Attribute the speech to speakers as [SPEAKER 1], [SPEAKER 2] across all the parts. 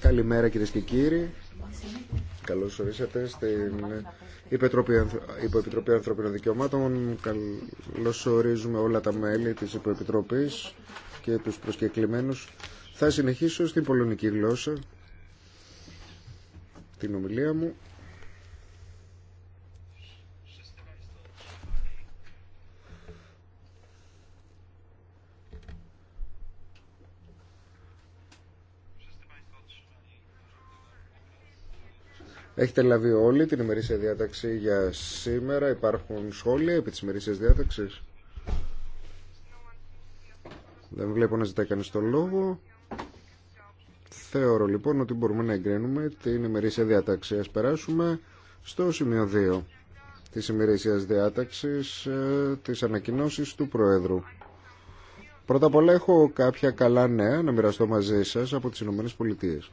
[SPEAKER 1] Καλημέρα κυρίες και κύριοι. Καλώς ορίσατε στην Υποεπιτροπή, Υποεπιτροπή Ανθρωπίνων Δικαιωμάτων. Καλώς ορίζουμε όλα τα μέλη της Υποεπιτροπής και τους προσκεκλημένους. Θα συνεχίσω στην πολωνική γλώσσα την ομιλία μου. Έχετε λάβει όλοι την ημερήσια διάταξη για σήμερα. Υπάρχουν σχόλια επί της ημερήσιας διάταξης. Δεν βλέπω να ζητάει κανείς το λόγο. Θεωρώ λοιπόν ότι μπορούμε να εγκρίνουμε την ημερήσια διάταξη. Ας περάσουμε στο σημείο 2 της ημερήσιας διάταξης ε, της ανακοινώσεις του Προέδρου. Πρώτα απ' όλα έχω κάποια καλά νέα να μοιραστώ μαζί σας από τις Ηνωμένες Πολιτείες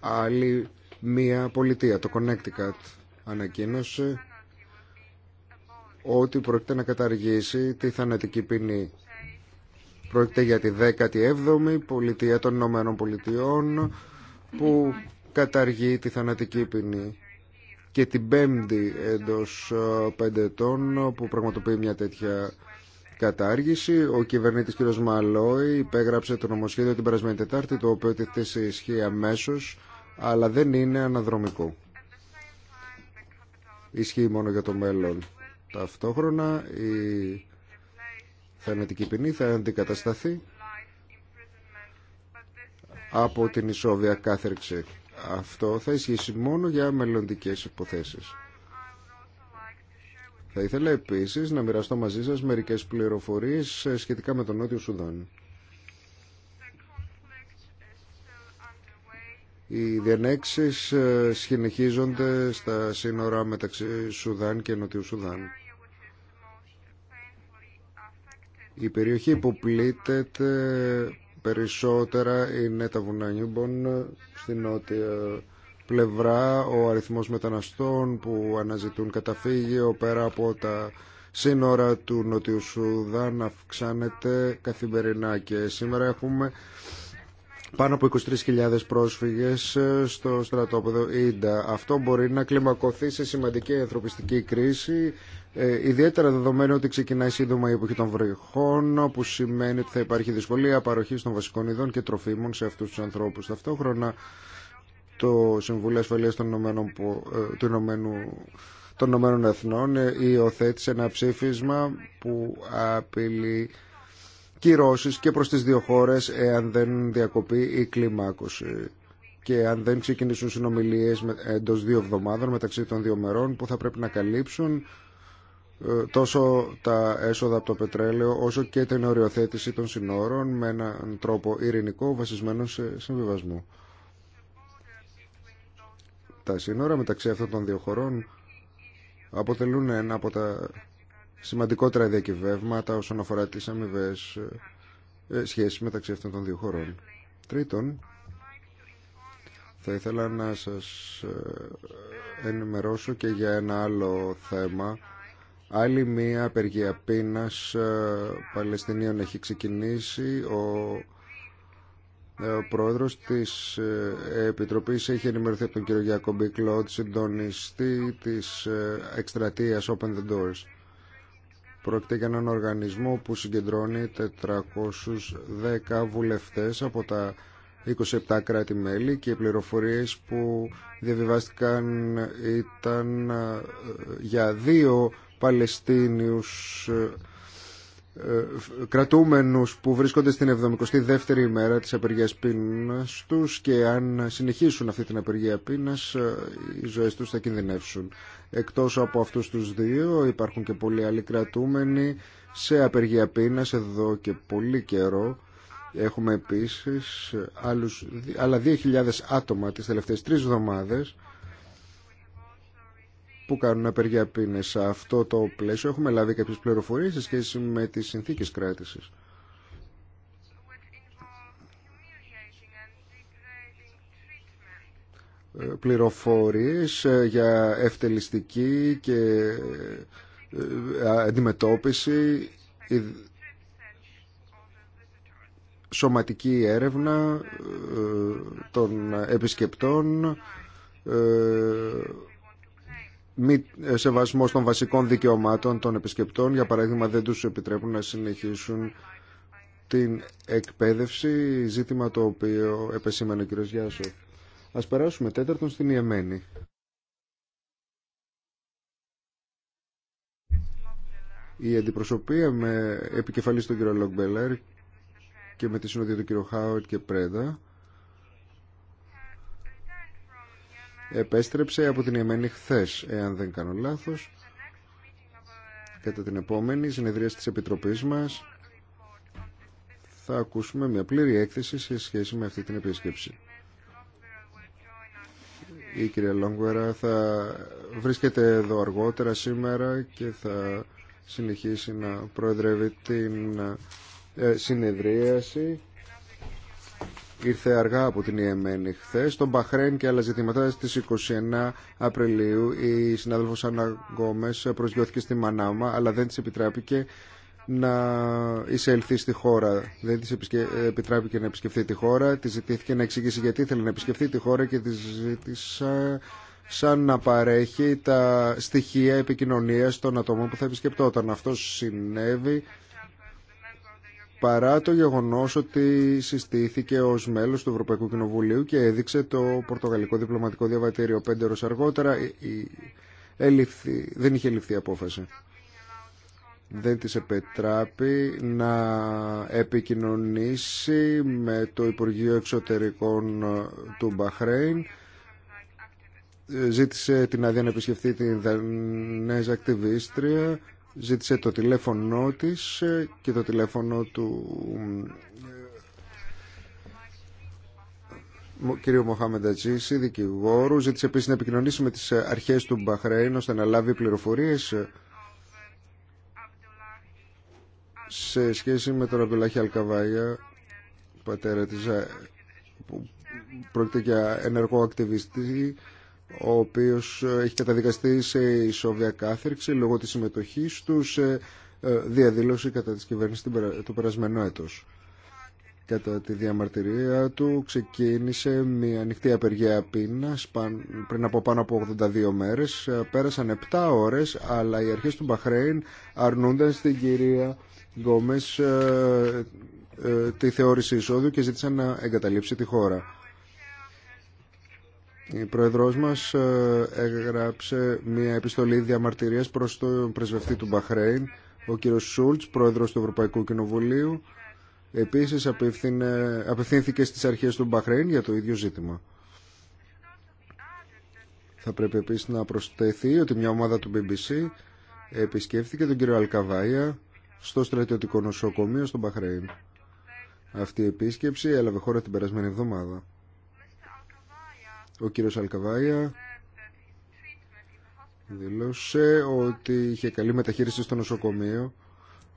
[SPEAKER 1] άλλη μία πολιτεία. Το Connecticut ανακοίνωσε ότι πρόκειται να καταργήσει τη θανατική ποινή. Πρόκειται για τη 17η πολιτεία των Ηνωμένων Πολιτειών που καταργεί τη θανατική ποινή και την πέμπτη εντός ε, πέντε ετών που πραγματοποιεί μια τέτοια κατάργηση. Ο κυβερνήτης κ. Μαλόη υπέγραψε το νομοσχέδιο την περασμένη Τετάρτη, το οποίο τεθεί σε ισχύ αμέσω, αλλά δεν είναι αναδρομικό. Ισχύει μόνο για το μέλλον. Ταυτόχρονα η θανατική ποινή θα αντικατασταθεί από την ισόβια κάθερξη. Αυτό θα ισχύσει μόνο για μελλοντικές υποθέσεις. Θα ήθελα επίσης να μοιραστώ μαζί σας μερικές πληροφορίες ε, σχετικά με τον Νότιο Σουδάν. Οι διανέξεις ε, συνεχίζονται στα σύνορα μεταξύ Σουδάν και Νοτιού Σουδάν. Η περιοχή που πλήττεται περισσότερα είναι τα βουνά Νιούμπον στην νότια πλευρά ο αριθμός μεταναστών που αναζητούν καταφύγιο πέρα από τα σύνορα του Νοτιού Σουδάν αυξάνεται καθημερινά και σήμερα έχουμε πάνω από 23.000 πρόσφυγες ε, στο στρατόπεδο Ίντα. Αυτό μπορεί να κλιμακωθεί σε σημαντική ανθρωπιστική κρίση, ε, ιδιαίτερα δεδομένου ότι ξεκινάει σύντομα η εποχή των βρεχών, που σημαίνει ότι θα υπάρχει δυσκολία παροχής των βασικών ειδών και τροφίμων σε αυτούς τους ανθρώπους. Ταυτόχρονα το Συμβούλιο Ασφαλείας των Ηνωμένων, ε, του των Εθνών ε, υιοθέτησε ένα ψήφισμα που απειλεί κυρώσεις και προς τις δύο χώρες εάν δεν διακοπεί η κλιμάκωση και αν δεν ξεκινήσουν συνομιλίες εντός δύο εβδομάδων μεταξύ των δύο μερών που θα πρέπει να καλύψουν ε, τόσο τα έσοδα από το πετρέλαιο όσο και την οριοθέτηση των συνόρων με έναν τρόπο ειρηνικό βασισμένο σε συμβιβασμό τα σύνορα μεταξύ αυτών των δύο χωρών αποτελούν ένα από τα σημαντικότερα διακυβεύματα όσον αφορά τις αμοιβέ ε, σχέσεις μεταξύ αυτών των δύο χωρών. Τρίτον, θα ήθελα να σας ε, ενημερώσω και για ένα άλλο θέμα. Άλλη μία απεργία πείνας ε, Παλαιστινίων έχει ξεκινήσει. Ο ε, ο πρόεδρο της ε, Επιτροπής έχει ενημερωθεί από τον κύριο Γιάκομπι Κλώτ, συντονιστή της ε, εκστρατεία Open the Doors. Πρόκειται για έναν οργανισμό που συγκεντρώνει 410 βουλευτέ από τα 27 κράτη-μέλη και οι πληροφορίε που διαβιβάστηκαν ήταν για δύο Παλαιστίνιους ε, κρατούμενους που βρίσκονται στην 72η ημέρα της απεργίας πείνας τους και αν συνεχίσουν αυτή την απεργία πείνας ε, οι ζωές τους θα κινδυνεύσουν. Εκτός από αυτούς τους δύο υπάρχουν και πολλοί άλλοι κρατούμενοι σε απεργία πείνας εδώ και πολύ καιρό. Έχουμε επίσης άλλους, άλλα 2.000 άτομα τις τελευταίες τρεις εβδομάδες που κάνουν απεργία πίνε Σε αυτό το πλαίσιο έχουμε λάβει κάποιε πληροφορίε σε σχέση με τις συνθήκες κράτηση. Ε, πληροφορίες ε, για ευτελιστική και ε, αντιμετώπιση, σωματική έρευνα των επισκεπτών, μη ε, σεβασμό των βασικών δικαιωμάτων των επισκεπτών. Για παράδειγμα, δεν τους επιτρέπουν να συνεχίσουν την εκπαίδευση, ζήτημα το οποίο επεσήμανε ο κ. Γιάσο. Ας περάσουμε τέταρτον στην Ιεμένη. Η αντιπροσωπεία με επικεφαλής τον κ. Λογμπελέρ και με τη συνοδεία του κ. Χάουρτ και Πρέδα επέστρεψε από την Ιεμένη χθε, εάν δεν κάνω λάθος. Κατά την επόμενη συνεδρία της Επιτροπής μας θα ακούσουμε μια πλήρη έκθεση σε σχέση με αυτή την επίσκεψη. Η κυρία Λόγκουερα θα βρίσκεται εδώ αργότερα σήμερα και θα συνεχίσει να προεδρεύει την ε, συνεδρίαση ήρθε αργά από την Ιεμένη χθε. Στον Μπαχρέν και άλλα ζητήματα στι 29 Απριλίου η συνάδελφο Άννα Γκόμε προσγειώθηκε στη Μανάμα, αλλά δεν τη επιτράπηκε να εισελθεί στη χώρα. Δεν τη επιτράπηκε να επισκεφθεί τη χώρα. Τη ζητήθηκε να εξηγήσει γιατί ήθελε να επισκεφθεί τη χώρα και τη ζήτησα σαν να παρέχει τα στοιχεία επικοινωνία των ατόμων που θα επισκεπτόταν. Αυτό συνέβη παρά το γεγονός ότι συστήθηκε ως μέλος του Ευρωπαϊκού Κοινοβουλίου και έδειξε το πορτογαλικό διπλωματικό διαβατήριο πέντε ώρες αργότερα δεν είχε ληφθεί απόφαση. Δεν της επετράπη να επικοινωνήσει με το Υπουργείο Εξωτερικών του Μπαχρέιν ζήτησε την άδεια να επισκεφθεί την Δανέζα ακτιβίστρια ζήτησε το τηλέφωνο της ε, και το τηλέφωνο του ε, κ. Τζίση, δικηγόρου. Ζήτησε επίσης να επικοινωνήσει με τις ε, αρχές του Μπαχρέιν ώστε να λάβει πληροφορίες σε σχέση με τον Αμπελάχη Αλκαβάγια, πατέρα της, που πρόκειται για ενεργό ακτιβιστή ο οποίος ε, έχει καταδικαστεί σε ισόβια κάθερξη λόγω της συμμετοχής του σε ε, διαδήλωση κατά της κυβέρνησης το περασμένο έτος. Κατά τη διαμαρτυρία του ξεκίνησε μια ανοιχτή απεργία πείνας πριν από πάνω από 82 μέρες. Ε, πέρασαν 7 ώρες, αλλά οι αρχές του Μπαχρέιν αρνούνταν στην κυρία Γκόμες τη θεώρηση εισόδου και ζήτησαν να εγκαταλείψει τη χώρα. Η πρόεδρός μας ε, έγραψε μια επιστολή διαμαρτυρίας προς τον πρεσβευτή του Μπαχρέιν, ο κύριος Σούλτς, πρόεδρος του Ευρωπαϊκού Κοινοβουλίου. Επίσης απευθύνθηκε στις αρχές του Μπαχρέιν για το ίδιο ζήτημα. Θα πρέπει επίσης να προσθεθεί ότι μια ομάδα του BBC επισκέφθηκε τον κύριο Αλκαβάια στο στρατιωτικό νοσοκομείο στο Μπαχρέιν. Αυτή η επίσκεψη έλαβε χώρα την περασμένη εβδομάδα. Ο κύριος Αλκαβάια δήλωσε ότι είχε καλή μεταχείριση στο νοσοκομείο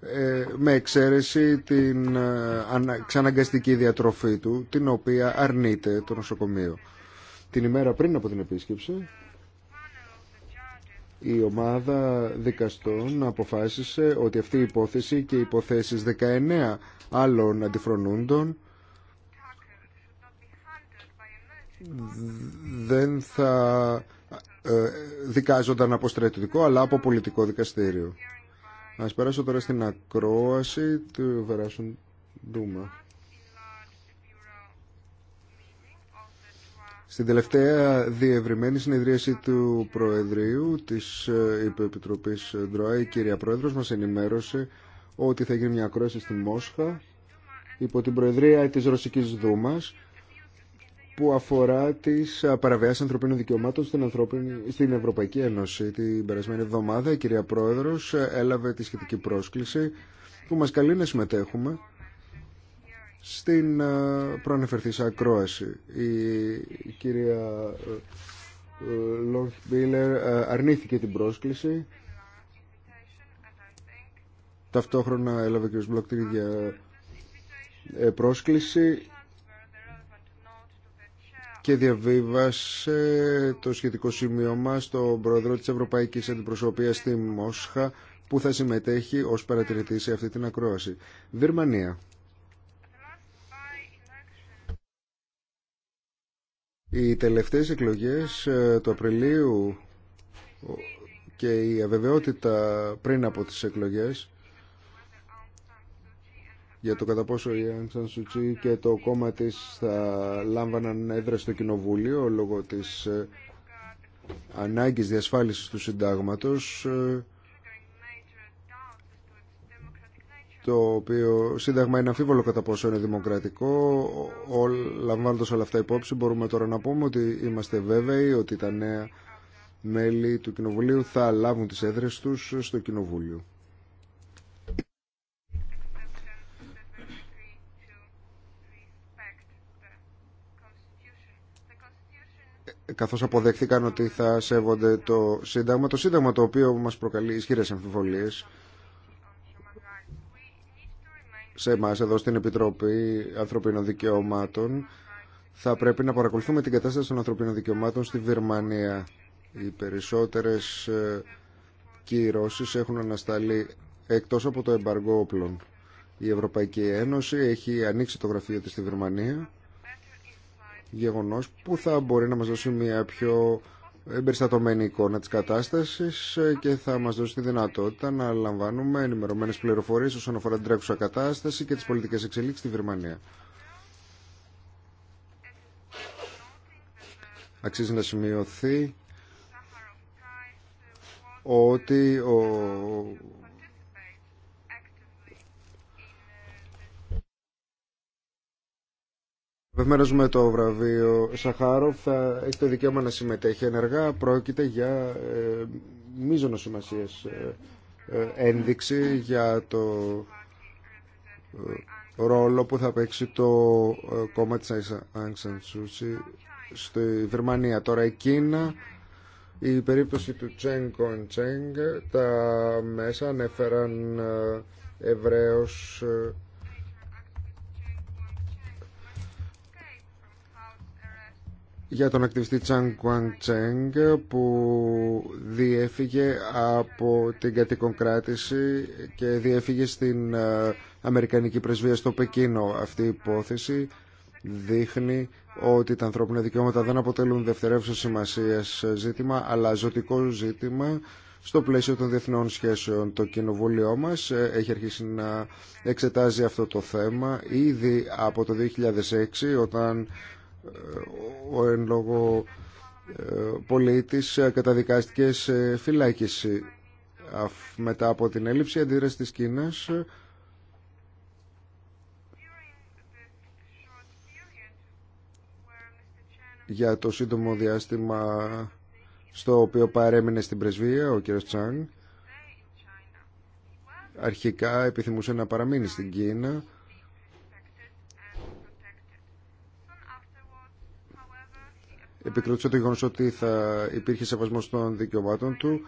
[SPEAKER 1] ε, με εξαίρεση την ε, ξαναγκαστική διατροφή του, την οποία αρνείται το νοσοκομείο. Την ημέρα πριν από την επίσκεψη, η ομάδα δικαστών αποφάσισε ότι αυτή η υπόθεση και οι υποθέσεις 19 άλλων αντιφρονούντων δεν θα ε, δικάζονταν από στρατιωτικό αλλά από πολιτικό δικαστήριο. Α περάσω τώρα στην ακρόαση του Βεράσουν Ντούμα. Στην τελευταία διευρυμένη συνεδρίαση του Προεδρείου της ε, Υπεπιτροπής Ντροάη, η κυρία Πρόεδρος μας ενημέρωσε ότι θα γίνει μια ακρόαση στη Μόσχα υπό την Προεδρία της Ρωσικής Δούμας που αφορά τις παραβιάσει ανθρωπίνων δικαιωμάτων στην, ανθρώπινη, στην Ευρωπαϊκή Ένωση. Την περασμένη εβδομάδα η κυρία Πρόεδρο ε, έλαβε τη σχετική πρόσκληση που μας καλεί να συμμετέχουμε στην προανεφερθήσα ακρόαση. Η κυρία Λόγχ ε, Μπίλερ ε, αρνήθηκε την πρόσκληση. Ταυτόχρονα έλαβε και ο Σμπλοκ την ίδια πρόσκληση και διαβίβασε το σχετικό σημείωμα στον πρόεδρο της Ευρωπαϊκής Αντιπροσωπείας στη Μόσχα που θα συμμετέχει ως παρατηρητή σε αυτή την ακρόαση. Βερμανία. Οι τελευταίες εκλογές ε, του Απριλίου και η αβεβαιότητα πριν από τις εκλογές για το κατά πόσο η Άντσαν Σουτσί και το κόμμα της θα λάμβαναν έδρα στο Κοινοβούλιο λόγω της ε, ανάγκης διασφάλισης του συντάγματος ε, το οποίο σύνταγμα είναι αμφίβολο κατά πόσο είναι δημοκρατικό. Ο, λαμβάνοντας όλα αυτά υπόψη μπορούμε τώρα να πούμε ότι είμαστε βέβαιοι ότι τα νέα μέλη του Κοινοβουλίου θα λάβουν τις έδρες τους στο Κοινοβούλιο. καθώς αποδέχθηκαν ότι θα σέβονται το Σύνταγμα, το Σύνταγμα το οποίο μας προκαλεί ισχυρές αμφιβολίες σε εμά εδώ στην Επιτροπή Ανθρωπίνων Δικαιωμάτων. Θα πρέπει να παρακολουθούμε την κατάσταση των ανθρωπίνων δικαιωμάτων στη Βερμανία. Οι περισσότερες ε, κυρώσεις έχουν ανασταλεί εκτός από το εμπαργό όπλων. Η Ευρωπαϊκή Ένωση έχει ανοίξει το γραφείο της στη Βερμανία γεγονός που θα μπορεί να μας δώσει μια πιο εμπεριστατωμένη εικόνα της κατάστασης και θα μας δώσει τη δυνατότητα να λαμβάνουμε ενημερωμένες πληροφορίες όσον αφορά την τρέχουσα κατάσταση και τις πολιτικές εξελίξεις στη Βερμανία. Αξίζει να σημειωθεί ότι ο Βεβαίω με το βραβείο Σαχάροφ θα έχει το δικαίωμα να συμμετέχει ενεργά. Πρόκειται για ε, μείζονο σημασία ε, ε, ένδειξη για το ε, ρόλο που θα παίξει το κόμμα της Άγκσαν Σούση στη Βερμανία. Τώρα η Κίνα, η περίπτωση του Τσέν Τσέγκ, τα μέσα ανέφεραν ευρέως για τον ακτιβιστή Τσαν Κουάν που διέφυγε από την κατοικοκράτηση και διέφυγε στην ε, Αμερικανική Πρεσβεία στο Πεκίνο. Αυτή η υπόθεση δείχνει ότι τα ανθρώπινα δικαιώματα δεν αποτελούν δευτερεύουσα σημασία ζήτημα αλλά ζωτικό ζήτημα στο πλαίσιο των διεθνών σχέσεων. Το κοινοβούλιο μας ε, έχει αρχίσει να εξετάζει αυτό το θέμα ήδη από το 2006 όταν ο εν λόγω ε, πολίτης ε, καταδικάστηκε σε φυλάκιση μετά από την έλλειψη αντίδραση της Κίνας ε, για το σύντομο διάστημα στο οποίο παρέμεινε στην πρεσβεία ο κ. Τσάν αρχικά επιθυμούσε να παραμείνει στην Κίνα επικρατούσε το γεγονό ότι θα υπήρχε σεβασμό των δικαιωμάτων του.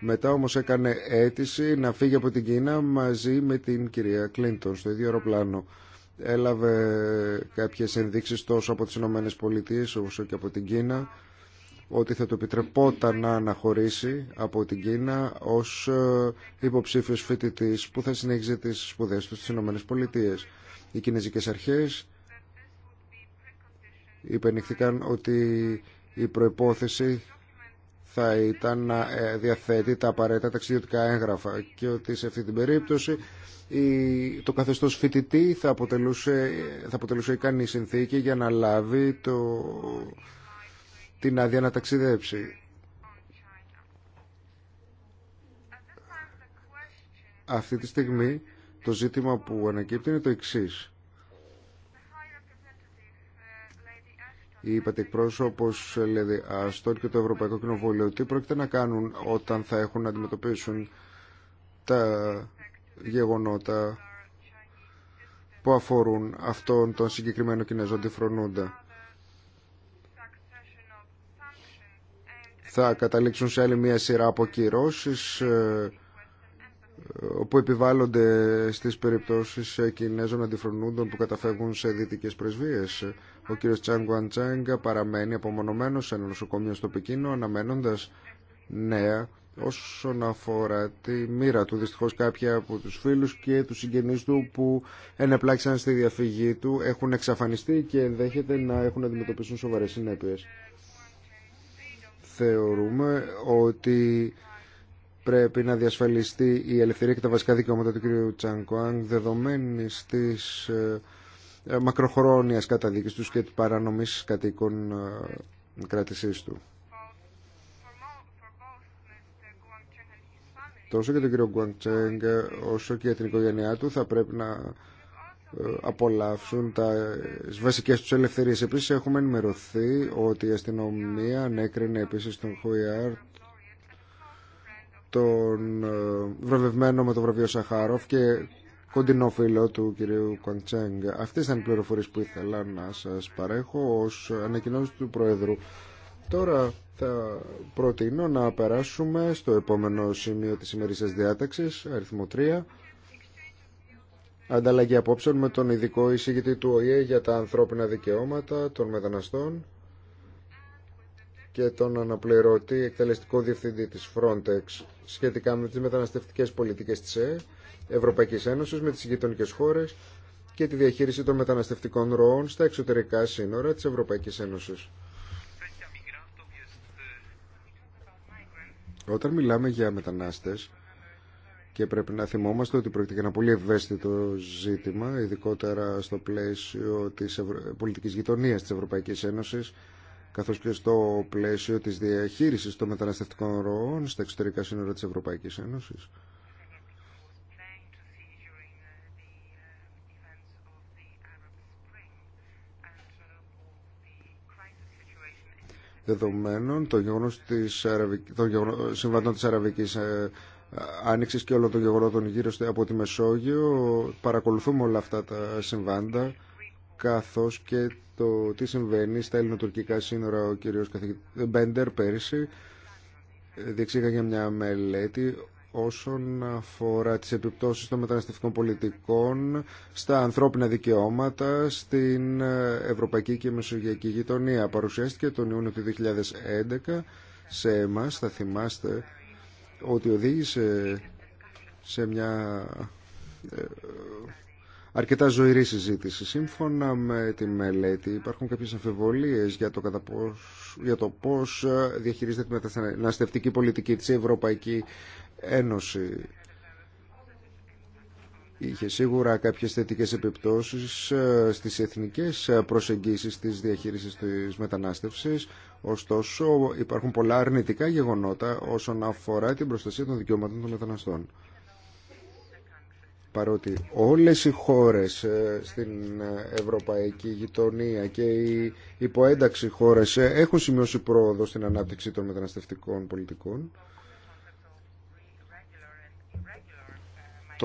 [SPEAKER 1] Μετά όμω έκανε αίτηση να φύγει από την Κίνα μαζί με την κυρία Κλίντον στο ίδιο αεροπλάνο. Έλαβε κάποιε ενδείξει τόσο από τι ΗΠΑ όσο και από την Κίνα ότι θα το επιτρεπόταν να αναχωρήσει από την Κίνα ως ε, υποψήφιος φοιτητής που θα συνέχιζε τις σπουδές του στις ΗΠΑ. Οι Κινέζικες αρχές υπενηχθήκαν ότι η προϋπόθεση θα ήταν να ε, διαθέτει τα απαραίτητα ταξιδιωτικά έγγραφα και ότι σε αυτή την περίπτωση το καθεστώς φοιτητή θα αποτελούσε, θα αποτελούσε ικανή συνθήκη για να λάβει το, την άδεια να ταξιδέψει. Αυτή τη στιγμή το ζήτημα που ανακύπτει είναι το εξής. είπατε εκπρόσωπο Λέδη δηλαδή, Αστόρ και το Ευρωπαϊκό Κοινοβούλιο, τι πρόκειται να κάνουν όταν θα έχουν να αντιμετωπίσουν τα γεγονότα που αφορούν αυτόν τον συγκεκριμένο Κινέζο αντιφρονούντα. Θα καταλήξουν σε άλλη μια σειρά από κυρώσεις ε, επιβάλλονται στις περιπτώσεις ε, Κινέζων αντιφρονούντων που καταφεύγουν σε δυτικές πρεσβείες. Ο κύριος Τσάνγκουαν Τσάνγκα παραμένει απομονωμένο σε ένα νοσοκομείο στο Πεκίνο αναμένοντα νέα όσον αφορά τη μοίρα του. Δυστυχώ κάποιοι από του φίλου και του συγγενεί του που ενεπλάξαν στη διαφυγή του έχουν εξαφανιστεί και ενδέχεται να έχουν αντιμετωπίσουν σοβαρέ συνέπειε. Θεωρούμε ότι πρέπει να διασφαλιστεί η ελευθερία και τα βασικά δικαιώματα του κ. Τσανκουάνγκ δεδομένης της ε, ε, μακροχρόνιας καταδίκης τους και της παρανομής κατοίκων ε, κράτησής του. Τόσο και τον κύριο Γκουαντζέγκ όσο και την οικογένειά του θα πρέπει να ε, απολαύσουν τα βασικές τους ελευθερίες. Επίσης έχουμε ενημερωθεί ότι η αστυνομία ανέκρινε επίσης τον Χουιάρ τον βραβευμένο με το βραβείο Σαχάροφ και κοντινό φίλο του κυρίου Κουαντσέγγ. Αυτέ ήταν οι πληροφορίε που ήθελα να σα παρέχω ω ανακοινώσει του Προέδρου. Τώρα θα προτείνω να περάσουμε στο επόμενο σημείο της σημερινής διάταξης, αριθμό 3. Ανταλλαγή απόψεων με τον ειδικό εισηγητή του ΟΗΕ για τα ανθρώπινα δικαιώματα των μεταναστών και τον αναπληρωτή εκτελεστικό διευθυντή της Frontex σχετικά με τις μεταναστευτικές πολιτικές της ΕΕ Ευρωπαϊκή Ένωση με τις γειτονικέ χώρες και τη διαχείριση των μεταναστευτικών ροών στα εξωτερικά σύνορα της Ευρωπαϊκής Ένωσης. Όταν μιλάμε για μετανάστες και πρέπει να θυμόμαστε ότι πρόκειται για ένα πολύ ευαίσθητο ζήτημα, ειδικότερα στο πλαίσιο της πολιτικής γειτονία της Ευρωπαϊκής Ένωση, καθώς και στο πλαίσιο της διαχείρισης των μεταναστευτικών ροών στα εξωτερικά σύνορα της Ευρωπαϊκής Ένωσης. δεδομένων των συμβαντών της, Αραβική της Αραβικής ε, Άνοιξης και όλων των γεγονότων γύρω από τη Μεσόγειο. Παρακολουθούμε όλα αυτά τα συμβάντα καθώς και το τι συμβαίνει στα ελληνοτουρκικά σύνορα ο κύριος καθηγητής Μπέντερ πέρυσι ε, διεξήγαγε μια μελέτη όσον αφορά τις επιπτώσεις των μεταναστευτικών πολιτικών στα ανθρώπινα δικαιώματα στην Ευρωπαϊκή και Μεσογειακή Γειτονία. Παρουσιάστηκε τον Ιούνιο του 2011 σε εμάς, θα θυμάστε, ότι οδήγησε σε μια ε, αρκετά ζωηρή συζήτηση. Σύμφωνα με τη μελέτη υπάρχουν κάποιες αμφιβολίες για το, κατά πώς, ε, διαχειρίζεται τη μεταναστευτική πολιτική της Ευρωπαϊκή Ένωση είχε σίγουρα κάποιες θετικές επιπτώσεις ε, στις εθνικές ε, προσεγγίσεις της διαχείρισης της μετανάστευσης. Ωστόσο υπάρχουν πολλά αρνητικά γεγονότα όσον αφορά την προστασία των δικαιωμάτων των μεταναστών. Παρότι όλες οι χώρες ε, στην ευρωπαϊκή γειτονία και οι υποένταξη χώρες έχουν σημειώσει πρόοδο στην ανάπτυξη των μεταναστευτικών πολιτικών,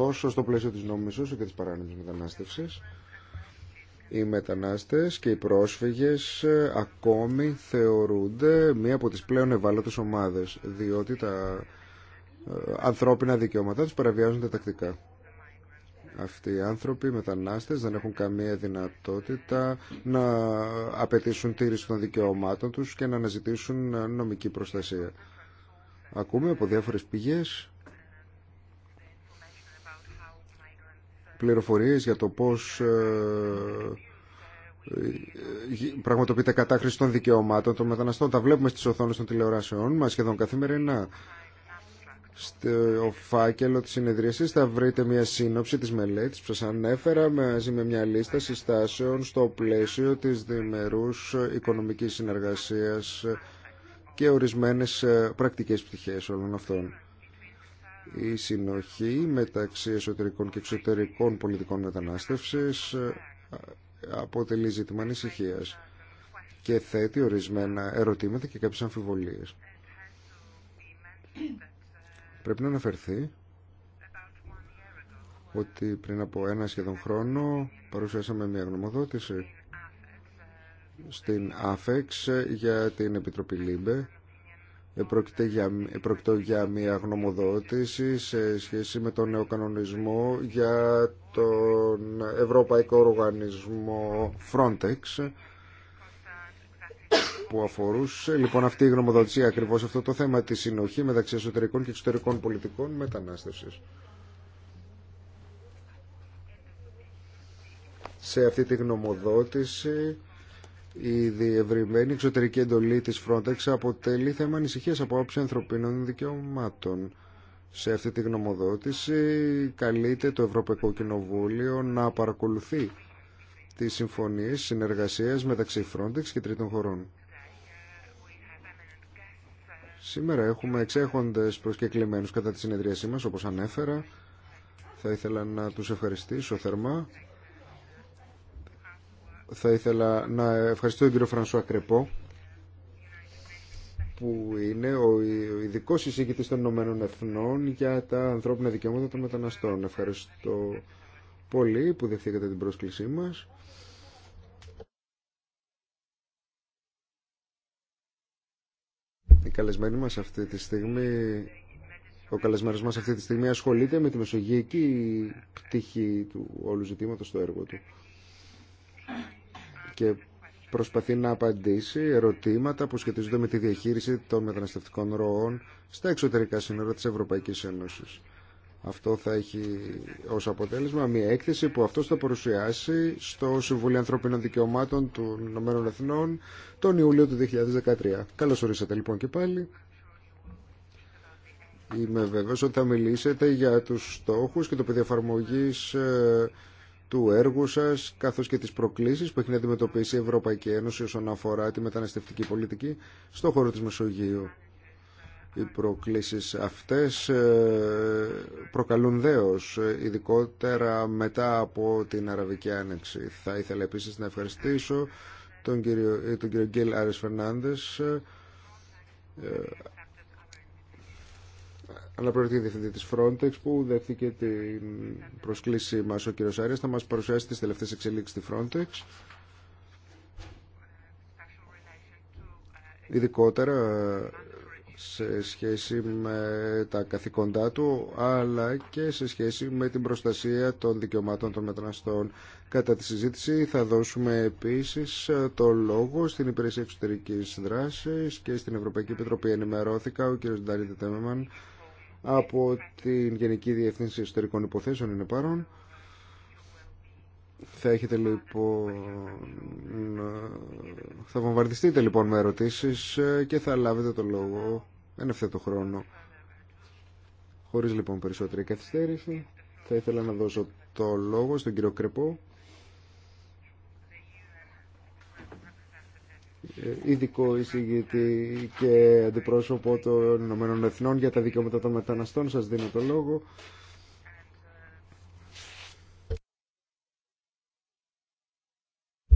[SPEAKER 1] τόσο στο πλαίσιο της νόμιμης όσο και της παράνομης μετανάστευσης. Οι μετανάστες και οι πρόσφυγες ε, ακόμη θεωρούνται μία από τις πλέον ευάλωτες ομάδες, διότι τα ε, ανθρώπινα δικαιώματά τους παραβιάζονται τακτικά. Αυτοί οι άνθρωποι, οι μετανάστες, δεν έχουν καμία δυνατότητα να απαιτήσουν τήρηση των δικαιωμάτων τους και να αναζητήσουν νομική προστασία. Ακούμε από διάφορες πηγές πληροφορίες για το πώς ε, ε, ε, πραγματοποιείται κατάχρηση των δικαιωμάτων των μεταναστών. Τα βλέπουμε στις οθόνες των τηλεοράσεών μας σχεδόν καθημερινά. Στο φάκελο της συνεδρίασης θα βρείτε μια σύνοψη της μελέτης που σας ανέφερα μαζί με μια λίστα συστάσεων στο πλαίσιο της διμερούς οικονομικής συνεργασίας και ορισμένες πρακτικές πτυχές όλων αυτών η συνοχή μεταξύ εσωτερικών και εξωτερικών πολιτικών μετανάστευσης ε, αποτελεί ζήτημα ανησυχία και θέτει ορισμένα ερωτήματα και κάποιες αμφιβολίες. Πρέπει να αναφερθεί ότι πριν από ένα σχεδόν χρόνο παρουσιάσαμε μια γνωμοδότηση στην ΑΦΕΞ για την Επιτροπή ΛΥΜΠΕ Πρόκειται για, για μια γνωμοδότηση σε σχέση με τον νέο κανονισμό για τον Ευρωπαϊκό Οργανισμό Frontex που αφορούσε λοιπόν αυτή η γνωμοδότηση ακριβώς αυτό το θέμα τη συνοχή μεταξύ εσωτερικών και εξωτερικών πολιτικών μετανάστευσης. Σε αυτή τη γνωμοδότηση η διευρυμένη εξωτερική εντολή της Frontex αποτελεί θέμα ανησυχίας από όψη ανθρωπίνων δικαιωμάτων. Σε αυτή τη γνωμοδότηση καλείται το Ευρωπαϊκό Κοινοβούλιο να παρακολουθεί τις συμφωνίες συνεργασίας μεταξύ Frontex και τρίτων χωρών. Σήμερα έχουμε εξέχοντες προσκεκλημένους κατά τη συνεδρίασή μας, όπως ανέφερα. Θα ήθελα να τους ευχαριστήσω θερμά θα ήθελα να ευχαριστώ τον κύριο Φρανσουά Κρεπό που είναι ο ειδικό εισήγητη των Ηνωμένων Εθνών για τα ανθρώπινα δικαιώματα των μεταναστών. Ευχαριστώ πολύ που δεχτήκατε την πρόσκλησή μας. Οι μας αυτή τη στιγμή, ο καλεσμένος μας αυτή τη στιγμή ασχολείται με τη μεσογειακή πτυχή του όλου ζητήματος στο έργο του και προσπαθεί να απαντήσει ερωτήματα που σχετίζονται με τη διαχείριση των μεταναστευτικών ροών στα εξωτερικά σύνορα της Ευρωπαϊκής Ένωσης. Αυτό θα έχει ως αποτέλεσμα μια έκθεση που αυτός θα παρουσιάσει στο Συμβούλιο Ανθρωπίνων Δικαιωμάτων των Ηνωμένων Εθνών τον Ιούλιο του 2013. Καλώς ορίσατε λοιπόν και πάλι. Είμαι βέβαιος ότι θα μιλήσετε για τους στόχους και το πεδίο του έργου σας καθώς και τις προκλήσεις που έχει να αντιμετωπίσει η Ευρωπαϊκή Ένωση όσον αφορά τη μεταναστευτική πολιτική στον χώρο της Μεσογείου. Οι προκλήσεις αυτές ε, προκαλούν δέος, ειδικότερα μετά από την Αραβική Άνοιξη. Θα ήθελα επίσης να ευχαριστήσω τον κύριο, τον κύριο Γκέλ Άρες Φερνάνδες ε, αλλά αναπληρωτή διευθυντή της Frontex που δέχτηκε την προσκλήση μα ο κύριος Άρια. θα μας παρουσιάσει τι τελευταίες εξελίξει στη Frontex ειδικότερα ε, σε σχέση με τα καθήκοντά του αλλά και σε σχέση με την προστασία των δικαιωμάτων των μεταναστών. Κατά τη συζήτηση θα δώσουμε επίσης ε, το λόγο στην Υπηρεσία Εξωτερικής Δράσης και στην Ευρωπαϊκή Επιτροπή. Ενημερώθηκα ο κ. Ντάριντε Τέμεμαν από την Γενική Διευθύνση Ιστορικών Υποθέσεων είναι παρόν. Θα έχετε λοιπόν... Θα βομβαρδιστείτε λοιπόν με ερωτήσεις και θα λάβετε το λόγο εν ευθέτω χρόνο. Χωρίς λοιπόν περισσότερη καθυστέρηση, θα ήθελα να δώσω το λόγο στον κύριο Κρεπό ειδικό εισηγητή και αντιπρόσωπο των Ηνωμένων Εθνών για τα δικαιώματα των μεταναστών. Σας δίνω το λόγο.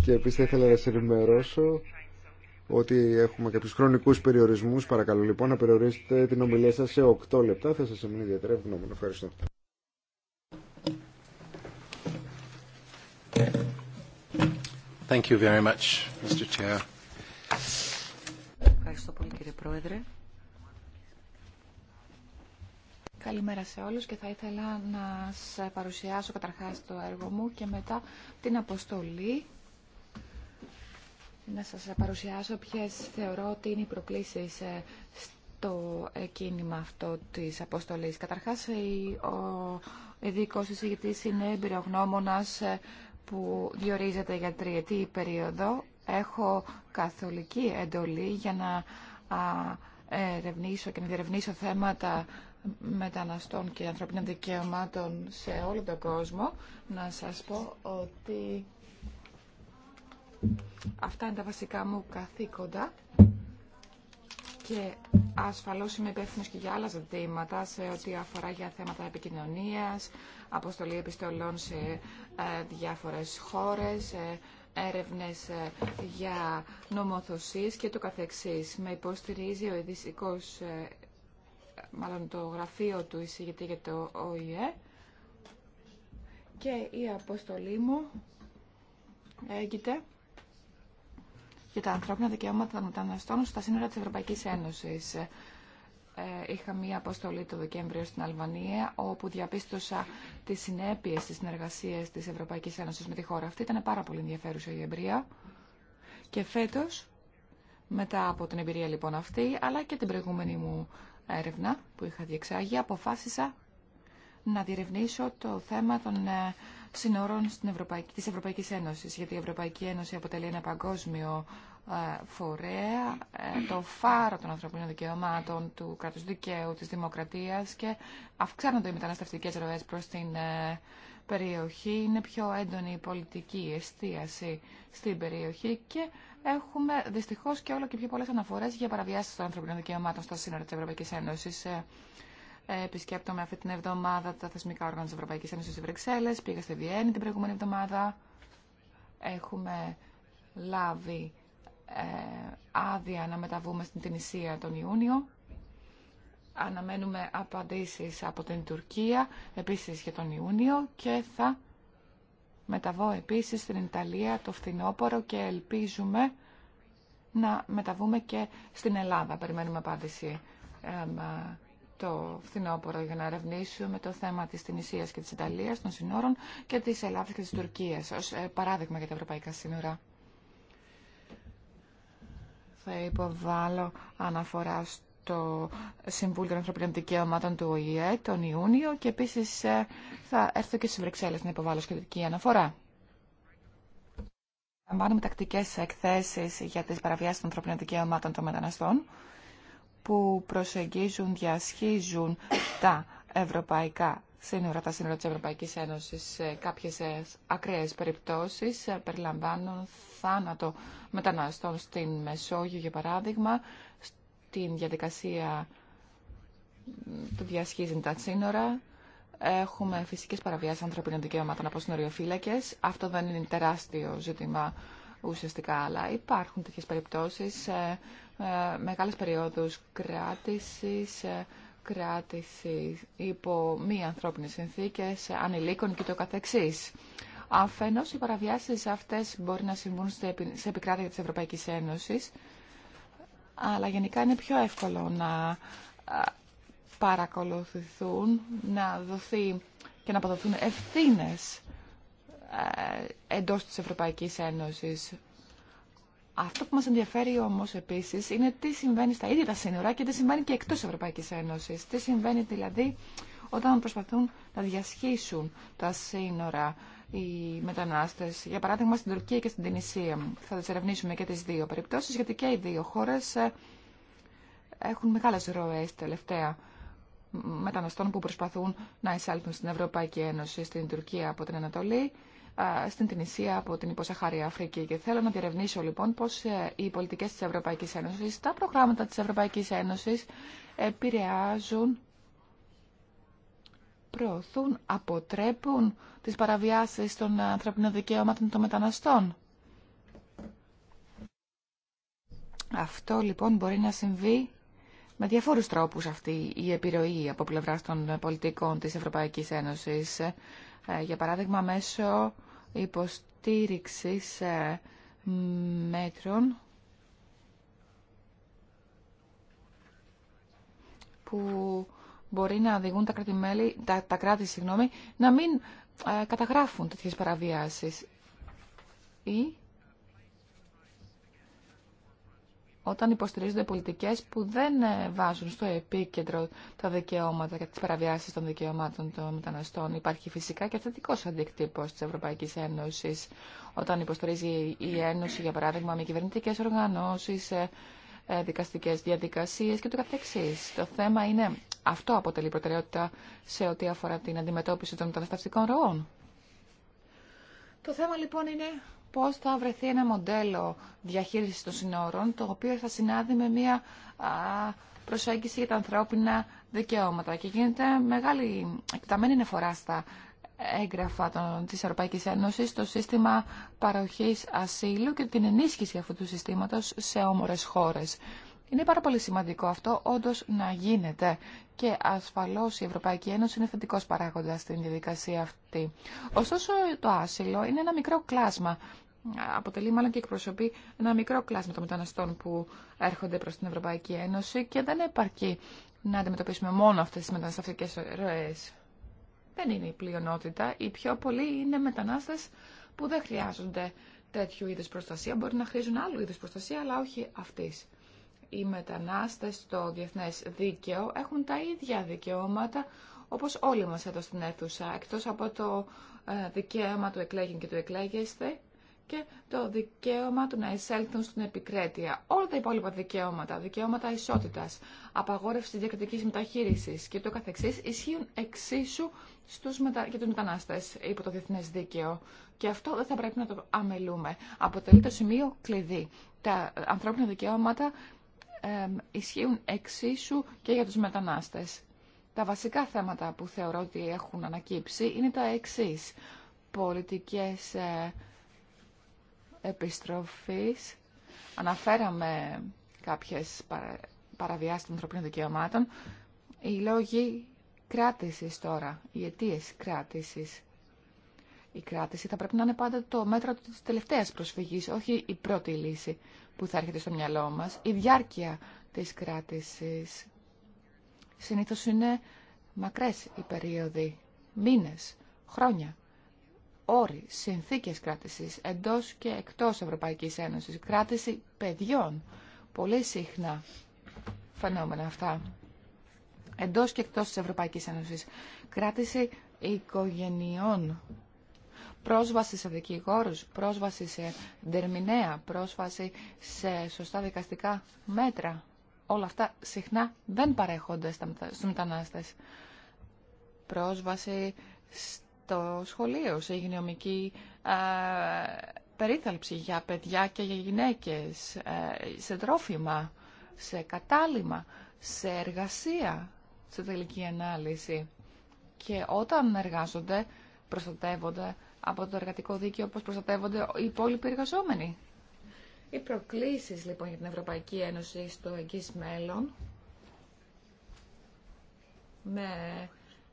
[SPEAKER 1] Και επίσης θα ήθελα να σε ενημερώσω ότι έχουμε κάποιους χρονικούς περιορισμούς. Παρακαλώ λοιπόν να περιορίσετε την ομιλία σας σε 8 λεπτά. Θα σας εμείνει ιδιαίτερα ευγνώμη. Ευχαριστώ.
[SPEAKER 2] Thank you very much, Mr. Chair. Ευχαριστώ πολύ κύριε Πρόεδρε.
[SPEAKER 3] Καλημέρα σε όλους και θα ήθελα να σας παρουσιάσω καταρχάς το έργο μου και μετά την αποστολή να σας παρουσιάσω ποιες θεωρώ ότι είναι οι προκλήσεις ε, στο κίνημα αυτό της αποστολής. Καταρχάς, ο ειδικός εισηγητής είναι εμπειρογνώμονας ε, που διορίζεται για τριετή περίοδο έχω καθολική εντολή για να ερευνήσω και να διερευνήσω θέματα μεταναστών και ανθρωπίνων δικαιωμάτων σε όλο τον κόσμο, να σας πω ότι αυτά είναι τα βασικά μου καθήκοντα και ασφαλώς είμαι υπεύθυνος και για άλλα ζητήματα σε ό,τι αφορά για θέματα επικοινωνίας, αποστολή επιστολών σε ε, διάφορες χώρες, έρευνες ε, για νομοθεσίες και το καθεξής. Με υποστηρίζει ο ειδησικός, ε, μάλλον το γραφείο του εισηγητή για το ΟΗΕ και η αποστολή μου έγκυται για τα ανθρώπινα δικαιώματα των μεταναστών στα σύνορα της Ευρωπαϊκής Ένωσης. Ε, είχα μία αποστολή το Δεκέμβριο στην Αλβανία, όπου διαπίστωσα τις συνέπειες της συνεργασίας της Ευρωπαϊκής Ένωσης με τη χώρα αυτή. Ήταν πάρα πολύ ενδιαφέρουσα η εμπειρία. Και φέτος, μετά από την εμπειρία λοιπόν αυτή, αλλά και την προηγούμενη μου έρευνα που είχα διεξάγει, αποφάσισα να διερευνήσω το θέμα των ε, συνόρων τη Ευρωπαϊκή, της Ευρωπαϊκής Ένωσης, γιατί η Ευρωπαϊκή Ένωση αποτελεί ένα παγκόσμιο ε, φορέα, ε, το φάρο των ανθρωπίνων δικαιωμάτων, του κράτους δικαίου, της δημοκρατίας και αυξάνονται οι μεταναστευτικές ροές προς την ε, περιοχή. Είναι πιο έντονη η πολιτική εστίαση στην περιοχή και έχουμε δυστυχώς και όλο και πιο πολλές αναφορές για παραβιάσεις των ανθρωπίνων δικαιωμάτων στα σύνορα της Ευρωπαϊκής Ένωσης. Επισκέπτομαι αυτή την εβδομάδα τα θεσμικά όργανα της Ευρωπαϊκής Ένωσης στις Βρυξέλλες, πήγα στη Βιέννη την προηγούμενη εβδομάδα. Έχουμε λάβει ε, άδεια να μεταβούμε στην Τινησία τον Ιούνιο. Αναμένουμε απαντήσεις από την Τουρκία, επίσης για τον Ιούνιο και θα μεταβώ επίσης στην Ιταλία το φθινόπωρο και ελπίζουμε να μεταβούμε και στην Ελλάδα. Περιμένουμε απάντηση ε, το φθινόπωρο για να ερευνήσουμε το θέμα της Τινησίας και της Ιταλίας, των συνόρων και της Ελλάδας και της Τουρκίας ως ε, παράδειγμα για τα ευρωπαϊκά σύνορα θα υποβάλω αναφορά στο Συμβούλιο των Ανθρωπίνων Δικαιωμάτων του ΟΗΕ τον Ιούνιο και επίσης ε, θα έρθω και στι Βρυξέλλες να υποβάλω σχετική αναφορά. Λαμβάνουμε τακτικές εκθέσεις για τις παραβιάσεις των ανθρωπίνων δικαιωμάτων των μεταναστών που προσεγγίζουν, διασχίζουν τα ευρωπαϊκά σύνορα, τα σύνορα της Ευρωπαϊκής Ένωσης. Κάποιες ε, ακραίες περιπτώσεις ε, περιλαμβάνουν θάνατο μεταναστών στην Μεσόγειο, για παράδειγμα, στην διαδικασία που διασχίζει τα σύνορα. Έχουμε φυσικές παραβιάσεις ανθρωπίνων δικαιωμάτων από συνοριοφύλακες. Αυτό δεν είναι τεράστιο ζήτημα ουσιαστικά, αλλά υπάρχουν τέτοιες περιπτώσεις, ε, μεγάλες περιόδους κράτησης, κράτηση υπό μη ανθρώπινες συνθήκες, ανηλίκων και το καθεξής. Αφενός, οι παραβιάσεις αυτές μπορεί να συμβούν σε επικράτεια της Ευρωπαϊκής Ένωσης, αλλά γενικά είναι πιο εύκολο να παρακολουθηθούν, να δοθεί και να αποδοθούν ευθύνες ε, εντός της Ευρωπαϊκής Ένωσης αυτό που μας ενδιαφέρει όμως επίσης είναι τι συμβαίνει στα ίδια τα σύνορα και τι συμβαίνει και εκτός Ευρωπαϊκής Ένωσης. Τι συμβαίνει δηλαδή όταν προσπαθούν να διασχίσουν τα σύνορα οι μετανάστες, για παράδειγμα στην Τουρκία και στην Τινησία. Θα τις ερευνήσουμε και τις δύο περιπτώσεις, γιατί και οι δύο χώρες ε, έχουν μεγάλες ροές τελευταία μεταναστών που προσπαθούν να εισάλθουν στην Ευρωπαϊκή Ένωση, στην Τουρκία από την Ανατολή στην Τινησία από την υποσαχάρια Αφρική. Και θέλω να διερευνήσω λοιπόν πώς ε, οι πολιτικές της Ευρωπαϊκής Ένωσης, τα προγράμματα της Ευρωπαϊκής Ένωσης επηρεάζουν, προωθούν, αποτρέπουν τις παραβιάσεις των ανθρωπινών δικαιώματων των μεταναστών. Αυτό λοιπόν μπορεί να συμβεί με διαφόρους τρόπους αυτή η επιρροή από πλευράς των πολιτικών της Ευρωπαϊκής Ένωσης. Ε, για παράδειγμα μέσω υποστήριξης ε, μέτρων που μπορεί να οδηγούν τα, κράτη, τα, κράτη να μην ε, καταγράφουν τέτοιες παραβιάσεις ή όταν υποστηρίζονται πολιτικές που δεν ε, βάζουν στο επίκεντρο τα δικαιώματα και τις παραβιάσεις των δικαιωμάτων των μεταναστών. Υπάρχει φυσικά και θετικό αντίκτυπος της Ευρωπαϊκής Ένωσης όταν υποστηρίζει η Ένωση, για παράδειγμα, με κυβερνητικές οργανώσεις, ε, ε, δικαστικές διαδικασίες και το καθεξής. Το θέμα είναι αυτό αποτελεί προτεραιότητα σε ό,τι αφορά την αντιμετώπιση των μεταναστευτικών ροών. Το θέμα λοιπόν είναι πώς θα βρεθεί ένα μοντέλο διαχείρισης των συνόρων, το οποίο θα συνάδει με μια προσέγγιση για τα ανθρώπινα δικαιώματα. Και γίνεται μεγάλη εκταμένη αναφορά στα έγγραφα των, της Ευρωπαϊκής Ένωσης το σύστημα παροχής ασύλου και την ενίσχυση αυτού του συστήματος σε όμορες χώρες. Είναι πάρα πολύ σημαντικό αυτό όντως να γίνεται και ασφαλώς η Ευρωπαϊκή Ένωση είναι θετικός παράγοντας στην διαδικασία αυτή. Ωστόσο το άσυλο είναι ένα μικρό κλάσμα αποτελεί μάλλον και εκπροσωπεί ένα μικρό κλάσμα των μεταναστών που έρχονται προς την Ευρωπαϊκή Ένωση και δεν επαρκεί να αντιμετωπίσουμε μόνο αυτές τις μεταναστευτικέ ροές. Δεν είναι η πλειονότητα. Οι πιο πολλοί είναι μετανάστες που δεν χρειάζονται τέτοιου είδους προστασία. Μπορεί να χρήζουν άλλου είδους προστασία, αλλά όχι αυτή οι μετανάστες στο διεθνές δίκαιο έχουν τα ίδια δικαιώματα όπως όλοι μας εδώ στην αίθουσα, εκτός από το ε, δικαίωμα του εκλέγην και του εκλέγεστε και το δικαίωμα του να εισέλθουν στην επικρέτεια. Όλα τα υπόλοιπα δικαιώματα, δικαιώματα ισότητας, απαγόρευση διακριτικής μεταχείρισης και το καθεξής ισχύουν εξίσου στους μετα... και τους μετανάστες υπό το διεθνές δίκαιο. Και αυτό δεν θα πρέπει να το αμελούμε. Αποτελεί το σημείο κλειδί. Τα ανθρώπινα δικαιώματα ισχύουν εξίσου και για τους μετανάστες. Τα βασικά θέματα που θεωρώ ότι έχουν ανακύψει είναι τα εξής. Πολιτικές ε, επιστροφής. Αναφέραμε κάποιες παραβιάσεις των ανθρωπίνων δικαιωμάτων. Οι λόγοι κράτησης τώρα, οι αιτίες κράτησης. Η κράτηση θα πρέπει να είναι πάντα το μέτρο τη τελευταίας προσφυγής, όχι η πρώτη λύση που θα έρχεται στο μυαλό μα, Η διάρκεια της κράτησης Συνήθω είναι μακρές οι περίοδοι, μήνε, χρόνια. Όροι, συνθήκες κράτησης εντός και εκτός Ευρωπαϊκής Ένωσης, κράτηση παιδιών, πολύ συχνά φαινόμενα αυτά. Εντός και εκτός της Ευρωπαϊκής Ένωσης, κράτηση οικογενειών πρόσβαση σε δικηγόρους, πρόσβαση σε δερμηνέα, πρόσβαση σε σωστά δικαστικά μέτρα. Όλα αυτά συχνά δεν παρέχονται στους μετανάστες. Πρόσβαση στο σχολείο, σε υγειονομική περίθαλψη για παιδιά και για γυναίκες, ε, σε τρόφιμα, σε κατάλημα, σε εργασία, σε τελική ανάλυση. Και όταν εργάζονται, προστατεύονται από το εργατικό δίκαιο πώς προστατεύονται οι υπόλοιποι εργαζόμενοι. Οι προκλήσεις λοιπόν για την Ευρωπαϊκή Ένωση στο εγγύς μέλλον με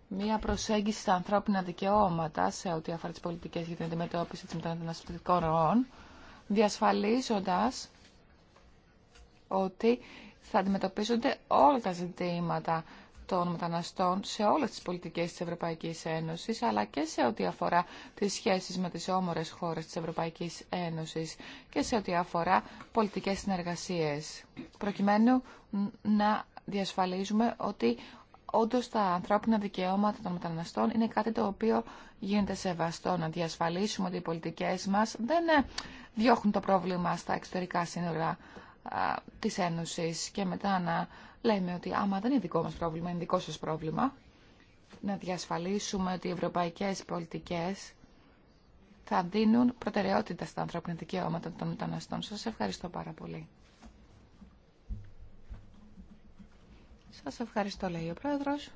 [SPEAKER 3] μία προσέγγιση στα ανθρώπινα δικαιώματα σε ό,τι αφορά τις πολιτικές για την αντιμετώπιση των μεταναστευτικών ροών διασφαλίζοντας ότι θα αντιμετωπίζονται όλα τα ζητήματα των μεταναστών σε όλες τις πολιτικές της Ευρωπαϊκής Ένωσης, αλλά και σε ό,τι αφορά τις σχέσεις με τις όμορες χώρες της Ευρωπαϊκής Ένωσης και σε ό,τι αφορά πολιτικές συνεργασίες, προκειμένου να διασφαλίζουμε ότι όντως τα ανθρώπινα δικαιώματα των μεταναστών είναι κάτι το οποίο γίνεται σεβαστό. Να διασφαλίσουμε ότι οι πολιτικές μας δεν ε, διώχνουν το πρόβλημα στα εξωτερικά σύνορα της Ένωσης και μετά να λέμε ότι άμα δεν είναι δικό μας πρόβλημα, είναι δικό σας πρόβλημα, να διασφαλίσουμε ότι οι ευρωπαϊκές πολιτικές θα δίνουν προτεραιότητα στα ανθρώπινα δικαιώματα των μεταναστών. Σας ευχαριστώ πάρα πολύ. Σας ευχαριστώ, λέει ο Πρόεδρος.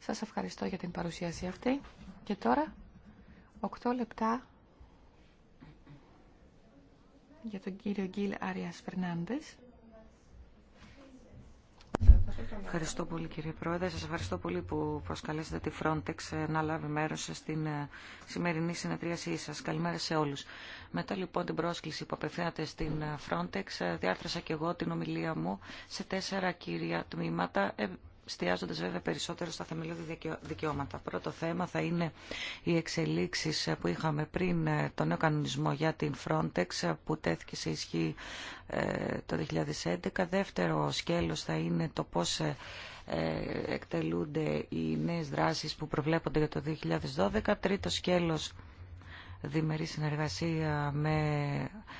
[SPEAKER 3] Σας ευχαριστώ για την παρουσίαση αυτή. Και τώρα, 8 λεπτά για τον κύριο Γκίλ Άριας
[SPEAKER 2] Ευχαριστώ πολύ κύριε Πρόεδρε. Σας ευχαριστώ πολύ που προσκαλέσατε τη Frontex ε, να λάβει μέρος στην ε, σημερινή συνεδρίασή σας. Καλημέρα σε όλους. Μετά λοιπόν την πρόσκληση που απευθύνατε στην ε, Frontex, διάρθρωσα και εγώ την ομιλία μου σε τέσσερα κύρια τμήματα, εστιάζοντα βέβαια περισσότερο στα θεμελιώδη δικαιώματα. Πρώτο θέμα θα είναι οι εξελίξει που είχαμε πριν ε, τον νέο κανονισμό για την Frontex που τέθηκε σε ισχύ ε, το 2011. Δεύτερο σκέλος θα είναι το πώς ε, εκτελούνται οι νέες δράσει που προβλέπονται για το 2012. Τρίτο σκέλος διμερή συνεργασία με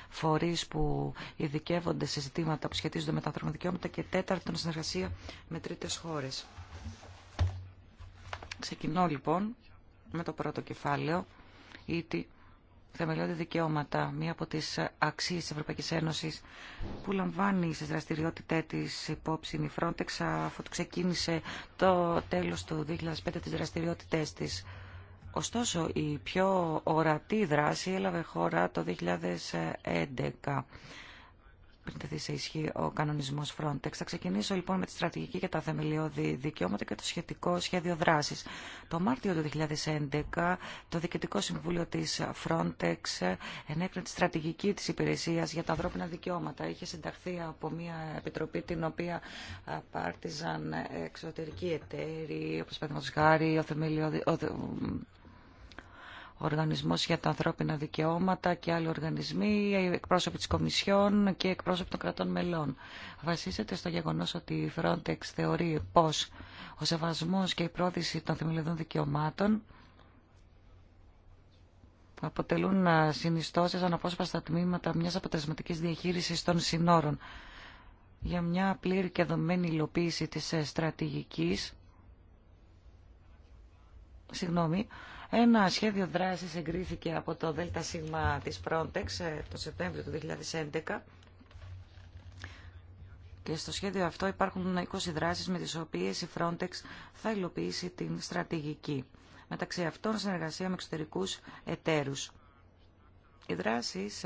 [SPEAKER 2] φορείς που ειδικεύονται σε ζητήματα που σχετίζονται με τα ανθρώπινα δικαιώματα και τέταρτον συνεργασία με τρίτες χώρες. Ξεκινώ λοιπόν με το πρώτο κεφάλαιο, ήτι θεμελιώδη δικαιώματα, μία από τις αξίες της Ευρωπαϊκής Ένωσης που λαμβάνει στις δραστηριότητε της υπόψη η Frontex αφού ξεκίνησε το τέλος του 2005 τις δραστηριότητές της. Ωστόσο, η πιο ορατή δράση έλαβε χώρα το 2011 πριν τεθεί σε ισχύ ο κανονισμό Frontex. Θα ξεκινήσω λοιπόν με τη στρατηγική για τα θεμελιώδη δικαιώματα και το σχετικό σχέδιο δράση. Το Μάρτιο του 2011, το Διοικητικό Συμβούλιο τη Frontex ενέκρινε τη στρατηγική τη υπηρεσία για τα ανθρώπινα δικαιώματα. Είχε συνταχθεί από μια επιτροπή την οποία πάρτιζαν εξωτερικοί εταίροι, όπω παραδείγματο χάρη ο, Οργανισμός για τα Ανθρώπινα Δικαιώματα και άλλοι οργανισμοί, εκπρόσωποι της Κομισιόν και εκπρόσωποι των κρατών μελών. Βασίζεται στο γεγονός ότι η Frontex θεωρεί πως ο σεβασμός και η πρόθεση των θεμελιωδών δικαιωμάτων αποτελούν συνιστώσεις αναπόσπαστα τμήματα μιας αποτελεσματικής διαχείρισης των συνόρων για μια πλήρη και δομένη υλοποίηση της ε, στρατηγικής συγγνώμη, ένα σχέδιο δράσης εγκρίθηκε από το ΔΣ της Frontex ε, το Σεπτέμβριο του 2011 και στο σχέδιο αυτό υπάρχουν 20 δράσεις με τις οποίες η Frontex θα υλοποιήσει την στρατηγική. Μεταξύ αυτών συνεργασία με εξωτερικούς εταίρους. Οι δράσεις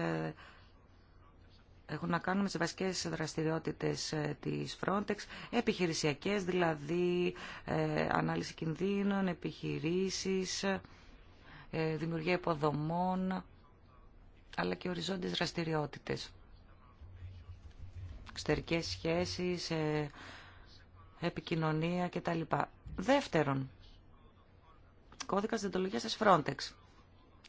[SPEAKER 2] έχουν να κάνουν με τις βασικές δραστηριότητες ε, της Frontex, επιχειρησιακές δηλαδή, ε, ανάλυση κινδύνων, επιχειρήσεις, ε, δημιουργία υποδομών, αλλά και οριζόντιες δραστηριότητες. Εξωτερικές σχέσεις, ε, επικοινωνία κτλ. Δεύτερον, κώδικας διοντολογίας της Frontex.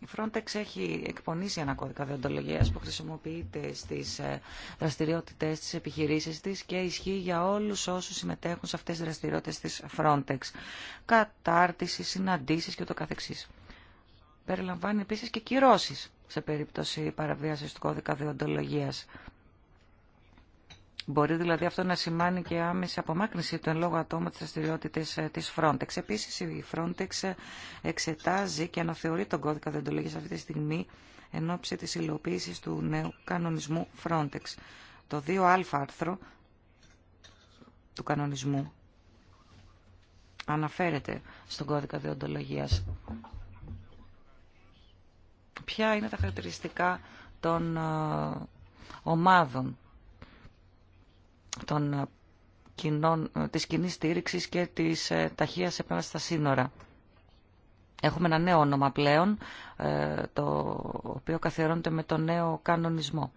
[SPEAKER 2] Η Frontex έχει εκπονήσει ένα κώδικα διοντολογίας που χρησιμοποιείται στις ε, δραστηριότητες τη επιχειρήση της και ισχύει για όλους όσους συμμετέχουν σε αυτές τις δραστηριότητες της Frontex. Κατάρτιση, συναντήσεις και το καθεξής. Περιλαμβάνει επίσης και κυρώσεις σε περίπτωση παραβίασης του κώδικα διοντολογίας. Μπορεί δηλαδή αυτό να σημάνει και άμεση απομάκρυνση εν λόγω ατόμου της δραστηριότητα ε, της Frontex. Επίσης η Frontex ε, εξετάζει και αναθεωρεί τον κώδικα δεοντολογίας αυτή τη στιγμή εν ώψη της υλοποίησης του νέου κανονισμού Frontex. Το 2α άρθρο του κανονισμού αναφέρεται στον κώδικα διοντολογίας. Ποια είναι τα χαρακτηριστικά των ε, ομάδων των ε, κοινών, ε, της κοινή στήριξη και της ε, ταχείας επέμβασης στα σύνορα. Έχουμε ένα νέο όνομα πλέον, το οποίο καθιερώνεται με το νέο κανονισμό.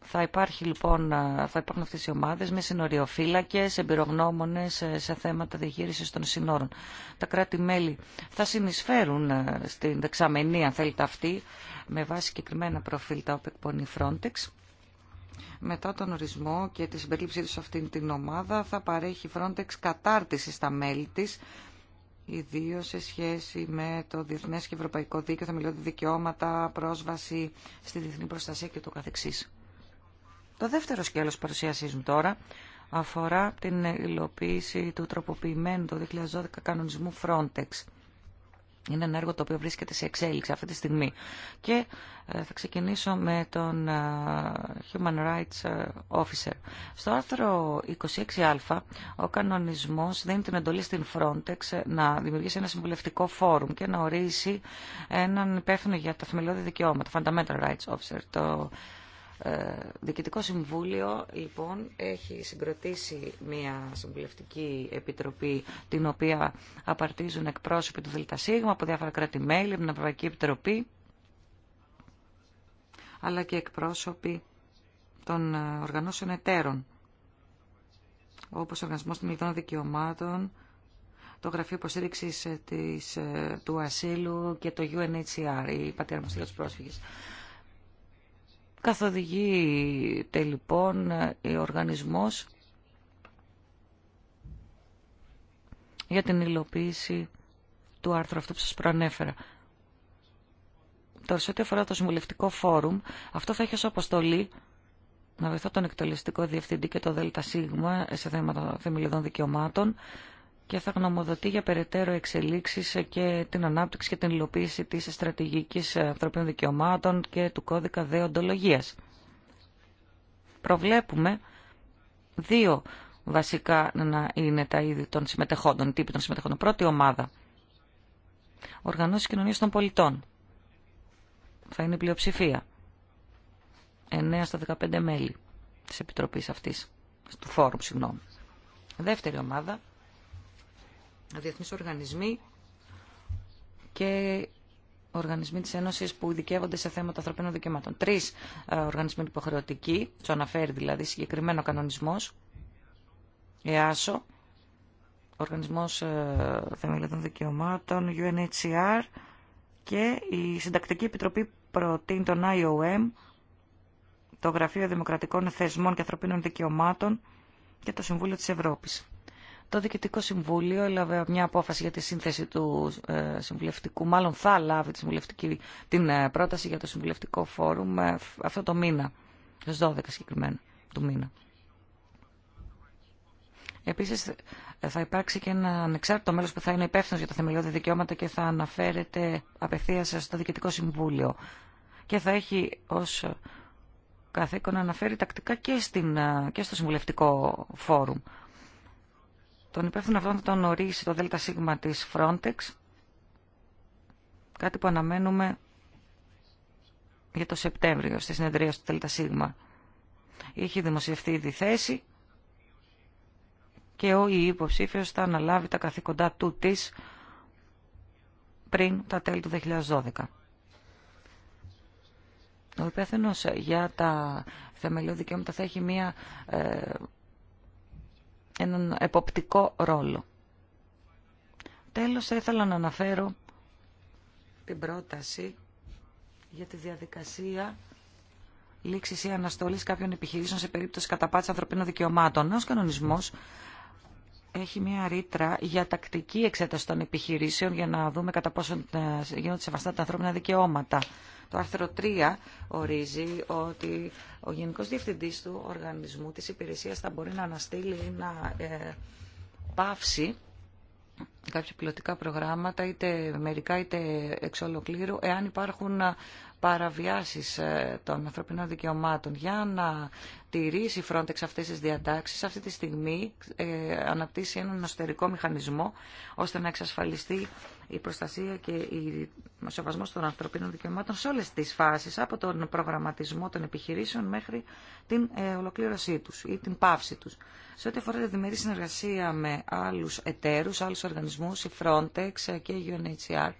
[SPEAKER 2] Θα, υπάρχει, λοιπόν, θα υπάρχουν αυτές οι ομάδες με συνοριοφύλακες, εμπειρογνώμονες σε θέματα διαχείρισης των συνόρων. Τα κράτη-μέλη θα συνεισφέρουν στην δεξαμενή, αν θέλετε αυτή, με βάση συγκεκριμένα προφίλ τα οποία εκπονεί Frontex μετά τον ορισμό και τη συμπερίληψή του σε αυτήν την ομάδα θα παρέχει Frontex κατάρτιση στα μέλη της ιδίως σε σχέση με το Διεθνές και Ευρωπαϊκό Δίκαιο, θεμελιώδη δικαιώματα, πρόσβαση στη διεθνή προστασία και το καθεξής. Το δεύτερο σκέλος παρουσίασής μου τώρα αφορά την υλοποίηση του τροποποιημένου το 2012 κανονισμού Frontex. Είναι ένα έργο το οποίο βρίσκεται σε εξέλιξη αυτή τη στιγμή. Και ε, θα ξεκινήσω με τον ε, Human Rights ε, Officer. Στο άρθρο 26α, ο κανονισμός δίνει την εντολή στην Frontex να δημιουργήσει ένα συμβουλευτικό φόρουμ και να ορίσει έναν υπεύθυνο για τα θεμελιώδη δικαιώματα, Fundamental Rights Officer. Το ε, Διοικητικό Συμβούλιο λοιπόν έχει συγκροτήσει μια συμβουλευτική επιτροπή την οποία απαρτίζουν εκπρόσωποι του ΔΣ από διάφορα κράτη-μέλη, από την Ευρωπαϊκή Επιτροπή αλλά και εκπρόσωποι των ε, οργανώσεων εταίρων όπως ο Οργανισμός των Μιλτών Δικαιωμάτων, το Γραφείο Υποστήριξης ε, της, του Ασύλου και το UNHCR, η Πατέρα Μαστήλα της Καθοδηγείται λοιπόν ε, ο οργανισμός για την υλοποίηση του άρθρου αυτού που σας προανέφερα. Τώρα, σε ό,τι αφορά το συμβουλευτικό φόρουμ, αυτό θα έχει ως αποστολή να βρεθώ τον εκτελεστικό διευθυντή και το ΔΣ σε θέματα θεμελιωδών δικαιωμάτων και θα γνωμοδοτεί για περαιτέρω εξελίξεις και την ανάπτυξη και την υλοποίηση τη στρατηγική ανθρωπίνων δικαιωμάτων και του κώδικα δεοντολογίας. Προβλέπουμε δύο βασικά να είναι τα είδη των συμμετεχόντων, τύποι των συμμετεχόντων. Πρώτη ομάδα, οργανώσει κοινωνία των πολιτών. Θα είναι η πλειοψηφία. 9 στα 15 μέλη τη επιτροπή αυτή, του Φόρουμ, συγγνώμη. Δεύτερη ομάδα, διεθνείς οργανισμοί και οργανισμοί της Ένωσης που ειδικεύονται σε θέματα ανθρωπίνων δικαιωμάτων. Τρεις ε, οργανισμοί υποχρεωτικοί, το αναφέρει δηλαδή συγκεκριμένο κανονισμός, ΕΑΣΟ, Οργανισμός ε, Θεμελιωδών Δικαιωμάτων, UNHCR και η Συντακτική Επιτροπή προτείνει τον IOM, το Γραφείο Δημοκρατικών Θεσμών και Ανθρωπίνων Δικαιωμάτων και το Συμβούλιο της Ευρώπης. Το Διοικητικό Συμβούλιο έλαβε μια απόφαση για τη σύνθεση του ε, συμβουλευτικού, μάλλον θα λάβει τη συμβουλευτική, την ε, πρόταση για το συμβουλευτικό φόρουμ ε, αυτό το μήνα, στις 12 συγκεκριμένα του μήνα. Επίσης θα υπάρξει και ένα ανεξάρτητο μέλος που θα είναι υπεύθυνο για τα θεμελιώδη δικαιώματα και θα αναφέρεται απευθείας στο Διοικητικό Συμβούλιο και θα έχει ως καθήκον να αναφέρει τακτικά και, στην, και στο Συμβουλευτικό Φόρουμ τον υπεύθυνο αυτόν θα τον ορίσει το ΔΣ της Frontex, κάτι που αναμένουμε για το Σεπτέμβριο στη συνεδρία του ΔΣ. Είχε δημοσιευτεί η θέση και ο ή υποψήφιο θα αναλάβει τα καθήκοντά του της πριν τα τέλη του 2012. Ο υπεύθυνο για τα θεμελιώδη δικαιώματα θα έχει μία ε, έναν εποπτικό ρόλο. Τέλος, θα ήθελα να αναφέρω την πρόταση για τη διαδικασία λήξη ή αναστολή κάποιων επιχειρήσεων σε περίπτωση καταπάτηση ανθρωπίνων δικαιωμάτων. Ο κανονισμό έχει μια ρήτρα για τακτική εξέταση των επιχειρήσεων για να δούμε κατά πόσο ε, γίνονται σεβαστά τα ανθρώπινα δικαιώματα. Το άρθρο 3 ορίζει ότι ο Γενικός Διευθυντής του Οργανισμού της Υπηρεσίας θα μπορεί να αναστείλει ή να ε, πάυσει κάποια πιλωτικά προγράμματα, είτε μερικά είτε εξ ολοκλήρου, εάν υπάρχουν ε, παραβιάσεις ε, των ανθρωπινών δικαιωμάτων. Για να τηρήσει η Frontex αυτές τις διατάξεις, αυτή τη στιγμή ε, αναπτύσσει έναν εσωτερικό μηχανισμό, ώστε να εξασφαλιστεί η προστασία και ο σεβασμό των ανθρωπίνων δικαιωμάτων σε όλες τις φάσεις, από τον προγραμματισμό των επιχειρήσεων μέχρι την ε, ολοκλήρωσή τους ή την πάυση τους. Σε ό,τι αφορά τη διμερή συνεργασία με άλλους εταίρους, άλλους οργανισμούς, η Frontex και η UNHCR,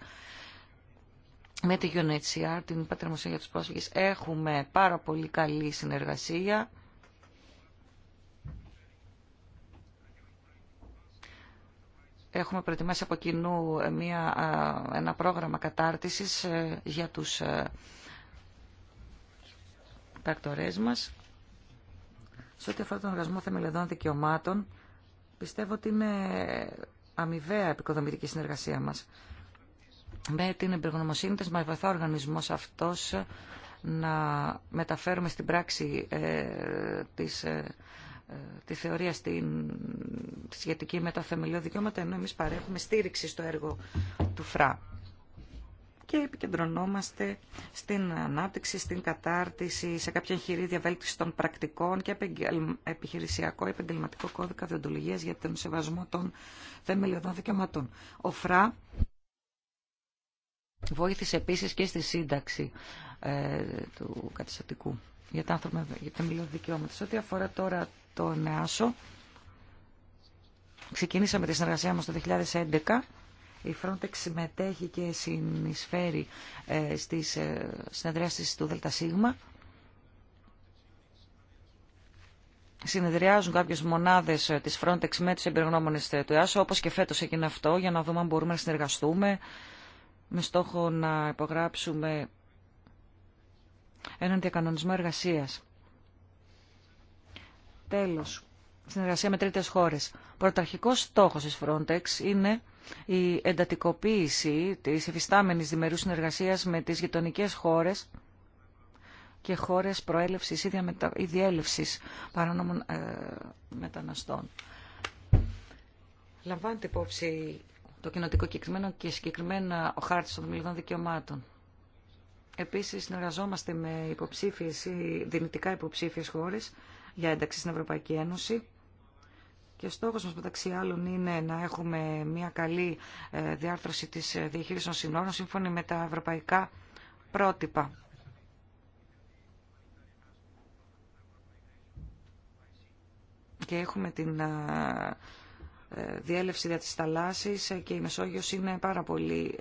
[SPEAKER 2] με τη UNHCR, την Πατρεμοσία για τους Πρόσφυγε, έχουμε πάρα πολύ καλή συνεργασία Έχουμε προετοιμάσει από κοινού ε, μια, ένα πρόγραμμα κατάρτισης ε, για τους ε, πρακτορές μας. Σε ό,τι αφορά τον οργασμό θεμελιωδών δικαιωμάτων, πιστεύω ότι είναι αμοιβαία επικοδομητική συνεργασία μας. Με την εμπειρογνωμοσύνη της μας βαθά ο οργανισμός αυτός να μεταφέρουμε στην πράξη ε, τη θεωρία στην σχετική με τα θεμελιώδη δικαιώματα, ενώ εμείς παρέχουμε στήριξη στο έργο του ΦΡΑ. Και επικεντρωνόμαστε στην ανάπτυξη, στην κατάρτιση, σε κάποια εγχειρίδια βέλτιση των πρακτικών και επιχειρησιακό επαγγελματικό κώδικα διοντολογίας για τον σεβασμό των θεμελιωδών δικαιωματών. Ο ΦΡΑ βοήθησε επίσης και στη σύνταξη ε, του καταστατικού για τα, άνθρωπα, δικαιώματα. Σε ό,τι αφορά τώρα το ΕΑΣΟ. Ξεκινήσαμε τη συνεργασία μας το 2011. Η Frontex συμμετέχει και συνεισφέρει ε, στις ε, συνεδριάσεις του ΔΣ. Συνεδριάζουν κάποιες μονάδες ε, της Frontex με τους εμπειρογνώμονες του ΕΑΣΟ, όπως και φέτος έγινε αυτό, για να δούμε αν μπορούμε να συνεργαστούμε με στόχο να υπογράψουμε έναν διακανονισμό εργασίας Τέλος, συνεργασία με τρίτες χώρες. Πρωταρχικός στόχος της Frontex είναι η εντατικοποίηση της εφιστάμενης διμερού συνεργασίας με τις γειτονικές χώρες και χώρες προέλευσης ή διέλευσης παράνομων ε, μεταναστών. Λαμβάνεται υπόψη το κοινοτικό κεκτημένο και συγκεκριμένα ο χάρτης των δημιουργών δικαιωμάτων. Επίσης, συνεργαζόμαστε με υποψήφιες ή δυνητικά υποψήφιες χώρες για ένταξη στην Ευρωπαϊκή Ένωση. Και στόχος μας μεταξύ άλλων είναι να έχουμε μια καλή ε, διάρθρωση της ε, διαχείρισης των συνόρων σύμφωνη με τα ευρωπαϊκά πρότυπα. Και έχουμε την ε, διέλευση δια της θαλάσσης και η Μεσόγειος είναι πάρα πολύ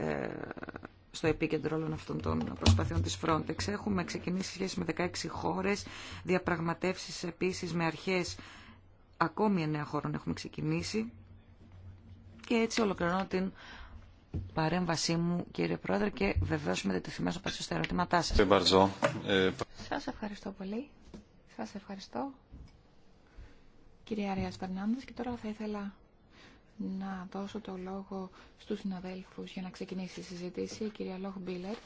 [SPEAKER 2] στο επίκεντρο όλων αυτών των προσπαθειών της Frontex. Έχουμε ξεκινήσει σχέση με 16 χώρες, διαπραγματεύσεις επίσης με αρχές ακόμη 9 χώρων έχουμε ξεκινήσει και έτσι ολοκληρώνω την παρέμβασή μου κύριε Πρόεδρε και βεβαίως με θυμάσαι να στα ερωτήματά σας.
[SPEAKER 3] Σας ευχαριστώ πολύ. Σας ευχαριστώ. Κυρία Άρια και τώρα θα ήθελα να δώσω το λόγο στους συναδέλφους για να ξεκινήσει η συζήτηση. Η κυρία Λόχ Μπίλερ,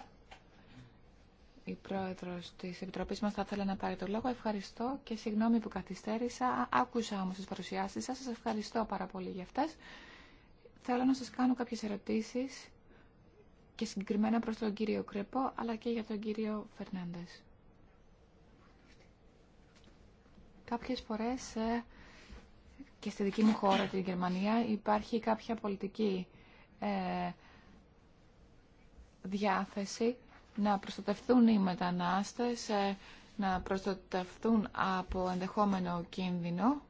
[SPEAKER 3] η πρόεδρος της Επιτροπής μας, θα ήθελε να πάρει το λόγο. Ευχαριστώ και συγγνώμη που καθυστέρησα. Άκουσα όμως τις παρουσιάσεις σας. Σας ευχαριστώ πάρα πολύ για αυτές. Θέλω να σας κάνω κάποιες ερωτήσεις και συγκεκριμένα προς τον κύριο Κρεπό, αλλά και για τον κύριο Φερνάντες. Κάποιες φορές ε, και στη δική μου χώρα, τη Γερμανία, υπάρχει κάποια πολιτική ε, διάθεση να προστατευτούν οι μετανάστες, ε, να προστατευτούν από ενδεχόμενο κίνδυνο,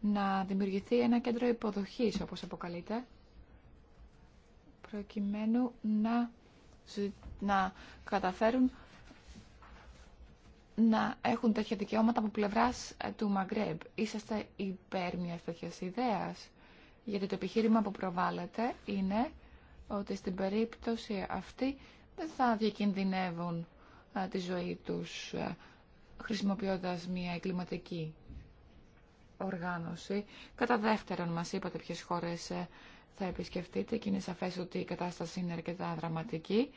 [SPEAKER 3] να δημιουργηθεί ένα κέντρο υποδοχής, όπως αποκαλείται, προκειμένου να, να καταφέρουν να έχουν τέτοια δικαιώματα από πλευρά ε, του Μαγκρέμπ. Είσαστε υπέρ μια τέτοια ιδέα. Γιατί το επιχείρημα που προβάλλεται είναι ότι στην περίπτωση αυτή δεν θα διακινδυνεύουν ε, τη ζωή τους ε, χρησιμοποιώντας μια εγκληματική οργάνωση. Κατά δεύτερον, μας είπατε ποιες χώρες θα επισκεφτείτε και είναι σαφές ότι η κατάσταση είναι αρκετά δραματική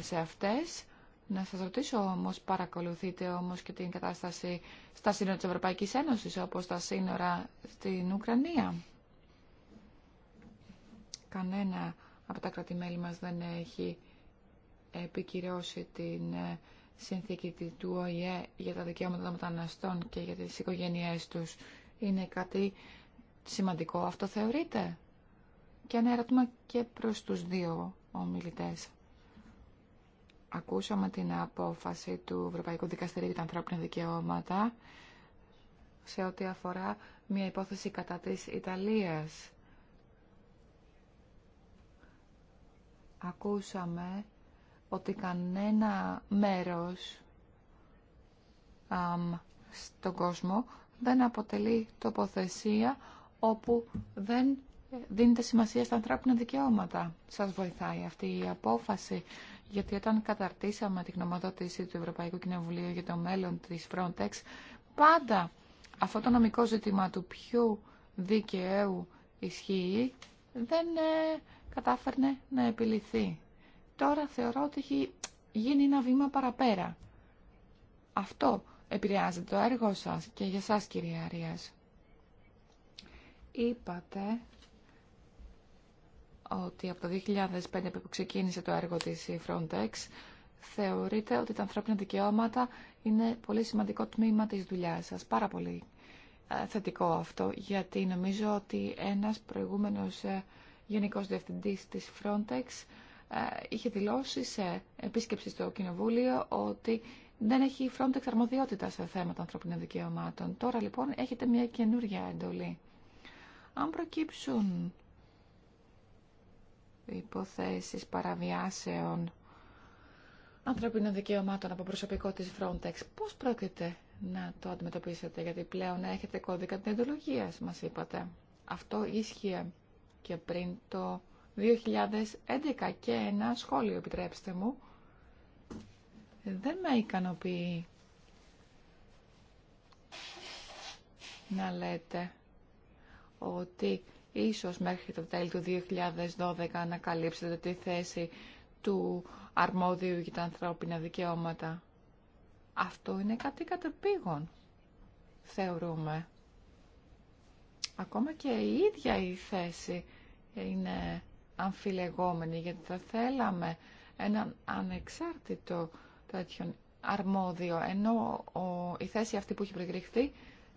[SPEAKER 3] σε αυτές. Να σας ρωτήσω όμως, παρακολουθείτε όμως και την κατάσταση στα σύνορα της Ευρωπαϊκής Ένωσης, όπως τα σύνορα στην Ουκρανία. Κανένα από τα κρατημέλη μας δεν έχει επικυρώσει την ε, συνθήκη του ΟΗΕ για τα δικαιώματα των μεταναστών και για τις οικογένειές τους. Είναι κάτι σημαντικό, αυτό θεωρείτε. Και ένα ερώτημα και προς τους δύο ομιλητές. Ακούσαμε την απόφαση του Ευρωπαϊκού Δικαστηρίου για τα ανθρώπινα δικαιώματα σε ό,τι αφορά μια υπόθεση κατά της Ιταλίας. Ακούσαμε ότι κανένα μέρος στον κόσμο δεν αποτελεί τοποθεσία όπου δεν δίνεται σημασία στα ανθρώπινα δικαιώματα. Σας βοηθάει αυτή η απόφαση γιατί όταν καταρτήσαμε τη γνωμοδότηση του Ευρωπαϊκού Κοινοβουλίου για το μέλλον της Frontex, πάντα αυτό το νομικό ζήτημα του ποιου δικαίου ισχύει δεν ε, κατάφερνε να επιληθεί. Τώρα θεωρώ ότι έχει γίνει ένα βήμα παραπέρα. Αυτό επηρεάζει το έργο σας και για σας κυρία Αρίας. Είπατε ότι από το 2005 που ξεκίνησε το έργο της Frontex θεωρείτε ότι τα ανθρώπινα δικαιώματα είναι πολύ σημαντικό τμήμα της δουλειάς σας. Πάρα πολύ ε, θετικό αυτό, γιατί νομίζω ότι ένας προηγούμενος ε, γενικός διευθυντής της Frontex ε, είχε δηλώσει σε επίσκεψη στο Κοινοβούλιο ότι δεν έχει η Frontex αρμοδιότητα σε θέματα ανθρωπίνων δικαιωμάτων. Τώρα λοιπόν έχετε μια καινούργια εντολή. Αν προκύψουν υποθέσεις παραβιάσεων ανθρωπίνων δικαιωμάτων από προσωπικό της Frontex. Πώς πρόκειται να το αντιμετωπίσετε, γιατί πλέον έχετε κώδικα την εντολογίας, μας είπατε. Αυτό ίσχυε και πριν το 2011 και ένα σχόλιο, επιτρέψτε μου, δεν με ικανοποιεί να λέτε ότι Ίσως μέχρι το τέλος του 2012 να καλύψετε τη θέση του αρμόδιου για τα ανθρώπινα δικαιώματα. Αυτό είναι κάτι κατεπήγον, θεωρούμε. Ακόμα και η ίδια η θέση είναι αμφιλεγόμενη, γιατί θα θέλαμε έναν ανεξάρτητο τέτοιο αρμόδιο, ενώ η θέση αυτή που έχει προκριχθεί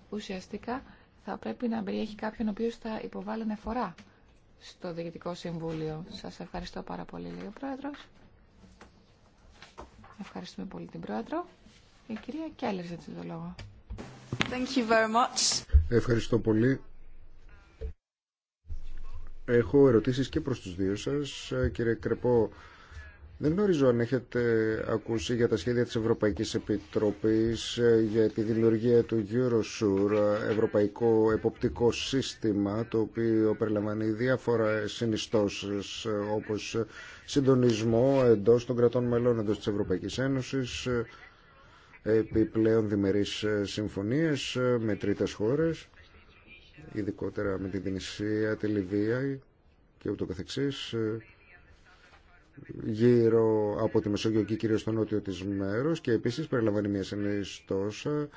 [SPEAKER 3] ουσιαστικά θα πρέπει να περιέχει κάποιον ο οποίος θα υποβάλει αναφορά στο Διοικητικό Συμβούλιο. Σας ευχαριστώ πάρα πολύ, λέει ο Πρόεδρος. Ευχαριστούμε πολύ την Πρόεδρο. Η κυρία Κέλλερ ζήτησε το λόγο.
[SPEAKER 1] Thank you very much. Ευχαριστώ πολύ. Έχω ερωτήσεις και προς τους δύο σας. Ε, κύριε Κρεπό, δεν γνωρίζω αν έχετε ακούσει για τα σχέδια της Ευρωπαϊκής Επιτροπής ε, για τη δημιουργία του Eurosur, ε, Ευρωπαϊκό Εποπτικό Σύστημα, το οποίο περιλαμβάνει διάφορα συνιστώσεις ε, όπως συντονισμό εντός των κρατών μελών εντός της Ευρωπαϊκής Ένωσης, επιπλέον διμερείς συμφωνίες με τρίτες χώρες, ειδικότερα με την Τινησία, τη Λιβύα και ούτω καθεξής γύρω από τη Μεσόγειο και κυρίως στο νότιο της μέρος και επίσης περιλαμβάνει μια συνειστόσα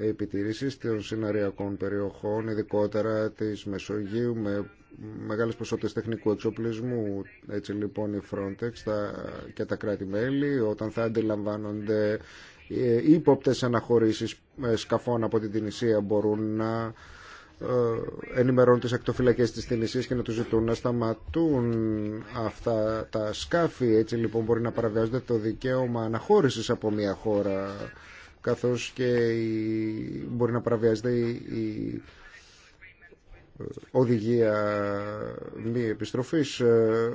[SPEAKER 1] επιτήρηση των συναριακών περιοχών, ειδικότερα της Μεσογείου με μεγάλες ποσότητες τεχνικού εξοπλισμού. Έτσι λοιπόν η Frontex και τα κράτη-μέλη όταν θα αντιλαμβάνονται ε, ύποπτες αναχωρήσεις ε, σκαφών από την Τινησία μπορούν να ε, ενημερώνουν τις ακτοφυλακές της Τινησίας και να τους ζητούν να σταματούν αυτά τα σκάφη. Έτσι λοιπόν μπορεί να παραβιάζονται το δικαίωμα αναχώρησης από μια χώρα καθώς και μπορεί να παραβιάζεται η ε, οδηγία μη επιστροφής. Ε,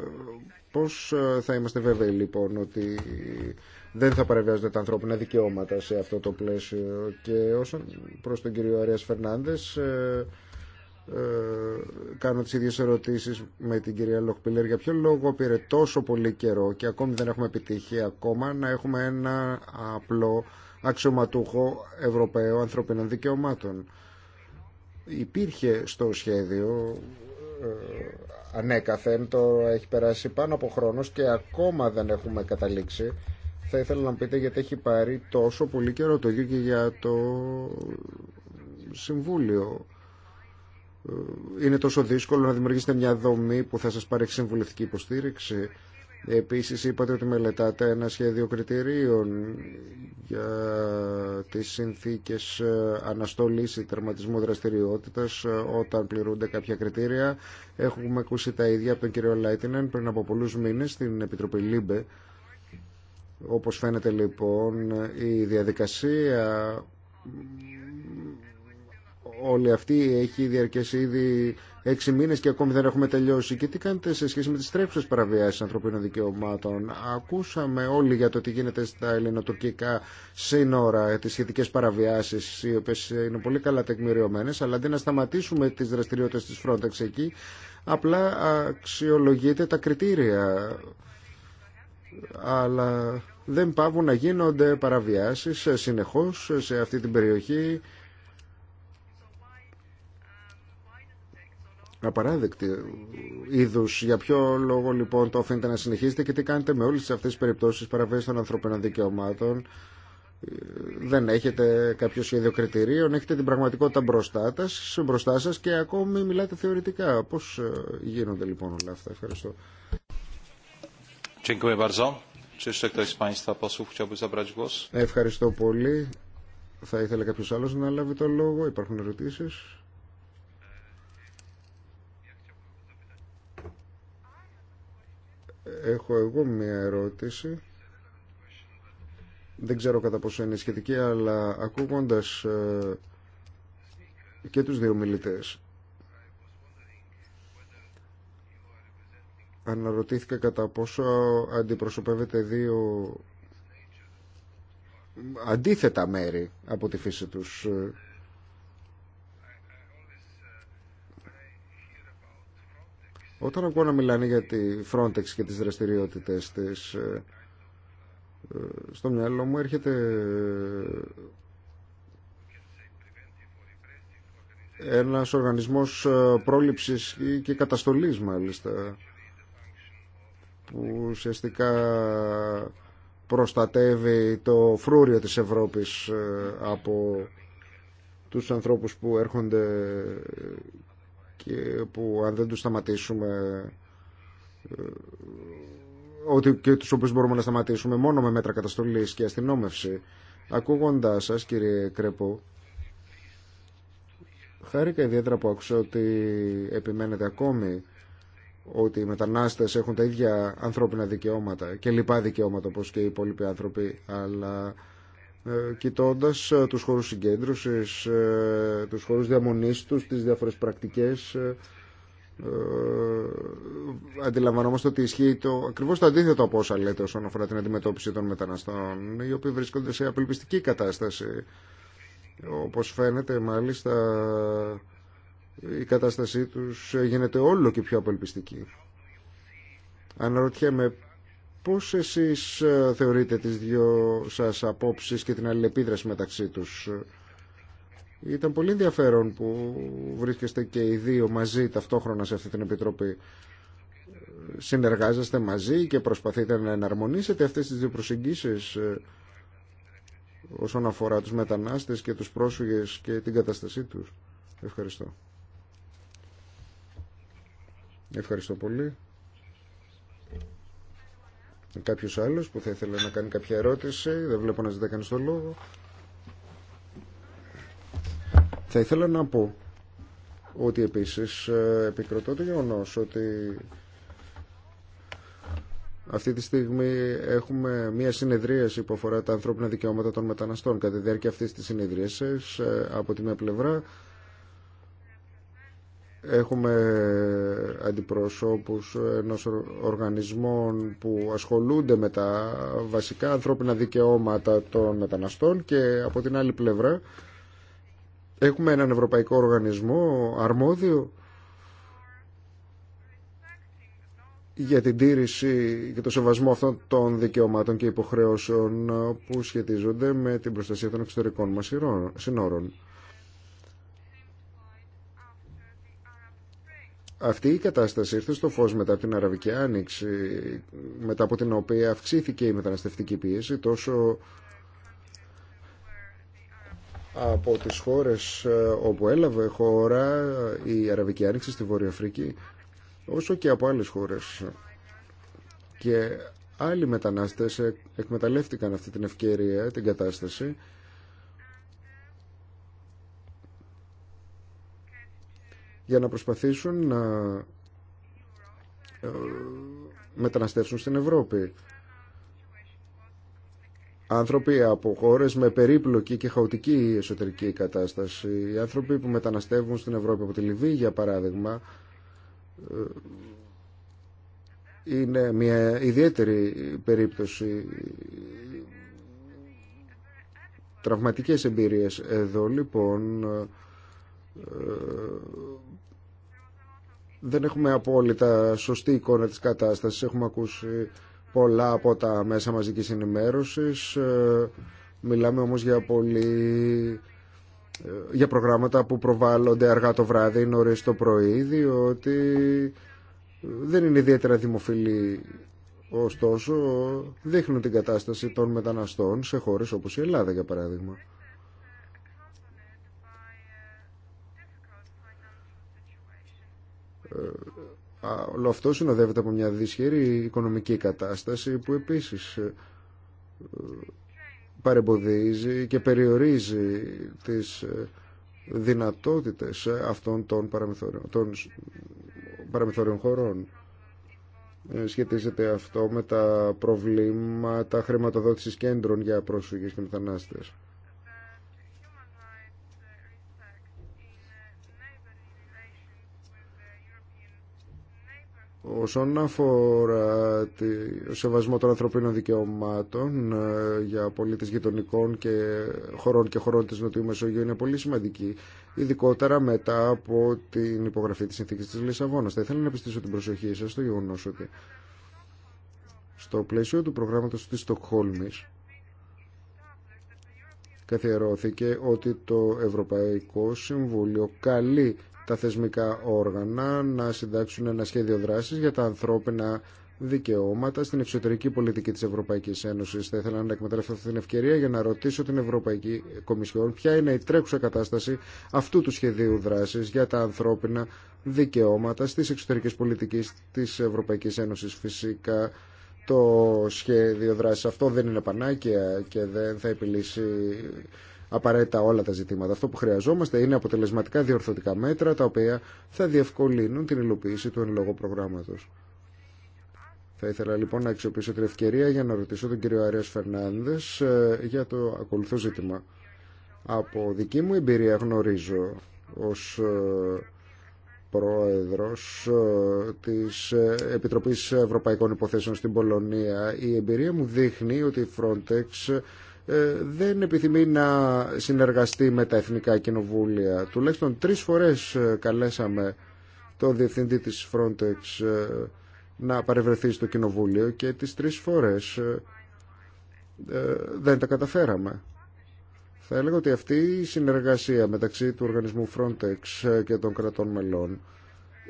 [SPEAKER 1] πώς θα είμαστε βέβαιοι λοιπόν ότι δεν θα παρεμβιάζονται τα ανθρώπινα δικαιώματα σε αυτό το πλαίσιο. Και όσον προς τον κύριο Άρια Φερνάνδε, ε, ε, κάνω τι ίδιε ερωτήσει με την κυρία Λοχπίλερ για ποιο λόγο πήρε τόσο πολύ καιρό και ακόμη δεν έχουμε επιτύχει ακόμα να έχουμε ένα απλό αξιωματούχο Ευρωπαίο ανθρωπίνων δικαιωμάτων. Υπήρχε στο σχέδιο ε, ανέκαθεν, το έχει περάσει πάνω από χρόνος και ακόμα δεν έχουμε καταλήξει θα ήθελα να πείτε γιατί έχει πάρει τόσο πολύ καιρό το ίδιο και για το Συμβούλιο. Ε, είναι τόσο δύσκολο να δημιουργήσετε μια δομή που θα σας πάρει συμβουλευτική υποστήριξη. Επίσης είπατε ότι μελετάτε ένα σχέδιο κριτηρίων για τις συνθήκες ε, αναστολής ή τερματισμού δραστηριότητας ε, όταν πληρούνται κάποια κριτήρια. Έχουμε ακούσει τα ίδια από τον κύριο Λάιτινεν πριν από πολλούς μήνες στην Επιτροπή Λίμπε όπως φαίνεται λοιπόν η διαδικασία όλη αυτή έχει διαρκέσει ήδη έξι μήνες και ακόμη δεν έχουμε τελειώσει. Και τι κάνετε σε σχέση με τις τρέψεις παραβιάσεις ανθρωπίνων δικαιωμάτων. Ακούσαμε όλοι για το τι γίνεται στα ελληνοτουρκικά σύνορα, τις σχετικές παραβιάσεις, οι οποίες είναι πολύ καλά τεκμηριωμένες, αλλά αντί να σταματήσουμε τις δραστηριότητες της Frontex εκεί, απλά αξιολογείται τα κριτήρια αλλά δεν πάβουν να γίνονται παραβιάσεις ε, συνεχώς ε, σε αυτή την περιοχή απαράδεκτη είδου. Για ποιο λόγο λοιπόν το αφήνετε να συνεχίσετε και τι κάνετε με όλες αυτές τις περιπτώσεις παραβίαση των ανθρωπίνων δικαιωμάτων. Δεν έχετε κάποιο σχέδιο κριτηρίων, έχετε την πραγματικότητα μπροστά, τας, μπροστά σας και ακόμη μιλάτε θεωρητικά. Πώς ε, γίνονται λοιπόν όλα αυτά. Ευχαριστώ. Ευχαριστώ πολύ. Θα ήθελε κάποιο άλλο να λάβει το λόγο. Υπάρχουν ερωτήσει. Έχω εγώ μία ερώτηση. Δεν ξέρω κατά πόσο είναι σχετική, αλλά ακούγοντας ε, και τους δύο μιλητές αναρωτήθηκα κατά πόσο αντιπροσωπεύεται δύο αντίθετα μέρη από τη φύση τους. Όταν ακούω να μιλάνε για τη Frontex και τις δραστηριότητες της, ε, στο μυαλό μου έρχεται ε, ένας οργανισμός ε, πρόληψης και καταστολής μάλιστα που ουσιαστικά προστατεύει το φρούριο της Ευρώπης ε, από τους ανθρώπους που έρχονται και που αν δεν τους σταματήσουμε ε, ότι και τους οποίους μπορούμε να σταματήσουμε μόνο με μέτρα καταστολής και αστυνόμευση ακούγοντάς σας κύριε Κρέπο χάρηκα ιδιαίτερα που άκουσα ότι επιμένετε ακόμη ότι οι μετανάστες έχουν τα ίδια ανθρώπινα δικαιώματα και λοιπά δικαιώματα όπως και οι υπόλοιποι άνθρωποι αλλά ε, κοιτώντας ε, τους χώρους συγκέντρωσης, ε, τους χώρους διαμονής τους, τις διάφορες πρακτικές ε, ε, αντιλαμβανόμαστε ότι ισχύει το, ακριβώς το αντίθετο από όσα λέτε όσον αφορά την αντιμετώπιση των μεταναστών οι οποίοι βρίσκονται σε απελπιστική κατάσταση όπως φαίνεται μάλιστα η κατάστασή τους γίνεται όλο και πιο απελπιστική. Αναρωτιέμαι πώς εσείς ε, θεωρείτε τις δυο σας απόψεις και την αλληλεπίδραση μεταξύ τους. Ήταν πολύ ενδιαφέρον που βρίσκεστε και οι δύο μαζί ταυτόχρονα σε αυτή την Επιτροπή. Συνεργάζεστε μαζί και προσπαθείτε να εναρμονίσετε αυτές τις δύο προσεγγίσεις ε, όσον αφορά τους μετανάστες και τους πρόσφυγες και την κατάστασή τους. Ευχαριστώ. Ευχαριστώ πολύ. Κάποιος άλλος που θα ήθελε να κάνει κάποια ερώτηση. Δεν βλέπω να ζητάει κανείς το λόγο. Θα ήθελα να πω ότι επίσης ε, επικροτώ το γεγονό ότι αυτή τη στιγμή έχουμε μία συνεδρίαση που αφορά τα ανθρώπινα δικαιώματα των μεταναστών. Κατά τη διάρκεια αυτής της συνεδρίασης, ε, από τη μία πλευρά, Έχουμε αντιπροσώπους ενός οργανισμών που ασχολούνται με τα βασικά ανθρώπινα δικαιώματα των μεταναστών και από την άλλη πλευρά έχουμε έναν ευρωπαϊκό οργανισμό αρμόδιο για την τήρηση και το σεβασμό αυτών των δικαιωμάτων και υποχρεώσεων που σχετίζονται με την προστασία των εξωτερικών μας συνόρων. Αυτή η κατάσταση ήρθε στο φως μετά από την Αραβική Άνοιξη, μετά από την οποία αυξήθηκε η μεταναστευτική πίεση τόσο από τις χώρες ε, όπου έλαβε χώρα η Αραβική Άνοιξη στη Βόρεια Αφρική, όσο και από άλλες χώρες. Και άλλοι μετανάστες εκμεταλλεύτηκαν αυτή την ευκαιρία, την κατάσταση, για να προσπαθήσουν να ε, μεταναστεύσουν στην Ευρώπη. Άνθρωποι από χώρε με περίπλοκη και χαοτική εσωτερική κατάσταση, οι άνθρωποι που μεταναστεύουν στην Ευρώπη από τη Λιβύη, για παράδειγμα, ε, είναι μια ιδιαίτερη περίπτωση τραυματικές εμπειρίες εδώ λοιπόν ε, δεν έχουμε απόλυτα σωστή εικόνα της κατάστασης. Έχουμε ακούσει πολλά από τα μέσα μαζικής ενημέρωσης. Ε, μιλάμε όμως για πολύ ε, για προγράμματα που προβάλλονται αργά το βράδυ ή νωρίς το πρωί διότι δεν είναι ιδιαίτερα δημοφιλή ωστόσο δείχνουν την κατάσταση των μεταναστών σε χώρες όπως η Ελλάδα για παράδειγμα. Ε, όλο αυτό συνοδεύεται από μια δυσχερή οικονομική κατάσταση που επίσης ε, ε, παρεμποδίζει και περιορίζει τις δυνατότητες αυτών των παραμεθοριών, των παραμεθοριών χωρών. Σχετίζεται αυτό με τα προβλήματα χρηματοδότησης κέντρων για πρόσφυγες και μετανάστες. Όσον αφορά το σεβασμό των ανθρωπίνων δικαιωμάτων ε, για πολίτες γειτονικών και χωρών και χωρών της Νοτιού Μεσογείου είναι πολύ σημαντική, ειδικότερα μετά από την υπογραφή της συνθήκης της Λισαβόνας. Θα ήθελα να επιστήσω την προσοχή σας στο γεγονό ότι στο πλαίσιο του προγράμματος της Στοκχόλμης καθιερώθηκε ότι το Ευρωπαϊκό Συμβούλιο καλεί τα θεσμικά όργανα να συντάξουν ένα σχέδιο δράσης για τα ανθρώπινα δικαιώματα στην εξωτερική πολιτική της Ευρωπαϊκής Ένωσης. Θα ήθελα να εκμεταλλευτώ αυτή την ευκαιρία για να ρωτήσω την Ευρωπαϊκή Κομισιόν ποια είναι η τρέχουσα κατάσταση αυτού του σχεδίου δράσης για τα ανθρώπινα δικαιώματα στις εξωτερικές πολιτικές της Ευρωπαϊκής Ένωσης φυσικά. Το σχέδιο δράσης αυτό δεν είναι πανάκια και δεν θα επιλύσει απαραίτητα όλα τα ζητήματα. Αυτό που χρειαζόμαστε είναι αποτελεσματικά διορθωτικά μέτρα τα οποία θα διευκολύνουν την υλοποίηση του εν λόγω προγράμματο. Θα ήθελα λοιπόν να αξιοποιήσω την ευκαιρία για να ρωτήσω τον κύριο Αρία Φερνάνδε ε, για το ακολουθό ζήτημα. Από δική μου εμπειρία γνωρίζω ως ε, πρόεδρος ε, της Επιτροπής Ευρωπαϊκών Υποθέσεων στην Πολωνία. Η εμπειρία μου δείχνει ότι η Frontex ε, δεν επιθυμεί να συνεργαστεί με τα εθνικά κοινοβούλια. Τουλάχιστον τρεις φορές ε, καλέσαμε τον διευθυντή της Frontex ε, να παρευρεθεί στο κοινοβούλιο και τις τρεις φορές δεν τα καταφέραμε. Θα έλεγα ότι αυτή η συνεργασία μεταξύ του οργανισμού Frontex και των κρατών μελών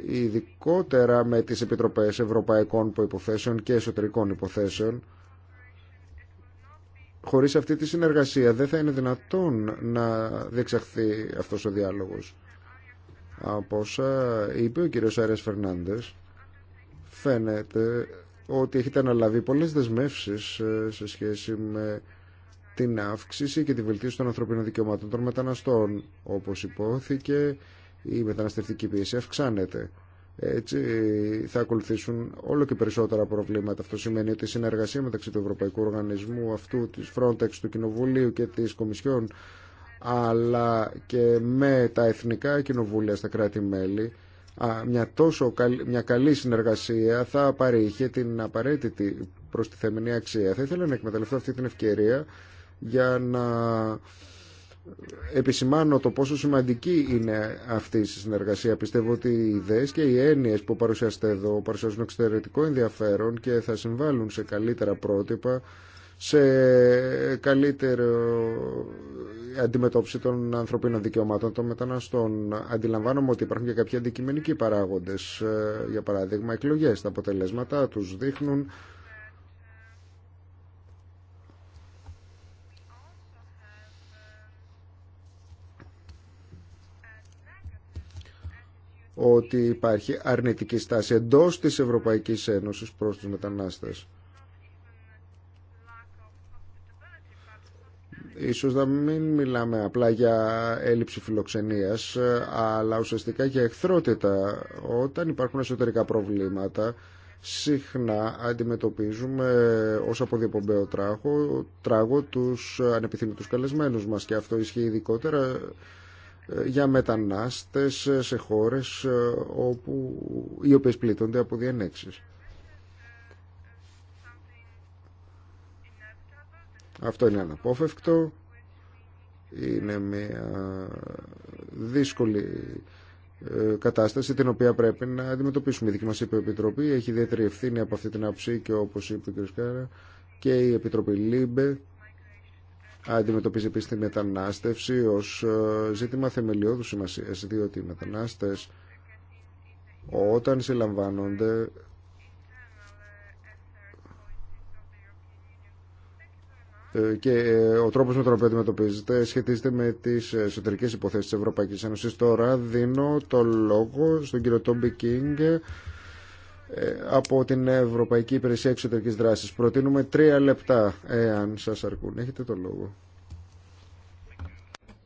[SPEAKER 1] ειδικότερα με τις Επιτροπές Ευρωπαϊκών Υποθέσεων και Εσωτερικών Υποθέσεων Χωρίς αυτή τη συνεργασία δεν θα είναι δυνατόν να διεξαχθεί αυτός ο διάλογος. Από όσα είπε ο κύριος Άρες Φερνάντες, φαίνεται ότι έχετε αναλαβεί πολλές δεσμεύσεις ε, σε σχέση με την αύξηση και τη βελτίωση των ανθρωπίνων δικαιωμάτων των μεταναστών. Όπως υπόθηκε, η μεταναστευτική πίεση αυξάνεται. Έτσι θα ακολουθήσουν όλο και περισσότερα προβλήματα. Αυτό σημαίνει ότι η συνεργασία μεταξύ του Ευρωπαϊκού Οργανισμού αυτού, της Frontex, του Κοινοβουλίου και της Κομισιόν αλλά και με τα εθνικά κοινοβούλια στα κράτη-μέλη μια, τόσο, μια καλή συνεργασία θα παρήχε την απαραίτητη προστιθέμενη αξία. Θα ήθελα να εκμεταλλευτώ αυτή την ευκαιρία για να επισημάνω το πόσο σημαντική είναι αυτή η συνεργασία. Πιστεύω ότι οι ιδέες και οι έννοιε που παρουσιαστεί εδώ παρουσιάζουν εξαιρετικό ενδιαφέρον και θα συμβάλλουν σε καλύτερα πρότυπα, σε καλύτερη αντιμετώπιση των ανθρωπίνων δικαιωμάτων των μεταναστών. Αντιλαμβάνομαι ότι υπάρχουν και κάποιοι αντικειμενικοί παράγοντες, ε, για παράδειγμα εκλογές. Τα αποτελέσματά τους δείχνουν ότι υπάρχει αρνητική στάση εντός της Ευρωπαϊκής Ένωσης προς τους μετανάστες. Ίσως να μην μιλάμε απλά για έλλειψη φιλοξενίας, αλλά ουσιαστικά για εχθρότητα. Όταν υπάρχουν εσωτερικά προβλήματα, συχνά αντιμετωπίζουμε ως αποδιοπομπαίο τράγο, τράγο τους ανεπιθυμητούς καλεσμένους μας και αυτό ισχύει ειδικότερα για μετανάστες σε χώρες ε, όπου, οι οποίες πλήττονται από διενέξεις. Αυτό είναι αναπόφευκτο, είναι μια δύσκολη ε, κατάσταση την οποία πρέπει να αντιμετωπίσουμε. Η δική μας Επιτροπή έχει ιδιαίτερη ευθύνη από αυτή την άψη και όπως είπε ο κ. Σκάρα και η Επιτροπή ΛΥΜΠΕ αντιμετωπίζει επίση τη μετανάστευση ως ε, ζήτημα θεμελιώδου σημασία διότι οι μετανάστες όταν συλλαμβάνονται ε, και ε, ο τρόπος με τον οποίο αντιμετωπίζεται σχετίζεται με τις εσωτερικές υποθέσεις της Ευρωπαϊκής Ένωσης. Τώρα δίνω το λόγο στον κύριο Τόμπι Κίνγκ ε, από την Ευρωπαϊκή Υπηρεσία Εξωτερικής Δράσης. Προτείνουμε τρία λεπτά, εάν σας αρκούν. Έχετε το λόγο.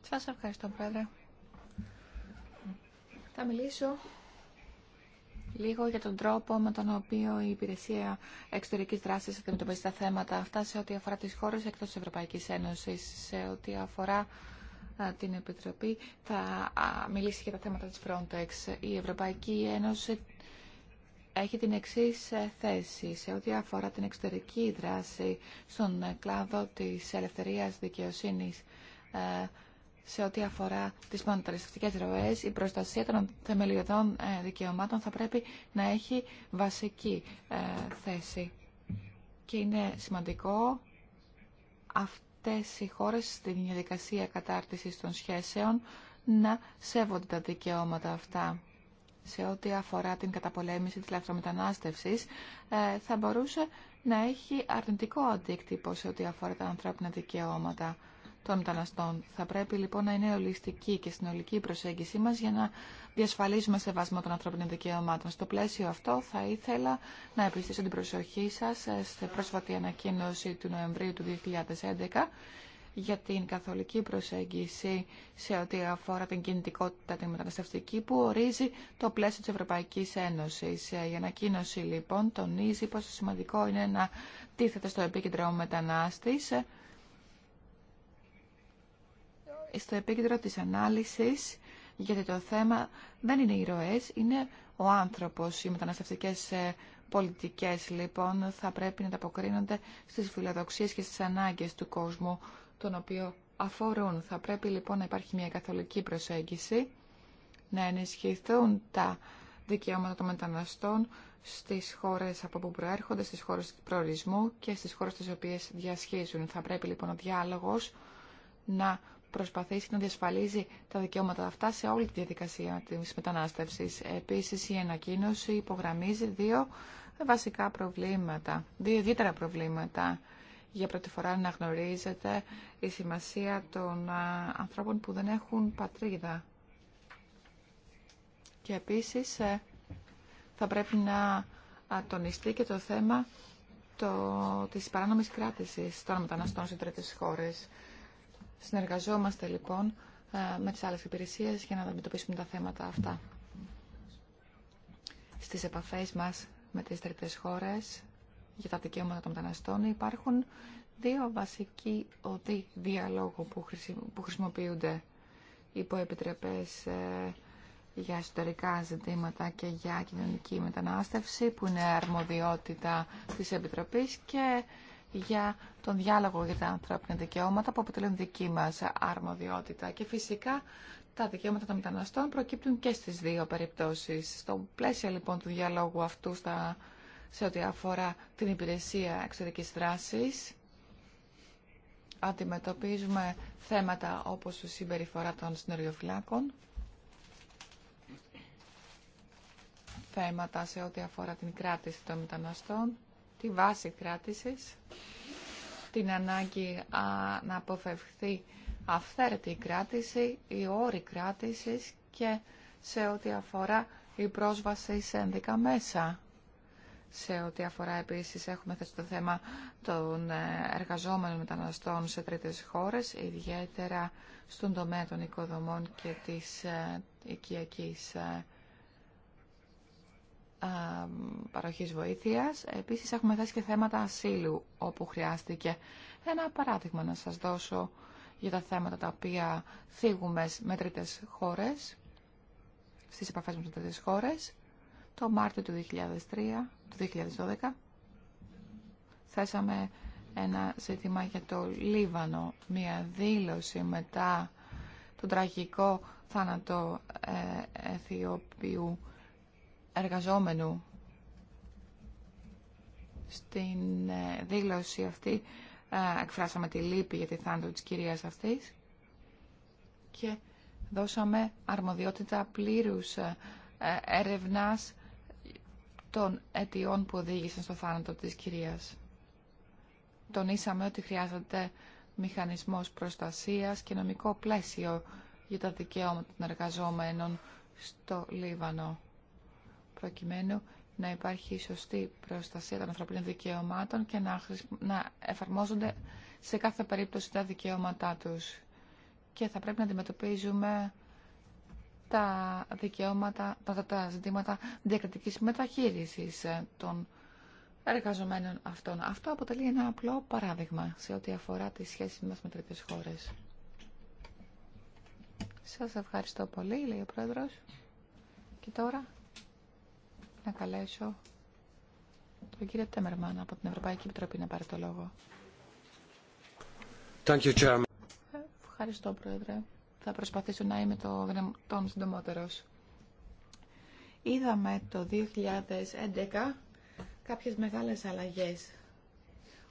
[SPEAKER 3] Σας ευχαριστώ, Πρόεδρε. Θα μιλήσω λίγο για τον τρόπο με τον οποίο η Υπηρεσία Εξωτερικής Δράσης αντιμετωπίζει τα θέματα αυτά σε ό,τι αφορά τις χώρες εκτός της Ευρωπαϊκής Ένωσης, σε ό,τι αφορά την Επιτροπή θα μιλήσει για τα θέματα της Frontex. Η Ευρωπαϊκή Ένωση έχει την εξής ε, θέση σε ό,τι αφορά την εξωτερική δράση στον ε, κλάδο της ελευθερίας δικαιοσύνης ε, σε ό,τι αφορά τις μονοταλιστικές ροές, η προστασία των θεμελιωδών δικαιωμάτων θα πρέπει να έχει βασική θέση. Και είναι σημαντικό αυτές οι χώρες στην διαδικασία κατάρτισης των σχέσεων να σέβονται τα δικαιώματα αυτά σε ό,τι αφορά την καταπολέμηση της λαθρομετανάστευσης ε, θα μπορούσε να έχει αρνητικό αντίκτυπο σε ό,τι αφορά τα ανθρώπινα δικαιώματα των μεταναστών. Θα πρέπει λοιπόν να είναι ολιστική και συνολική η προσέγγιση μας για να διασφαλίσουμε σε σεβασμό των ανθρώπινων δικαιωμάτων. Στο πλαίσιο αυτό θα ήθελα να επιστήσω την προσοχή σας ε, σε πρόσφατη ανακοίνωση του Νοεμβρίου του 2011 για την καθολική προσέγγιση σε ό,τι αφορά την κινητικότητα τη μεταναστευτική που ορίζει το πλαίσιο της Ευρωπαϊκής Ένωσης. Ε, η ανακοίνωση λοιπόν τονίζει πόσο σημαντικό είναι να τίθεται στο επίκεντρο ο μετανάστης ε, στο επίκεντρο της ανάλυσης γιατί το θέμα δεν είναι οι ροές, είναι ο άνθρωπος. Οι μεταναστευτικές ε, πολιτικές λοιπόν θα πρέπει να αποκρίνονται στις φιλοδοξίες και στις ανάγκες του κόσμου τον οποίο αφορούν. Θα πρέπει λοιπόν να υπάρχει μια καθολική προσέγγιση, να ενισχυθούν τα δικαιώματα των μεταναστών στις χώρες από που προέρχονται, στις χώρες προορισμού και στις χώρες τις οποίες διασχίζουν. Θα πρέπει λοιπόν ο διάλογος να προσπαθήσει να διασφαλίζει τα δικαιώματα αυτά σε όλη τη διαδικασία της μετανάστευσης. Επίσης, η ανακοίνωση υπογραμμίζει δύο βασικά προβλήματα, δύο ιδιαίτερα προβλήματα για πρώτη φορά να γνωρίζετε η σημασία των ανθρώπων που δεν έχουν πατρίδα. Και επίσης ε, θα πρέπει να τονιστεί και το θέμα το, της παράνομης κράτησης των μεταναστών σε τρίτες χώρες. Συνεργαζόμαστε λοιπόν ε, με τις άλλες υπηρεσίες για να αντιμετωπίσουμε τα θέματα αυτά. Στις επαφές μας με τις τρίτες χώρες για τα δικαιώματα των μεταναστών υπάρχουν δύο βασικοί οδοί διαλόγου που χρησιμοποιούνται υπό επιτρεπές ε, για ιστορικά ζητήματα και για κοινωνική μετανάστευση που είναι αρμοδιότητα της Επιτροπής και για τον διάλογο για τα ανθρώπινα δικαιώματα που αποτελούν δική μας αρμοδιότητα. Και φυσικά τα δικαιώματα των μεταναστών προκύπτουν και στις δύο περιπτώσεις. Στο πλαίσιο λοιπόν του διαλόγου αυτού στα σε ό,τι αφορά την υπηρεσία εξωτερικής δράσης. Αντιμετωπίζουμε θέματα όπως η συμπεριφορά των συνεργοφυλάκων. θέματα σε ό,τι αφορά την κράτηση των μεταναστών, τη βάση κράτησης, την ανάγκη να αποφευχθεί αυθαίρετη η κράτηση, η όρη κράτησης και σε ό,τι αφορά η πρόσβαση σε ενδικά μέσα σε ό,τι αφορά επίσης έχουμε θέσει το θέμα των ε, εργαζόμενων μεταναστών σε τρίτες χώρες, ιδιαίτερα στον τομέα των οικοδομών και της ε, οικιακής ε, παροχής βοήθειας. Επίσης έχουμε θέσει και θέματα ασύλου όπου χρειάστηκε. Ένα παράδειγμα να σας δώσω για τα θέματα τα οποία θίγουμε με τρίτες χώρες, στις επαφές με τρίτες χώρες. Το Μάρτιο του 2003 του 2012 θέσαμε ένα ζήτημα για το Λίβανο, μια δήλωση μετά τον τραγικό θάνατο ε, Αιθιοπιού εργαζόμενου. Στην ε, δήλωση αυτή ε, εκφράσαμε τη λύπη για τη θάνατο της κυρίας αυτής και δώσαμε αρμοδιότητα πλήρους ε, έρευνας των αιτιών που οδήγησαν στο θάνατο της κυρίας. Τονίσαμε ότι χρειάζεται μηχανισμός προστασίας και νομικό πλαίσιο για τα δικαιώματα των εργαζόμενων στο Λίβανο, προκειμένου να υπάρχει σωστή προστασία των ανθρωπίνων δικαιωμάτων και να, να εφαρμόζονται σε κάθε περίπτωση τα δικαιώματά τους. Και θα πρέπει να αντιμετωπίζουμε τα δικαιώματα, τα, τα ζητήματα διακριτικής μεταχείρισης ε, των εργαζομένων αυτών. Αυτό αποτελεί ένα απλό παράδειγμα σε ό,τι αφορά τις σχέσεις μας με τρίτες χώρες. Σας ευχαριστώ πολύ, λέει ο Πρόεδρος. Και τώρα να καλέσω τον κύριο Τέμερμαν από την Ευρωπαϊκή Επιτροπή να πάρει το λόγο. Thank you, ε, Ευχαριστώ, Πρόεδρε. Θα προσπαθήσω να είμαι το τον συντομότερος. Είδαμε το 2011 κάποιες μεγάλες αλλαγές,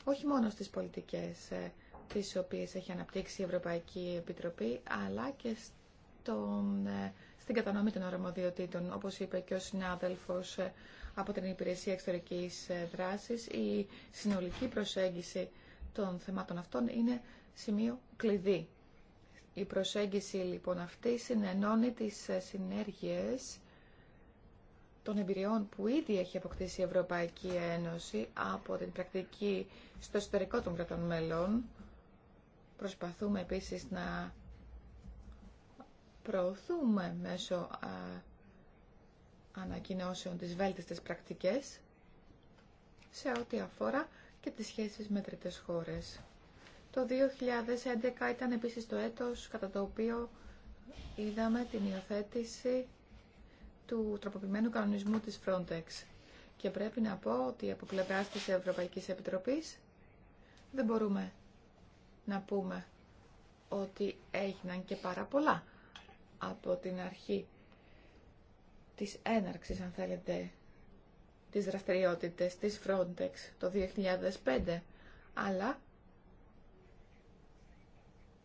[SPEAKER 3] όχι μόνο στις πολιτικές ε, τις οποίες έχει αναπτύξει η Ευρωπαϊκή Επιτροπή, αλλά και ε, στην κατανομή των αρμοδιοτήτων, όπως είπε και ο συνάδελφος ε, από την Υπηρεσία Εξωτερικής Δράσης, η συνολική προσέγγιση των θεμάτων αυτών είναι σημείο κλειδί η προσέγγιση λοιπόν αυτή συνενώνει τις ε, συνέργειες των εμπειριών που ήδη έχει αποκτήσει η Ευρωπαϊκή Ένωση από την πρακτική στο εσωτερικό των κρατών μελών. Προσπαθούμε επίσης να προωθούμε μέσω ανακοινώσεων τις βέλτιστες πρακτικές σε ό,τι αφορά και τις σχέσεις με τρίτες χώρες. Το 2011 ήταν επίσης το έτος κατά το οποίο είδαμε την υιοθέτηση του τροποποιημένου κανονισμού της Frontex. Και πρέπει να πω ότι από πλευρά της Ευρωπαϊκής Επιτροπής δεν μπορούμε να πούμε ότι έγιναν και πάρα πολλά από την αρχή της έναρξης, αν θέλετε, της δραστηριότητες της Frontex το 2005, αλλά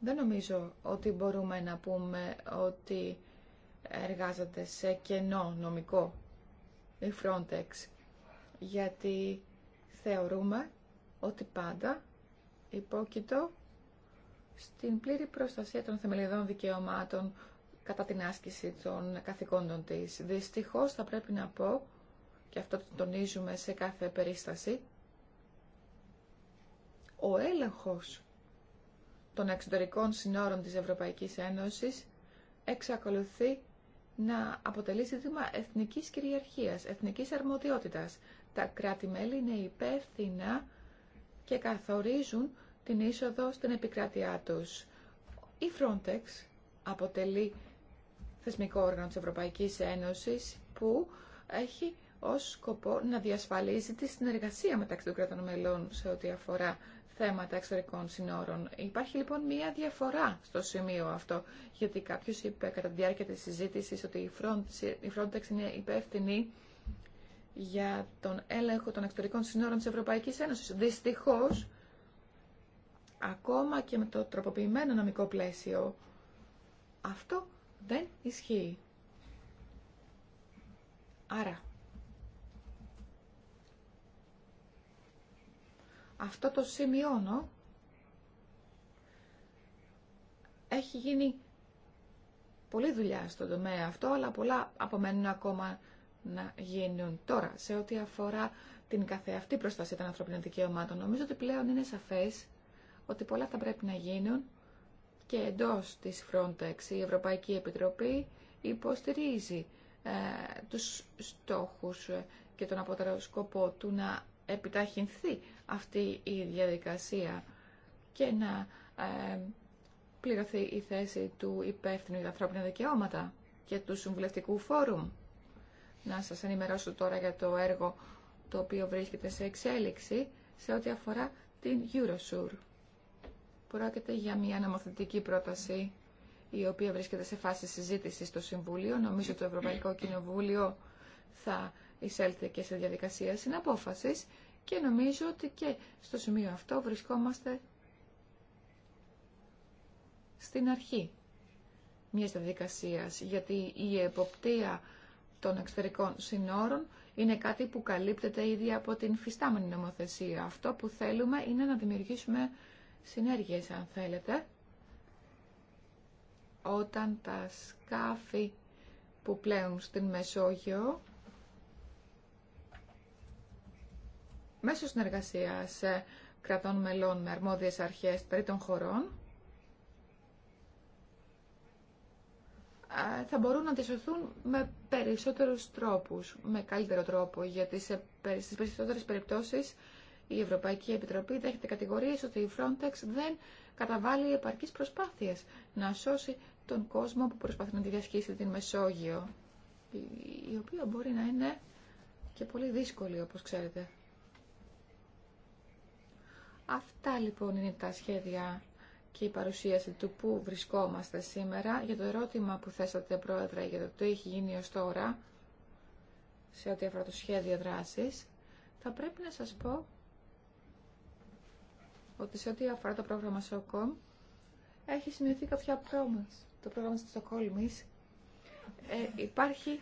[SPEAKER 3] δεν νομίζω ότι μπορούμε να πούμε ότι εργάζεται σε κενό νομικό η Frontex, γιατί θεωρούμε ότι πάντα υπόκειτο στην πλήρη προστασία των θεμελιδών δικαιωμάτων κατά την άσκηση των καθηκόντων της. Δυστυχώς θα πρέπει να πω, και αυτό το τονίζουμε σε κάθε περίσταση, ο έλεγχος των εξωτερικών συνόρων της Ευρωπαϊκής Ένωσης εξακολουθεί να αποτελεί ζήτημα εθνικής κυριαρχίας, εθνικής αρμοδιότητας. Τα κράτη-μέλη είναι υπεύθυνα και καθορίζουν την είσοδο στην επικράτειά τους. Η Frontex αποτελεί θεσμικό όργανο της Ευρωπαϊκής Ένωσης που έχει ως σκοπό να διασφαλίζει τη συνεργασία μεταξύ των κρατών μελών σε ό,τι αφορά θέματα εξωτερικών συνόρων. Υπάρχει λοιπόν μία διαφορά στο σημείο αυτό, γιατί κάποιο είπε κατά τη διάρκεια τη συζήτηση ότι η, η Frontex είναι υπεύθυνη για τον έλεγχο των εξωτερικών συνόρων τη ευρωπαϊκή Ένωση. Δυστυχώ, ακόμα και με το τροποποιημένο νομικό πλαίσιο, αυτό δεν ισχύει. Άρα, Αυτό το σημειώνω. Έχει γίνει πολλή δουλειά στον τομέα αυτό, αλλά πολλά απομένουν ακόμα να γίνουν. Τώρα, σε ό,τι αφορά την καθεαυτή προστασία των ανθρωπίνων δικαιωμάτων, νομίζω ότι πλέον είναι σαφές ότι πολλά θα πρέπει να γίνουν και εντός της Frontex η Ευρωπαϊκή Επιτροπή υποστηρίζει ε, τους στόχους και τον απότερο σκοπό του να επιταχυνθεί αυτή η διαδικασία και να ε, πληρωθεί η θέση του υπεύθυνου για ανθρώπινα δικαιώματα και του Συμβουλευτικού Φόρουμ. Να σας ενημερώσω τώρα για το έργο το οποίο βρίσκεται σε εξέλιξη σε ό,τι αφορά την Eurosur. Πρόκειται για μια νομοθετική πρόταση η οποία βρίσκεται σε φάση συζήτησης στο Συμβούλιο. Νομίζω το Ευρωπαϊκό Κοινοβούλιο θα εισέλθει και σε διαδικασία συναπόφασης και νομίζω ότι και στο σημείο αυτό βρισκόμαστε στην αρχή μιας διαδικασίας, γιατί η εποπτεία των εξωτερικών συνόρων είναι κάτι που καλύπτεται ήδη από την φυστάμενη νομοθεσία. Αυτό που θέλουμε είναι να δημιουργήσουμε συνέργειες, αν θέλετε, όταν τα σκάφη που πλέουν στην Μεσόγειο μέσω συνεργασίας ε, κρατών μελών με αρμόδιες αρχές περί χωρών ε, θα μπορούν να αντισωθούν με περισσότερους τρόπους, με καλύτερο τρόπο, γιατί σε, στις περισσότερες περιπτώσεις η Ευρωπαϊκή Επιτροπή δέχεται κατηγορίες ότι η Frontex δεν καταβάλει επαρκείς προσπάθειες να σώσει τον κόσμο που προσπαθεί να τη διασχίσει την Μεσόγειο, η οποία μπορεί να είναι και πολύ δύσκολη, όπως ξέρετε. Αυτά λοιπόν είναι τα σχέδια και η παρουσίαση του που βρισκόμαστε σήμερα. Για το ερώτημα που θέσατε, Πρόεδρε, για το τι έχει γίνει ως τώρα, σε ό,τι αφορά το σχέδιο δράσης, θα πρέπει να σας πω ότι σε ό,τι αφορά το πρόγραμμα ΣΟΚΟΜ, έχει σημειωθεί κάποια πρόβλημα. Το πρόγραμμα της Στοκόλμης ε, υπάρχει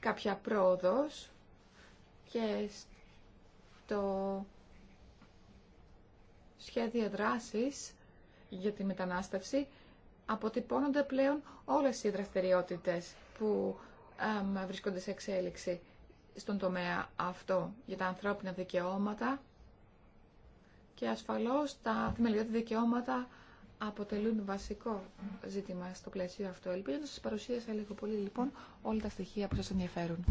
[SPEAKER 3] κάποια πρόοδος και το σχέδια δράσης για τη μετανάστευση αποτυπώνονται πλέον όλες οι δραστηριότητες που βρίσκονται σε εξέλιξη στον τομέα αυτό για τα ανθρώπινα δικαιώματα και ασφαλώς τα θεμελιώδη δικαιώματα αποτελούν βασικό ζήτημα στο πλαίσιο αυτό. Ελπίζω να σας παρουσίασα λίγο πολύ λοιπόν όλα τα στοιχεία που σας ενδιαφέρουν.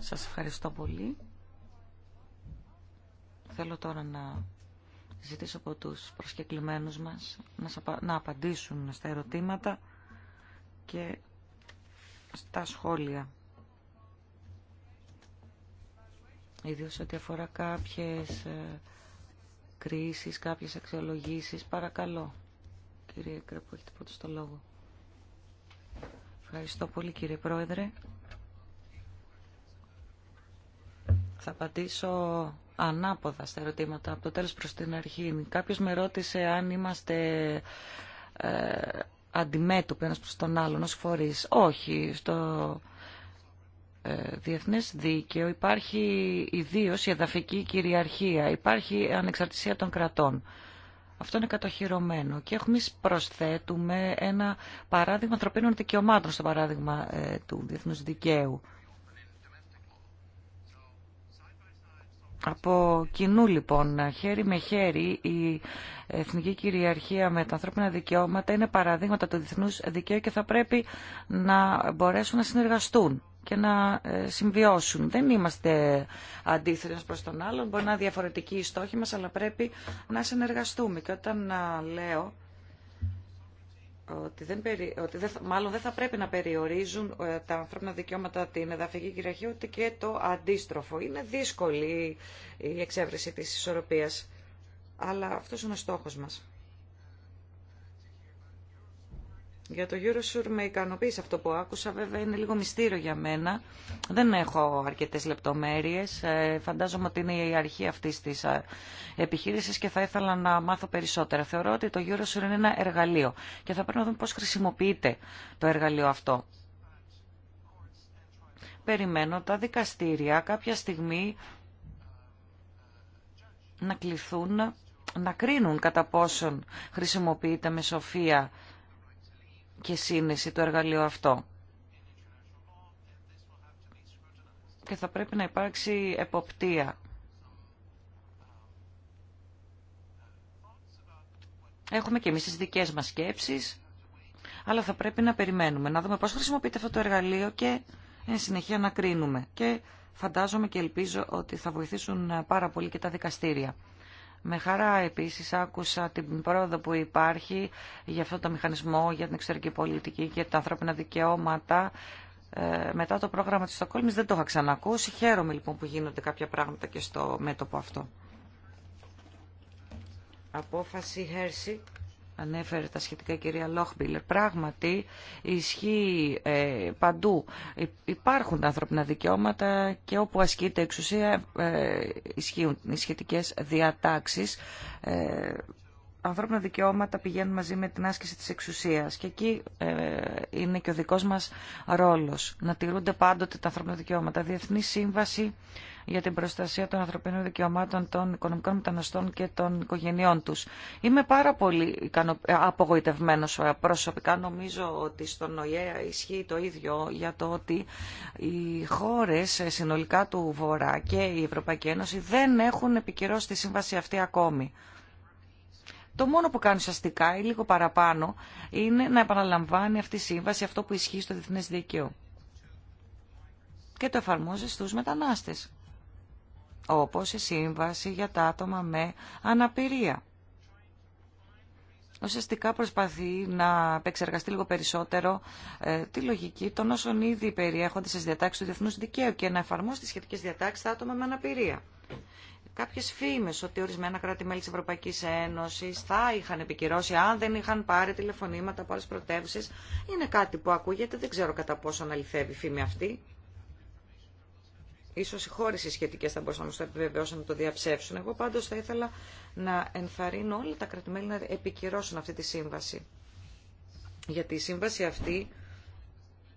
[SPEAKER 2] Σας ευχαριστώ πολύ. Θέλω τώρα να ζητήσω από τους προσκεκλημένους μας να απαντήσουν στα ερωτήματα και στα σχόλια. Ιδίως ό,τι αφορά κάποιες ε, κρίσεις, κάποιες αξιολογήσεις. Παρακαλώ, κύριε Κρέπο, έχετε πρώτο το λόγο. Ευχαριστώ πολύ, κύριε Πρόεδρε. Θα απαντήσω ανάποδα στα ερωτήματα, από το τέλος προς την αρχή. Κάποιος με ρώτησε αν είμαστε ε, αντιμέτωποι ένας προς τον άλλον ως φορείς. Όχι, στο ε, διεθνές δίκαιο υπάρχει ιδίω η εδαφική κυριαρχία, υπάρχει ανεξαρτησία των κρατών. Αυτό είναι κατοχυρωμένο και εμεί προσθέτουμε ένα παράδειγμα ανθρωπίνων δικαιωμάτων στο παράδειγμα ε, του διεθνούς δικαίου. Από κοινού λοιπόν, χέρι με χέρι, η εθνική κυριαρχία με τα ανθρώπινα δικαιώματα είναι παραδείγματα του διεθνούς δικαίου και θα πρέπει να μπορέσουν να συνεργαστούν και να ε, συμβιώσουν. Δεν είμαστε αντίθετοι ένα προς τον άλλον, μπορεί να είναι διαφορετικοί οι στόχοι μας, αλλά πρέπει να συνεργαστούμε. Και όταν ε, λέω ότι, δεν περι... ότι μάλλον δεν θα πρέπει να περιορίζουν ε, τα ανθρώπινα δικαιώματα την εδαφική κυριαρχία ούτε και το αντίστροφο. Είναι δύσκολη η εξέβρεση της ισορροπίας, αλλά αυτός είναι ο στόχος μας. Για το Eurosur με ικανοποίησε αυτό που άκουσα. Βέβαια είναι λίγο μυστήριο για μένα. Δεν έχω αρκετές λεπτομέρειες. Ε, φαντάζομαι ότι είναι η αρχή αυτής της ε, επιχείρησης και θα ήθελα να μάθω περισσότερα. Θεωρώ ότι το Eurosur είναι ένα εργαλείο και θα πρέπει να δούμε πώς χρησιμοποιείται το εργαλείο αυτό. Περιμένω τα δικαστήρια κάποια στιγμή να κληθούν να κρίνουν κατά πόσον χρησιμοποιείται με σοφία και σύνεση το εργαλείο αυτό. Και θα πρέπει να υπάρξει εποπτεία. Έχουμε και εμείς τις δικές μας σκέψεις, αλλά θα πρέπει να περιμένουμε, να δούμε πώς χρησιμοποιείται αυτό το εργαλείο και ε, εν συνεχεία να κρίνουμε. Και φαντάζομαι και ελπίζω ότι θα βοηθήσουν ε, πάρα πολύ και τα δικαστήρια. Με χαρά επίσης άκουσα την πρόοδο που υπάρχει για αυτό το μηχανισμό για την εξωτερική πολιτική και τα ανθρώπινα δικαιώματα. Ε, μετά το πρόγραμμα της Στοκόλμης δεν το είχα ξανακούσει. Χαίρομαι λοιπόν που γίνονται κάποια πράγματα και στο μέτωπο αυτό. Απόφαση Χέρση ανέφερε τα σχετικά κυρία Λόχμπιλερ. Πράγματι ισχύει ε, παντού. Υπάρχουν τα ανθρώπινα δικαιώματα και όπου ασκείται εξουσία ε, ισχύουν οι σχετικές διατάξεις. Ε, ανθρώπινα δικαιώματα πηγαίνουν μαζί με την άσκηση της εξουσίας και εκεί ε, είναι και ο δικός μας ρόλος να τηρούνται πάντοτε τα ανθρώπινα δικαιώματα. Διεθνή Σύμβαση για την προστασία των ανθρωπίνων δικαιωμάτων των οικονομικών μεταναστών και των οικογενειών τους. Είμαι πάρα πολύ ε, απογοητευμένος ε, προσωπικά. Νομίζω ότι στον ΟΗΕ ισχύει το ίδιο για το ότι οι χώρες συνολικά του Βορρά και η Ευρωπαϊκή Ένωση δεν έχουν επικυρώσει τη σύμβαση αυτή ακόμη. Το μόνο που κάνει ουσιαστικά ή λίγο παραπάνω είναι να επαναλαμβάνει αυτή η σύμβαση αυτό που ισχύει στο διεθνές δίκαιο. Και το εφαρμόζει στους μετανάστες. Όπως η σύμβαση για τα άτομα με αναπηρία. Ουσιαστικά προσπαθεί να επεξεργαστεί λίγο περισσότερο ε, τη λογική των όσων ήδη περιέχονται στι διατάξει του διεθνού δικαίου και να εφαρμόσει τι σχετικέ διατάξει στα άτομα με αναπηρία. Κάποιε φήμε φήμες ότι ορισμένα κράτη-μέλη τη Ευρωπαϊκή Ένωση θα είχαν επικυρώσει αν δεν είχαν πάρει τηλεφωνήματα από άλλε πρωτεύουσε, Είναι κάτι που ακούγεται, δεν ξέρω κατά πόσο αναλυθεύει η φήμη αυτή. σω οι χώρε οι σχετικέ θα μπορούσαν να το επιβεβαιώσουν να το διαψεύσουν. Εγώ πάντως θα ήθελα να ενθαρρύνω όλα τα κράτη-μέλη να επικυρώσουν αυτή τη σύμβαση. Γιατί η σύμβαση αυτή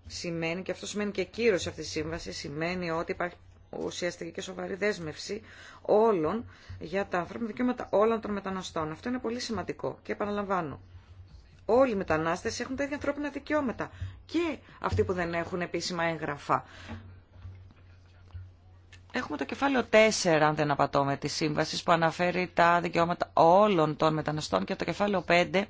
[SPEAKER 2] σημαίνει, και αυτό σημαίνει και κύρωση αυτή τη σύμβαση. σημαίνει ότι υπάρχει ουσιαστική και σοβαρή δέσμευση όλων για τα ανθρώπινα δικαιώματα όλων των μεταναστών. Αυτό είναι πολύ σημαντικό και επαναλαμβάνω. Όλοι οι μετανάστε έχουν τα ίδια ανθρώπινα δικαιώματα και αυτοί που δεν έχουν επίσημα έγγραφα. Έχουμε το κεφάλαιο 4, αν δεν απατώμε, τη σύμβαση που αναφέρει τα δικαιώματα όλων των μεταναστών και το κεφάλαιο 5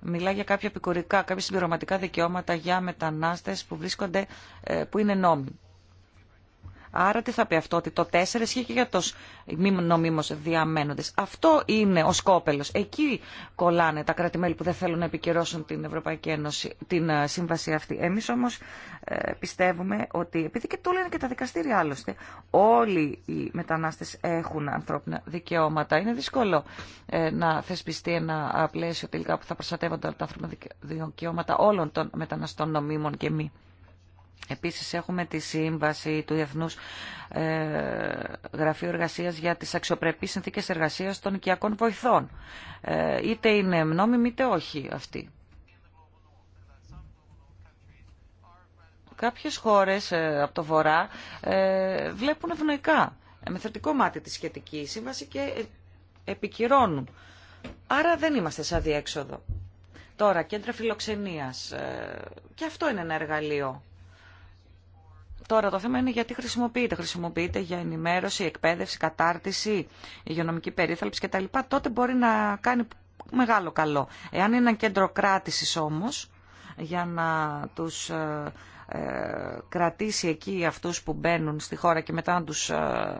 [SPEAKER 2] μιλά για κάποια επικουρικά, κάποια συμπληρωματικά δικαιώματα για μετανάστες που βρίσκονται, ε, που είναι νόμοι. Άρα τι θα πει αυτό, ότι το 4 ισχύει και για του μη νομίμω Αυτό είναι ο σκόπελο. Εκεί κολλάνε τα κράτη-μέλη που δεν θέλουν να επικυρώσουν την Ευρωπαϊκή Ένωση, την ε, σύμβαση αυτή. Εμεί όμω ε, πιστεύουμε ότι, επειδή και το λένε και τα δικαστήρια άλλωστε, όλοι οι μετανάστες έχουν ανθρώπινα δικαιώματα. Είναι δύσκολο ε, να θεσπιστεί ένα πλαίσιο τελικά που θα προστατεύονται τα ανθρώπινα δικαιώματα όλων των μεταναστών νομίμων και μη. Επίσης έχουμε τη σύμβαση του Διεθνούς ε, Γραφείου Εργασίας για τις αξιοπρεπείς συνθήκες εργασίας των οικιακών βοηθών. Ε, είτε είναι νόμιμη είτε όχι αυτή. Κάποιες χώρες ε, από το Βορρά βλέπουν ευνοϊκά με θετικό μάτι τη σχετική σύμβαση και επικυρώνουν. Άρα δεν είμαστε σαν διέξοδο. Τώρα, κέντρα φιλοξενίας. Και αυτό είναι ένα εργαλείο Τώρα το θέμα είναι γιατί χρησιμοποιείται. Χρησιμοποιείται για ενημέρωση, εκπαίδευση, κατάρτιση, υγειονομική περίθαλψη κτλ. Τότε μπορεί να κάνει μεγάλο καλό. Εάν είναι ένα κέντρο κράτηση όμω, για να του ε, ε, κρατήσει εκεί αυτούς που μπαίνουν στη χώρα και μετά να τους ε,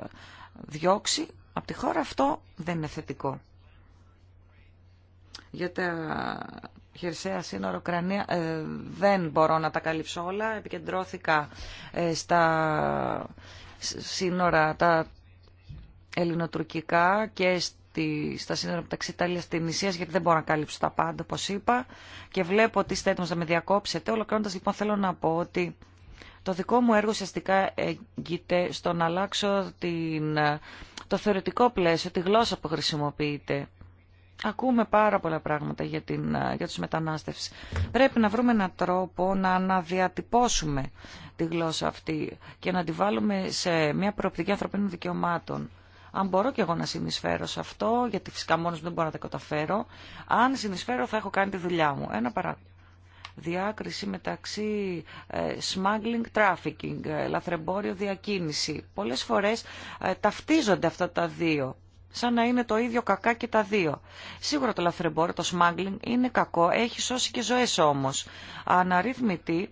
[SPEAKER 2] διώξει από τη χώρα αυτό δεν είναι θετικό. Για χερσαία σύνορο, Ουκρανία ε, δεν μπορώ να τα καλύψω όλα. Επικεντρώθηκα ε, στα σύνορα τα ελληνοτουρκικά και στη, στα σύνορα μεταξύ Ιταλίας και Νησίας γιατί δεν μπορώ να καλύψω τα πάντα όπως είπα και βλέπω ότι είστε έτοιμος να με διακόψετε. Ολοκληρώνοντας λοιπόν θέλω να πω ότι το δικό μου έργο ουσιαστικά έγγειται στο να αλλάξω την, ε, το θεωρητικό πλαίσιο, τη γλώσσα που χρησιμοποιείται Ακούμε πάρα πολλά πράγματα για, την, για τους μετανάστευση. Πρέπει να βρούμε έναν τρόπο να αναδιατυπώσουμε τη γλώσσα αυτή και να τη βάλουμε σε μια προοπτική ανθρωπίνων δικαιωμάτων. Αν μπορώ κι εγώ να συνεισφέρω σε αυτό, γιατί φυσικά μόνος μου δεν μπορώ να τα καταφέρω, αν συνεισφέρω θα έχω κάνει τη δουλειά μου. Ένα παράδειγμα. Διάκριση μεταξύ ε, smuggling, trafficking, ε, λαθρεμπόριο, διακίνηση. Πολλές φορές ε, ταυτίζονται αυτά τα δύο σαν να είναι το ίδιο κακά και τα δύο. Σίγουρα το λαθρεμπόρο, το smuggling είναι κακό, έχει σώσει και ζωές όμως. Αναρρυθμητοί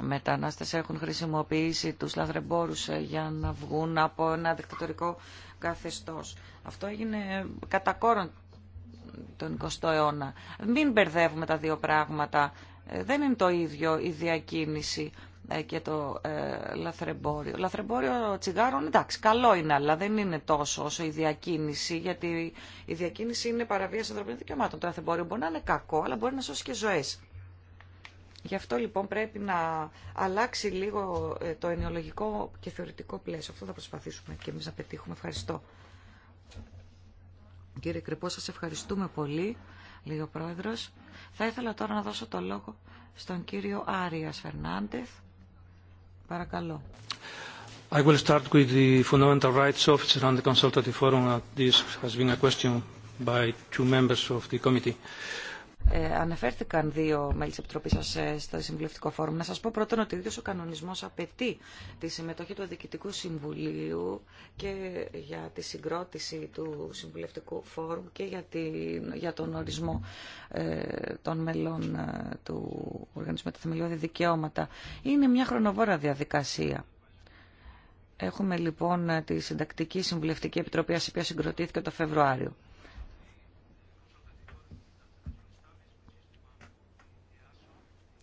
[SPEAKER 2] μετανάστες έχουν χρησιμοποιήσει τους λαθρεμπόρους ε, για να βγουν από ένα δικτατορικό καθεστώς. Αυτό έγινε ε, κατά κόρον τον 20ο αιώνα. Μην μπερδεύουμε τα δύο πράγματα. Ε, δεν είναι το ίδιο η διακίνηση ε, και το ε, λαθρεμπόριο. Λαθρεμπόριο τσιγάρων, εντάξει, καλό είναι, αλλά δεν είναι τόσο όσο η διακίνηση, γιατί η διακίνηση είναι παραβίαση ανθρωπίνων δικαιωμάτων. Το λαθρεμπόριο μπορεί να είναι κακό, αλλά μπορεί να σώσει και ζωέ. Γι' αυτό λοιπόν πρέπει να αλλάξει λίγο ε, το ενοιολογικό και θεωρητικό πλαίσιο. Αυτό θα προσπαθήσουμε και εμεί να πετύχουμε. Ευχαριστώ. Κύριε Κρυπό, σα ευχαριστούμε πολύ, λέει ο Πρόεδρος. Θα ήθελα τώρα να δώσω το λόγο στον κύριο Άριας Φερνάντεθ, Παρακαλώ.
[SPEAKER 1] I will start with the Fundamental Rights Officer and the Consultative Forum. This has been a question by two members of the committee.
[SPEAKER 2] Ε, αναφέρθηκαν δύο μέλη τη Επιτροπή σα ε, στο Συμβουλευτικό Φόρουμ. Να σα πω πρώτον ότι ο ίδιο ο κανονισμό απαιτεί τη συμμετοχή του Διοικητικού Συμβουλίου και για τη συγκρότηση του Συμβουλευτικού Φόρουμ και για, για τον ορισμό ε, των μελών ε, του Οργανισμού Θεμελιώδη Δικαιώματα. Είναι μια χρονοβόρα διαδικασία. Έχουμε λοιπόν ε, τη Συντακτική Συμβουλευτική Επιτροπή, η οποία συγκροτήθηκε το Φεβρουάριο.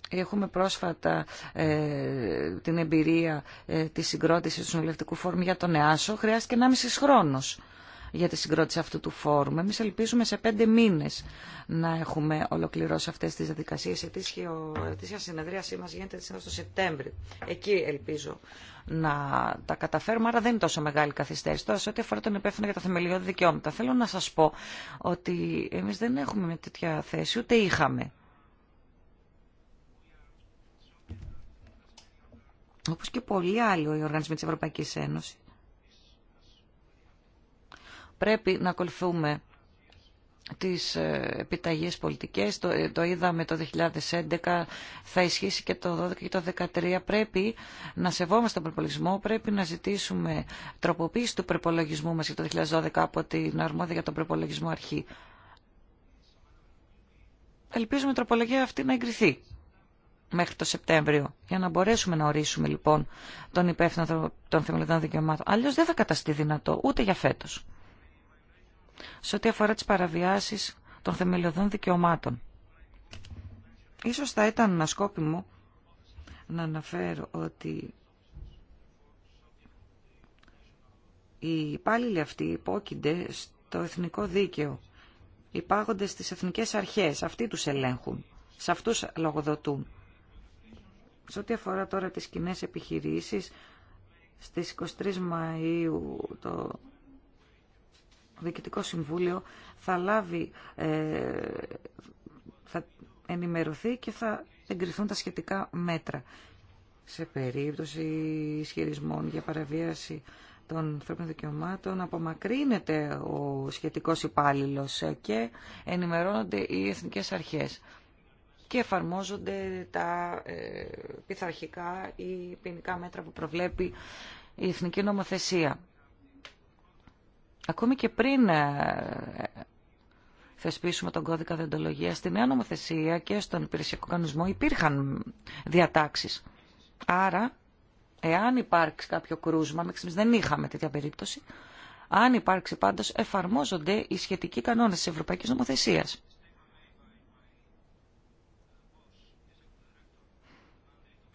[SPEAKER 2] Έχουμε πρόσφατα ε, την εμπειρία ε, της συγκρότησης του Συνολευτικού Φόρουμ για τον ΕΑΣΟ. Χρειάστηκε 1,5 χρόνο για τη συγκρότηση αυτού του φόρουμ. Εμεί ελπίζουμε σε πέντε μήνε να έχουμε ολοκληρώσει αυτέ τι διαδικασίες. Η ετήσια συνεδρίασή μας γίνεται στο Σεπτέμβριο. Εκεί ελπίζω να τα καταφέρουμε, άρα δεν είναι τόσο μεγάλη καθυστέρηση. Τώρα, σε ό,τι αφορά τον υπεύθυνο για τα θεμελιώδη δικαιώματα, θέλω να σα πω ότι εμεί δεν έχουμε μια τέτοια θέση, ούτε είχαμε όπως και πολλοί άλλοι οργανισμοί της Ευρωπαϊκής Ένωσης, πρέπει να ακολουθούμε τις ε, επιταγές πολιτικές, το, ε, είδαμε το 2011, θα ισχύσει και το 2012 και το 2013. Πρέπει να σεβόμαστε τον προπολογισμό, πρέπει να ζητήσουμε τροποποίηση του προπολογισμού μας για το 2012 από την αρμόδια για τον προπολογισμό αρχή. Ελπίζουμε η τροπολογία αυτή να εγκριθεί μέχρι το Σεπτέμβριο, για να μπορέσουμε να ορίσουμε λοιπόν τον υπεύθυνο των θεμελιωδών δικαιωμάτων. Αλλιώ δεν θα καταστεί δυνατό ούτε για φέτος. Σε ό,τι αφορά τι παραβιάσει των θεμελιωδών δικαιωμάτων. Ίσως θα ήταν ένα σκόπιμο να αναφέρω ότι οι υπάλληλοι αυτοί υπόκεινται στο εθνικό δίκαιο. Υπάγονται στις εθνικές αρχές, αυτοί τους ελέγχουν, σε αυτούς λογοδοτούν. Σε ό,τι αφορά τώρα τις κοινέ επιχειρήσεις, στις 23 Μαΐου το Διοικητικό Συμβούλιο θα λάβει, ε, θα ενημερωθεί και θα εγκριθούν τα σχετικά μέτρα σε περίπτωση ισχυρισμών για παραβίαση των ανθρώπινων δικαιωμάτων απομακρύνεται ο σχετικός υπάλληλος και ενημερώνονται οι εθνικές αρχές και εφαρμόζονται τα ε, πειθαρχικά ή ποινικά μέτρα που προβλέπει η εθνική νομοθεσία. Ακόμη και πριν ε, θεσπίσουμε τον κώδικα διοντολογία, στη νέα νομοθεσία και στον υπηρεσιακό κανονισμό υπήρχαν διατάξεις. Άρα, εάν υπάρξει κάποιο κρούσμα, μέχρι δεν είχαμε τέτοια περίπτωση, αν υπάρξει πάντως εφαρμόζονται οι σχετικοί κανόνες της Ευρωπαϊκής Νομοθεσίας.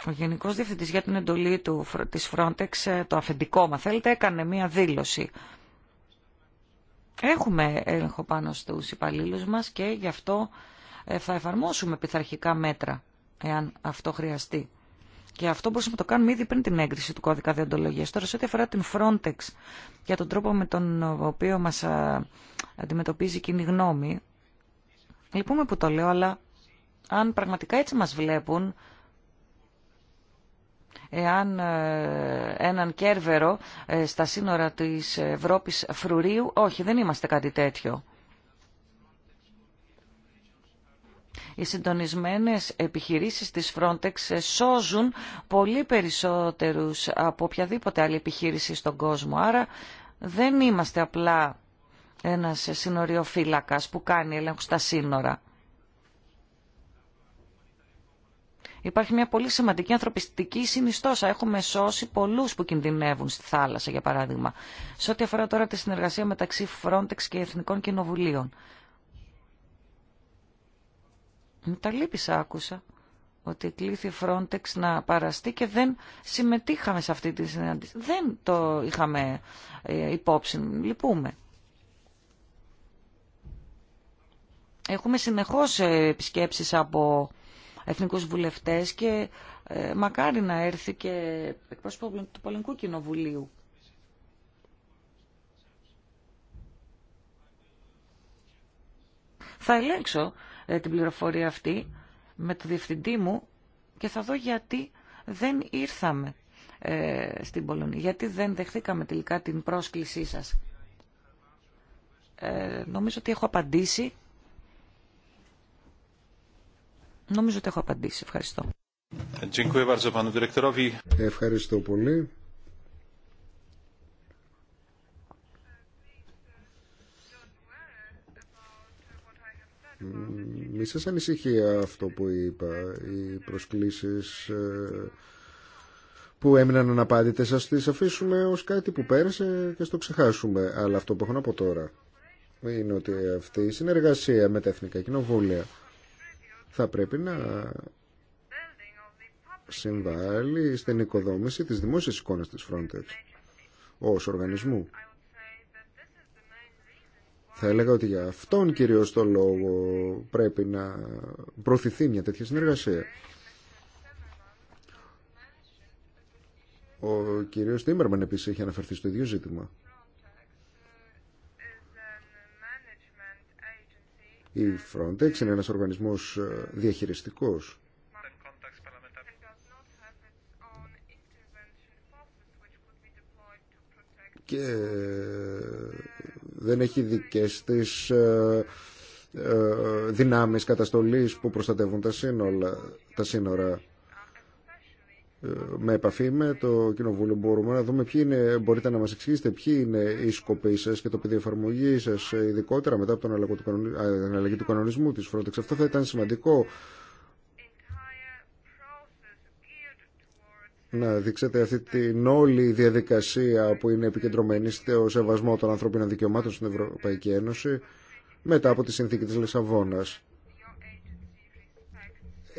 [SPEAKER 2] Ο Γενικό Διευθυντή για την εντολή του, της Frontex, ε, το αφεντικό μα θέλετε, έκανε μία δήλωση. Έχουμε έλεγχο πάνω στους υπαλλήλους μας και γι' αυτό ε, θα εφαρμόσουμε πειθαρχικά μέτρα, εάν αυτό χρειαστεί. Και αυτό μπορούσαμε να το κάνουμε ήδη πριν την έγκριση του κώδικα διοντολογίας. Τώρα, σε ό,τι αφορά την Frontex για τον τρόπο με τον οποίο μας ε, αντιμετωπίζει η κοινή γνώμη, λυπούμε που το λέω, αλλά αν πραγματικά έτσι μας βλέπουν, εάν ε, έναν κέρβερο ε, στα σύνορα της Ευρώπης φρουρίου. Όχι, δεν είμαστε κάτι τέτοιο. οι συντονισμένες επιχειρήσεις της Frontex ε, σώζουν πολύ περισσότερους από οποιαδήποτε άλλη επιχείρηση στον κόσμο. Άρα δεν είμαστε απλά ένας συνοριοφύλακας που κάνει έλεγχο στα σύνορα. Υπάρχει μια πολύ σημαντική ανθρωπιστική συνιστόσα. Έχουμε σώσει πολλού που κινδυνεύουν στη θάλασσα, για παράδειγμα. Σε ό,τι αφορά τώρα τη συνεργασία μεταξύ Frontex και Εθνικών Κοινοβουλίων. Με τα λύπησα άκουσα ότι κλήθη Frontex να παραστεί και δεν συμμετείχαμε σε αυτή τη συνάντηση. Δεν το είχαμε ε, υπόψη. Λυπούμε. Έχουμε συνεχώς ε, επισκέψεις από εθνικούς βουλευτές και ε, μακάρι να έρθει και εκπρόσωπο του Πολωνικού Κοινοβουλίου. Θα ελέγξω ε, την πληροφορία αυτή με το διευθυντή μου και θα δω γιατί δεν ήρθαμε ε, στην Πολωνία, γιατί δεν δεχθήκαμε τελικά την πρόσκλησή σας. Ε, νομίζω ότι έχω απαντήσει Νομίζω ότι έχω απαντήσει. Ευχαριστώ.
[SPEAKER 1] Ευχαριστώ πολύ. Μη σας ανησυχεί αυτό που είπα, οι προσκλήσεις ε, που έμειναν αναπάντητες, σας τις αφήσουμε ως κάτι που πέρασε και στο ξεχάσουμε. Αλλά αυτό που έχω να πω τώρα είναι ότι αυτή η συνεργασία με τα Εθνικά Κοινοβούλια θα πρέπει να συμβάλλει στην οικοδόμηση της δημόσιας εικόνας της Frontex ως οργανισμού. Θα έλεγα ότι για αυτόν κυρίως το λόγο πρέπει να προωθηθεί μια τέτοια συνεργασία. Ο κύριος Τίμερμαν επίσης έχει αναφερθεί στο ίδιο ζήτημα. Η Frontex είναι ένας οργανισμός ε, διαχειριστικός. Και ε, δεν έχει δικές της ε, δυνάμεις καταστολής που προστατεύουν τα σύνορα. Τα σύνορα με επαφή με το Κοινοβούλιο μπορούμε να δούμε ποιοι είναι, μπορείτε να μας εξηγήσετε ποιοι είναι οι σκοποί σας και το πεδίο εφαρμογή σας ειδικότερα μετά από την αλλαγή του κανονισμού της Frontex. Αυτό θα ήταν σημαντικό να δείξετε αυτή την όλη διαδικασία που είναι επικεντρωμένη στο σεβασμό των ανθρωπίνων δικαιωμάτων στην Ευρωπαϊκή Ένωση μετά από τη συνθήκη της Λισαβόνας.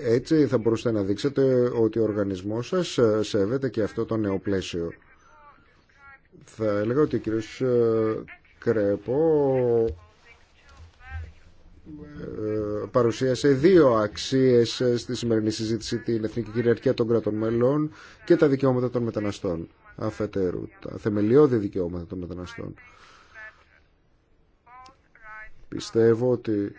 [SPEAKER 1] Έτσι θα μπορούσατε να δείξετε ότι ο οργανισμός σας ε, σέβεται και αυτό το νέο πλαίσιο. Θα έλεγα ότι ο κύριος ε, Κρέπο ε, παρουσίασε δύο αξίες στη σημερινή συζήτηση την εθνική κυριαρχία των κρατών μελών και τα δικαιώματα των μεταναστών αφετέρου, τα θεμελιώδη δικαιώματα των μεταναστών. Πιστεύω ότι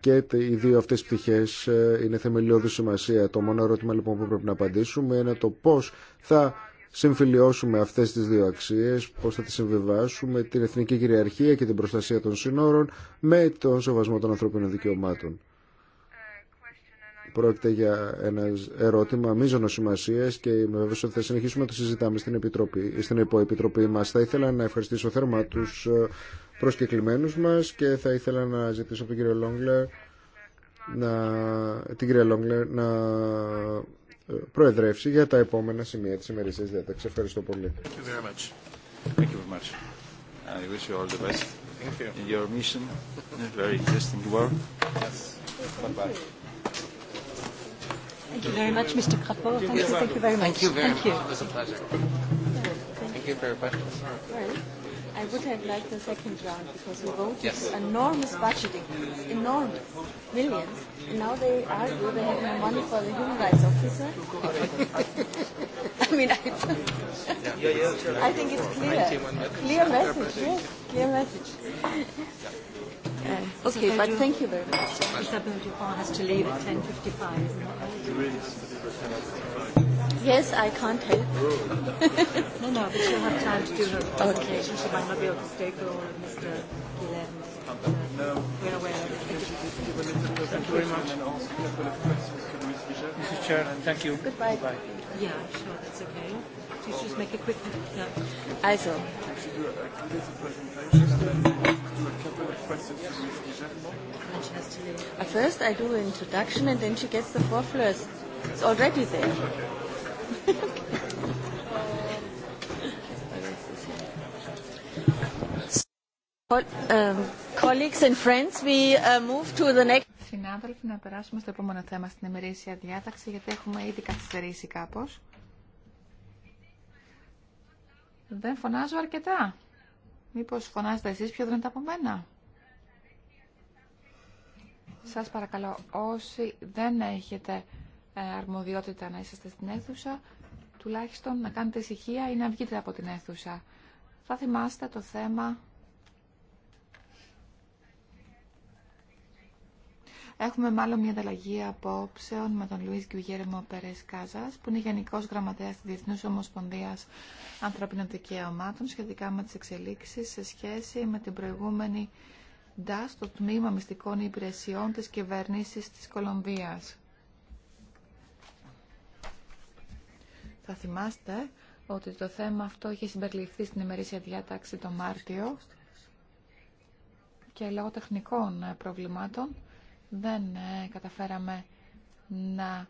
[SPEAKER 1] και οι δύο αυτές πτυχές ε, είναι θεμελιώδη σημασία. Το μόνο ερώτημα λοιπόν που πρέπει να απαντήσουμε είναι το πώς θα συμφιλιώσουμε αυτές τις δύο αξίες, πώς θα τις συμβιβάσουμε, την εθνική κυριαρχία και την προστασία των συνόρων με τον σεβασμό των ανθρωπίνων δικαιωμάτων. Πρόκειται για ένα ερώτημα μείζωνο σημασία και βέβαια ότι θα συνεχίσουμε να το συζητάμε στην, στην υποεπιτροπή μα. Θα ήθελα να ευχαριστήσω θερμά του ε, προσκεκλημένους μας και θα ήθελα να ζητήσω τον να, την κυρία να ε, προεδρεύσει για τα επόμενα σημεία της ημερησίας διάταξη. Ευχαριστώ πολύ.
[SPEAKER 2] I would have liked a second round because we voted enormous budgeting, enormous, millions, and now they argue they have no money for the human rights officer. I mean, I, think
[SPEAKER 1] it's clear, clear message, yes, clear message. Okay, but thank you very much. Isabel Dupont has to leave at 10.55. Yes, I can't help. no, no, but she'll have time to do her presentation. She might not be able to stay for Mr. We're
[SPEAKER 2] Thank you very
[SPEAKER 3] Mr. thank you. Goodbye.
[SPEAKER 2] Yeah, sure, that's okay. Please just make a quick...
[SPEAKER 1] Yeah.
[SPEAKER 2] Also. First, I do introduction, and then she gets the four first. It's already there.
[SPEAKER 3] Uh, Συνάδελφοι, να περάσουμε στο επόμενο θέμα στην ημερήσια διάταξη, γιατί έχουμε ήδη καθυστερήσει κάπως. Δεν φωνάζω αρκετά. Μήπως φωνάζετε εσείς πιο δυνατά από μένα. Σας παρακαλώ, όσοι δεν έχετε ε, αρμοδιότητα να είσαστε στην αίθουσα, τουλάχιστον να κάνετε ησυχία ή να βγείτε από την αίθουσα. Θα θυμάστε το θέμα... Έχουμε μάλλον μια ανταλλαγή απόψεων με τον Λουίς Γκουγέρεμο Περές Κάζας, που είναι Γενικός Γραμματέας της Διεθνούς Ομοσπονδίας Ανθρωπίνων Δικαιωμάτων, σχετικά με τις εξελίξεις σε σχέση με την προηγούμενη ΝΤΑ το Τμήμα Μυστικών Υπηρεσιών της Κυβέρνησης της Κολομβίας. Θα θυμάστε ότι το θέμα αυτό είχε συμπεριληφθεί στην ημερήσια διάταξη το Μάρτιο και λόγω τεχνικών ε, προβλημάτων δεν ε, καταφέραμε να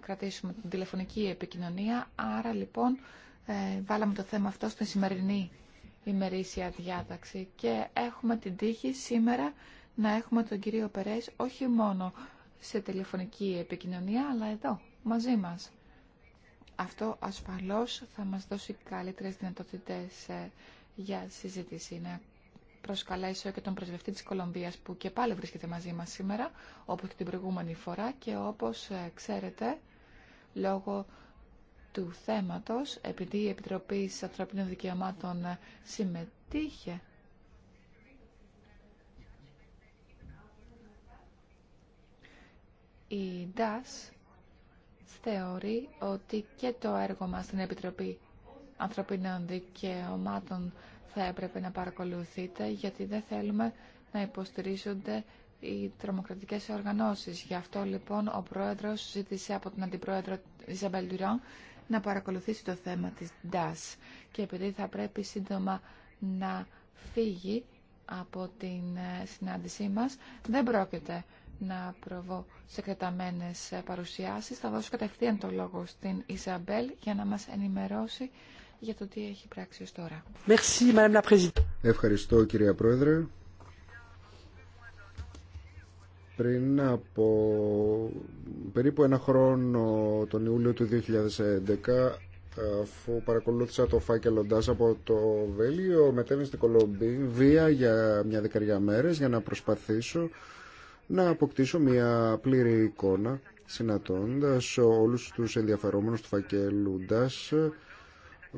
[SPEAKER 3] κρατήσουμε την τηλεφωνική επικοινωνία. Άρα λοιπόν ε, βάλαμε το θέμα αυτό στην σημερινή ημερήσια διάταξη και έχουμε την τύχη σήμερα να έχουμε τον κύριο Περές όχι μόνο σε τηλεφωνική επικοινωνία αλλά εδώ μαζί μας. Αυτό ασφαλώς θα μας δώσει καλύτερες δυνατότητες ε, για συζήτηση. Να προσκαλέσω και τον πρεσβευτή της Κολομβίας που και πάλι βρίσκεται μαζί μας σήμερα, όπως και την προηγούμενη φορά και όπως ε, ξέρετε, λόγω του θέματος, επειδή η Επιτροπή Ανθρωπίνων Δικαιωμάτων ε, συμμετείχε η ΝΤΑΣ θεωρεί ότι και το έργο μας στην Επιτροπή Ανθρωπίνων Δικαιωμάτων θα έπρεπε να παρακολουθείτε, γιατί δεν θέλουμε να υποστηρίζονται οι τρομοκρατικές οργανώσεις. Γι' αυτό λοιπόν ο Πρόεδρος ζήτησε από την Αντιπρόεδρο Ιζαμπέλ Ντουράν να παρακολουθήσει το θέμα της ΝΤΑΣ και επειδή θα πρέπει σύντομα να φύγει από την ε, συνάντησή μας, δεν πρόκειται να προβώ σε κρεταμένες παρουσιάσεις. Θα δώσω κατευθείαν το λόγο στην Ισαμπέλ για να μας ενημερώσει για το τι έχει πράξει ως τώρα.
[SPEAKER 1] Ευχαριστώ κυρία Πρόεδρε. Πριν από περίπου ένα χρόνο, τον Ιούλιο του 2011, αφού παρακολούθησα το φάκελο από το Βελίο μετέβη στην Κολομπή, βία για μια δεκαριά μέρες για να προσπαθήσω να αποκτήσω μια πλήρη εικόνα συνατώντα όλους τους ενδιαφερόμενους του φακέλου του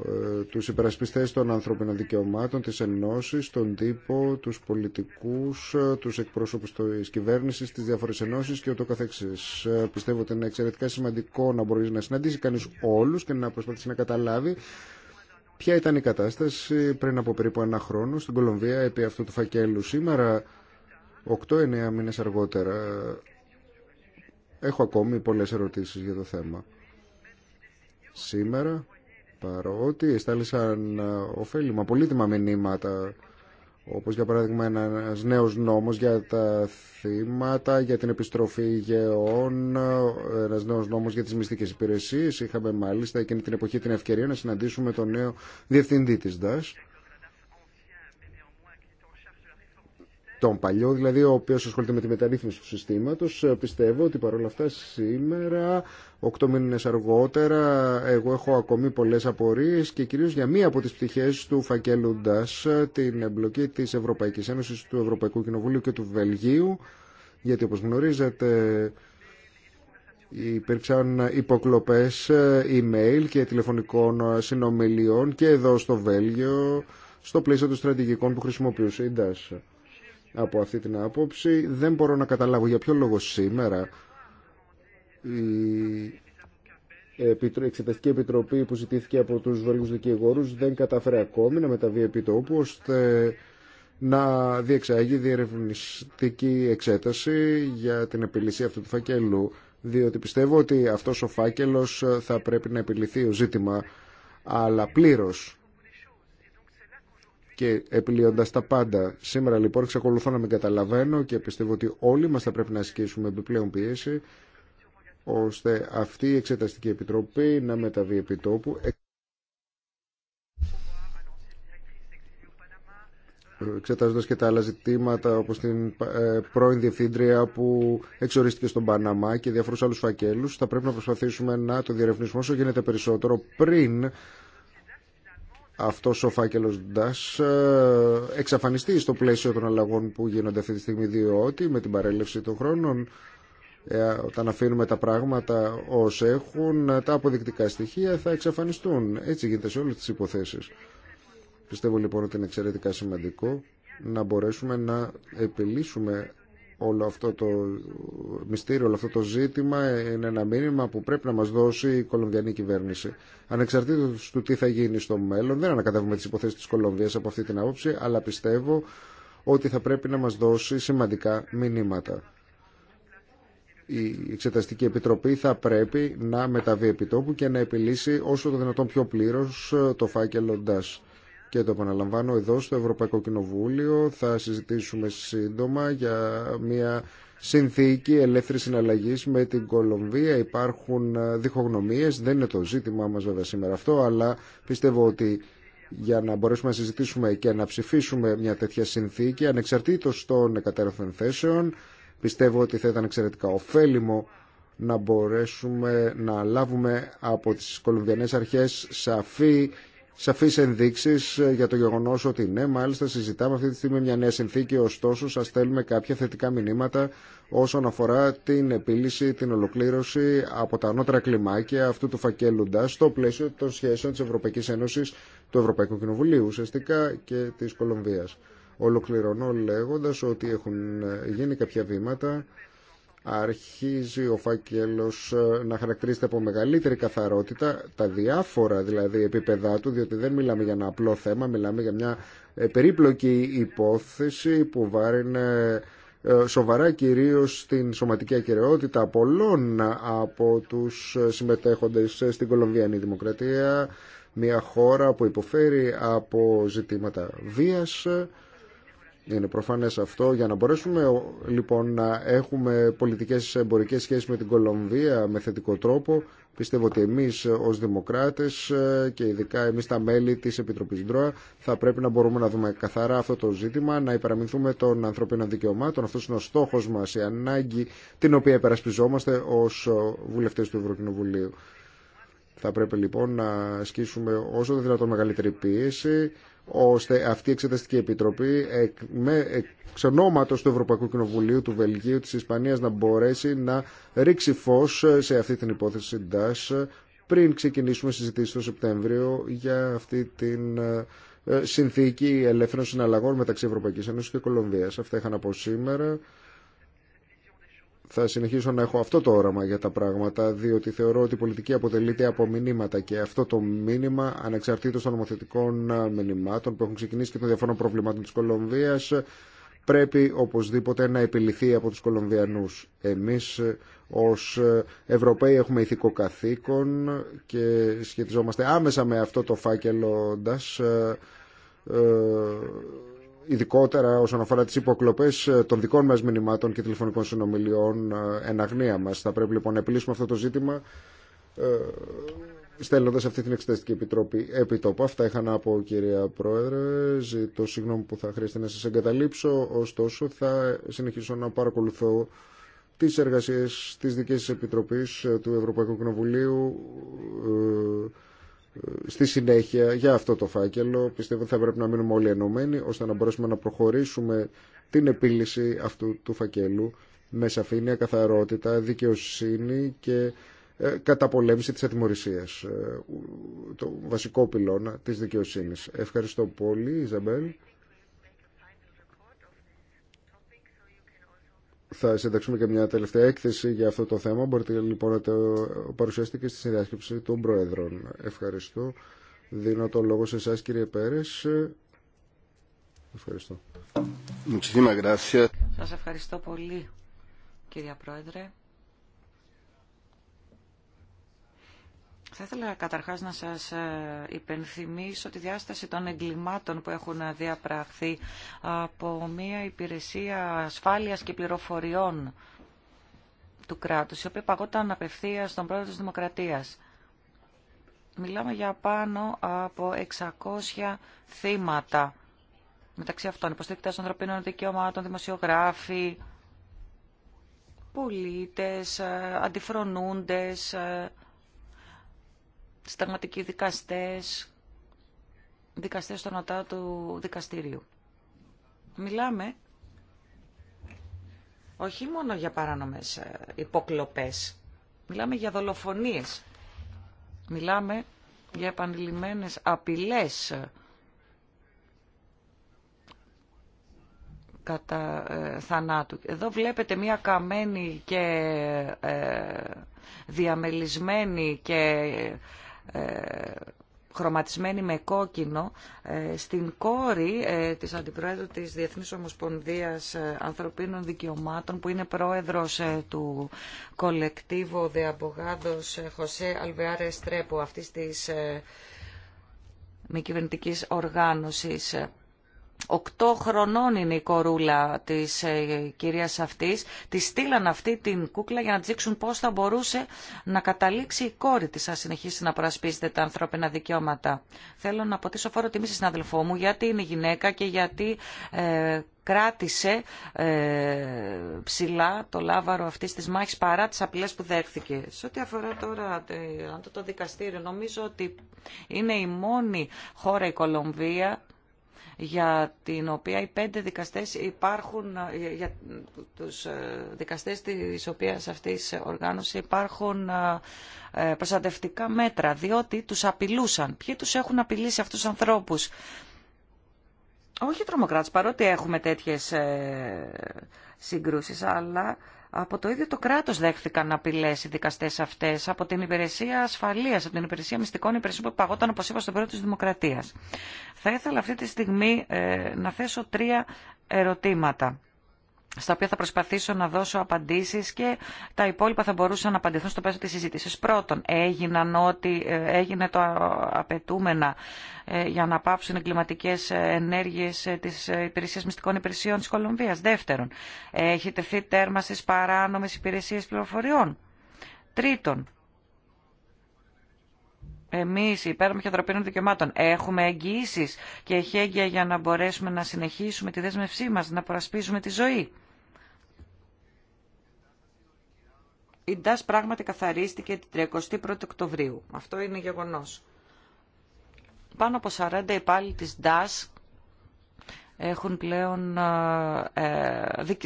[SPEAKER 1] ε, τους υπερασπιστές των ανθρώπινων δικαιωμάτων, της ενώσης, τον τύπο, τους πολιτικούς, ε, τους εκπρόσωπους της κυβέρνησης, τις διάφορες ενώσεις και ούτω καθεξής. Ε, πιστεύω ότι είναι εξαιρετικά σημαντικό να μπορείς να συναντήσει κανείς όλους και να προσπαθήσει να καταλάβει ποια ήταν η κατάσταση πριν από περίπου ένα χρόνο στην Κολομβία επί αυτού του φακέλου σήμερα 8-9 μήνες αργότερα έχω ακόμη πολλές ερωτήσεις για το θέμα. Σήμερα, παρότι εστάλησαν ωφέλιμα, πολύτιμα μηνύματα, όπως για παράδειγμα ένας νέος νόμος για τα θύματα, για την επιστροφή γεών, ένας νέος νόμος για τις μυστικές υπηρεσίες. Είχαμε μάλιστα εκείνη την εποχή την ευκαιρία να συναντήσουμε τον νέο διευθυντή της ΔΑΣ Τον παλιό, δηλαδή ο οποίο ασχολείται με τη μεταρρύθμιση του συστήματο. Ε, πιστεύω ότι παρόλα αυτά σήμερα, οκτώ μήνε αργότερα, εγώ έχω ακόμη πολλέ απορίε και κυρίω για μία από τι πτυχέ του φακέλου ε, την εμπλοκή τη Ευρωπαϊκή Ένωση, του Ευρωπαϊκού Κοινοβουλίου και του Βελγίου. Γιατί όπω γνωρίζετε, υπήρξαν υποκλοπέ, ε, email και τηλεφωνικών συνομιλιών και εδώ στο Βέλγιο στο πλαίσιο των στρατηγικών που χρησιμοποιούσε από αυτή την άποψη δεν μπορώ να καταλάβω για ποιο λόγο σήμερα η Εξεταστική Επιτροπή που ζητήθηκε από τους Βέλγους δικηγόρους δεν καταφέρει ακόμη να μεταβεί επί τόπου ώστε να διεξάγει διερευνητική εξέταση για την επιλυσία αυτού του φακελού διότι πιστεύω ότι αυτός ο φάκελος θα πρέπει να επιληθεί ο ζήτημα αλλά πλήρως και επιλύοντας τα πάντα. Σήμερα λοιπόν εξακολουθώ να με καταλαβαίνω και πιστεύω ότι όλοι μας θα πρέπει να ασκήσουμε επιπλέον πίεση ώστε αυτή η Εξεταστική Επιτροπή να μεταβεί επί τόπου. Εξετάζοντας και τα άλλα ζητήματα όπως την ε, πρώην Διευθύντρια που εξορίστηκε στον Παναμά και διάφορους άλλους φακέλους θα πρέπει να προσπαθήσουμε να το διερευνήσουμε όσο γίνεται περισσότερο πριν αυτός ο φάκελο ντά ε, εξαφανιστεί στο πλαίσιο των αλλαγών που γίνονται αυτή τη στιγμή διότι με την παρέλευση των χρόνων ε, όταν αφήνουμε τα πράγματα ως έχουν τα αποδεικτικά στοιχεία θα εξαφανιστούν έτσι γίνεται σε όλες τις υποθέσεις πιστεύω λοιπόν ότι είναι εξαιρετικά σημαντικό να μπορέσουμε να επιλύσουμε όλο αυτό το μυστήριο, όλο αυτό το ζήτημα είναι ένα μήνυμα που πρέπει να μας δώσει η Κολομβιανή κυβέρνηση. Ανεξαρτήτως του τι θα γίνει στο μέλλον, δεν ανακατεύουμε τις υποθέσεις της Κολομβίας από αυτή την άποψη, αλλά πιστεύω ότι θα πρέπει να μας δώσει σημαντικά μηνύματα. Η Εξεταστική Επιτροπή θα πρέπει να μεταβεί επιτόπου και να επιλύσει όσο το δυνατόν πιο πλήρως το φάκελο και το επαναλαμβάνω εδώ στο Ευρωπαϊκό Κοινοβούλιο θα συζητήσουμε σύντομα για μια συνθήκη ελεύθερη συναλλαγή με την Κολομβία. Υπάρχουν ε, διχογνωμίες, δεν είναι το ζήτημά μας βέβαια σήμερα αυτό, αλλά πιστεύω ότι για να μπορέσουμε να συζητήσουμε και να ψηφίσουμε μια τέτοια συνθήκη ανεξαρτήτως των εκατέρωθων θέσεων πιστεύω ότι θα ήταν εξαιρετικά ωφέλιμο να μπορέσουμε να λάβουμε από τις Κολομβιανές αρχές σαφή σαφείς ενδείξεις ε, για το γεγονός ότι ναι, μάλιστα συζητάμε αυτή τη στιγμή μια νέα συνθήκη, ωστόσο σα στέλνουμε κάποια θετικά μηνύματα όσον αφορά την επίλυση, την ολοκλήρωση από τα ανώτερα κλιμάκια αυτού του φακελοντά στο πλαίσιο των σχέσεων της Ευρωπαϊκής Ένωση, του Ευρωπαϊκού Κοινοβουλίου ουσιαστικά και τη Κολομβίας. Ολοκληρώνω λέγοντα ότι έχουν ε, γίνει κάποια βήματα αρχίζει ο φάκελος ε, να χαρακτηρίζεται από μεγαλύτερη καθαρότητα τα διάφορα δηλαδή επίπεδά του διότι δεν μιλάμε για ένα απλό θέμα μιλάμε για μια ε, περίπλοκη υπόθεση που βάρει ε, σοβαρά κυρίως την σωματική ακαιρεότητα πολλών από τους συμμετέχοντες στην Κολομβιανή Δημοκρατία μια χώρα που υποφέρει από ζητήματα βίας είναι προφανέ αυτό. Για να μπορέσουμε λοιπόν να έχουμε πολιτικέ εμπορικέ σχέσει με την Κολομβία με θετικό τρόπο, πιστεύω ότι εμεί ε, ω δημοκράτε ε, και ειδικά εμεί τα μέλη τη επιτροπή ΔΡΟΑ θα πρέπει να μπορούμε να δούμε καθαρά αυτό το ζήτημα, να υπεραμεινθούμε των ανθρωπίνων δικαιωμάτων. αυτό είναι ο στόχο μα η ανάγκη την οποία υπερασπιζόμαστε ω ε, βουλευτέ του Ευρωκοινοβουλίου. Θα πρέπει λοιπόν να ασκήσουμε όσο το δυνατόν μεγαλύτερη πίεση ώστε αυτή η Εξεταστική Επιτροπή με, εξ του Ευρωπαϊκού Κοινοβουλίου, του Βελγίου, της Ισπανίας να μπορέσει να ρίξει φως σε αυτή την υπόθεση DAS πριν ξεκινήσουμε συζητήσεις το Σεπτέμβριο για αυτή την ε, συνθήκη ελεύθερων συναλλαγών μεταξύ Ευρωπαϊκής Ένωσης και Κολομβίας. Αυτά είχα να πω σήμερα. Θα συνεχίσω να έχω αυτό το όραμα για τα πράγματα, διότι θεωρώ ότι η πολιτική αποτελείται από μηνύματα και αυτό το μήνυμα, ανεξαρτήτως των νομοθετικών μηνυμάτων που έχουν ξεκινήσει και των διαφόρων προβλημάτων της Κολομβίας, πρέπει οπωσδήποτε να επιληθεί από τους Κολομβιανούς. Εμείς ως Ευρωπαίοι έχουμε ηθικό καθήκον και σχετιζόμαστε άμεσα με αυτό το φάκελο, ε, ειδικότερα όσον αφορά τις υποκλοπές ε, των δικών μας μηνυμάτων και τηλεφωνικών συνομιλιών ε, εν αγνία μας. Θα πρέπει λοιπόν να επιλύσουμε αυτό το ζήτημα ε, στέλνοντα αυτή την Εξεταστική Επιτροπή επιτόπου. Αυτά είχα να πω κυρία Πρόεδρε. Ζητώ συγγνώμη που θα χρειαστεί να σας εγκαταλείψω. Ωστόσο θα συνεχίσω να παρακολουθώ τις εργασίες της δικής Επιτροπής του Ευρωπαϊκού Κοινοβουλίου στη συνέχεια για αυτό το φάκελο. Πιστεύω ότι θα πρέπει να μείνουμε όλοι ενωμένοι ώστε να μπορέσουμε να προχωρήσουμε την επίλυση αυτού του φακέλου με σαφήνεια, καθαρότητα, δικαιοσύνη και ε, καταπολέμηση της ατιμορρησίας, ε, το βασικό πυλώνα της δικαιοσύνης. Ευχαριστώ πολύ, Ιζαμπέλ. θα συνταξούμε και μια τελευταία έκθεση για αυτό το θέμα. Μπορείτε λοιπόν να το παρουσιάσετε και στη συνδιάσκεψη των Προέδρων. Ευχαριστώ. Δίνω το λόγο σε εσά, κύριε Πέρες. Ευχαριστώ.
[SPEAKER 2] Σας ευχαριστώ πολύ, κύριε Πρόεδρε. Θα ήθελα καταρχάς να σας ε, υπενθυμίσω τη διάσταση των εγκλημάτων που έχουν διαπραχθεί από μια υπηρεσία ασφάλειας και πληροφοριών του κράτους, η οποία παγόταν απευθείας στον πρόεδρο της Δημοκρατίας. Μιλάμε για πάνω από 600 θύματα. Μεταξύ αυτών υποστήρικτες ανθρωπίνων δικαιωμάτων, δημοσιογράφοι, πολίτες, ε, αντιφρονούντες, ε, συνταγματικοί δικαστές, δικαστές στον ΟΤΑ του δικαστηρίου. Μιλάμε όχι μόνο για παράνομες ε, υποκλοπές, μιλάμε για δολοφονίες, μιλάμε για επανειλημμένες απειλές ε, κατά ε, θανάτου. Εδώ βλέπετε μία καμένη και διαμελισμένη και ε, χρωματισμένη με κόκκινο ε, στην κόρη ε, της Αντιπρόεδρου της Διεθνής Ομοσπονδίας Ανθρωπίνων Δικαιωμάτων που είναι πρόεδρος του κολεκτίβου Δεαμπογάδος Χωσέ José Alvear Estrepo αυτής της μη κυβερνητικής οργάνωσης Οκτώ χρονών είναι η κορούλα της ε, κυρίας αυτής. Τη στείλαν αυτή την κούκλα για να δείξουν πώς θα μπορούσε να καταλήξει η κόρη της αν συνεχίσει να προασπίζεται τα ανθρώπινα δικαιώματα. Θέλω να αποτίσω φόρο τιμή στην αδελφό μου γιατί είναι γυναίκα και γιατί ε, κράτησε ε, ψηλά το λάβαρο αυτή τη μάχη παρά τι απειλέ που δέχθηκε. Σε ό,τι αφορά τώρα το, το δικαστήριο, νομίζω ότι είναι η μόνη χώρα η Κολομβία για την οποία οι πέντε δικαστές υπάρχουν, ε, για τους ε, δικαστές της οποίας αυτής οργάνωση υπάρχουν ε, προστατευτικά μέτρα, διότι τους απειλούσαν. Ποιοι τους έχουν απειλήσει αυτούς τους ανθρώπους. Όχι τρομοκράτες, παρότι έχουμε τέτοιες συγκρούσεις, αλλά από το ίδιο το κράτος δέχθηκαν απειλές οι δικαστές αυτές, από την υπηρεσία ασφαλείας, από την υπηρεσία μυστικών υπηρεσιών που παγόταν, όπως είπα, στον πρώτο της δημοκρατίας. Θα ήθελα αυτή τη στιγμή ε, να θέσω τρία ερωτήματα στα οποία θα προσπαθήσω να δώσω απαντήσεις και τα υπόλοιπα θα μπορούσαν να απαντηθούν στο πέσο της συζήτηση. Πρώτον, έγιναν ό,τι ε, έγινε το απαιτούμενα ε, για να πάψουν οι κλιματικές ενέργειες ε, της Υπηρεσίας Μυστικών Υπηρεσιών της Κολομβίας. Δεύτερον, έχει τεθεί τέρμα στις παράνομες υπηρεσίες πληροφοριών. Τρίτον, Εμεί, υπέρ και ανθρωπίνων δικαιωμάτων, έχουμε εγγυήσεις και εχέγγυα για να μπορέσουμε να συνεχίσουμε τη δέσμευσή μα, να προασπίζουμε τη ζωή. η ΝΤΑΣ πράγματι καθαρίστηκε την 31η Οκτωβρίου. Αυτό είναι γεγονός. Πάνω από 40 υπάλληλοι της ΝΤΑΣ έχουν πλέον ε, ε δικ,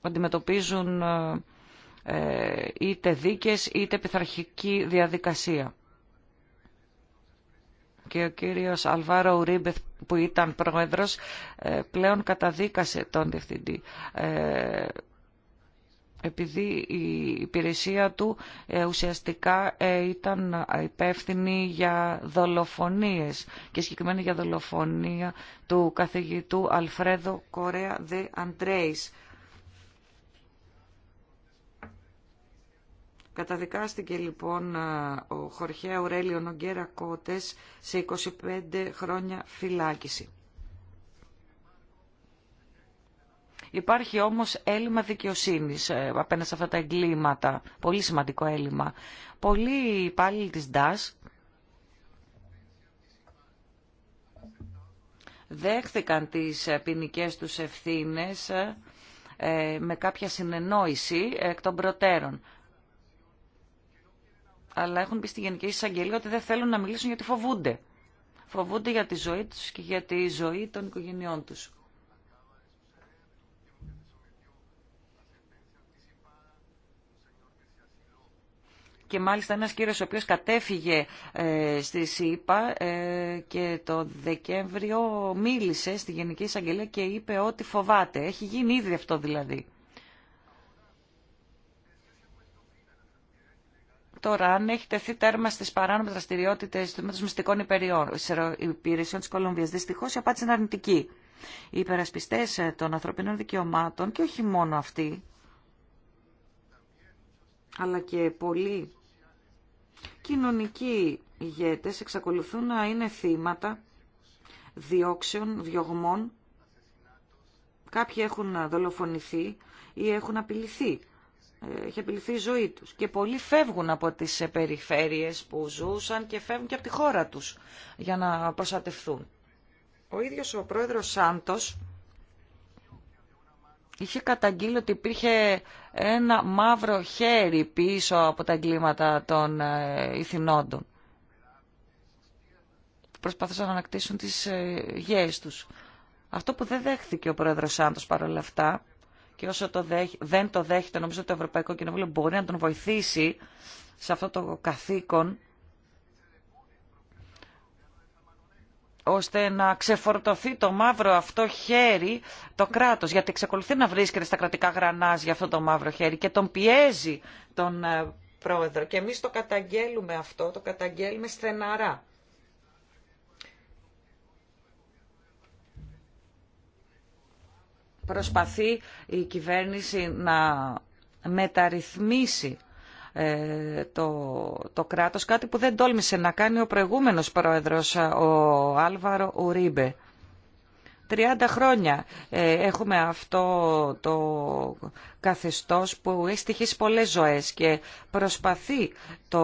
[SPEAKER 2] αντιμετωπίζουν ε, ε, είτε δίκες είτε πειθαρχική διαδικασία. Και ο κύριος Αλβάρο Ουρίμπεθ που ήταν πρόεδρος ε, πλέον καταδίκασε τον διευθυντή επειδή η υπηρεσία του ε, ουσιαστικά ε, ήταν υπεύθυνη για δολοφονίες και συγκεκριμένα για δολοφονία του καθηγητού Αλφρέδο Κορέα Δε Αντρέης. Καταδικάστηκε λοιπόν ε, ο Χορχέ Αουρέλιο Νογκέρα σε 25 χρόνια φυλάκιση. Υπάρχει όμως έλλειμμα δικαιοσύνης ε, απέναντι σε αυτά τα εγκλήματα. Πολύ σημαντικό έλλειμμα. Πολλοί υπάλληλοι της ΔΑΣ δέχθηκαν τι ε, ποινικέ τους ευθύνες ε, με κάποια συνεννόηση εκ των προτέρων. Αλλά έχουν πει στη Γενική Εισαγγελία ότι δεν θέλουν να μιλήσουν γιατί φοβούνται. Φοβούνται για τη ζωή τους και για τη ζωή των οικογενειών τους. και μάλιστα ένας κύριος ο οποίος κατέφυγε ε, στη ΣΥΠΑ ε, και το Δεκέμβριο μίλησε στη Γενική Εισαγγελία και είπε ότι φοβάται. Έχει γίνει ήδη αυτό δηλαδή. Τώρα, αν έχει τεθεί τέρμα στι παράνομε δραστηριότητε του Μέτρου Μυστικών Υπηρεσιών τη Κολομβία, δυστυχώ η απάντηση είναι αρνητική. Οι υπερασπιστέ ε, των ανθρωπίνων δικαιωμάτων, και όχι μόνο αυτοί, αλλά και πολλοί Κοινωνικοί ηγέτες εξακολουθούν να είναι θύματα διώξεων, διωγμών. Κάποιοι έχουν δολοφονηθεί ή έχουν απειληθεί. Ε, έχει απειληθεί η ζωή τους. Και πολλοί φεύγουν από τις περιφέρειες που ζούσαν και φεύγουν και από τη χώρα τους για να προστατευθούν. Ο ίδιος ο πρόεδρος Σάντος είχε καταγγείλει ότι υπήρχε ένα μαύρο χέρι πίσω από τα εγκλήματα των ε, ηθινόντων. Προσπαθούσαν να ανακτήσουν τις ε, γέες τους. Αυτό που δεν δέχθηκε ο πρόεδρος Σάντος παρόλα αυτά και όσο το δέχ, δεν το δέχεται νομίζω ότι το Ευρωπαϊκό Κοινοβούλιο μπορεί να τον βοηθήσει σε αυτό το καθήκον ώστε να ξεφορτωθεί το μαύρο αυτό χέρι το κράτος, γιατί εξακολουθεί να βρίσκεται στα κρατικά γρανάζια αυτό το μαύρο χέρι και τον πιέζει τον ε, πρόεδρο. Και εμείς το καταγγέλουμε αυτό, το καταγγέλουμε στεναρά. Προσπαθεί η κυβέρνηση να μεταρρυθμίσει ε, το, το κράτος, κάτι που δεν τόλμησε να κάνει ο προηγούμενος πρόεδρος, ε, ο Άλβαρο Ουρίμπε. 30 χρόνια ε, έχουμε αυτό το καθεστώς που έχει στοιχήσει πολλές ζωές και προσπαθεί το,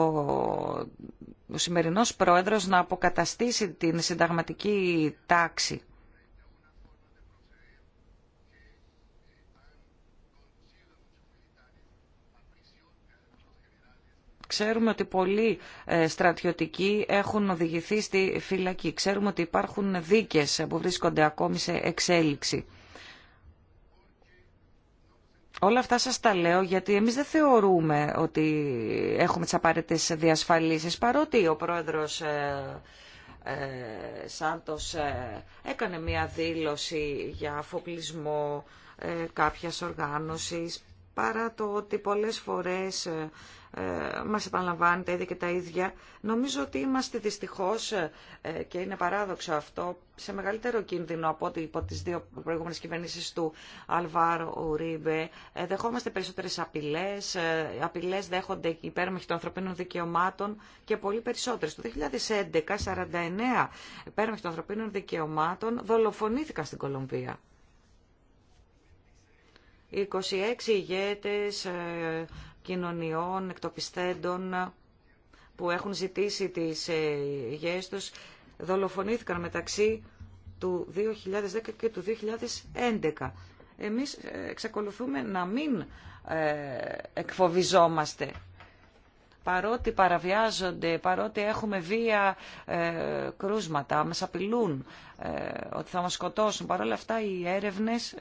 [SPEAKER 2] ο σημερινός πρόεδρος να αποκαταστήσει την συνταγματική τάξη Ξέρουμε ότι πολλοί ε, στρατιωτικοί έχουν οδηγηθεί στη φυλακή. Ξέρουμε ότι υπάρχουν δίκες που βρίσκονται ακόμη σε εξέλιξη. Όλα αυτά σας τα λέω γιατί εμείς δεν θεωρούμε ότι έχουμε τις απαραίτητες διασφαλίσεις παρότι ο πρόεδρος ε, ε Σάντος ε, έκανε μία δήλωση για αφοπλισμό κάποιας οργάνωσης παρά το ότι πολλές φορές ε, ε μας επαναλαμβάνει τα ίδια και τα ίδια, νομίζω ότι είμαστε δυστυχώς, ε, ε, και είναι παράδοξο αυτό, σε μεγαλύτερο κίνδυνο από ό,τι υπό τις δύο προηγούμενες κυβερνήσεις του Αλβάρο Ουρίμπε. Ε, δεχόμαστε περισσότερες απειλές, ε, απειλές δέχονται υπέρμαχοι των ανθρωπίνων δικαιωμάτων και πολύ περισσότερες. Το 2011, 49 υπέρμαχοι των ανθρωπίνων δικαιωμάτων δολοφονήθηκαν στην Κολομβία. 26 ηγέτες ε, κοινωνιών, εκτοπιστέντων που έχουν ζητήσει τις ηγέες ε, τους δολοφονήθηκαν μεταξύ του 2010 και του 2011. Εμείς ε, εξακολουθούμε να μην εκφοβιζόμαστε παρότι παραβιάζονται, παρότι έχουμε βία κρούσματα, μας απειλούν ότι θα μας σκοτώσουν. Παρ' όλα αυτά οι έρευνες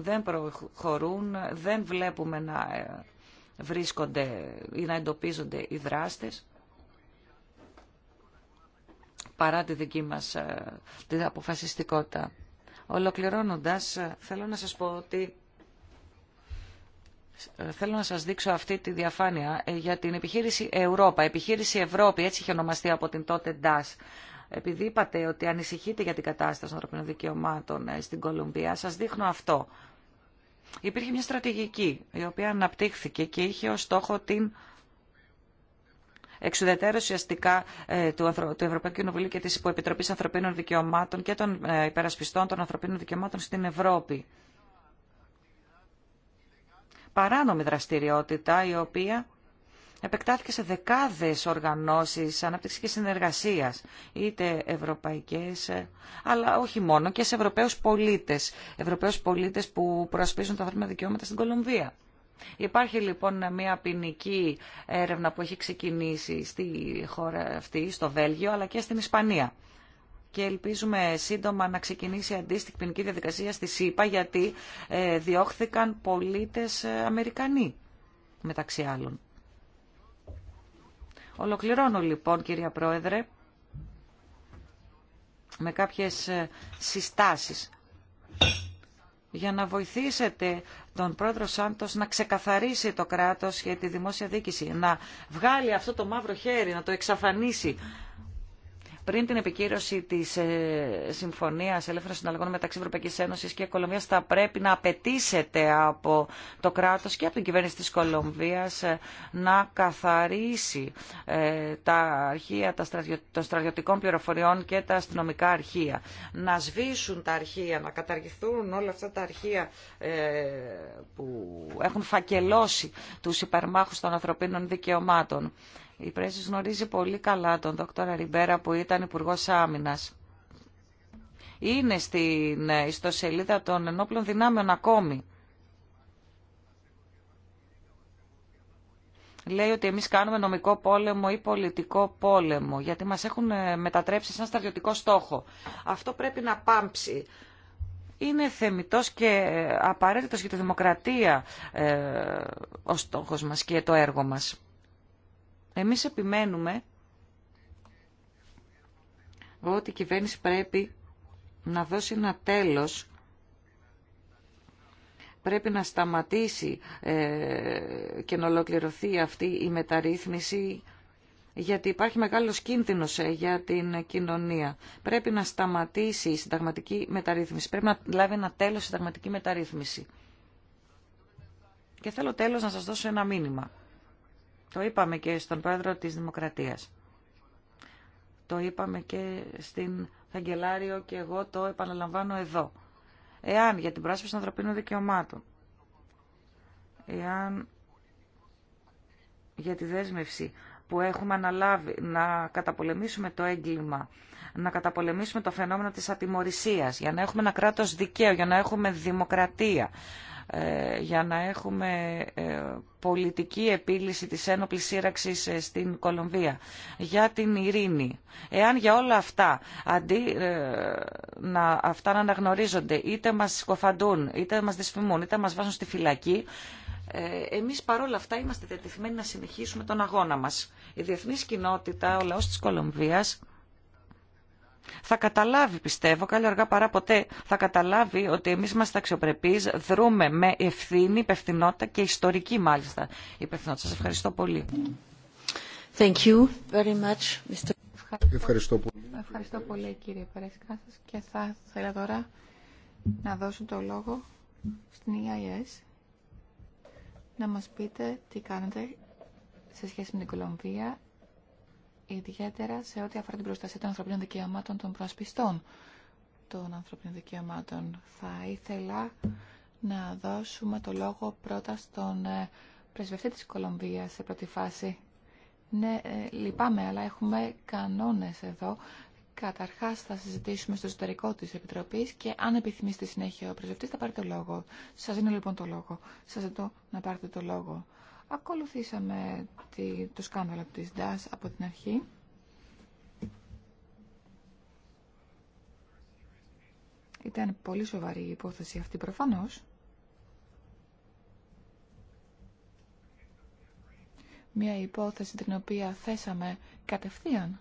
[SPEAKER 2] δεν προχωρούν, δεν βλέπουμε να ε, βρίσκονται ή να εντοπίζονται οι δράστες παρά τη δική μας ε, αποφασιστικότητα. Ολοκληρώνοντας, ε, θέλω να σας πω ότι θέλω να σας δείξω αυτή τη διαφάνεια για την επιχείρηση Ευρώπα. Επιχείρηση Ευρώπη, έτσι είχε ονομαστεί από την τότε ΝΤΑΣ. Επειδή είπατε ότι ανησυχείτε για την κατάσταση των ανθρωπίνων δικαιωμάτων στην Κολομπία, σας δείχνω αυτό. Υπήρχε μια στρατηγική η οποία αναπτύχθηκε και είχε ως στόχο την εξουδετέρωση ουσιαστικά ε, του, του Ευρωπαϊκού Κοινοβουλίου και της Υποεπιτροπής Ανθρωπίνων Δικαιωμάτων και των ε, υπερασπιστών των ανθρωπίνων δικαιωμάτων στην Ευρώπη. Παράνομη δραστηριότητα η οποία επεκτάθηκε σε δεκάδες οργανώσεις ανάπτυξης και συνεργασίας, είτε ευρωπαϊκές, ε, αλλά όχι μόνο, και σε Ευρωπαίους πολίτες, Ευρωπαίους πολίτες που προασπίζουν τα ανθρώπινα δικαιώματα στην Κολομβία. Υπάρχει λοιπόν μια ποινική έρευνα που έχει ξεκινήσει στη χώρα αυτή, στο Βέλγιο, αλλά και στην Ισπανία και ελπίζουμε σύντομα να ξεκινήσει αντίστοιχη ποινική διαδικασία στη ΣΥΠΑ γιατί ε, διώχθηκαν πολίτες ε, Αμερικανοί μεταξύ άλλων. Ολοκληρώνω λοιπόν, κυρία Πρόεδρε, με κάποιες ε, συστάσεις για να βοηθήσετε τον πρόεδρο Σάντος να ξεκαθαρίσει το κράτος για τη δημόσια δίκηση, να βγάλει αυτό το μαύρο χέρι, να το εξαφανίσει πριν την επικύρωση της ε, Συμφωνίας Ελεύθερων Συναλλαγών μεταξύ Ευρωπαϊκή Ένωση και Κολομβίας θα πρέπει να απαιτήσετε από το κράτος και από την κυβέρνηση της Κολομβίας ε, να καθαρίσει ε, τα αρχεία των στρατιωτικών πληροφοριών και τα αστυνομικά αρχεία. Να σβήσουν τα αρχεία, να καταργηθούν όλα αυτά τα αρχεία που έχουν φακελώσει του υπερμάχους των ανθρωπίνων δικαιωμάτων. Η πρέσβη γνωρίζει πολύ καλά τον δόκτωρα Ριμπέρα που ήταν υπουργό Άμυνα. Είναι στην ιστοσελίδα των ενόπλων δυνάμεων ακόμη. Λέει ότι εμείς κάνουμε νομικό πόλεμο ή πολιτικό πόλεμο, γιατί μας έχουν ε, μετατρέψει σαν στρατιωτικό στόχο. Αυτό πρέπει να πάμψει είναι θεμητός και ε, απαραίτητος για τη δημοκρατία ε, ο στόχος μας και το έργο μας. Εμείς επιμένουμε ότι η κυβέρνηση πρέπει να δώσει ένα τέλος πρέπει να σταματήσει ε, και να ολοκληρωθεί αυτή η μεταρρύθμιση γιατί υπάρχει μεγάλος κίνδυνος ε, για την κοινωνία. Πρέπει να σταματήσει η συνταγματική μεταρρύθμιση. Πρέπει να λάβει ένα τέλος η συνταγματική μεταρρύθμιση. Και θέλω τέλος να σας δώσω ένα μήνυμα. Το είπαμε και στον πρόεδρο της Δημοκρατίας. Το είπαμε και στην Καγκελάριο και εγώ το επαναλαμβάνω εδώ. Εάν για την πρόσφαση των ανθρωπίνων δικαιωμάτων, εάν για τη δέσμευση που έχουμε αναλάβει να καταπολεμήσουμε το έγκλημα, να καταπολεμήσουμε το φαινόμενο της ατιμορρησίας, για να έχουμε ένα κράτος δικαίου, για να έχουμε δημοκρατία, ε, για να έχουμε ε, πολιτική επίλυση της ένοπλης σύραξης ε, στην Κολομβία, για την ειρήνη. Εάν για όλα αυτά, αντί να, αυτά να αναγνωρίζονται, είτε μας σκοφαντούν, είτε μας δυσφημούν, είτε μας βάζουν στη φυλακή, εμείς παρόλα αυτά είμαστε διατεθειμένοι να συνεχίσουμε τον αγώνα μας. Η διεθνής κοινότητα, ο λαός της Κολομβίας, θα καταλάβει, πιστεύω, καλή αργά παρά ποτέ, θα καταλάβει ότι εμείς είμαστε αξιοπρεπείς, δρούμε με ευθύνη, υπευθυνότητα και ιστορική μάλιστα υπευθυνότητα. Σας ευχαριστώ πολύ. Thank
[SPEAKER 1] you very much, Mr. Ευχαριστώ πολύ.
[SPEAKER 3] Ευχαριστώ πολύ κύριε Παρέσκά και θα ήθελα τώρα να δώσω το λόγο στην EIS να μας πείτε τι κάνετε σε σχέση με την Κολομβία ιδιαίτερα σε ό,τι αφορά την προστασία των ανθρωπίνων δικαιωμάτων των προασπιστών των ανθρωπίνων δικαιωμάτων. Θα ήθελα να δώσουμε το λόγο πρώτα στον ε, πρεσβευτή της Κολομβίας σε πρώτη φάση. Ναι, ε, λυπάμαι, αλλά έχουμε κανόνες εδώ. Καταρχάς θα συζητήσουμε στο εσωτερικό της Επιτροπής και αν επιθυμεί στη συνέχεια ο πρεσβευτής θα πάρει το λόγο. Σας δίνω λοιπόν το λόγο. Σας ζητώ να πάρετε το λόγο. Ακολουθήσαμε το σκάνδαλο της ΝΤΑΣ από την αρχή. Ήταν πολύ σοβαρή η υπόθεση αυτή προφανώς. Μια υπόθεση την οποία θέσαμε κατευθείαν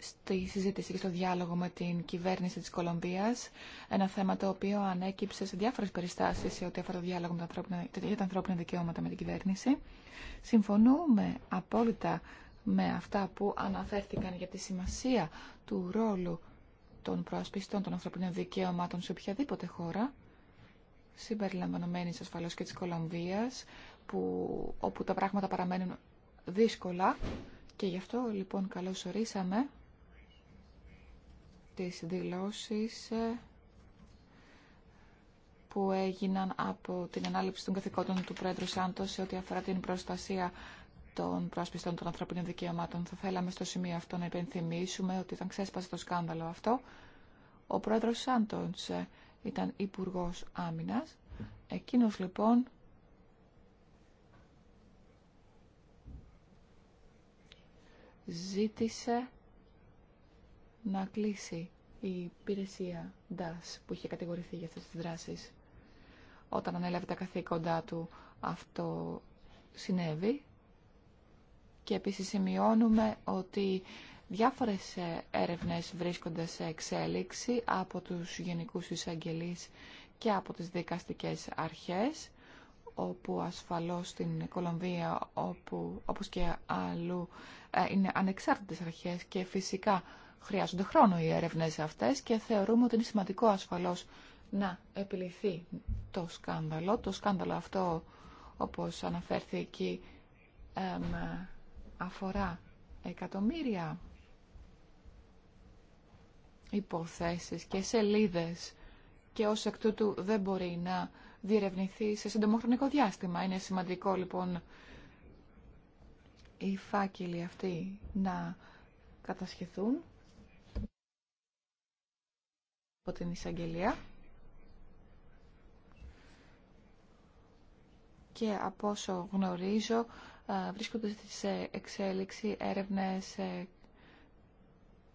[SPEAKER 3] στη συζήτηση και στο διάλογο με την κυβέρνηση της Κολομβίας. Ένα θέμα το οποίο ανέκυψε σε διάφορες περιστάσεις σε ό,τι αφορά το διάλογο με τα για τα ανθρώπινα δικαιώματα με την κυβέρνηση. Συμφωνούμε απόλυτα με αυτά που αναφέρθηκαν για τη σημασία του ρόλου των προασπιστών των ανθρωπίνων δικαιωμάτων σε οποιαδήποτε χώρα, συμπεριλαμβανομένης ασφαλώς και της Κολομβίας, που, όπου τα πράγματα παραμένουν δύσκολα. Και γι' αυτό λοιπόν καλώς ορίσαμε τις δηλώσεις ε, που έγιναν από την ανάληψη των καθηκόντων του Πρόεδρου Σάντο σε ό,τι αφορά την προστασία των πρόσπιστων των ανθρωπίνων δικαιωμάτων. Θα θέλαμε στο σημείο αυτό να υπενθυμίσουμε ότι ήταν ξέσπασε το σκάνδαλο αυτό, ο Πρόεδρος Σάντος ε, ήταν υπουργό Άμυνα. Εκείνος λοιπόν ζήτησε να κλείσει η υπηρεσία DAS που είχε κατηγορηθεί για αυτές τις δράσεις. Όταν ανέλαβε τα καθήκοντά του αυτό συνέβη και επίσης σημειώνουμε ότι διάφορες ε, έρευνες βρίσκονται σε εξέλιξη από τους γενικούς εισαγγελείς και από τις δικαστικές αρχές όπου ασφαλώς στην Κολομβία όπου, όπως και αλλού ε, είναι ανεξάρτητες αρχές και φυσικά Χρειάζονται χρόνο οι έρευνες αυτές και θεωρούμε ότι είναι σημαντικό ασφαλώς να επιληθεί το σκάνδαλο. Το σκάνδαλο αυτό, όπως αναφέρθηκε, αφορά εκατομμύρια υποθέσεις και σελίδες και ως εκ τούτου δεν μπορεί να διερευνηθεί σε σύντομο διάστημα. Είναι σημαντικό λοιπόν οι φάκελοι αυτοί να κατασχεθούν από την εισαγγελία και από όσο γνωρίζω ε, βρίσκονται σε εξέλιξη έρευνες ε,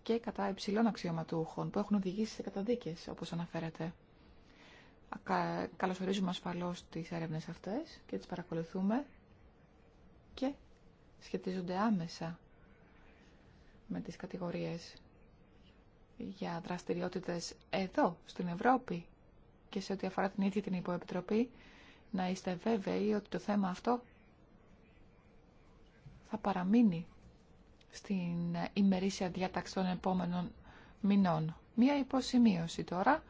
[SPEAKER 3] και κατά υψηλών αξιωματούχων που έχουν οδηγήσει σε καταδίκες όπως αναφέρατε. Καλωσορίζουμε ασφαλώς τις έρευνες αυτές και τις παρακολουθούμε και σχετίζονται άμεσα με τις κατηγορίες για δραστηριότητες εδώ, στην Ευρώπη και σε ό,τι αφορά την ίδια την υποεπιτροπή, να είστε βέβαιοι ότι το θέμα αυτό θα παραμείνει στην ημερήσια διάταξη των επόμενων μηνών. Μία υποσημείωση τώρα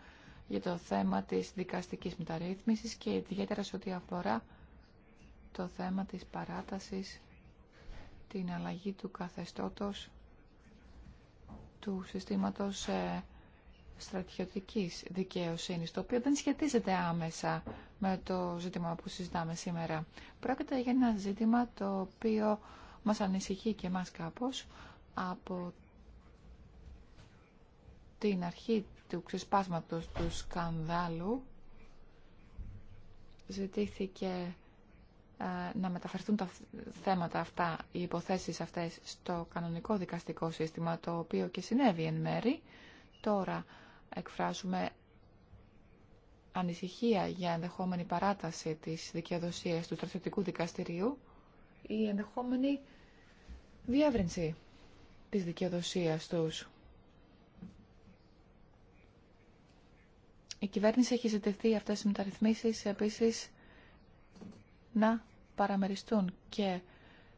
[SPEAKER 3] για το θέμα της δικαστικής μεταρρύθμισης και ιδιαίτερα σε ό,τι αφορά το θέμα της παράτασης, την αλλαγή του καθεστώτος του συστήματος ε, στρατιωτικής δικαιοσύνης, το οποίο δεν σχετίζεται άμεσα με το ζήτημα που συζητάμε σήμερα. Πρόκειται για ένα ζήτημα το οποίο μας ανησυχεί και μας κάπως από την αρχή του ξεσπάσματος του σκανδάλου ζητήθηκε να μεταφερθούν τα θέματα αυτά, οι υποθέσεις αυτές στο κανονικό δικαστικό σύστημα, το οποίο και συνέβη εν μέρη. Τώρα εκφράζουμε ανησυχία για ενδεχόμενη παράταση της δικαιοδοσίας του στρατιωτικού δικαστηρίου ή ενδεχόμενη διεύρυνση της δικαιοδοσίας τους. Η κυβέρνηση έχει ζητηθεί αυτές τις μεταρρυθμίσεις επίσης να παραμεριστούν και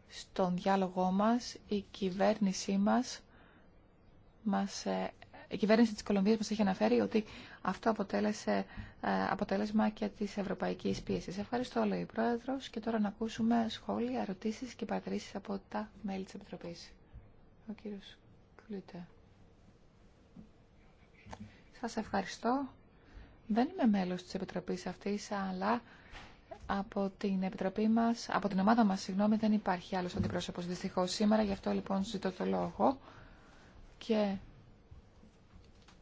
[SPEAKER 3] στον διάλογό μας η κυβέρνησή μας, μας ε, η κυβέρνηση της Κολομβίας μας έχει αναφέρει ότι αυτό αποτέλεσε ε, αποτέλεσμα και της ευρωπαϊκής πίεσης. Ευχαριστώ, λέει η Πρόεδρος, και τώρα να ακούσουμε σχόλια, ερωτήσεις και παρατηρήσεις από τα μέλη της Επιτροπής. Ο κύριος Κλούτε. Σας ευχαριστώ. Δεν είμαι μέλος της Επιτροπής αυτής, αλλά από την Επιτροπή μας, από την ομάδα μας, συγγνώμη, δεν υπάρχει άλλος αντιπρόσωπος δυστυχώς σήμερα, γι' αυτό λοιπόν ζητώ το λόγο και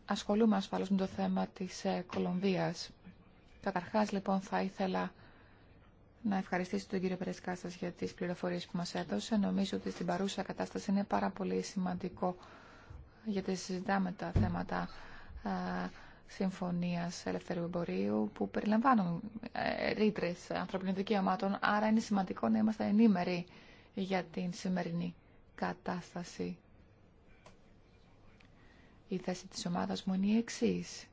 [SPEAKER 3] ασχολούμαι ασφαλώς με το θέμα της ε, Κολομβίας. Καταρχάς λοιπόν θα ήθελα να ευχαριστήσω τον κύριο Περεσκάστα για τις πληροφορίες που μας έδωσε. Νομίζω ότι στην παρούσα κατάσταση είναι πάρα πολύ σημαντικό γιατί συζητάμε τα θέματα ε, Συμφωνίας ελεύθερου Εμπορίου που περιλαμβάνουν ε, ρήτρε ανθρωπίνων δικαιωμάτων, άρα είναι σημαντικό να είμαστε ενήμεροι για την σημερινή κατάσταση. Η θέση της ομάδας μου είναι η εξής.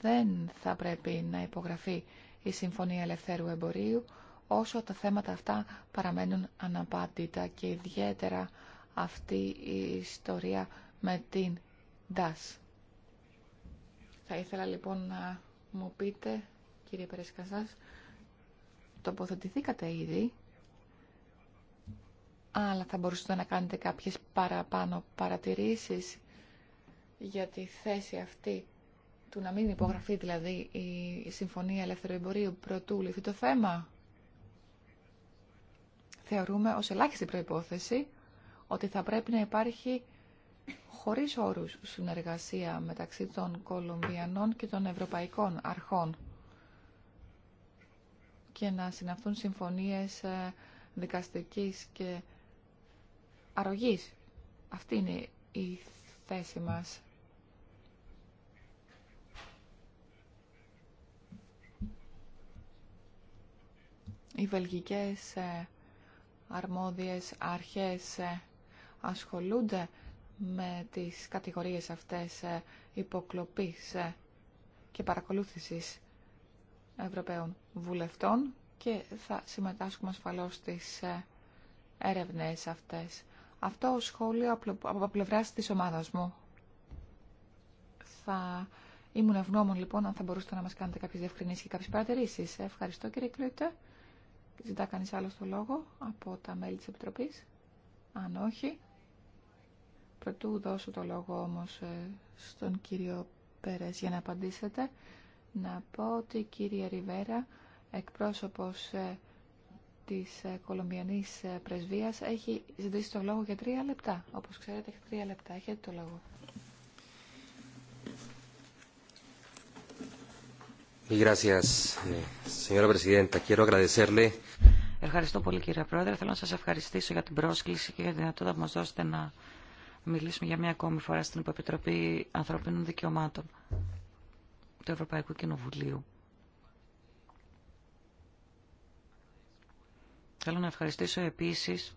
[SPEAKER 3] Δεν θα πρέπει να υπογραφεί η Συμφωνία Ελευθέρου Εμπορίου όσο τα θέματα αυτά παραμένουν αναπάντητα και ιδιαίτερα αυτή η ιστορία με την DAS. Θα ήθελα λοιπόν να μου πείτε, κύριε Περεσκασάς, τοποθετηθήκατε ήδη, αλλά θα μπορούσατε να κάνετε κάποιες παραπάνω παρατηρήσεις για τη θέση αυτή του να μην υπογραφεί δηλαδή η Συμφωνία Ελεύθερου Εμπορίου προτού λυθεί το θέμα. Θεωρούμε ως ελάχιστη προϋπόθεση ότι θα πρέπει να υπάρχει χωρίς όρους συνεργασία μεταξύ των Κολομβιανών και των Ευρωπαϊκών Αρχών και να συναυτούν συμφωνίες ε, δικαστικής και αρρωγής. Αυτή είναι η θέση μας. Οι βελγικές ε, αρμόδιες αρχές ε, ασχολούνται με τις κατηγορίες αυτές ε, υποκλοπής ε, και παρακολούθησης Ευρωπαίων βουλευτών και θα συμμετάσχουμε ασφαλώς στις ε, έρευνες αυτές. Αυτό ο σχόλιο από πλευρά της ομάδας μου. Θα ήμουν ευγνώμων λοιπόν αν θα μπορούσατε να μας κάνετε κάποιες διευκρινήσεις και κάποιες παρατηρήσεις. Ευχαριστώ κύριε Κλούτε. Ζητά κανείς άλλο το λόγο από τα μέλη της Επιτροπής. Αν όχι, Πρωτού δώσω το λόγο όμως ε, στον κύριο Πέρες για να απαντήσετε. Να πω ότι η κυρία Ριβέρα, εκπρόσωπος ε, της ε, Κολομπιανής Πρεσβείας, έχει ζητήσει το λόγο για τρία λεπτά. Όπως ξέρετε, έχει τρία λεπτά. Έχετε το λόγο.
[SPEAKER 2] Ευχαριστώ πολύ κύριε Πρόεδρε. Θέλω να σας ευχαριστήσω για την πρόσκληση και για τη δυνατότητα που μας δώσετε να μιλήσουμε για μια ακόμη φορά στην Επιτροπή Ανθρωπίνων Δικαιωμάτων του Ευρωπαϊκού Κοινοβουλίου. Θέλω να ευχαριστήσω επίσης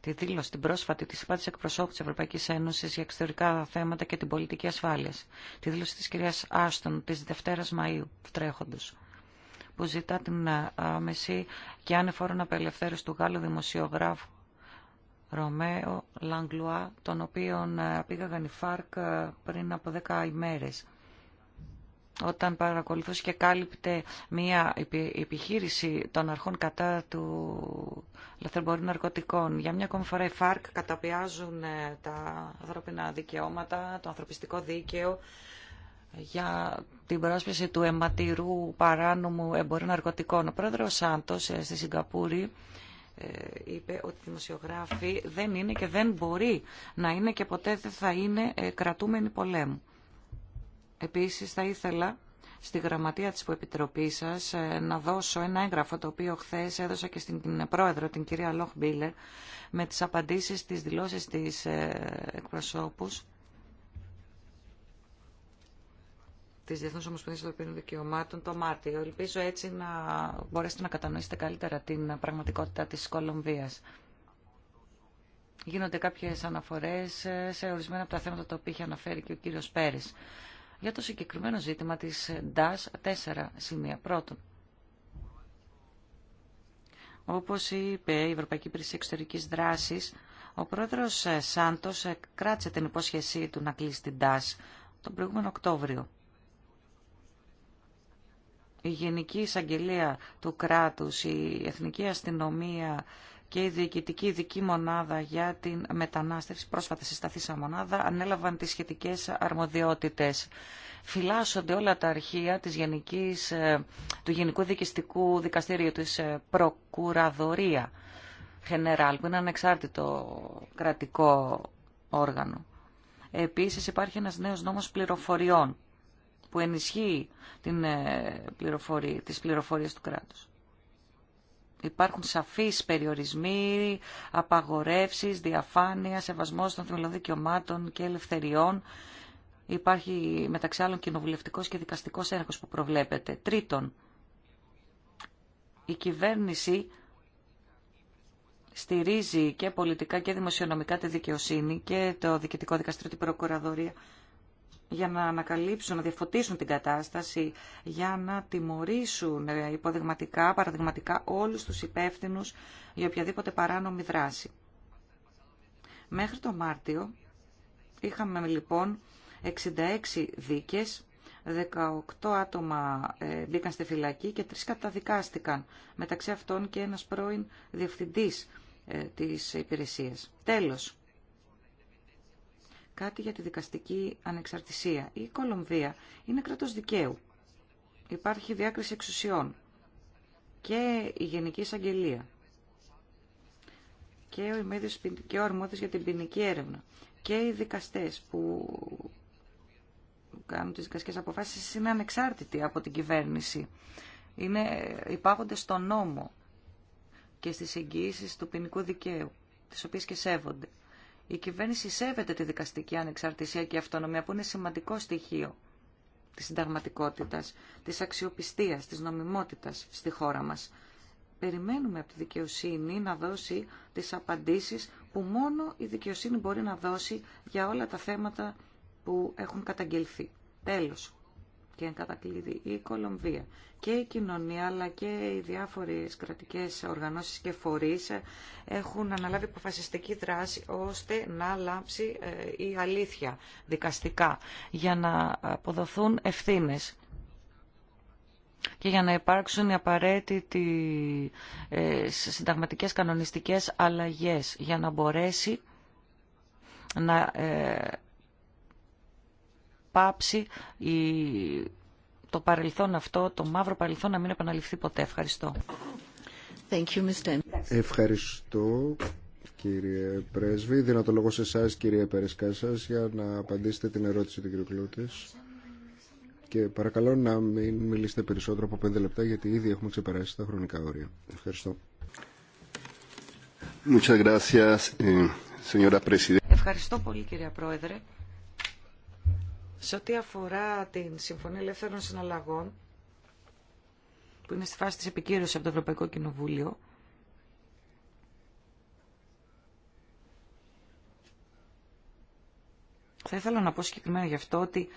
[SPEAKER 2] τη δήλωση την πρόσφατη τη υπάτη εκπροσώπου τη Ευρωπαϊκή Ένωση για εξωτερικά θέματα και την πολιτική ασφάλεια. Τη δήλωση τη κυρία Άστον τη Δευτέρα Μαου τρέχοντο που ζητά την ε, άμεση και ανεφόρον απελευθέρωση του Γάλλου δημοσιογράφου Ρωμαίο Λαγκλουά, τον οποίον ε, πήγαγαν οι ΦΑΡΚ ε, πριν από δέκα ημέρες. Όταν παρακολουθούσε και κάλυπτε μια επιχείρηση των αρχών κατά του λαθρεμπορίου ναρκωτικών. Για μια ακόμη φορά οι ΦΑΡΚ καταπιάζουν ε, τα ανθρώπινα δικαιώματα, το ανθρωπιστικό δίκαιο, για την πρόσπιση του αιματηρού παράνομου εμπορίου ναρκωτικών. Ο πρόεδρος Σάντος στη Σιγκαπούρη ε, είπε ότι οι δημοσιογράφοι δεν είναι και δεν μπορεί να είναι και ποτέ δεν θα είναι ε, κρατούμενη πολέμου. Επίσης θα ήθελα στη γραμματεία της Επιτροπής σας ε, να δώσω ένα έγγραφο το οποίο χθε έδωσα και στην πρόεδρο την κυρία Λόχ Μπίλερ με τις απαντήσεις της δηλώσεις της εκπροσώπους της Διεθνούς Ομοσπονδίας Ευρωπαϊκών Δικαιωμάτων το Μάρτιο. Ελπίζω έτσι να μπορέσετε να κατανοήσετε καλύτερα την πραγματικότητα της Κολομβίας. Γίνονται κάποιες αναφορές σε ορισμένα από τα θέματα τα οποία είχε αναφέρει και ο κύριος Πέρης. Για το συγκεκριμένο ζήτημα της ΝΤΑΣ, τέσσερα σημεία. Πρώτον, όπως είπε η Ευρωπαϊκή Υπηρεσία Εξωτερικής Δράση, ο πρόεδρος Σάντος κράτησε την υπόσχεσή του να κλείσει την ΤΑΣ τον προηγούμενο Οκτώβριο η Γενική Εισαγγελία του κράτους, η Εθνική Αστυνομία και η Διοικητική Ειδική Μονάδα για την Μετανάστευση, πρόσφατα συσταθήσα μονάδα, ανέλαβαν τις σχετικές αρμοδιότητες. Φυλάσσονται όλα τα αρχεία της Γενικής, ε, του Γενικού Δικαιστικού Δικαστήριου της ε, Προκουραδορία Γενεράλ, που είναι ανεξάρτητο κρατικό όργανο. Επίσης υπάρχει ένας νέος νόμος πληροφοριών που ενισχύει την, ε, πληροφορία, τις πληροφορίες του κράτους. Υπάρχουν σαφείς περιορισμοί, απαγορεύσεις, διαφάνεια, σεβασμός των θεμελών και ελευθεριών. Υπάρχει μεταξύ άλλων κοινοβουλευτικός και δικαστικός έργο που προβλέπεται. Τρίτον, η κυβέρνηση στηρίζει και πολιτικά και δημοσιονομικά τη δικαιοσύνη και το διοικητικό δικαστήριο, την προκουραδορία για να ανακαλύψουν, να διαφωτίσουν την κατάσταση, για να τιμωρήσουν ε, υποδειγματικά, παραδειγματικά όλους τους υπεύθυνους για οποιαδήποτε παράνομη δράση. Μέχρι το Μάρτιο είχαμε λοιπόν 66 δίκες, 18 άτομα ε, μπήκαν στη φυλακή και 3 καταδικάστηκαν, μεταξύ αυτών και ένας πρώην διευθυντής ε, της υπηρεσίας. Τέλος, κάτι για τη δικαστική ανεξαρτησία. Η Κολομβία είναι κράτος δικαίου. Υπάρχει διάκριση εξουσιών και η Γενική Εισαγγελία και ο, ημέδιος, και για την ποινική έρευνα και οι δικαστές που κάνουν τις δικαστικές αποφάσεις είναι ανεξάρτητοι από την κυβέρνηση. Είναι, υπάγονται στον νόμο και στις εγγυήσεις του ποινικού δικαίου, τις οποίες και σέβονται η κυβέρνηση σέβεται τη δικαστική ανεξαρτησία και αυτονομία που είναι σημαντικό στοιχείο της συνταγματικότητας, της αξιοπιστίας, της νομιμότητας στη χώρα μας. Περιμένουμε από τη δικαιοσύνη να δώσει τις απαντήσεις που μόνο η δικαιοσύνη μπορεί να δώσει για όλα τα θέματα που έχουν καταγγελθεί. Τέλος και κατακλείδη η Κολομβία και η κοινωνία αλλά και οι διάφορες κρατικές οργανώσεις και φορείς έχουν αναλάβει αποφασιστική δράση ώστε να λάμψει ε, η αλήθεια δικαστικά για να αποδοθούν ευθύνες και για να υπάρξουν οι απαραίτητες συνταγματικές κανονιστικές αλλαγές για να μπορέσει να ε, πάψει η... το παρελθόν αυτό, το μαύρο παρελθόν να μην επαναληφθεί ποτέ. Ευχαριστώ. Thank you, Mr.
[SPEAKER 1] Ευχαριστώ κύριε Πρέσβη. Δίνω λόγο σε εσά, κύριε Περισκάσας, για να απαντήσετε την ερώτηση του κύριου Κλώτη. Και παρακαλώ να μην μιλήσετε περισσότερο από πέντε λεπτά, γιατί ήδη έχουμε ξεπεράσει τα χρονικά όρια. Ευχαριστώ. Eh,
[SPEAKER 2] Ευχαριστώ πολύ, κύριε Πρόεδρε. Σε ό,τι αφορά την Συμφωνία Ελεύθερων Συναλλαγών, που είναι στη φάση της επικύρωσης από το Ευρωπαϊκό Κοινοβούλιο, θα ήθελα να πω συγκεκριμένα γι' αυτό ότι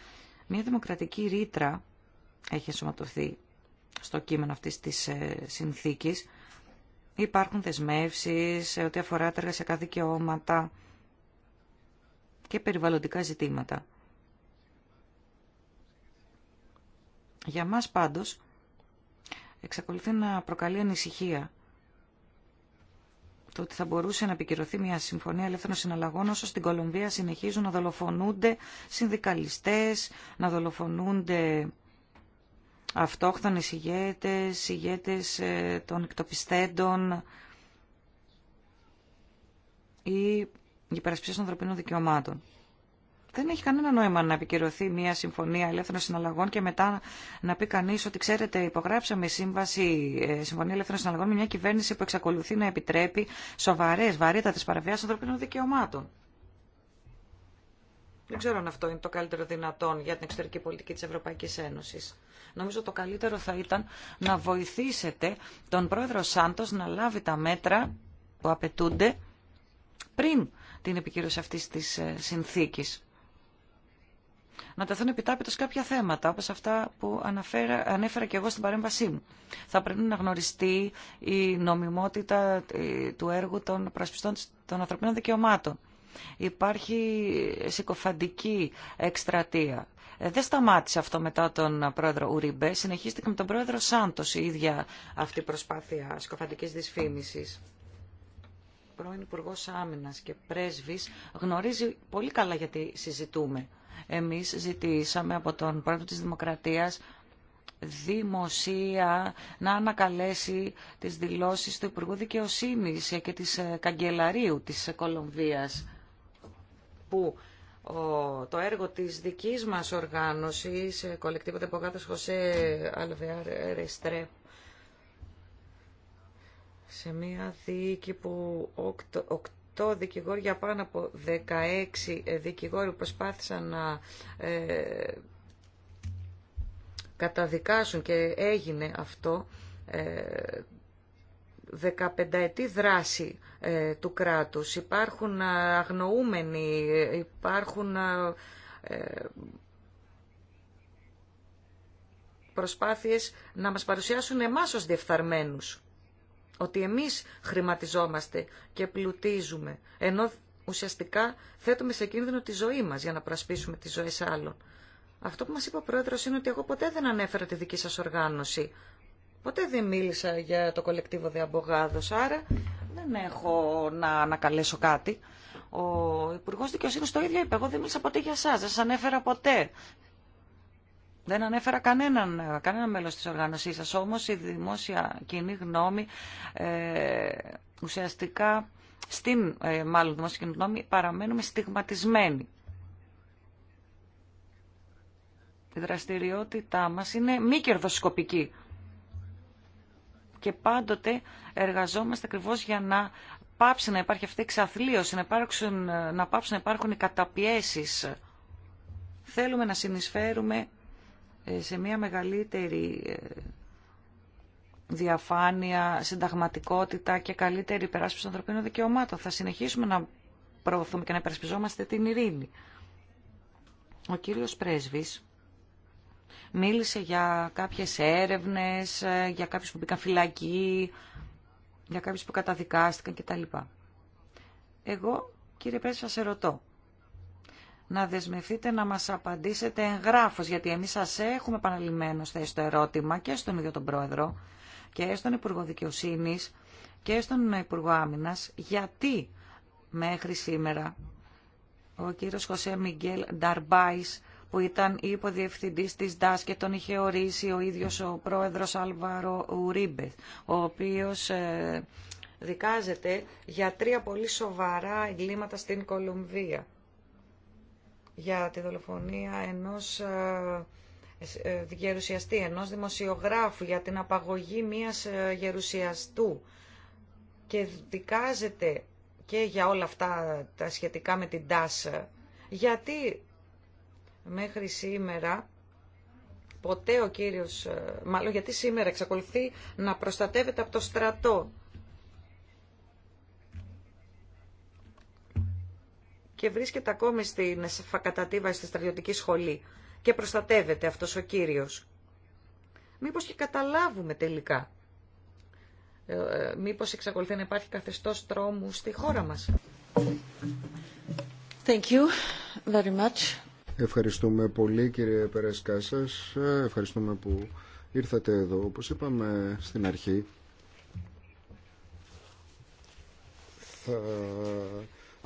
[SPEAKER 2] μια δημοκρατική ρήτρα έχει ενσωματωθεί στο κείμενο αυτής της ε, συνθήκης. Υπάρχουν δεσμεύσεις σε ό,τι αφορά τα εργασιακά δικαιώματα και περιβαλλοντικά ζητήματα. Για μας πάντως εξακολουθεί να προκαλεί ανησυχία το ότι θα μπορούσε να επικυρωθεί μια συμφωνία ελεύθερων συναλλαγών όσο στην Κολομβία συνεχίζουν να δολοφονούνται συνδικαλιστές, να δολοφονούνται αυτόχθονες ηγέτες, ηγέτες ε, των εκτοπιστέντων ή υπερασπιστές των ανθρωπίνων δικαιωμάτων. Δεν έχει κανένα νόημα να επικυρωθεί μια συμφωνία ελεύθερων συναλλαγών και μετά να πει κανεί ότι ξέρετε, υπογράψαμε σύμβαση, ε, συμφωνία ελεύθερων συναλλαγών με μια κυβέρνηση που εξακολουθεί να επιτρέπει σοβαρέ, βαρύτατε παραβιάσει ανθρωπίνων δικαιωμάτων. Δεν ξέρω αν αυτό είναι το καλύτερο δυνατόν για την εξωτερική πολιτική της Ευρωπαϊκής Ένωσης. Νομίζω το καλύτερο θα ήταν να βοηθήσετε τον πρόεδρο Σάντο να λάβει τα μέτρα που απαιτούνται πριν την επικύρωση αυτής της ε, συνθήκης να τεθούν επιτάπητο κάποια θέματα, όπως αυτά που αναφέρα, ανέφερα και εγώ στην παρέμβασή μου. Θα πρέπει να γνωριστεί η νομιμότητα ε, του έργου των προασπιστών των ανθρωπίνων δικαιωμάτων. Υπάρχει συκοφαντική εκστρατεία. Ε, δεν σταμάτησε αυτό μετά τον πρόεδρο Ουριμπέ. Συνεχίστηκε με τον πρόεδρο Σάντο η ίδια αυτή προσπάθεια συκοφαντικής δυσφήμισης πρώην Υπουργό Άμυνα και πρέσβη γνωρίζει πολύ καλά γιατί συζητούμε εμείς ζητήσαμε από τον πρόεδρο της Δημοκρατίας δημοσία να ανακαλέσει τις δηλώσεις του Υπουργού Δικαιοσύνης και της ε, Καγκελαρίου της Κολομβίας που το έργο της δικής μας οργάνωσης ε, Κολεκτήπο Τεποκάτος Χωσέ Αλβεάρ ρεστρέ σε μια δίκη που το δικηγόροι για πάνω από 16 ε, δικηγόροι προσπάθησαν να ε, καταδικάσουν και έγινε αυτό ε, 15 ετή δράση ε, του κράτους. Υπάρχουν αγνοούμενοι, υπάρχουν προσπάθειες να μας παρουσιάσουν εμάς ως διεφθαρμένους ότι εμείς χρηματιζόμαστε και πλουτίζουμε, ενώ ουσιαστικά θέτουμε σε κίνδυνο τη ζωή μας για να προασπίσουμε τις ζωές άλλων. Αυτό που μας είπε ο Πρόεδρος είναι ότι εγώ ποτέ δεν ανέφερα τη δική σας οργάνωση. Ποτέ δεν μίλησα για το κολεκτίβο Δεαμπογάδος, άρα δεν έχω να ανακαλέσω κάτι. Ο Υπουργό Δικαιοσύνη το ίδιο είπε. Εγώ δεν μίλησα ποτέ για εσά, δεν σα ανέφερα ποτέ δεν ανέφερα κανέναν, κανένα μέλος της οργάνωσής σας, όμως η δημόσια κοινή γνώμη ε, ουσιαστικά στην ε, μάλλον δημόσια κοινή γνώμη παραμένουμε στιγματισμένοι. Η δραστηριότητά μας είναι μη κερδοσκοπική και πάντοτε εργαζόμαστε ακριβώ για να πάψει να υπάρχει αυτή η εξαθλίωση, να, πάψουν να υπάρχουν οι καταπιέσεις. Θέλουμε να συνεισφέρουμε σε μια μεγαλύτερη ε, διαφάνεια, συνταγματικότητα και καλύτερη υπεράσπιση των ανθρωπίνων δικαιωμάτων. Θα συνεχίσουμε να προωθούμε και να υπερασπιζόμαστε την ειρήνη. Ο κύριος Πρέσβης μίλησε για κάποιες έρευνες, ε, για κάποιους που μπήκαν φυλακή, για κάποιους που καταδικάστηκαν κτλ. Εγώ, κύριε Πρέσβη, σας ερωτώ να δεσμευτείτε να μας απαντήσετε εγγράφως, γιατί εμείς σας έχουμε επαναλημμένο θέσει το ερώτημα και στον ίδιο τον Πρόεδρο και στον Υπουργό Δικαιοσύνη και στον Υπουργό Άμυνας, γιατί μέχρι σήμερα ο κύριος Χωσέ Μιγγέλ Νταρμπάης, που ήταν υποδιευθυντής της ΔΑΣ και τον είχε ορίσει ο ίδιος ο πρόεδρος Άλβαρο Ουρίμπεθ, ο οποίος ε, δικάζεται για τρία πολύ σοβαρά εγκλήματα στην Κολομβία για τη δολοφονία ενός ε, ε, ε, γερουσιαστή, ενός δημοσιογράφου, για την απαγωγή μίας γερουσιαστού και δικάζεται και για όλα αυτά τα σχετικά με την τάσα. Γιατί μέχρι σήμερα ποτέ ο κύριος, μάλλον γιατί σήμερα εξακολουθεί να προστατεύεται από το στρατό και βρίσκεται ακόμη στην κατατίβαση στη στρατιωτική σχολή και προστατεύεται αυτός ο κύριος. Μήπως και καταλάβουμε τελικά. Ε, ε, μήπως εξακολουθεί να υπάρχει καθεστώς τρόμου στη χώρα μας. Thank you very much.
[SPEAKER 1] Ευχαριστούμε πολύ κύριε Περέσκά σας. Ευχαριστούμε που ήρθατε εδώ. Όπως είπαμε στην αρχή, θα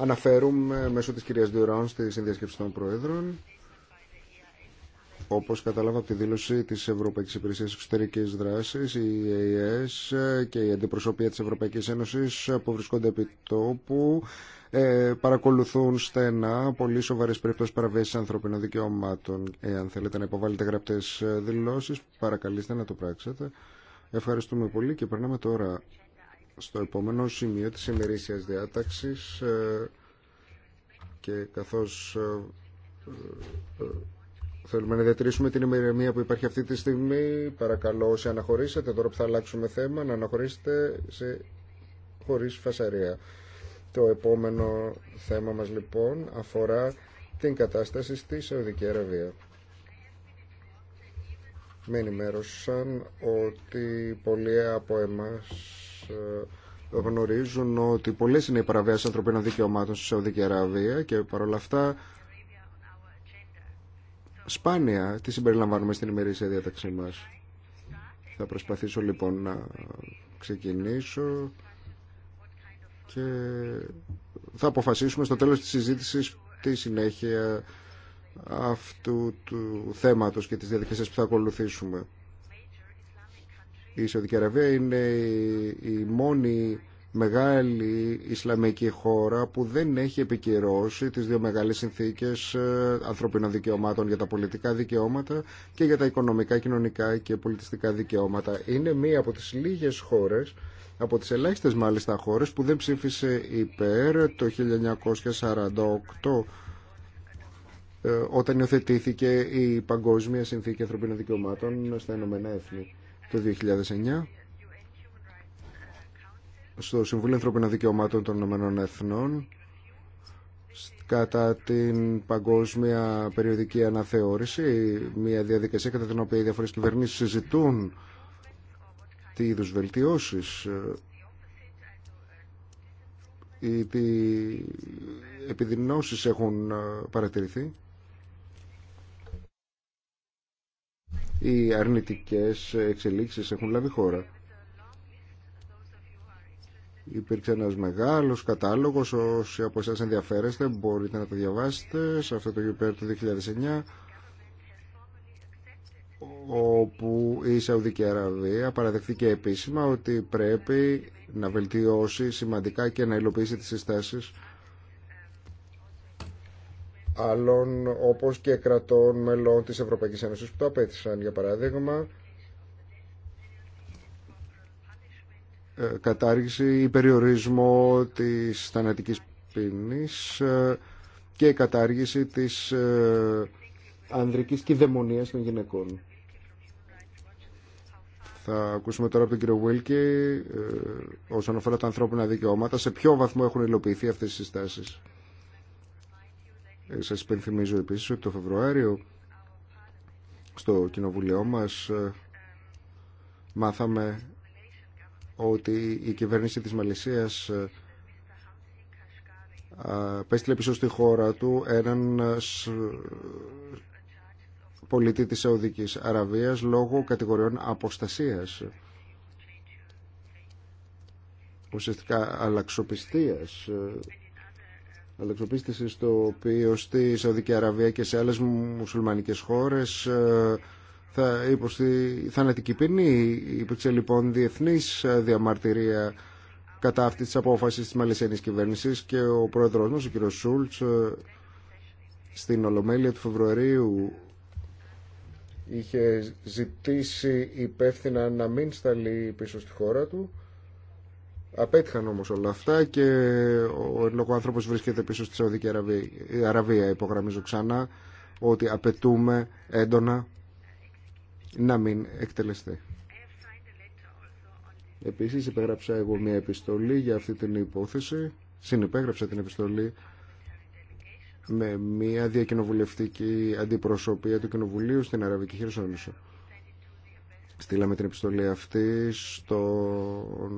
[SPEAKER 1] αναφέρουμε μέσω της κυρίας Διουράων στη συνδιασκέψη των Προέδρων όπως κατάλαβα από τη δήλωση της Ευρωπαϊκής Υπηρεσίας Εξωτερικής Δράσης, η ΕΕΣ και η αντιπροσωπεία της Ευρωπαϊκής Ένωσης που βρισκόνται επί τόπου ε, παρακολουθούν στενά πολύ σοβαρές περιπτώσεις παραβίασης ανθρωπίνων δικαιωμάτων. Εάν θέλετε να υποβάλλετε γραπτές δηλώσεις, παρακαλείστε να το πράξετε. Ευχαριστούμε πολύ και περνάμε τώρα στο επόμενο σημείο της ημερήσιας διάταξης ε, και καθώς ε, ε, θέλουμε να διατηρήσουμε την ημερομία που υπάρχει αυτή τη στιγμή, παρακαλώ όσοι αναχωρήσετε, τώρα που θα αλλάξουμε θέμα, να αναχωρήσετε σε... χωρίς φασαρία. Το επόμενο θέμα μας λοιπόν αφορά την κατάσταση στη Σαουδική Αραβία. Με ενημέρωσαν ότι πολλοί από εμάς ε, γνωρίζουν ότι πολλές είναι οι παραβιάσεις ανθρωπίνων δικαιωμάτων στη Σαουδική Αραβία και παρόλα αυτά σπάνια τι συμπεριλαμβάνουμε στην ημερήσια διάταξή μας. Θα προσπαθήσω λοιπόν να ξεκινήσω και θα αποφασίσουμε στο τέλος της συζήτησης τη συνέχεια αυτού του θέματος και τις διαδικασίες που θα ακολουθήσουμε. Η Σαουδική Αραβία είναι η μόνη μεγάλη Ισλαμική χώρα που δεν έχει επικυρώσει τις δύο μεγάλες συνθήκες ε, ανθρωπίνων δικαιωμάτων για τα πολιτικά δικαιώματα και για τα οικονομικά, κοινωνικά και πολιτιστικά δικαιώματα. Είναι μία από τις λίγες χώρες, από τις ελάχιστες μάλιστα χώρες που δεν ψήφισε υπέρ το 1948 ε, όταν υιοθετήθηκε η Παγκόσμια Συνθήκη Ανθρωπίνων Δικαιωμάτων στα Ηνωμένα Έθνη το 2009 στο Συμβούλιο Ανθρωπίνων Δικαιωμάτων των Ηνωμένων Εθνών κατά την παγκόσμια περιοδική αναθεώρηση, μια διαδικασία κατά την οποία οι διαφορές κυβερνήσεις συζητούν τι είδους βελτιώσεις ε, ή τι επιδεινώσεις έχουν ε, παρατηρηθεί. οι αρνητικές εξελίξεις έχουν λάβει χώρα. Υπήρξε ένας μεγάλος κατάλογος, όσοι από εσάς ενδιαφέρεστε μπορείτε να το διαβάσετε σε αυτό το UPR του 2009 όπου η Σαουδική Αραβία παραδεχθήκε επίσημα ότι πρέπει να βελτιώσει σημαντικά και να υλοποιήσει τις συστάσεις άλλων όπως και κρατών μελών της Ευρωπαϊκής Ένωσης που το απέτησαν για παράδειγμα ε, κατάργηση ή περιορισμό της θανατικής ποινής ε, και κατάργηση της ε, ανδρικής κυδαιμονίας των γυναικών. Θα ακούσουμε τώρα από τον κύριο Βίλκη όσον αφορά τα ανθρώπινα δικαιώματα σε ποιο βαθμό έχουν υλοποιηθεί αυτές οι συστάσεις. Ε, σας υπενθυμίζω επίσης ότι το Φεβρουάριο στο κοινοβουλίο μας ε, μάθαμε ότι η κυβέρνηση της Μαλαισίας ε, πέστειλε πίσω στη χώρα του έναν πολιτή της Σαουδικής Αραβίας λόγω κατηγοριών αποστασίας ουσιαστικά αλλαξοπιστίας Αλλαξοπίστηση στο οποίο στη Σαουδική Αραβία και σε άλλες μουσουλμανικές χώρες ε, θα υποστεί θανατική ποινή. Υπήρξε λοιπόν διεθνής ε, διαμαρτυρία κατά αυτή της απόφασης της μαλαισιανής κυβέρνησης και ο πρόεδρος μας, ο κ. Σούλτς, ε, στην Ολομέλεια του Φεβρουαρίου είχε ζητήσει υπεύθυνα να μην σταλεί πίσω στη χώρα του Απέτυχαν όμω όλα αυτά και ο ελληνικό άνθρωπος βρίσκεται πίσω στη Σαουδική Αραβία. Υπογραμμίζω ξανά ότι απαιτούμε έντονα να μην εκτελεστεί. Επίσης υπέγραψα εγώ μια επιστολή για αυτή την υπόθεση. Συνυπέγραψα την επιστολή με μια διακοινοβουλευτική αντιπροσωπεία του Κοινοβουλίου στην Αραβική Χερσόνησο. Στείλαμε την επιστολή αυτή στον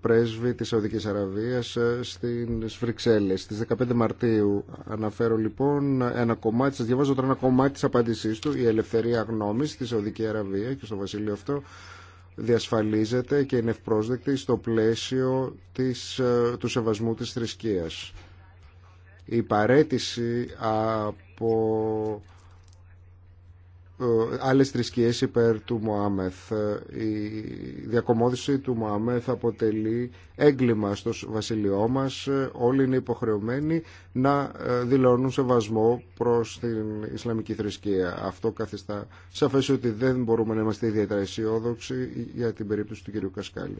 [SPEAKER 1] πρέσβη της Σαουδικής Αραβίας ε, στην Βρυξέλλες στις 15 Μαρτίου αναφέρω λοιπόν ένα κομμάτι σας διαβάζω τώρα ένα κομμάτι της απάντησής του η ελευθερία γνώμης στη Σαουδική Αραβία και στο βασίλειο αυτό διασφαλίζεται και είναι ευπρόσδεκτη στο πλαίσιο της, ε, του σεβασμού της θρησκείας η παρέτηση από ε, άλλες θρησκείες υπέρ του Μωάμεθ. Ε, η διακομόδηση του Μωάμεθ αποτελεί έγκλημα στο βασιλειό μας. Ε, όλοι είναι υποχρεωμένοι να δηλώνουν σεβασμό προς την Ισλαμική θρησκεία. Αυτό καθιστά σαφές ότι δεν μπορούμε να είμαστε ιδιαίτερα αισιόδοξοι για την περίπτωση του κ. Κασκάλη.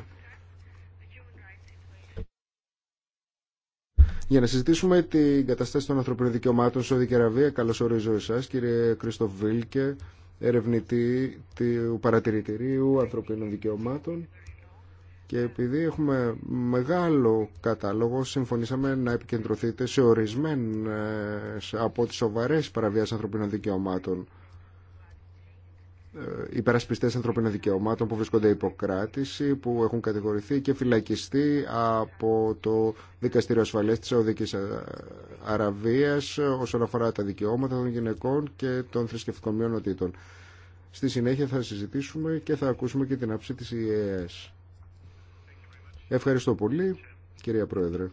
[SPEAKER 1] Για να συζητήσουμε την κατάσταση των ανθρωπίνων δικαιωμάτων σε Σαουδική Αραβία, καλώ ορίζω εσά, κύριε Κρίστοφ Βίλκε, ερευνητή του Παρατηρητηρίου Ανθρωπίνων Δικαιωμάτων. Και επειδή έχουμε μεγάλο κατάλογο, συμφωνήσαμε να επικεντρωθείτε σε ορισμένες από τι σοβαρέ παραβιάσει ανθρωπίνων δικαιωμάτων ε, υπερασπιστέ ανθρωπίνων δικαιωμάτων που βρίσκονται υποκράτηση, που έχουν κατηγορηθεί και φυλακιστεί από το Δικαστήριο ασφαλέία της Σαουδική Αραβίας όσον αφορά τα δικαιώματα των γυναικών και των θρησκευτικών μειονοτήτων. Στη συνέχεια θα συζητήσουμε και θα ακούσουμε και την άψη τη ΙΕΕΣ. Ευχαριστώ πολύ, κυρία Πρόεδρε.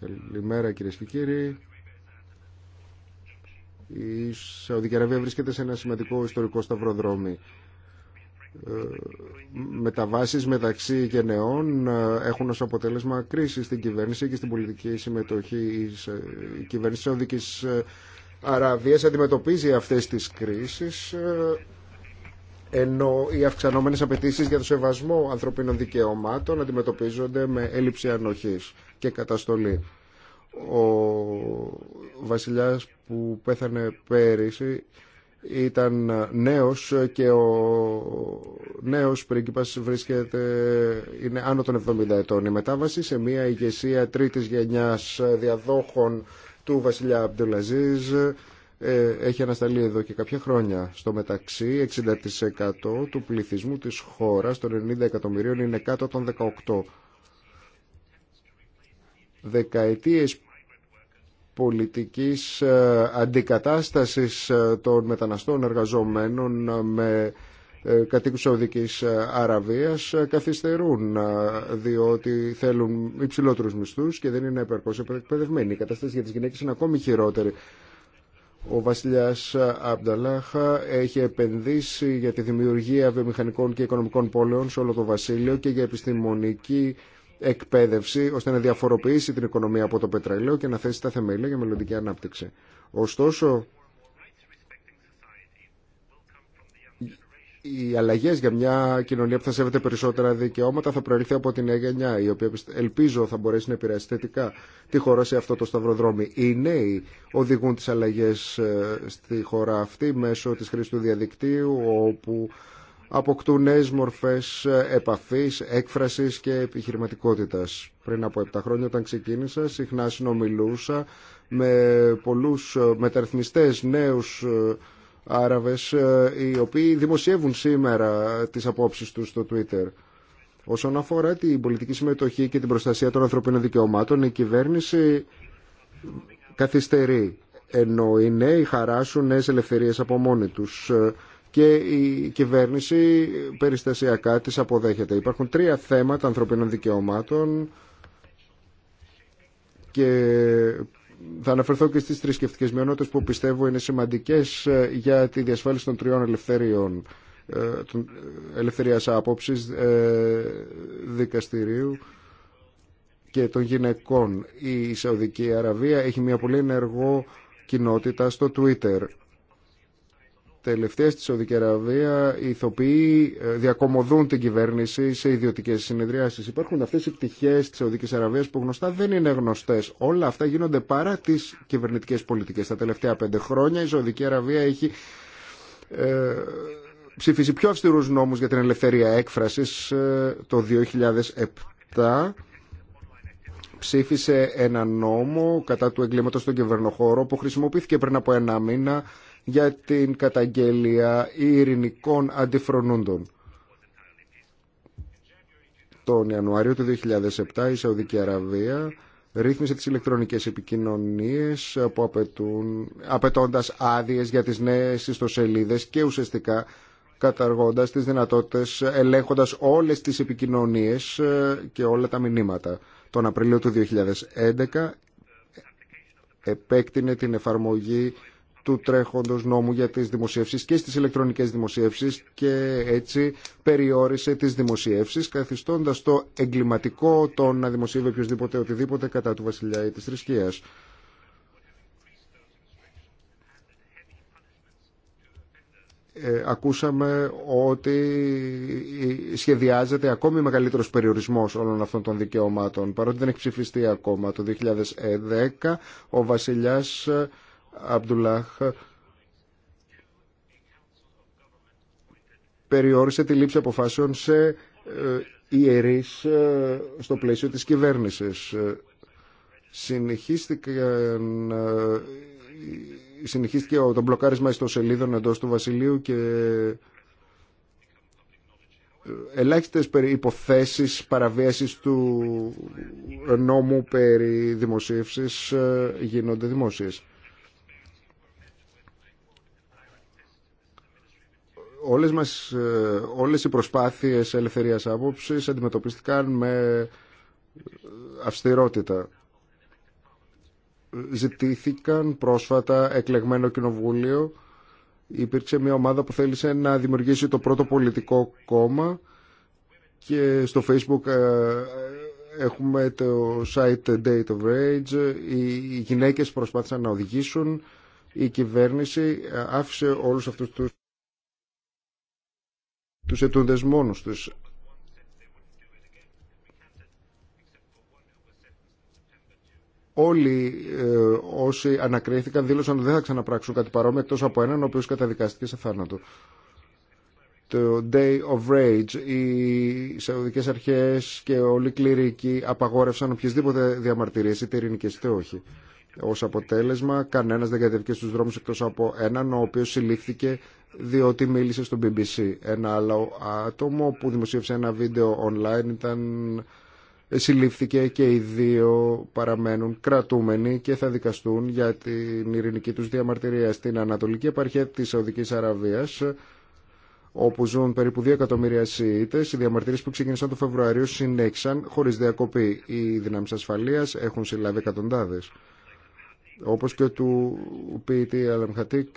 [SPEAKER 1] Καλημέρα κύριε και κύριοι. Η Σαουδική Αραβία βρίσκεται σε ένα σημαντικό ιστορικό σταυροδρόμι. Ε, μεταβάσεις μεταξύ γενεών ε, έχουν ως αποτέλεσμα κρίση στην κυβέρνηση και στην πολιτική συμμετοχή. Η κυβέρνηση της Σαουδικής ε, Αραβίας αντιμετωπίζει αυτές τις κρίσεις ενώ οι αυξανόμενες απαιτήσει για το σεβασμό ανθρωπίνων δικαιωμάτων αντιμετωπίζονται με έλλειψη ανοχής και καταστολή. Ο βασιλιάς που πέθανε πέρυσι ήταν νέος και ο νέος πρίγκιπας βρίσκεται, είναι άνω των 70 ετών. Η μετάβαση σε μια ηγεσία τρίτης γενιάς διαδόχων του βασιλιά Αμπτουλαζίζ ε, έχει ανασταλεί εδώ και κάποια χρόνια. Στο μεταξύ, 60% του πληθυσμού της χώρας των 90 εκατομμυρίων είναι κάτω των 18. Δεκαετίες πολιτικής ε, αντικατάστασης ε, των μεταναστών εργαζομένων ε, με κατοίκους Σαουδικής Αραβίας καθυστερούν διότι θέλουν υψηλότερους μισθούς και δεν είναι επαρκώς εκπαιδευμένοι. Η κατάσταση για τις γυναίκες είναι ακόμη χειρότερη. Ο βασιλιάς Αμπταλάχα έχει επενδύσει για τη δημιουργία βιομηχανικών και οικονομικών πόλεων σε όλο το βασίλειο και για επιστημονική εκπαίδευση ώστε να διαφοροποιήσει την οικονομία από το πετρέλαιο και να θέσει τα θεμέλια για μελλοντική ανάπτυξη. Ωστόσο, οι αλλαγέ για μια κοινωνία που θα σέβεται περισσότερα δικαιώματα θα προελθεί από την νέα γενιά, η οποία ελπίζω θα μπορέσει να επηρεάσει θετικά τη χώρα σε αυτό το σταυροδρόμι. Οι νέοι οδηγούν τι αλλαγέ ε, στη χώρα αυτή μέσω τη χρήση του διαδικτύου, όπου αποκτούν νέε μορφέ επαφή, έκφραση και επιχειρηματικότητα. Πριν από 7 χρόνια, όταν ξεκίνησα, συχνά συνομιλούσα με πολλούς μεταρρυθμιστέ, νέους ε, Άραβε, ε, οι οποίοι δημοσιεύουν σήμερα τι απόψει του στο Twitter. Όσον αφορά την πολιτική συμμετοχή και την προστασία των ανθρωπίνων δικαιωμάτων, η κυβέρνηση καθυστερεί, ενώ οι νέοι χαράσουν νέε ελευθερίε από μόνοι του. Ε, και η κυβέρνηση περιστασιακά τις αποδέχεται. Υπάρχουν τρία θέματα ανθρωπίνων δικαιωμάτων και θα αναφερθώ και στις θρησκευτικέ μειονότητες που πιστεύω είναι σημαντικές ε, για τη διασφάλιση των τριών ελευθεριών ε, ε, ελευθερίας άποψης δικαστηρίου και των γυναικών. Η Σαουδική Αραβία έχει μια πολύ ενεργό κοινότητα στο Twitter τελευταία στη Σαουδική Αραβία οι ηθοποιοί ε, διακομωδούν την κυβέρνηση σε ιδιωτικέ συνεδριάσει. Υπάρχουν αυτέ οι πτυχέ τη Σαουδική Αραβία που γνωστά δεν είναι γνωστέ. Όλα αυτά γίνονται παρά τι κυβερνητικέ πολιτικέ. Τα τελευταία πέντε χρόνια η Σαουδική Αραβία έχει ε, ψήφισε πιο αυστηρού νόμου για την ελευθερία έκφρασης ε, το 2007 ψήφισε ένα νόμο κατά του εγκλήματος στον κυβερνοχώρο που χρησιμοποιήθηκε πριν από ένα μήνα για την καταγγελία ειρηνικών αντιφρονούντων. Τον Ιανουάριο του 2007 η Σαουδική Αραβία ρύθμισε τις ηλεκτρονικές επικοινωνίες που απαιτούν, απαιτώντας άδειες για τις νέες ιστοσελίδες και ουσιαστικά καταργώντας τις δυνατότητες, ελέγχοντας όλες τις επικοινωνίες ε, και όλα τα μηνύματα. Τον Απριλίο του 2011 ε, επέκτηνε την εφαρμογή του τρέχοντος νόμου για τις δημοσιεύσεις και στις ηλεκτρονικές δημοσιεύσεις και έτσι περιόρισε τις δημοσιεύσεις καθιστώντας το εγκληματικό το να δημοσιεύει οποιοδήποτε οτιδήποτε κατά του βασιλιά ή της θρησκείας. Ε, ακούσαμε ότι σχεδιάζεται ακόμη μεγαλύτερος περιορισμός όλων αυτών των δικαιωμάτων. Παρότι δεν έχει ψηφιστεί ακόμα το 2010, ο βασιλιάς Αμπτουλάχ περιόρισε τη λήψη αποφάσεων σε ε, ιερείς ε, στο πλαίσιο της κυβέρνησης. Συνεχίστηκαν συνεχίστηκε ε, το μπλοκάρισμα ιστοσελίδων εντός του Βασιλείου και ελάχιστες υποθέσεις παραβίασης του νόμου περί δημοσίευσης γίνονται δημόσιες. όλες, μας, ε, όλες οι προσπάθειες ελευθερίας άποψης αντιμετωπίστηκαν με ε, αυστηρότητα. Ζητήθηκαν πρόσφατα εκλεγμένο κοινοβούλιο. Υπήρξε μια ομάδα που θέλησε να δημιουργήσει το πρώτο πολιτικό κόμμα και στο facebook ε, έχουμε το site Date of Rage. Οι γυναίκες προσπάθησαν να οδηγήσουν. Η κυβέρνηση άφησε όλους αυτούς τους τους ετούντες μόνους τους. Όλοι ε, όσοι ανακρίθηκαν δήλωσαν ότι δεν θα ξαναπράξουν κάτι παρόμοιο εκτός από έναν ο οποίος καταδικαστήκε σε θάνατο. Το Day of Rage, οι Σαουδικές Αρχές και όλοι οι κληρικοί απαγόρευσαν οποιασδήποτε διαμαρτυρίες, είτε ειρηνικές είτε όχι. Ω αποτέλεσμα, κανένα δεν κατεβήκε στου δρόμου εκτό από έναν ο οποίο συλλήφθηκε διότι μίλησε στο BBC. Ένα άλλο άτομο που δημοσίευσε ένα βίντεο online ήταν ε, συλλήφθηκε και οι δύο παραμένουν κρατούμενοι και θα δικαστούν για την ειρηνική τους διαμαρτυρία στην Ανατολική επαρχία της Σαουδικής Αραβίας όπου ζουν περίπου 2 εκατομμύρια ΣΥΙΤΕΣ. Οι διαμαρτυρίες που ξεκίνησαν το Φεβρουαρίο συνέξαν, χωρίς διακοπή. Οι δυνάμεις ασφαλείας έχουν συλλάβει εκατοντάδες όπως και του ποιητή Αλεμχατίκ,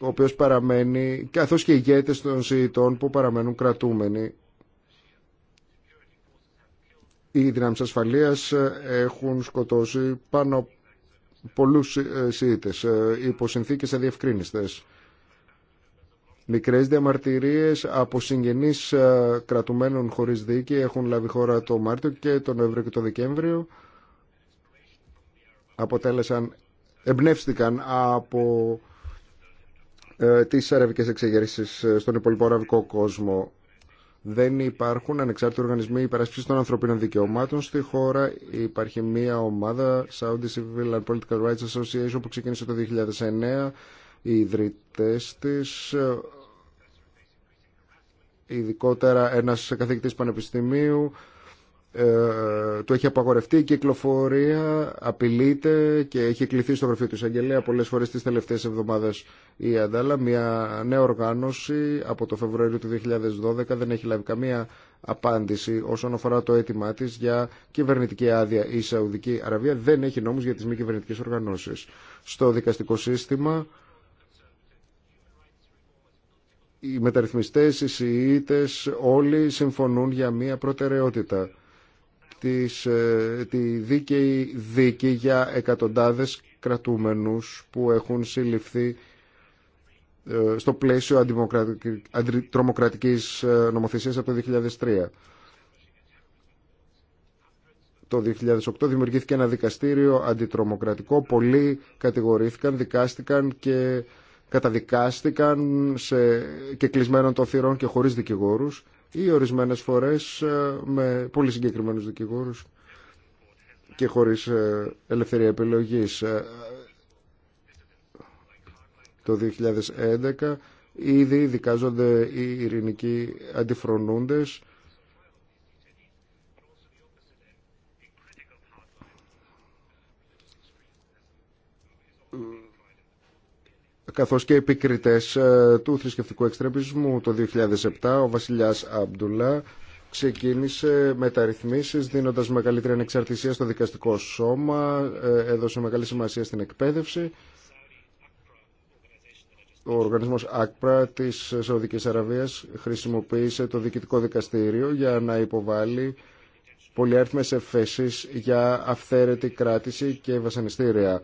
[SPEAKER 1] ο οποίος παραμένει, καθώς και ηγέτες των ΣΥΙΤΟΝ που παραμένουν κρατούμενοι. Οι δυνάμεις ασφαλείας έχουν σκοτώσει πάνω πολλούς ε, συζητές ε, υπό συνθήκες αδιευκρίνηστες. Μικρές διαμαρτυρίες από συγγενείς ε, κρατουμένων χωρίς δίκη έχουν λάβει χώρα το Μάρτιο και τον Νοέμβριο και τον Δεκέμβριο αποτέλεσαν, εμπνεύστηκαν από ε, τις αραβικές εξεγέρσεις ε, στον υπόλοιπο αραβικό κόσμο. Δεν υπάρχουν ανεξάρτητοι οργανισμοί υπερασπίσης των ανθρωπίνων δικαιωμάτων στη χώρα. Υπάρχει μία ομάδα, Saudi Civil and Political Rights Association, που ξεκίνησε το 2009. Οι ιδρυτές της, ε, ειδικότερα ένας καθηγητής πανεπιστημίου, ε, του έχει απαγορευτεί η κυκλοφορία, απειλείται και έχει κληθεί στο γραφείο του εισαγγελέα πολλές φορές τις τελευταίες εβδομάδες η Αντάλα. Μια νέα οργάνωση από το Φεβρουάριο του 2012 δεν έχει λάβει καμία απάντηση όσον αφορά το αίτημά τη για κυβερνητική άδεια. Η Σαουδική Αραβία δεν έχει νόμους για τις μη κυβερνητικέ οργανώσεις. Στο δικαστικό σύστημα οι μεταρρυθμιστές, οι ΣΥΙΤΕΣ όλοι συμφωνούν για μια προτεραιότητα ε, τη δίκαιη δίκη για εκατοντάδες κρατούμενους που έχουν συλληφθεί ε, στο πλαίσιο αντιτρομοκρατικής ε, νομοθεσίας από το 2003. Το 2008 δημιουργήθηκε ένα δικαστήριο αντιτρομοκρατικό. Πολλοί κατηγορήθηκαν, δικάστηκαν και καταδικάστηκαν σε, και κλεισμένων των θυρών και χωρίς δικηγόρους ή ορισμένες φορές ε, με πολύ συγκεκριμένους δικηγόρους και χωρίς ε, ελευθερία επιλογής. Ε, το 2011 ήδη δικάζονται οι ειρηνικοί αντιφρονούντες καθώς και επικριτές ε, του θρησκευτικού εξτρεμισμού. Το 2007 ο βασιλιάς Αμπτουλά ξεκίνησε μεταρρυθμίσεις δίνοντας μεγαλύτερη ανεξαρτησία στο δικαστικό σώμα, ε, έδωσε μεγάλη σημασία στην εκπαίδευση. Ο οργανισμός ΑΚΠΡΑ της Σαουδικής Αραβίας χρησιμοποίησε το διοικητικό δικαστήριο για να υποβάλει πολυάριθμες εφέσεις για αυθαίρετη κράτηση και βασανιστήρια.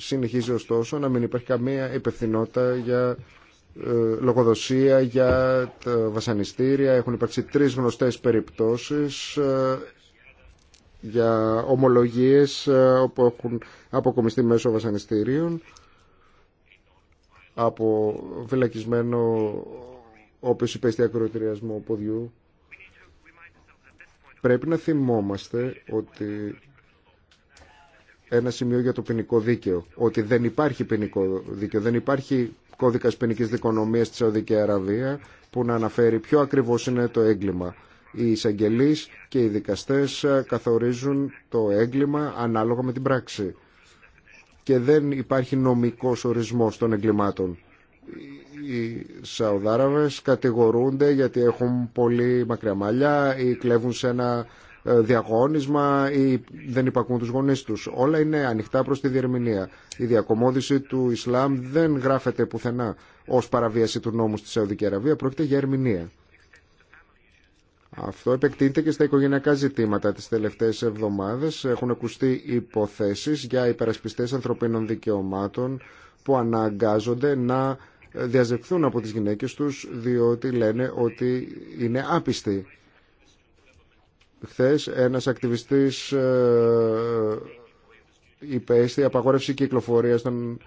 [SPEAKER 1] Συνεχίζει ωστόσο να μην υπάρχει καμία υπευθυνότητα για ε, λογοδοσία για τα βασανιστήρια. Έχουν υπάρξει τρεις γνωστές περιπτώσεις ε, για ομολογίες ε, όπου έχουν αποκομιστεί μέσω βασανιστήριων από φυλακισμένο όπως οποίος υπέστη ακροτηριασμό ποδιού. Πρέπει να θυμόμαστε ότι ένα σημείο για το ποινικό δίκαιο. Ότι δεν υπάρχει ποινικό δίκαιο, δεν υπάρχει κώδικα ποινική δικονομία στη Σαουδική Αραβία που να αναφέρει ποιο ακριβώ είναι το έγκλημα. Οι εισαγγελεί και οι δικαστέ ε, καθορίζουν το έγκλημα ανάλογα με την πράξη. Και δεν υπάρχει νομικό ορισμό των εγκλημάτων. Οι Σαουδάραβες κατηγορούνται γιατί έχουν πολύ μακριά μαλλιά ή κλέβουν σε ένα ε, διαγώνισμα ή δεν υπακούν τους γονείς τους. Όλα είναι ανοιχτά προς τη διερμηνία. Η διακομόδηση του Ισλάμ δεν γράφεται πουθενά ως παραβίαση του νόμου στη Σαουδική Αραβία. Πρόκειται για ερμηνεία. Αυτό επεκτείνεται και στα οικογενειακά ζητήματα. Τις τελευταίες εβδομάδες έχουν ακουστεί υποθέσεις για υπερασπιστές ανθρωπίνων δικαιωμάτων που αναγκάζονται να διαζευθούν από τις γυναίκες τους διότι λένε ότι είναι άπιστοι χθες ένας ακτιβιστής υπέστη ε, απαγόρευση κυκλοφορίας των...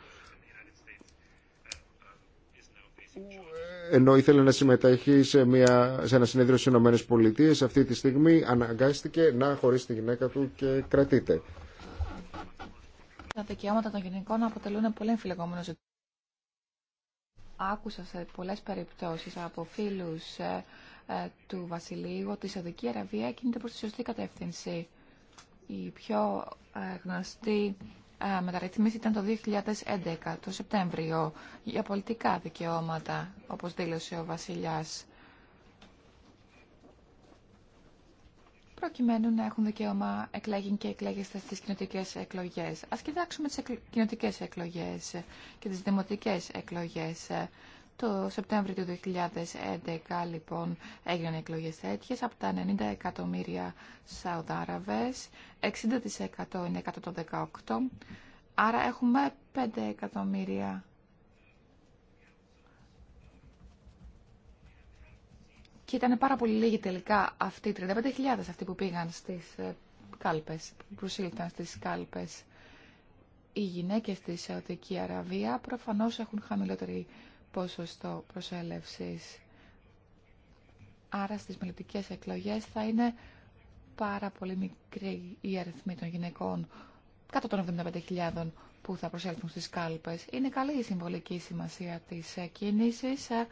[SPEAKER 1] ενώ ήθελε να συμμετέχει σε, μια, σε ένα συνέδριο στις Ηνωμένες αυτή τη στιγμή αναγκάστηκε να χωρίσει τη γυναίκα του και κρατείται.
[SPEAKER 3] Τα δικαιώματα των γυναικών αποτελούν πολύ εμφυλεγόμενο ζήτημα. Άκουσα σε πολλές περιπτώσεις από φίλους ε, ε, του Βασιλείου ότι η Σαουδική Αραβία κινείται προς τη σωστή κατεύθυνση. Η πιο ε, γνωστή ε, μεταρρυθμίση ήταν το 2011, το Σεπτέμβριο, για πολιτικά δικαιώματα, όπως δήλωσε ο Βασιλιάς. προκειμένου να έχουν δικαίωμα εκλέγην και εκλέγεστε στις κοινοτικές εκλογές. Ας κοιτάξουμε τις κοινοτικές εκλογές και τις δημοτικές εκλογές. Το Σεπτέμβριο του 2011 λοιπόν έγιναν εκλογές τέτοιες. Από τα 90 εκατομμύρια Σαουδάραβες, 60% είναι 118. Άρα έχουμε 5 εκατομμύρια Και ήταν πάρα πολύ λίγοι τελικά αυτοί, 35.000 αυτοί που πήγαν στις ε, κάλπες, που προσήλθαν στις κάλπες. Οι γυναίκες στη Σαουδική Αραβία προφανώς έχουν χαμηλότερη ποσοστό προσέλευσης. Άρα στις μελλοντικές εκλογές θα είναι πάρα πολύ μικρή η αριθμή των γυναικών κάτω των 75.000 που θα προσέλθουν στις κάλπες. Είναι καλή η συμβολική σημασία της ε, κίνησης, ε,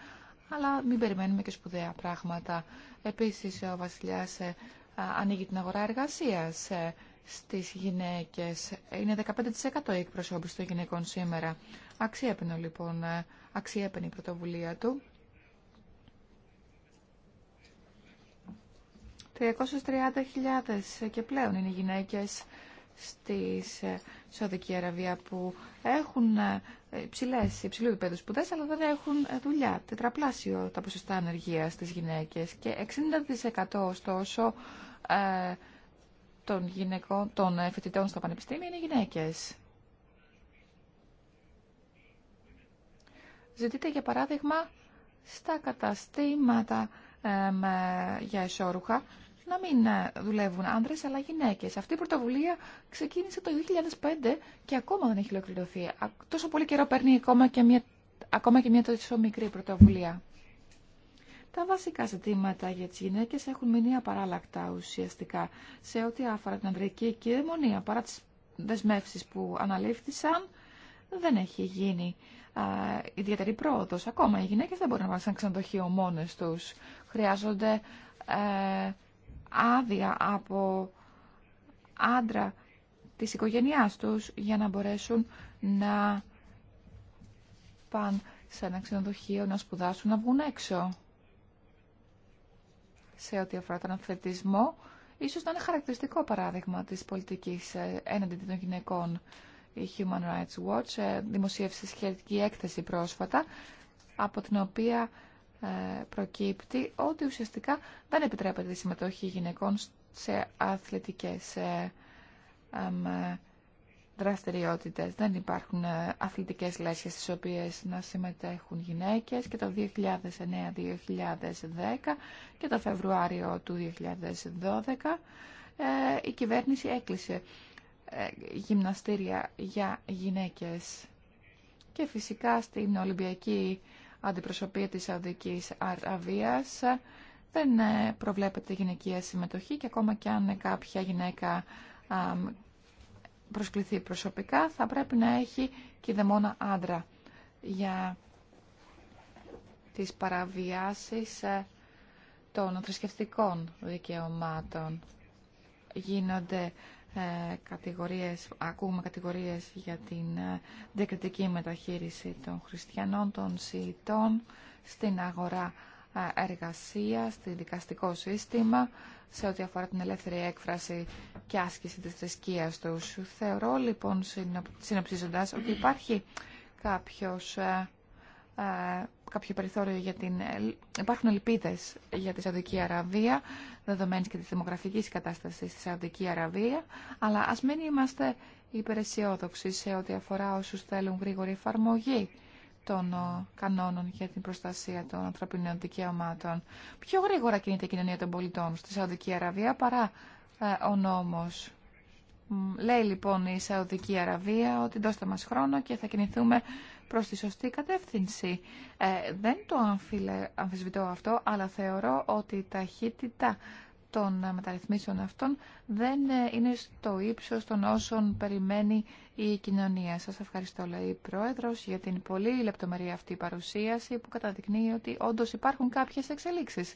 [SPEAKER 3] αλλά μην περιμένουμε και σπουδαία πράγματα. Επίσης, ο Βασιλιάς ε, ανοίγει την αγορά εργασίας στις γυναίκες. Είναι 15% η εκπροσώπηση των γυναικών σήμερα. Αξιέπαινο λοιπόν, ε, αξιέπαινη η πρωτοβουλία του. 330.000 ε, και πλέον είναι οι γυναίκες στη ε, Σαουδική Αραβία που έχουν ψηλές υψηλού επίπεδου σπουδέ, αλλά δεν έχουν δουλειά. Τετραπλάσιο τα ποσοστά ανεργία στις γυναίκες και 60% ωστόσο των γυναικών, των φοιτητών στο πανεπιστήμιο είναι γυναίκες. Ζητείτε για παράδειγμα στα καταστήματα με για εσώρουχα να μην ε, δουλεύουν άνδρες αλλά γυναίκες. Αυτή η πρωτοβουλία ξεκίνησε το 2005 και ακόμα δεν έχει ολοκληρωθεί. Τόσο πολύ καιρό παίρνει ακόμα και μια, ακόμα και μια τόσο μικρή πρωτοβουλία. Τα βασικά ζητήματα για τις γυναίκες έχουν μείνει απαράλλακτα ουσιαστικά σε ό,τι αφορά την ανδρική κυδαιμονία. Παρά τις δεσμεύσεις που αναλήφθησαν, δεν έχει γίνει α, ιδιαίτερη πρόοδος. Ακόμα οι γυναίκες δεν μπορούν να βάλουν ξενοδοχείο μόνες τους. Χρειάζονται ε, άδεια από άντρα της οικογένειάς τους για να μπορέσουν να πάνε σε ένα ξενοδοχείο, να σπουδάσουν, να βγουν έξω σε ό,τι αφορά τον αθλητισμό, ίσως να είναι χαρακτηριστικό παράδειγμα της πολιτικής ε, έναντι των γυναικών. Η Human Rights Watch ε, δημοσίευσε σχετική έκθεση πρόσφατα, από την οποία ε, προκύπτει ότι ουσιαστικά δεν επιτρέπεται η συμμετοχή γυναικών σε αθλητικές δεν υπάρχουν ε, αθλητικές λέσχες στις οποίες να συμμετέχουν γυναίκες και το 2009-2010 και το Φεβρουάριο του 2012 ε, η κυβέρνηση έκλεισε ε, γυμναστήρια για γυναίκες. Και φυσικά στην Ολυμπιακή Αντιπροσωπεία της Σαουδικής Αραβίας δεν προβλέπεται γυναικεία συμμετοχή και ακόμα και αν κάποια γυναίκα προσκληθεί προσωπικά θα πρέπει να έχει και δαιμόνα άντρα για τις παραβιάσεις ε, των θρησκευτικών δικαιωμάτων. Γίνονται ε, κατηγορίες, ακούμε κατηγορίες για την ε, διακριτική μεταχείριση των χριστιανών, των σιητών στην αγορά εργασία, στη δικαστικό σύστημα, σε ό,τι αφορά την ελεύθερη έκφραση και άσκηση της θρησκείας του. Θεωρώ λοιπόν, συνοψίζοντας, ότι υπάρχει κάποιος, ε, ε, κάποιο περιθώριο για την... Υπάρχουν ελπίδες για τη Σαουδική Αραβία, δεδομένης και της δημογραφικής κατάστασης στη Σαουδική Αραβία, αλλά ας μην είμαστε υπεραισιόδοξοι σε ό,τι αφορά όσους θέλουν γρήγορη εφαρμογή των ε, κανόνων για την προστασία των ανθρωπινών δικαιωμάτων. Πιο γρήγορα κινείται η κοινωνία των πολιτών στη Σαουδική Αραβία παρά ε, ο νόμος. Λέει λοιπόν η Σαουδική Αραβία ότι δώστε μας χρόνο και θα κινηθούμε προς τη σωστή κατεύθυνση. Ε, δεν το αμφισβητώ αυτό, αλλά θεωρώ ότι η ταχύτητα των μεταρρυθμίσεων αυτών δεν ε, είναι στο ύψος των όσων περιμένει η κοινωνία. Σας ευχαριστώ, λέει η Πρόεδρος, για την πολύ λεπτομερή αυτή παρουσίαση που καταδεικνύει ότι όντως υπάρχουν κάποιες εξελίξεις.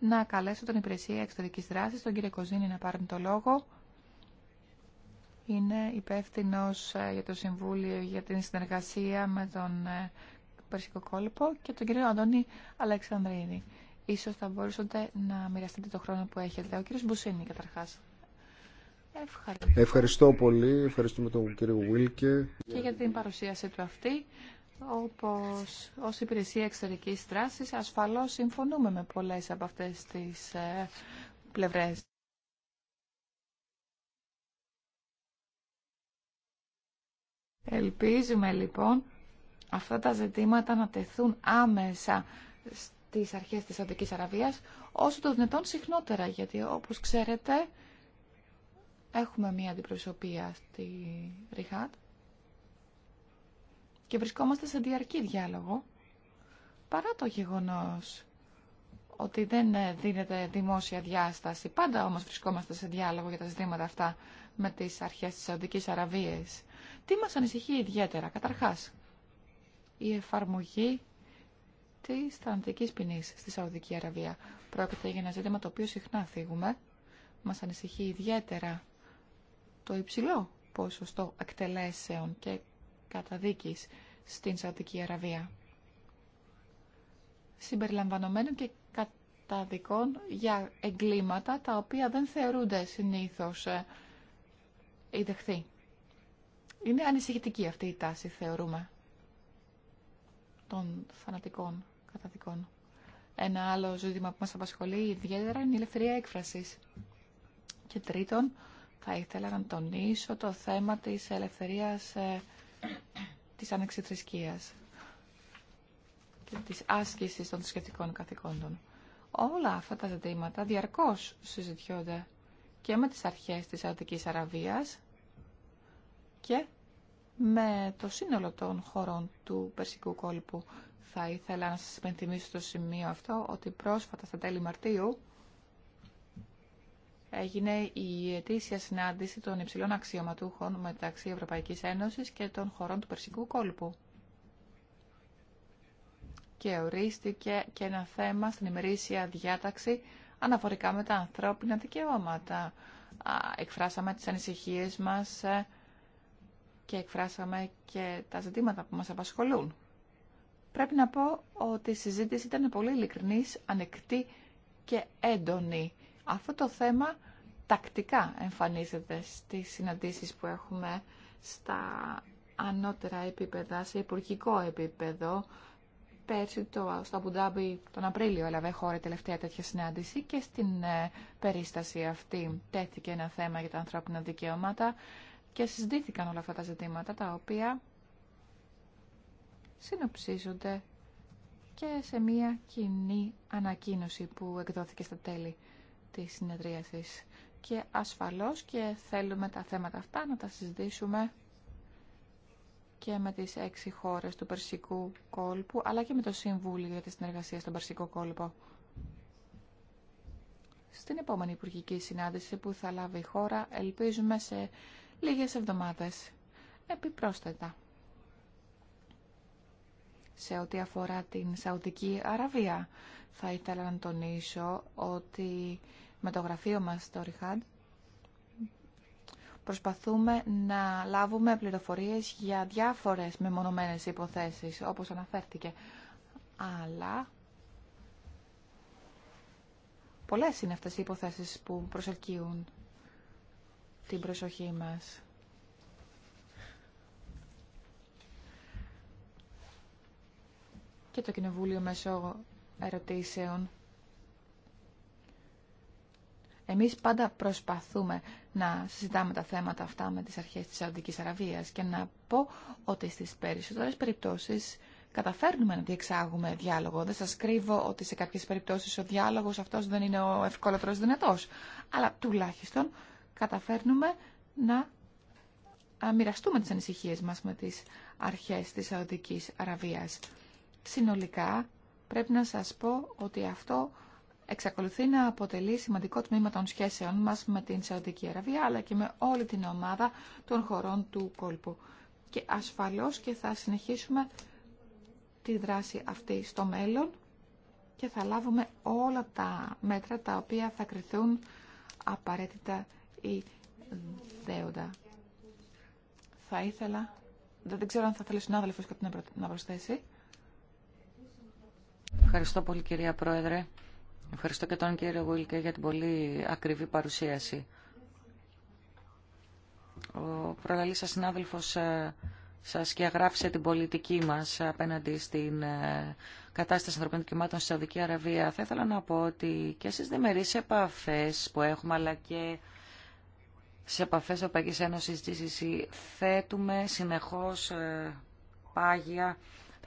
[SPEAKER 3] Να καλέσω τον Υπηρεσία Εξωτερικής Δράσης, τον κύριο Κοζίνη, να πάρει το λόγο. Είναι υπεύθυνο ε, για το Συμβούλιο για την συνεργασία με τον ε, Περσικό Κόλπο και τον κύριο Αντώνη Αλεξανδρίνη. Ίσως θα μπορούσατε να μοιραστείτε το χρόνο που έχετε. Ο κύριος Μπουσίνη καταρχάς. Ευχαριστώ.
[SPEAKER 1] Ευχαριστώ πολύ. Ευχαριστούμε τον κύριο Βίλκε.
[SPEAKER 3] Και για την παρουσίαση του αυτή. Όπως ως υπηρεσία εξωτερικής δράσης ασφαλώς συμφωνούμε με πολλές από αυτές τις ε, πλευρές. Ελπίζουμε λοιπόν αυτά τα ζητήματα να τεθούν άμεσα τις αρχές της Σαουδικής Αραβίας όσο το δυνατόν συχνότερα, γιατί όπως ξέρετε έχουμε μία αντιπροσωπεία στη Ριχάτ και βρισκόμαστε σε διαρκή διάλογο παρά το γεγονός ότι δεν δίνεται δημόσια διάσταση. Πάντα όμως βρισκόμαστε σε διάλογο για τα ζητήματα αυτά με τις αρχές της Σαουδικής Αραβίας. Τι μας ανησυχεί ιδιαίτερα, καταρχάς, η εφαρμογή τη θανατική ποινή στη Σαουδική Αραβία. Πρόκειται για ένα ζήτημα το οποίο συχνά θίγουμε. Μα ανησυχεί ιδιαίτερα το υψηλό ποσοστό εκτελέσεων και καταδίκη στην Σαουδική Αραβία. Συμπεριλαμβανομένων και καταδικών για εγκλήματα τα οποία δεν θεωρούνται συνήθως ιδεχθεί. Ε, Είναι ανησυχητική αυτή η τάση, θεωρούμε, των θανατικών καταδικών. Ένα άλλο ζήτημα που μας απασχολεί ιδιαίτερα είναι η ελευθερία έκφρασης. Και τρίτον, θα ήθελα να τονίσω το θέμα της ελευθερίας ε, της ανεξιθρησκείας και της άσκησης των θρησκευτικών καθηκόντων. Όλα αυτά τα ζητήματα διαρκώς συζητιόνται και με τις αρχές της αυτικής Αραβίας και με το σύνολο των χωρών του Περσικού κόλπου θα ήθελα να σας υπενθυμίσω στο σημείο αυτό ότι πρόσφατα στα τέλη Μαρτίου έγινε η ετήσια συνάντηση των υψηλών αξιωματούχων μεταξύ Ευρωπαϊκής Ένωσης και των χωρών του Περσικού κόλπου. Και ορίστηκε και ένα θέμα στην ημερήσια διάταξη αναφορικά με τα ανθρώπινα δικαιώματα. Εκφράσαμε τις ανησυχίες μας ε, και εκφράσαμε και τα ζητήματα που μας απασχολούν. Πρέπει να πω ότι η συζήτηση ήταν πολύ ειλικρινής, ανεκτή και έντονη. Αυτό το θέμα τακτικά εμφανίζεται στις συναντήσεις που έχουμε στα ανώτερα επίπεδα, σε υπουργικό επίπεδο. Πέρσι το, στο Αμπουντάμπι τον Απρίλιο έλαβε χώρα η τελευταία τέτοια συνάντηση και στην ε, περίσταση αυτή τέθηκε ένα θέμα για τα ανθρώπινα δικαιώματα και συζητήθηκαν όλα αυτά τα ζητήματα τα οποία συνοψίζονται και σε μία κοινή ανακοίνωση που εκδόθηκε στα τέλη της συνεδρίασης. Και ασφαλώς και θέλουμε τα θέματα αυτά να τα συζητήσουμε και με τις έξι χώρες του Περσικού κόλπου, αλλά και με το Συμβούλιο για τη Συνεργασία στον Περσικό κόλπο. Στην επόμενη Υπουργική Συνάντηση που θα λάβει η χώρα, ελπίζουμε σε λίγες εβδομάδες, επιπρόσθετα σε ό,τι αφορά την Σαουδική Αραβία. Θα ήθελα να τονίσω ότι με το γραφείο μας στο Ριχάντ προσπαθούμε να λάβουμε πληροφορίες για διάφορες μεμονωμένες υποθέσεις, όπως αναφέρθηκε. Αλλά πολλές είναι αυτές οι υποθέσεις που προσελκύουν την προσοχή μας. και το Κοινοβούλιο μέσω ερωτήσεων. Εμείς πάντα προσπαθούμε να συζητάμε τα θέματα αυτά με τις αρχές της Σαουδικής Αραβίας και να πω ότι στις περισσότερες περιπτώσεις καταφέρνουμε να διεξάγουμε διάλογο. Δεν σας κρύβω ότι σε κάποιες περιπτώσεις ο διάλογος αυτός δεν είναι ο ευκολότερος δυνατός. Αλλά τουλάχιστον καταφέρνουμε να μοιραστούμε τις ανησυχίες μας με τις αρχές της Σαουδικής Αραβίας. Συνολικά πρέπει να σας πω ότι αυτό εξακολουθεί να αποτελεί σημαντικό τμήμα των σχέσεων μας με την Σαουδική Αραβία αλλά και με όλη την ομάδα των χωρών του κόλπου. Και ασφαλώς και θα συνεχίσουμε τη δράση αυτή στο μέλλον και θα λάβουμε όλα τα μέτρα τα οποία θα κρυθούν απαραίτητα ή δέοντα. Θα ήθελα... Δεν ξέρω αν θα θέλει ο συνάδελφος κάτι να προσθέσει.
[SPEAKER 2] Ευχαριστώ πολύ κυρία Πρόεδρε. Ευχαριστώ και τον κύριο Γουίλκε για την πολύ ακριβή παρουσίαση. Ο προλαλής σας συνάδελφος ε, σας και αγράφησε την πολιτική μας απέναντι στην ε, κατάσταση ανθρωπίνων δικαιωμάτων στη Σαουδική Αραβία. Θα ήθελα να πω ότι και στις δεμερείς επαφές που έχουμε αλλά και σε επαφές Ευρωπαϊκής Ένωσης GCC θέτουμε συνεχώς ε, πάγια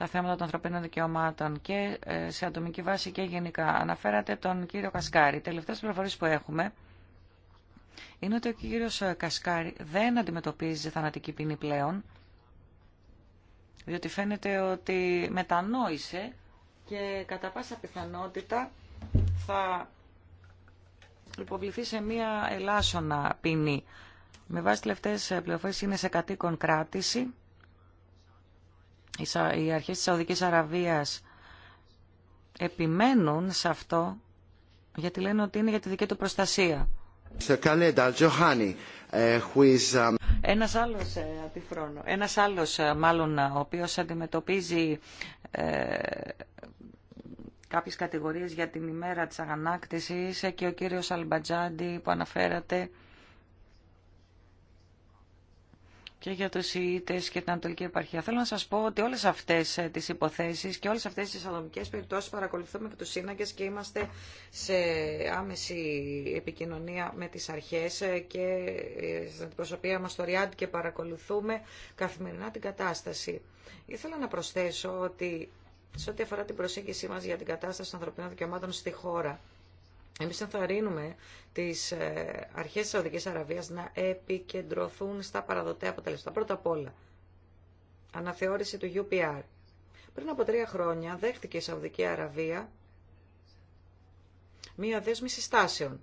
[SPEAKER 2] τα θέματα των ανθρωπίνων δικαιωμάτων και ε, σε ατομική βάση και γενικά. Αναφέρατε τον κύριο Κασκάρη. τελευταίες πληροφορίες που έχουμε είναι ότι ο κύριος ε, Κασκάρη δεν αντιμετωπίζει θανατική ποινή πλέον, διότι φαίνεται ότι μετανόησε και κατά πάσα πιθανότητα θα υποβληθεί σε μία ελάσσονα ποινή. Με βάση τελευταίες ε, πληροφορίες είναι σε κατοίκον κράτηση οι αρχές της Σαουδικής Αραβίας επιμένουν σε αυτό γιατί λένε ότι είναι για τη δική του προστασία. Ε, ε, ένας άλλος ε, αντιφρόνο, ένας άλλος μάλλον ο οποίος αντιμετωπίζει ε, κάποιες κατηγορίες για την ημέρα της αγανάκτησης και ο κύριος Αλμπατζάντη που αναφέρατε και για τους Ιήτες και την Ανατολική Επαρχία. Θέλω να σας πω ότι όλες αυτές ε, τις υποθέσεις και όλες αυτές τις ανομικές περιπτώσεις παρακολουθούμε και τους σύναγκες και είμαστε σε άμεση επικοινωνία με τις αρχές ε, και ε, στην αντιπροσωπεία μας στο Ριάντ και παρακολουθούμε καθημερινά την κατάσταση. Ήθελα να προσθέσω ότι σε ό,τι αφορά την προσέγγιση μας για την κατάσταση των ανθρωπίνων δικαιωμάτων στη χώρα, εμείς ενθαρρύνουμε τις ε, αρχές της Σαουδικής Αραβίας να επικεντρωθούν στα παραδοτέα αποτελέσματα. Πρώτα απ' όλα, αναθεώρηση του UPR. Πριν από τρία χρόνια δέχτηκε η Σαουδική Αραβία μία δέσμη συστάσεων.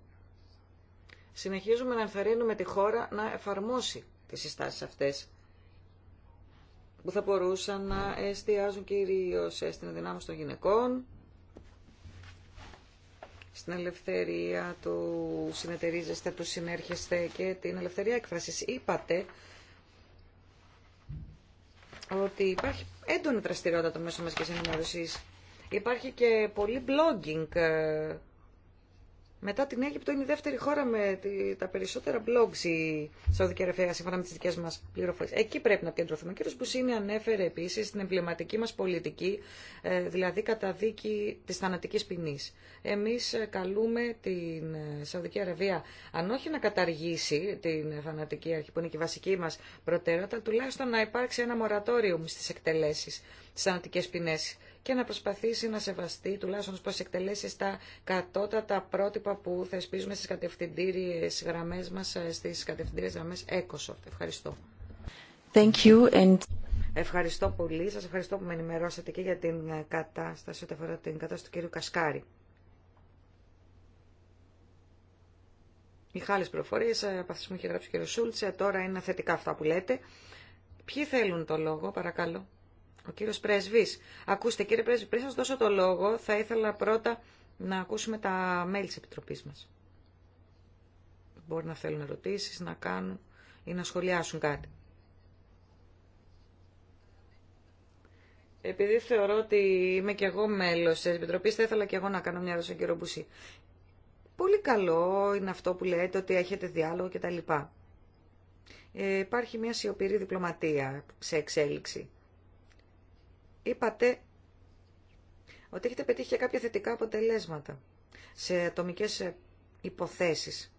[SPEAKER 2] Συνεχίζουμε να ενθαρρύνουμε τη χώρα να εφαρμόσει τις συστάσεις αυτές που θα μπορούσαν να εστιάζουν κυρίως στην δυνάμωση των γυναικών, στην ελευθερία του συνεταιρίζεστε, του συνέρχεστε και την ελευθερία έκφρασης. Είπατε ότι υπάρχει έντονη δραστηριότητα των μέσων μαζικής ενημέρωσης. Υπάρχει και πολύ blogging ε, μετά την Αίγυπτο είναι η δεύτερη χώρα με τα περισσότερα blogs η Σαουδική Αραβία, σύμφωνα με τι δικέ μα πληροφορίε. Εκεί πρέπει να κεντρωθούμε. Ο κ. Μπουσίνη ανέφερε επίση την εμβληματική μα πολιτική, ε, δηλαδή κατά δίκη τη θανατική ποινή. Εμεί ε, καλούμε την ε, Σαουδική Αραβία, αν όχι να καταργήσει την θανατική αρχή, που είναι και η βασική μα προτεραιότητα, τουλάχιστον να υπάρξει ένα μορατόριο στι εκτελέσει, στι θανατικέ ποινέ και να προσπαθήσει να σεβαστεί τουλάχιστον προς εκτελέσει τα κατώτατα πρότυπα που θεσπίζουμε στις κατευθυντήριες γραμμές μας, ε, στις κατευθυντήριες γραμμές ECOSOFT. Ευχαριστώ.
[SPEAKER 3] Thank you and...
[SPEAKER 2] Ευχαριστώ πολύ. Σας ευχαριστώ που με ενημερώσατε και για την ε, κατάσταση ό,τι αφορά την κατάσταση του κύριου Κασκάρη. Μιχάλης πληροφορίε ε, από που μου είχε γράψει ο κύριος Σούλτσε, τώρα είναι θετικά αυτά που λέτε. Ποιοι θέλουν το λόγο, παρακαλώ. Ο κύριο Πρέσβή. Ακούστε κύριε Πρέσβη, πριν σα δώσω το λόγο, θα ήθελα πρώτα να ακούσουμε τα μέλη τη Επιτροπή μα. Μπορεί να θέλουν ερωτήσεις, να κάνουν ή να σχολιάσουν κάτι. Επειδή θεωρώ ότι είμαι και εγώ μέλος τη επιτροπή, θα ήθελα και εγώ να κάνω μια ερώτηση στον κύριο Μπουσί. Πολύ καλό είναι αυτό που λέτε ότι έχετε διάλογο κτλ. Ε, υπάρχει μια σιωπηρή διπλωματία σε εξέλιξη. Είπατε ότι έχετε πετύχει κάποια θετικά αποτελέσματα σε ατομικές ε, υποθέσεις,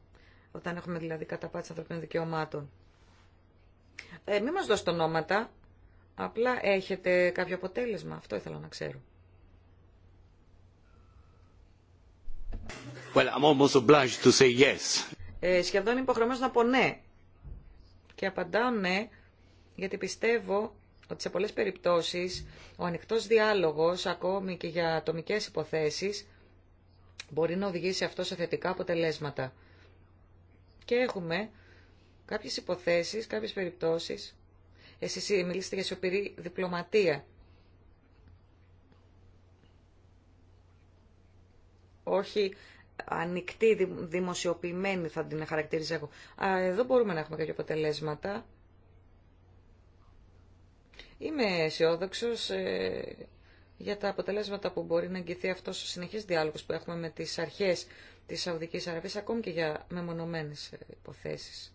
[SPEAKER 2] όταν έχουμε δηλαδή καταπάτηση ανθρωπίνων δικαιωμάτων. Ε, μην μας δώσετε ονόματα, απλά έχετε κάποιο αποτέλεσμα. Αυτό ήθελα να ξέρω. Well, I'm almost
[SPEAKER 1] obliged to say yes.
[SPEAKER 2] Ε, σχεδόν υποχρεωμένος να πω ναι. Και απαντάω ναι, γιατί πιστεύω ότι σε πολλές περιπτώσεις ο ανοιχτός διάλογος, ακόμη και για ατομικές υποθέσεις, μπορεί να οδηγήσει αυτό σε θετικά αποτελέσματα. Και έχουμε κάποιες υποθέσεις, κάποιες περιπτώσεις. Εσείς μιλήσετε για σιωπηρή διπλωματία. Όχι ανοιχτή, δημοσιοποιημένη θα την χαρακτηρίζω Εδώ μπορούμε να έχουμε κάποια αποτελέσματα. Είμαι αισιόδοξο ε, για τα αποτελέσματα που μπορεί να εγγυθεί αυτό ο συνεχής διάλογο που έχουμε με τι αρχέ τη Σαουδική Αραβίας, ακόμη και για μεμονωμένες ε, υποθέσεις.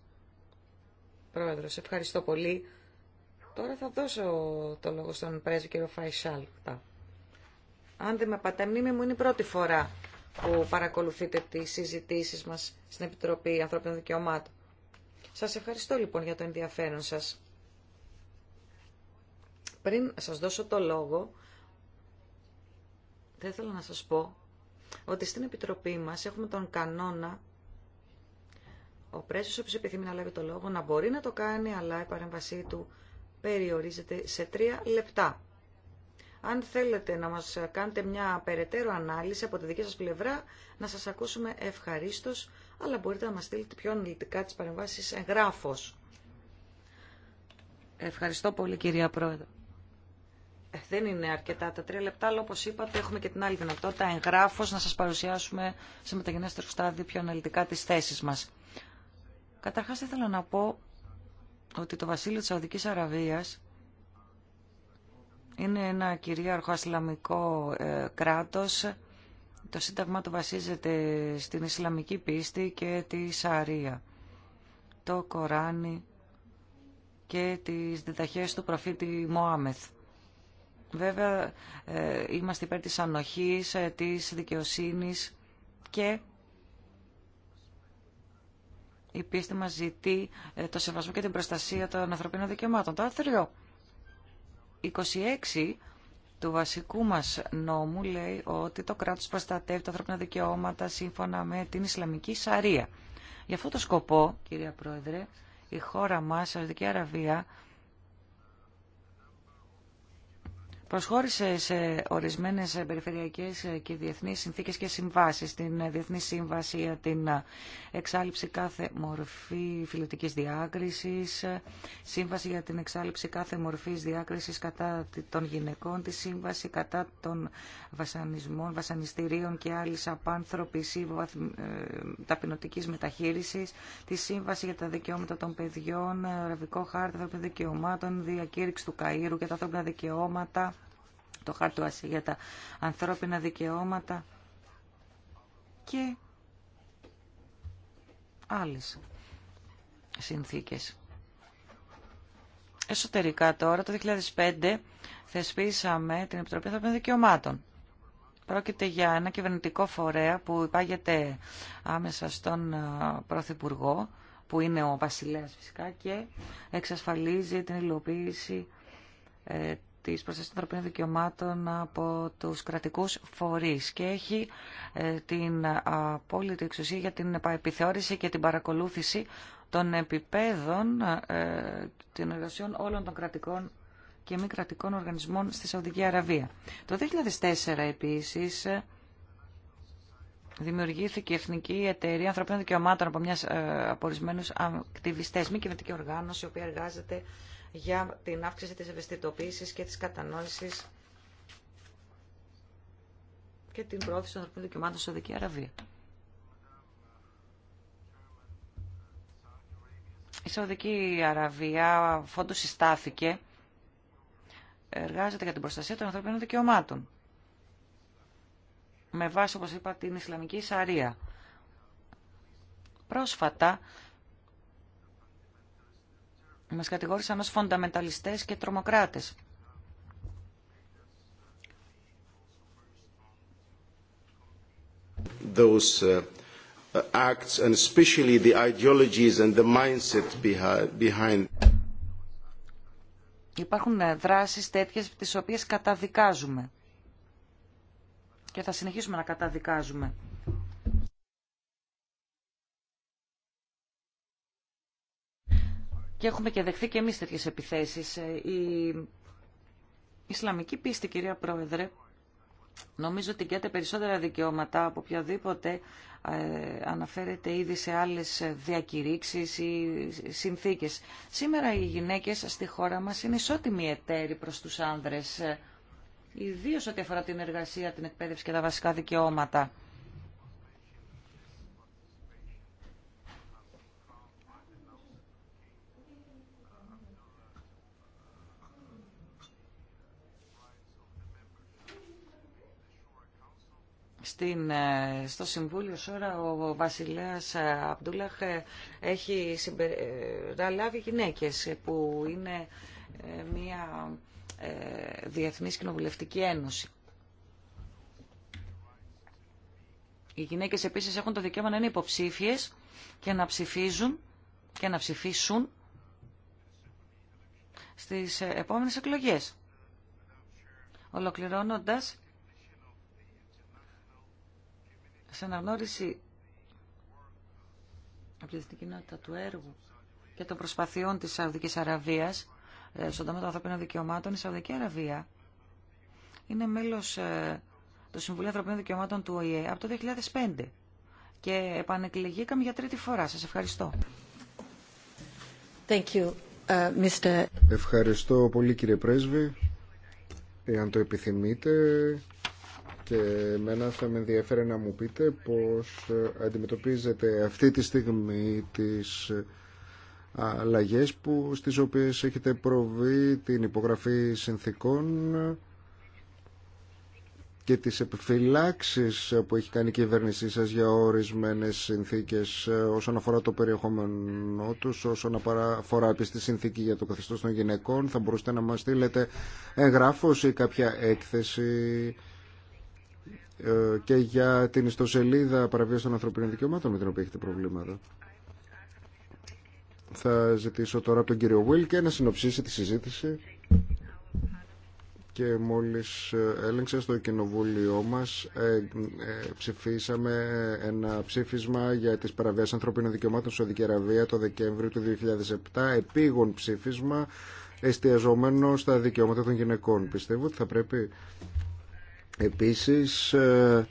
[SPEAKER 2] Πρόεδρος, ευχαριστώ πολύ. Τώρα θα δώσω το λόγο στον πρέσβη κ. Φαϊσάλ. Αν δεν με πατά μου, είναι η πρώτη φορά που παρακολουθείτε τι συζητήσεις μας στην Επιτροπή Ανθρώπινων Δικαιωμάτων. Σας ευχαριστώ λοιπόν για το ενδιαφέρον σας. Πριν σας δώσω το λόγο, θα ήθελα να σας πω ότι στην Επιτροπή μας έχουμε τον κανόνα ο πρέσβης όποιος επιθυμεί να λάβει το λόγο να μπορεί να το κάνει, αλλά η παρέμβασή του περιορίζεται σε τρία λεπτά. Αν θέλετε να μας κάνετε μια περαιτέρω ανάλυση από τη δική σας πλευρά, να σας ακούσουμε ευχαρίστως, αλλά μπορείτε να μας στείλετε πιο αναλυτικά τις παρεμβάσεις εγγράφως. Ευχαριστώ πολύ κυρία Πρόεδρε δεν είναι αρκετά τα τρία λεπτά, αλλά όπως είπατε έχουμε και την άλλη δυνατότητα Εγγράφω να σας παρουσιάσουμε σε μεταγενέστερο στάδιο πιο αναλυτικά τις θέσεις μας. Καταρχάς ήθελα να πω ότι το βασίλειο της Σαουδική Αραβία είναι ένα κυρίαρχο ασλαμικό ε, κράτος. Το σύνταγμα του βασίζεται στην Ισλαμική πίστη και τη Σαρία, το Κοράνι και τις διδαχές του προφήτη Μωάμεθ. Βέβαια, ε, είμαστε υπέρ της ανοχής, ε, της δικαιοσύνης και η πίστη μας ζητεί ε, το σεβασμό και την προστασία των ανθρωπίνων δικαιωμάτων. Το άρθρο 26 του βασικού μας νόμου λέει ότι το κράτος προστατεύει τα ανθρώπινα δικαιώματα σύμφωνα με την Ισλαμική Σαρία. Για αυτό το σκοπό, κυρία Πρόεδρε, η χώρα μας, η Αραβία, προσχώρησε σε ορισμένες περιφερειακές και διεθνεί συνθήκες και συμβάσεις, την Διεθνή Σύμβαση για την εξάλληψη κάθε μορφή φιλετικής διάκριση, Σύμβαση για την εξάλληψη κάθε μορφής διάκριση κατά των γυναικών, τη Σύμβαση κατά των βασανισμών, βασανιστήριων και άλλη απάνθρωπης ή ε, ταπεινωτικής μεταχείρισης, τη Σύμβαση για τα δικαιώματα των παιδιών, Ραβικό Χάρτη των Δικαιωμάτων, Διακήρυξη του Καΐρου και τα ανθρώπινα δικαιώματα, το χάρτο του για τα ανθρώπινα δικαιώματα και άλλες συνθήκες. Εσωτερικά τώρα, το 2005, θεσπίσαμε την Επιτροπή Ανθρωπίνων Δικαιωμάτων. Πρόκειται για ένα κυβερνητικό φορέα που υπάγεται άμεσα στον Πρωθυπουργό, που είναι ο Βασιλέας φυσικά, και εξασφαλίζει την υλοποίηση ε, της προστασίας των ανθρωπίνων δικαιωμάτων από τους κρατικούς φορείς και έχει ε, την απόλυτη εξουσία για την επιθεώρηση και την παρακολούθηση των επιπέδων ε, των εργασιών όλων των κρατικών και μη κρατικών οργανισμών στη Σαουδική Αραβία. Το 2004 επίσης δημιουργήθηκε η Εθνική Εταιρεία Ανθρωπίνων Δικαιωμάτων από, μια ε, από ορισμένους ακτιβιστές, μη κυβερνητική οργάνωση, η οποία εργάζεται για την αύξηση της ευαισθητοποίησης και της κατανόησης και την πρόθεση των ανθρωπίνων δικαιωμάτων στη Σαουδική Αραβία. Η Σαουδική Αραβία φόντος συστάθηκε, εργάζεται για την προστασία των ανθρωπίνων δικαιωμάτων. Με βάση, όπως είπα, την Ισλαμική Σαρία. Πρόσφατα μας κατηγόρησαν ως φονταμεταλιστές και τρομοκράτες.
[SPEAKER 1] Those uh, uh, acts and especially the ideologies and the mindset behind.
[SPEAKER 2] Υπάρχουν ε, δράσεις τέτοιες τις οποίες καταδικάζουμε και θα συνεχίσουμε να καταδικάζουμε. και έχουμε και δεχθεί και εμείς τέτοιες επιθέσεις. Ε, η Ισλαμική πίστη, κυρία Πρόεδρε, νομίζω ότι τα περισσότερα δικαιώματα από οποιαδήποτε ε, αναφέρεται ήδη σε άλλες διακηρύξεις ή συνθήκες. Σήμερα οι γυναίκες στη χώρα μας είναι ισότιμοι εταίροι προς τους άνδρες, ε, ιδίως ό,τι αφορά την εργασία, την εκπαίδευση και τα βασικά δικαιώματα. Ε, στο Συμβούλιο Σώρα ο Βασιλέας ε, Αμπτούλαχ ε, έχει συμπεριλάβει γυναίκες που είναι μια διεθνής κοινοβουλευτική ένωση. Οι γυναίκες επίσης έχουν το δικαίωμα να είναι υποψήφιες και να ψηφίζουν και να ψηφίσουν στις επόμενες εκλογές. Ολοκληρώνοντας, σε αναγνώριση από την κοινότητα του έργου και των προσπαθειών της Σαουδικής Αραβίας ε, στον τομέα των ανθρωπίνων δικαιωμάτων, η Σαουδική Αραβία είναι μέλος ε, του Συμβουλίου Ανθρωπίνων Δικαιωμάτων του ΟΗΕ από το 2005 και επανεκλεγήκαμε για τρίτη φορά. Σας ευχαριστώ. Thank you,
[SPEAKER 1] uh, Mr. Ευχαριστώ πολύ κύριε Πρέσβη. Εάν το επιθυμείτε, και εμένα θα με ενδιαφέρει να μου πείτε πώς αντιμετωπίζετε αυτή τη στιγμή τις αλλαγές που, στις οποίες έχετε προβεί την υπογραφή συνθήκων και τις επιφυλάξεις που έχει κάνει η κυβέρνησή σας για ορισμένες συνθήκες όσον αφορά το περιεχόμενό τους, όσον αφορά επίσης τη συνθήκη για το καθεστώς των γυναικών. Θα μπορούσατε να μας στείλετε εγγράφος ή κάποια έκθεση ε, και για την ιστοσελίδα παραβίαση των ανθρωπίνων δικαιωμάτων με την οποία έχετε προβλήματα. Θα ζητήσω τώρα από τον κύριο και να συνοψίσει τη συζήτηση και μόλις ε, έλεγξα στο κοινοβούλιο μας ε, ψηφίσαμε ένα ψήφισμα για τις παραβιάσεις ανθρωπίνων δικαιωμάτων στο Δικαιραβία το Δεκέμβριο του 2007 επίγον ψήφισμα εστιαζόμενο στα δικαιώματα των γυναικών. Πιστεύω ότι θα πρέπει Επίσης, ε,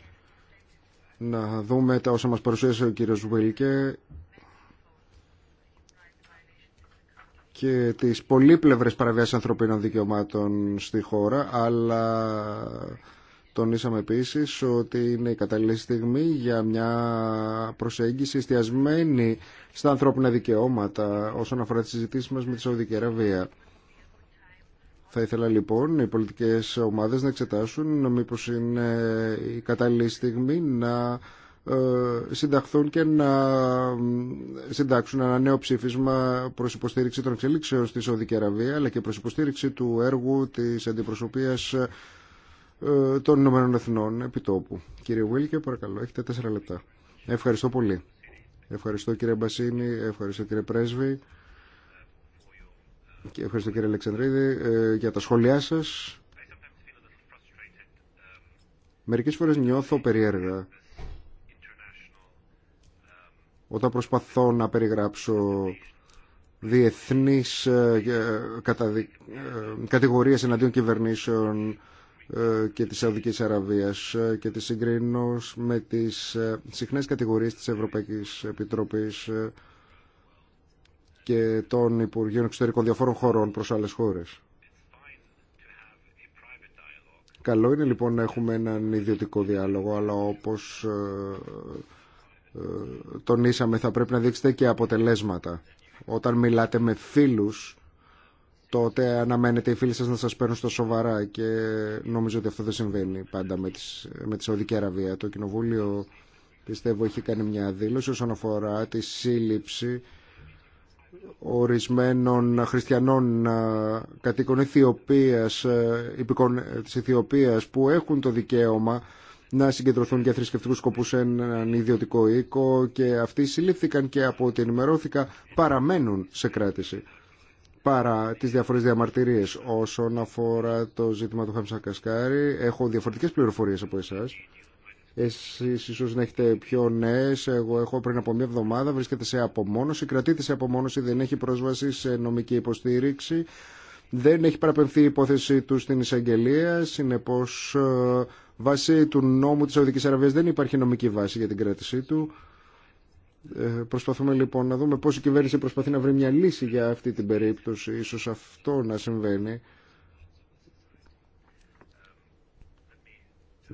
[SPEAKER 1] να δούμε τα όσα μας παρουσίασε ο κύριος Βουίλκε και τις πολύπλευρες παραβιάσεις ανθρωπίνων δικαιωμάτων στη χώρα, αλλά τονίσαμε επίσης ότι είναι η κατάλληλη στιγμή για μια προσέγγιση εστιασμένη στα ανθρώπινα δικαιώματα όσον αφορά τις συζητήσεις μας με τη Σαουδική Αραβία. Θα ήθελα λοιπόν οι πολιτικές ομάδες να εξετάσουν μήπως είναι η κατάλληλη στιγμή να ε, συνταχθούν και να συντάξουν ένα νέο ψήφισμα προς υποστήριξη των εξελίξεων στη Σαουδική Αραβία αλλά και προς υποστήριξη του έργου της αντιπροσωπείας ε, των Ηνωμένων Εθνών επιτόπου. Κύριε Βίλκε, παρακαλώ, έχετε τέσσερα λεπτά. Ευχαριστώ πολύ. Ευχαριστώ κύριε Μπασίνη, ευχαριστώ κύριε Πρέσβη. Και ευχαριστώ κύριε Αλεξανδρίδη ε, για τα σχόλιά σας. Μερικές φορές νιώθω περίεργα όταν προσπαθώ να περιγράψω διεθνείς ε, ε, κατηγορίες εναντίον κυβερνήσεων και της Σαουδικής Αραβίας και τις συγκρίνω με τις συχνές κατηγορίες της Ευρωπαϊκής Επιτροπής και των Υπουργείων Εξωτερικών διαφόρων χωρών προς άλλες χώρες. Καλό είναι λοιπόν να έχουμε έναν ιδιωτικό διάλογο, αλλά όπως ε, ε, τονίσαμε θα πρέπει να δείξετε και αποτελέσματα. Όταν μιλάτε με φίλους, τότε αναμένετε οι φίλοι σας να σας παίρνουν στο σοβαρά και νομίζω ότι αυτό δεν συμβαίνει πάντα με, τις, με τη Σαουδική Αραβία. Το Κοινοβούλιο πιστεύω έχει κάνει μια δήλωση όσον αφορά τη σύλληψη ορισμένων χριστιανών ε, κατοίκων Αιθιοπίας, ε, υπηκών της Αιθιοπίας που έχουν το δικαίωμα να συγκεντρωθούν για θρησκευτικούς σκοπούς σε έναν ιδιωτικό οίκο και αυτοί συλλήφθηκαν και από ό,τι ενημερώθηκα παραμένουν σε κράτηση παρά τις διαφορές διαμαρτυρίες όσον αφορά το ζήτημα του Χαμσακασκάρη έχω διαφορετικές πληροφορίες από εσάς εσείς ίσως να έχετε πιο νέες, εγώ έχω πριν από μια εβδομάδα, βρίσκεται σε απομόνωση, κρατείται σε απομόνωση, δεν έχει πρόσβαση σε νομική υποστήριξη, δεν έχει παραπεμφθεί η υπόθεση του στην εισαγγελία, συνεπώς ε, βάσει του νόμου της Σαουδικής Αραβίας δεν υπάρχει νομική βάση για την κράτησή του. Ε, προσπαθούμε λοιπόν να δούμε πώς η κυβέρνηση προσπαθεί να βρει μια λύση για αυτή την περίπτωση, ίσως αυτό να συμβαίνει.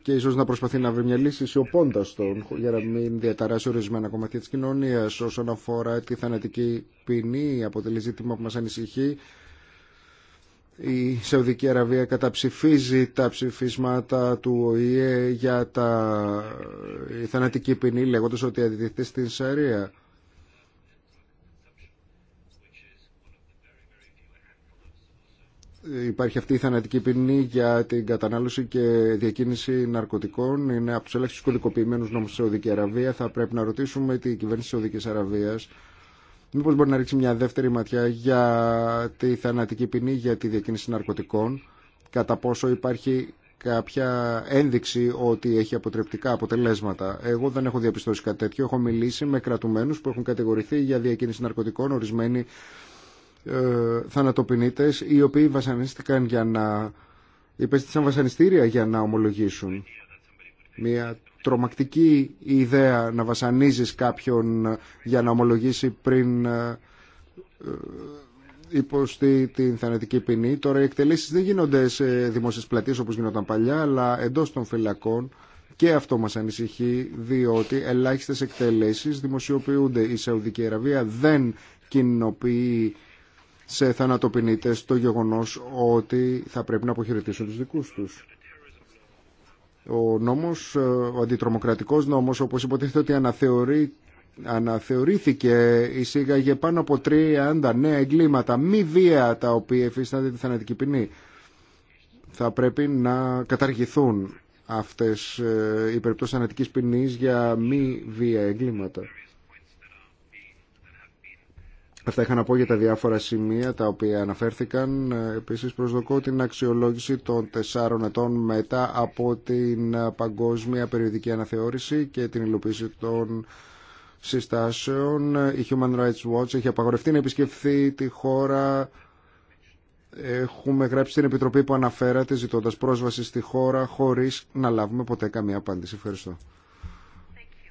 [SPEAKER 1] και ίσως να προσπαθεί να βρει μια λύση σιωπώντας τον για να μην διαταράσει ορισμένα κομμάτια της κοινωνίας όσον αφορά τη θανατική ποινή αποτελεί ζήτημα που μας ανησυχεί η Σαουδική Αραβία καταψηφίζει τα ψηφίσματα του ΟΗΕ για τα η θανατική ποινή λέγοντας ότι αντιδεχτεί στην Σαρία υπάρχει αυτή η θανατική ποινή για την κατανάλωση και διακίνηση ναρκωτικών. Είναι από του ελάχιστου κωδικοποιημένου νόμου τη Σαουδική Αραβία. Θα πρέπει να ρωτήσουμε την κυβέρνηση τη Σαουδική Αραβία μήπω μπορεί να ρίξει μια δεύτερη ματιά για τη θανατική ποινή για τη διακίνηση ναρκωτικών. Κατά πόσο υπάρχει κάποια ένδειξη ότι έχει αποτρεπτικά αποτελέσματα. Εγώ δεν έχω διαπιστώσει κάτι τέτοιο. Έχω μιλήσει με κρατουμένου που έχουν κατηγορηθεί για διακίνηση ναρκωτικών. Ορισμένοι ε, θανατοπινίτες οι οποίοι βασανίστηκαν για να υπέστησαν βασανιστήρια για να ομολογήσουν. Μια τρομακτική ιδέα να βασανίζεις κάποιον ε, για να ομολογήσει πριν ε, υποστεί την θανατική ποινή. Τώρα οι εκτελέσεις δεν γίνονται σε δημόσιες πλατείες όπως γινόταν παλιά, αλλά εντός των φυλακών και αυτό μας ανησυχεί, διότι ελάχιστες εκτελέσεις δημοσιοποιούνται. Η Σαουδική Αραβία δεν κοινοποιεί σε θανατοπινίτες το γεγονός ότι θα πρέπει να αποχαιρετήσουν τους δικούς τους. Ο νόμος, ε, ο αντιτρομοκρατικός νόμος, όπως υποτίθεται ότι αναθεωρεί, αναθεωρήθηκε, εισήγαγε πάνω από 30 νέα εγκλήματα, μη βία τα οποία εφίστανται τη θανατική ποινή. Θα πρέπει να καταργηθούν αυτές ε, οι περιπτώσεις θανατικής για μη βία εγκλήματα. Αυτά είχα να πω για τα διάφορα σημεία τα οποία αναφέρθηκαν. Ε, επίσης προσδοκώ την αξιολόγηση των τεσσάρων ετών μετά από την ε, παγκόσμια περιοδική αναθεώρηση και την υλοποίηση των συστάσεων. Η Human Rights Watch έχει απαγορευτεί να επισκεφθεί τη χώρα. Έχουμε γράψει την Επιτροπή που αναφέρατε ζητώντας πρόσβαση στη χώρα χωρίς να λάβουμε ποτέ καμία απάντηση. Ευχαριστώ.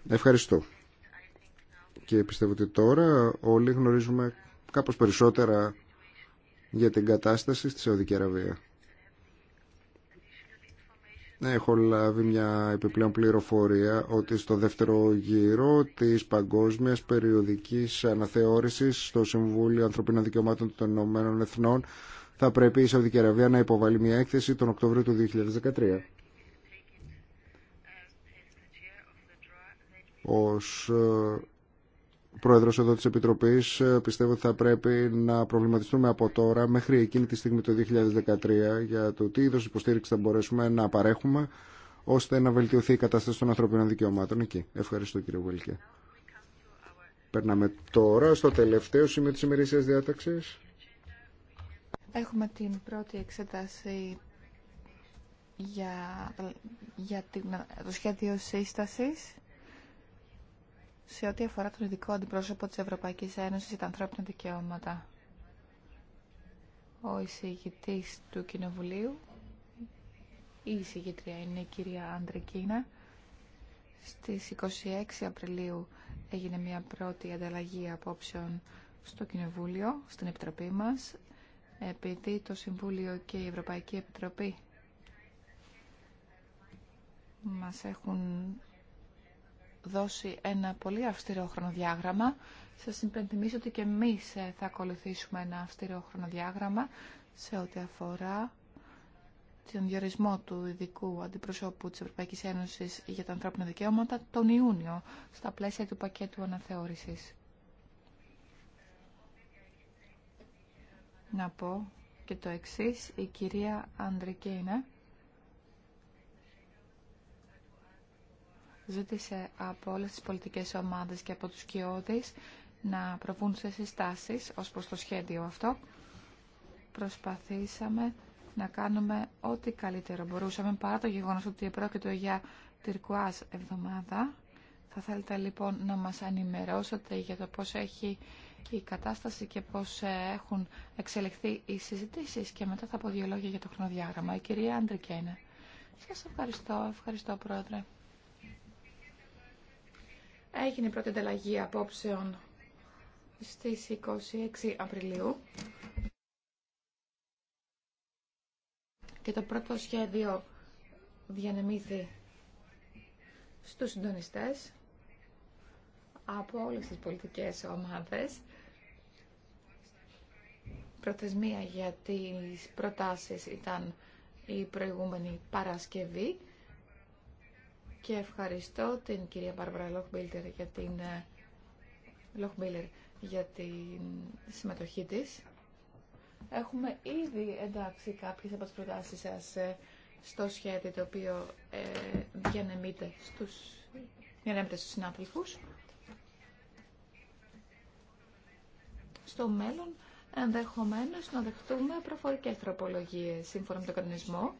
[SPEAKER 1] Ευχαριστώ και πιστεύω ότι τώρα όλοι γνωρίζουμε κάπως περισσότερα για την κατάσταση στη Σαουδική Αραβία. Έχω λάβει μια επιπλέον πληροφορία ότι στο δεύτερο γύρο της παγκόσμιας περιοδικής αναθεώρησης στο Συμβούλιο Ανθρωπίνων Δικαιωμάτων των Ηνωμένων Εθνών θα πρέπει η Σαουδική Αραβία να υποβάλει μια έκθεση τον Οκτώβριο του 2013. Ως ε, πρόεδρος εδώ της Επιτροπής, ε, πιστεύω ότι θα πρέπει να προβληματιστούμε από τώρα μέχρι εκείνη τη στιγμή το 2013 για το τι είδο υποστήριξη θα μπορέσουμε να παρέχουμε ώστε να βελτιωθεί η κατάσταση των ανθρωπίνων δικαιωμάτων εκεί. Ευχαριστώ κύριε Βουλκέ. Περνάμε τώρα στο τελευταίο σημείο τη ημερήσια διάταξη.
[SPEAKER 3] Έχουμε την πρώτη εξέταση για, για την, το σχέδιο σύστασης σε ό,τι αφορά τον ειδικό αντιπρόσωπο της Ευρωπαϊκής Ένωσης για τα ανθρώπινα δικαιώματα. Ο εισηγητής του Κοινοβουλίου, η εισηγητρία είναι η κυρία Αντρικίνα. Στις 26 Απριλίου έγινε μια πρώτη ανταλλαγή απόψεων στο Κοινοβούλιο, στην Επιτροπή μας, επειδή το Συμβούλιο και η Ευρωπαϊκή Επιτροπή μας έχουν δώσει ένα πολύ αυστηρό χρονοδιάγραμμα. Σα υπενθυμίσω ότι και εμείς ε, θα ακολουθήσουμε ένα αυστηρό χρονοδιάγραμμα σε ό,τι αφορά τον διορισμό του ειδικού αντιπροσώπου της Ευρωπαϊκής Ένωσης για τα ανθρώπινα δικαιώματα τον Ιούνιο στα πλαίσια του πακέτου αναθεώρησης. Να πω και το εξής, η κυρία Αντρικίνα ζήτησε από όλες τις πολιτικές ομάδες και από τους κοιόδης να προβούν σε συστάσεις ως προς το σχέδιο αυτό. Προσπαθήσαμε να κάνουμε ό,τι καλύτερο μπορούσαμε παρά το γεγονός ότι πρόκειται για τυρκουάς εβδομάδα. Θα θέλετε λοιπόν να μας ενημερώσετε για το πώς έχει η κατάσταση και πώς ε, έχουν εξελιχθεί οι συζητήσεις και μετά θα πω δύο λόγια για το χρονοδιάγραμμα. Η κυρία Αντρικένε. Σας ευχαριστώ. Ευχαριστώ πρόεδρε. Έγινε η πρώτη ανταλλαγή απόψεων στις 26 Απριλίου. Και το πρώτο σχέδιο διανεμήθη στους συντονιστές από όλες τις πολιτικές ομάδες. Προθεσμία για τις προτάσεις ήταν η προηγούμενη Παρασκευή και ευχαριστώ την κυρία Μπάρμπαρα Λοχμπίλτερ για την, ε, Λοχμπίλερ για τη συμμετοχή της. Έχουμε ήδη εντάξει κάποιες από τις προτάσεις σας ε, στο σχέδιο το οποίο ε, διανεμείται στους, διανεμείται στους Στο μέλλον ενδεχομένως να δεχτούμε προφορικές τροπολογίες σύμφωνα με τον κανονισμό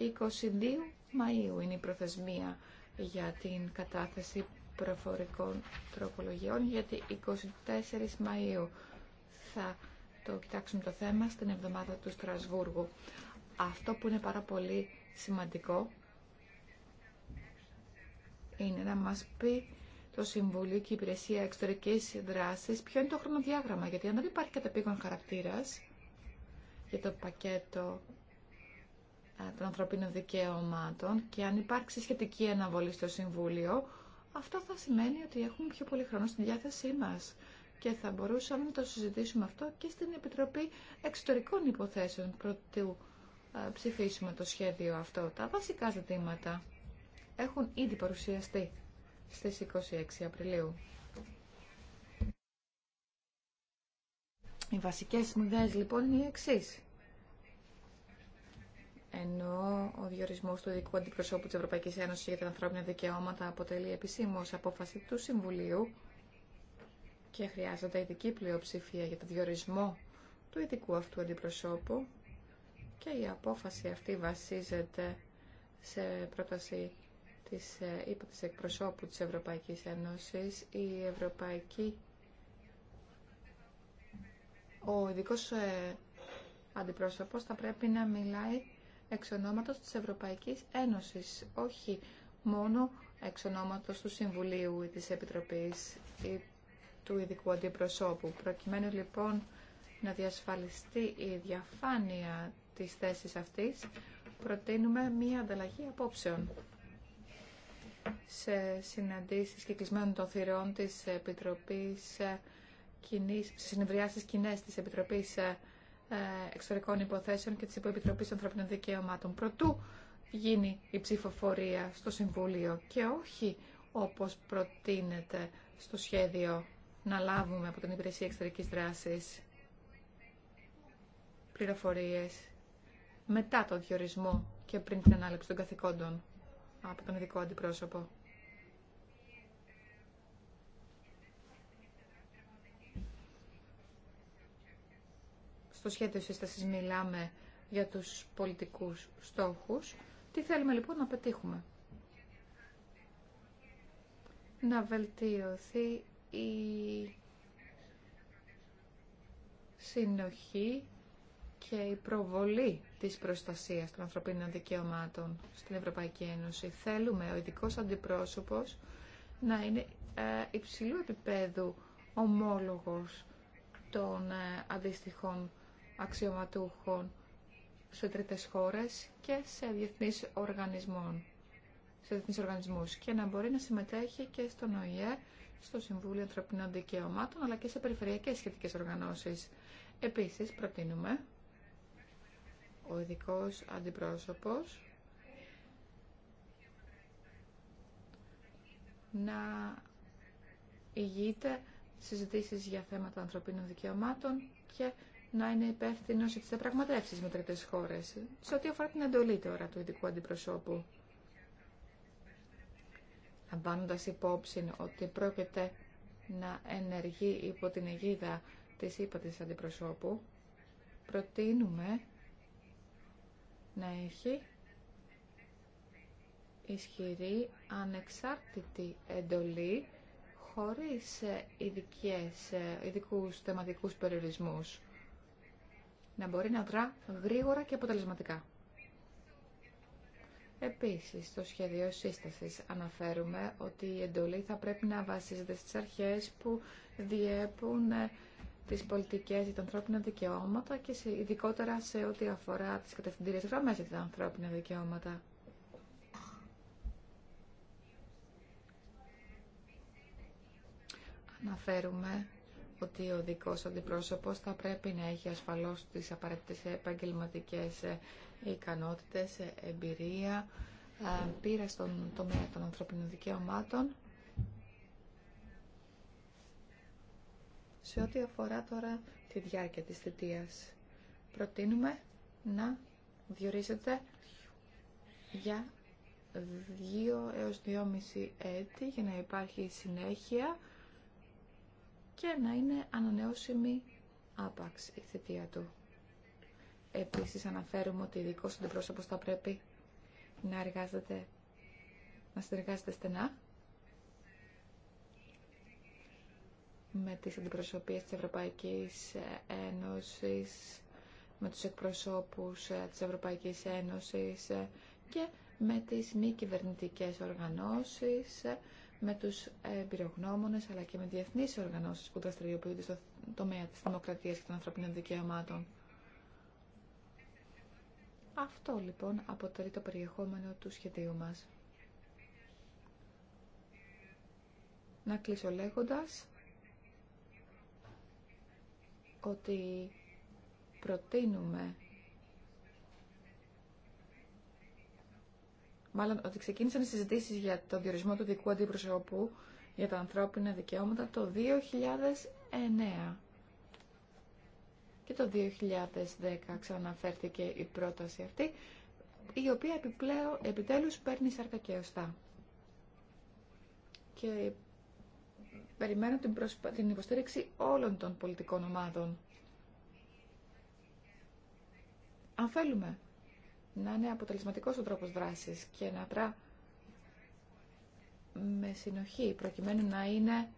[SPEAKER 3] 22 Μαΐου είναι η προθεσμία για την κατάθεση προφορικών τροπολογιών, γιατί 24 Μαΐου θα το κοιτάξουμε το θέμα στην εβδομάδα του Στρασβούργου. Αυτό που είναι πάρα πολύ σημαντικό είναι να μας πει το Συμβούλιο και η Υπηρεσία Εξωτερικής Δράσης ποιο είναι το χρονοδιάγραμμα, γιατί αν δεν υπάρχει καταπήγον χαρακτήρας για το πακέτο ε, των ανθρωπίνων δικαιωμάτων και αν υπάρξει σχετική αναβολή στο Συμβούλιο, αυτό θα σημαίνει ότι έχουμε πιο πολύ χρόνο στη διάθεσή μας και θα μπορούσαμε να το συζητήσουμε αυτό και στην Επιτροπή Εξωτερικών Υποθέσεων πρωτού ε, ψηφίσουμε το σχέδιο αυτό. Τα βασικά ζητήματα έχουν ήδη παρουσιαστεί στις 26 Απριλίου. Οι βασικές ιδέες λοιπόν είναι οι εξής ενώ ο διορισμός του ειδικού αντιπροσώπου της Ευρωπαϊκής Ένωσης για τα ανθρώπινα δικαιώματα αποτελεί επισήμως απόφαση του Συμβουλίου και χρειάζεται ειδική πλειοψηφία για το διορισμό του ειδικού αυτού αντιπροσώπου και η απόφαση αυτή βασίζεται σε πρόταση της ύπατης ε, εκπροσώπου της Ευρωπαϊκής Ένωσης η ο ειδικό ε, αντιπρόσωπος θα πρέπει να μιλάει εξ ονόματος της Ευρωπαϊκής Ένωσης, όχι μόνο εξ ονόματος του Συμβουλίου ή της Επιτροπής ή του ειδικού αντιπροσώπου. Προκειμένου λοιπόν να διασφαλιστεί η διαφάνεια της θέσης αυτής, προτείνουμε μία ανταλλαγή απόψεων σε συναντήσεις κυκλισμένων των θηρεών της Επιτροπής ε, Κοινής, συνεδριάσεις κοινές της Επιτροπής ε, ε, εξωτερικών Υποθέσεων και της Υποεπιτροπής Ανθρωπινών Δικαιωμάτων. Προτού γίνει η ψηφοφορία στο Συμβούλιο και όχι όπως προτείνεται στο σχέδιο να λάβουμε από την Υπηρεσία εξωτερική Δράσης πληροφορίες μετά το διορισμό και πριν την ανάληψη των καθηκόντων από τον ειδικό αντιπρόσωπο. στο σχέδιο σύστασης μιλάμε για τους πολιτικούς στόχους. Τι θέλουμε λοιπόν να πετύχουμε. Να βελτιωθεί η συνοχή και η προβολή της προστασίας των ανθρωπίνων δικαιωμάτων στην Ευρωπαϊκή Ένωση. Θέλουμε ο ειδικό αντιπρόσωπος να είναι ε, υψηλού επίπεδου ομόλογος των ε, αντίστοιχων αξιωματούχων σε τρίτες χώρες και σε διεθνείς οργανισμών σε οργανισμούς και να μπορεί να συμμετέχει και στον ΟΗΕ, στο Συμβούλιο Ανθρωπινών Δικαιωμάτων, αλλά και σε περιφερειακές σχετικές οργανώσεις. Επίσης, προτείνουμε ο ειδικό αντιπρόσωπος να ηγείται συζητήσεις για θέματα ανθρωπίνων δικαιωμάτων και να είναι υπεύθυνο για τι διαπραγματεύσει με τρίτε χώρε. Σε ό,τι αφορά την εντολή τώρα του ειδικού αντιπροσώπου, λαμβάνοντα υπόψη ότι πρόκειται να ενεργεί υπό την αιγίδα της ύπατης αντιπροσώπου, προτείνουμε να έχει ισχυρή ανεξάρτητη εντολή χωρίς ειδικές, ειδικούς θεματικούς περιορισμούς να μπορεί να δρά γρήγορα και αποτελεσματικά. Επίσης, στο σχέδιο σύστασης αναφέρουμε ότι η εντολή θα πρέπει να βασίζεται στις αρχές που διέπουν ε, τις πολιτικές για τα ανθρώπινα δικαιώματα και ειδικότερα σε ό,τι αφορά τις κατευθυντήριες γραμμές για τα ανθρώπινα δικαιώματα. Αναφέρουμε ότι ο δικός αντιπρόσωπος θα πρέπει να έχει ασφαλώς τις απαραίτητες επαγγελματικές ικανότητες, εμπειρία, ε, πείρα στον τομέα των ανθρωπινών δικαιωμάτων. Σε ό,τι αφορά τώρα τη διάρκεια της θητείας, προτείνουμε να διορίζεται για δύο έως δυόμιση έτη για να υπάρχει συνέχεια και να είναι ανανεώσιμη άπαξ η θητεία του. Επίσης αναφέρουμε ότι ο ειδικό αντιπρόσωπος θα πρέπει να εργάζεται, να συνεργάζεται στενά με τις αντιπροσωπείες της Ευρωπαϊκής Ένωσης, με τους εκπροσώπους ε, της Ευρωπαϊκής Ένωσης ε, και με τις μη κυβερνητικές οργανώσεις ε, με τους εμπειρογνώμονες αλλά και με διεθνείς οργανώσεις που δραστηριοποιούνται στο τομέα της δημοκρατίας και των ανθρωπίνων δικαιωμάτων. Αυτό λοιπόν αποτελεί το περιεχόμενο του σχεδίου μας. Να κλείσω λέγοντας ότι προτείνουμε μάλλον ότι ξεκίνησαν οι συζητήσεις για τον διορισμό του δικού αντιπροσωπού για τα ανθρώπινα δικαιώματα το 2009. Και το 2010 ξαναφέρθηκε η πρόταση αυτή, η οποία επιπλέον, επιτέλους παίρνει σάρκα και οστά. Και περιμένω την, προσπα... την υποστήριξη όλων των πολιτικών ομάδων. Αν θέλουμε να είναι αποτελεσματικός ο τρόπος δράσης και να δρά με συνοχή, προκειμένου να είναι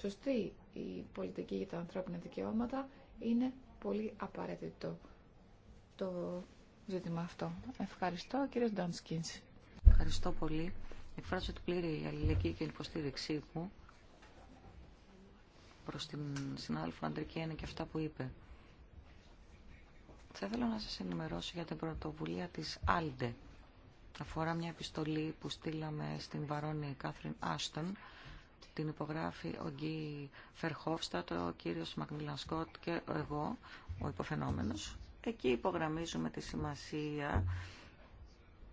[SPEAKER 3] σωστή η πολιτική για τα ανθρώπινα δικαιώματα, είναι πολύ
[SPEAKER 2] απαραίτητο το ζήτημα αυτό. Ευχαριστώ, κύριε Ντόνσκινς. Ευχαριστώ πολύ. Εκφράζω την πλήρη αλληλεγγύη και υποστήριξή μου προς την συνάδελφο Αντρική και αυτά που είπε. Θα ήθελα να σας ενημερώσω για την πρωτοβουλία της ALDE. Αφορά μια επιστολή που στείλαμε στην Βαρόνη Κάθριν Άστον. Την υπογράφει ο Γκί Φερχόφστατ, ο κύριος Μακμίλαν Σκότ και εγώ, ο υποφαινόμενος. Εκεί υπογραμμίζουμε τη σημασία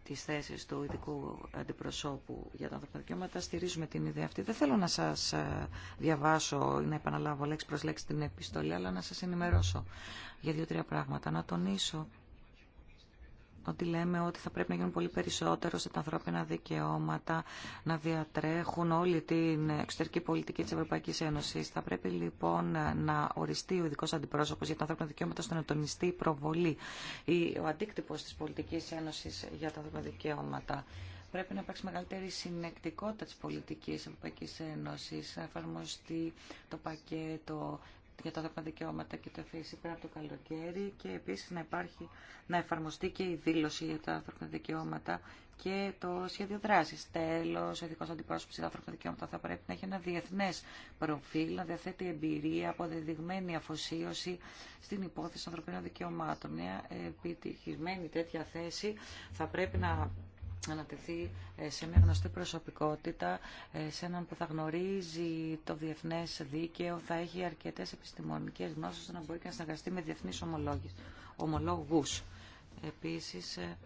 [SPEAKER 2] τις θέσει του ειδικού αντιπροσώπου για τα ανθρώπινα δικαιώματα. Στηρίζουμε την ιδέα αυτή. Δεν θέλω να σα ε, διαβάσω ή να επαναλάβω λέξη προ λέξη την επιστολή, αλλά να σα ενημερώσω για δύο-τρία πράγματα. Να τονίσω ότι λέμε ότι θα πρέπει να γίνουν πολύ περισσότερο σε τα ανθρώπινα δικαιώματα, να διατρέχουν όλη την εξωτερική πολιτική της Ευρωπαϊκής Ένωσης. Θα πρέπει λοιπόν να οριστεί ο ειδικό αντιπρόσωπος για τα ανθρώπινα δικαιώματα στο να τονιστεί η προβολή, ο αντίκτυπος της πολιτικής ένωσης για τα ανθρώπινα δικαιώματα πρέπει να υπάρξει μεγαλύτερη συνεκτικότητα της πολιτικής Ευρωπαϊκής Ένωσης, να εφαρμοστεί το πακέτο για τα ανθρώπινα δικαιώματα και το ΕΦΕΣΥ πριν από το καλοκαίρι και επίσης να, υπάρχει, να εφαρμοστεί και η δήλωση για τα ανθρώπινα δικαιώματα και το σχέδιο δράσης. Τέλος, ο ειδικός αντιπρόσωπος για τα ανθρώπινα δικαιώματα θα πρέπει να έχει ένα διεθνές προφίλ, να διαθέτει εμπειρία, αποδεδειγμένη αφοσίωση στην υπόθεση ανθρωπίνων δικαιωμάτων. Μια επιτυχημένη τέτοια θέση θα πρέπει να ανατεθεί ε, σε μια γνωστή προσωπικότητα, ε, σε έναν που θα γνωρίζει το διεθνές δίκαιο, θα έχει αρκετές επιστημονικές γνώσεις ώστε να μπορεί και να συνεργαστεί με διεθνείς ομολόγους. Επίσης, ε,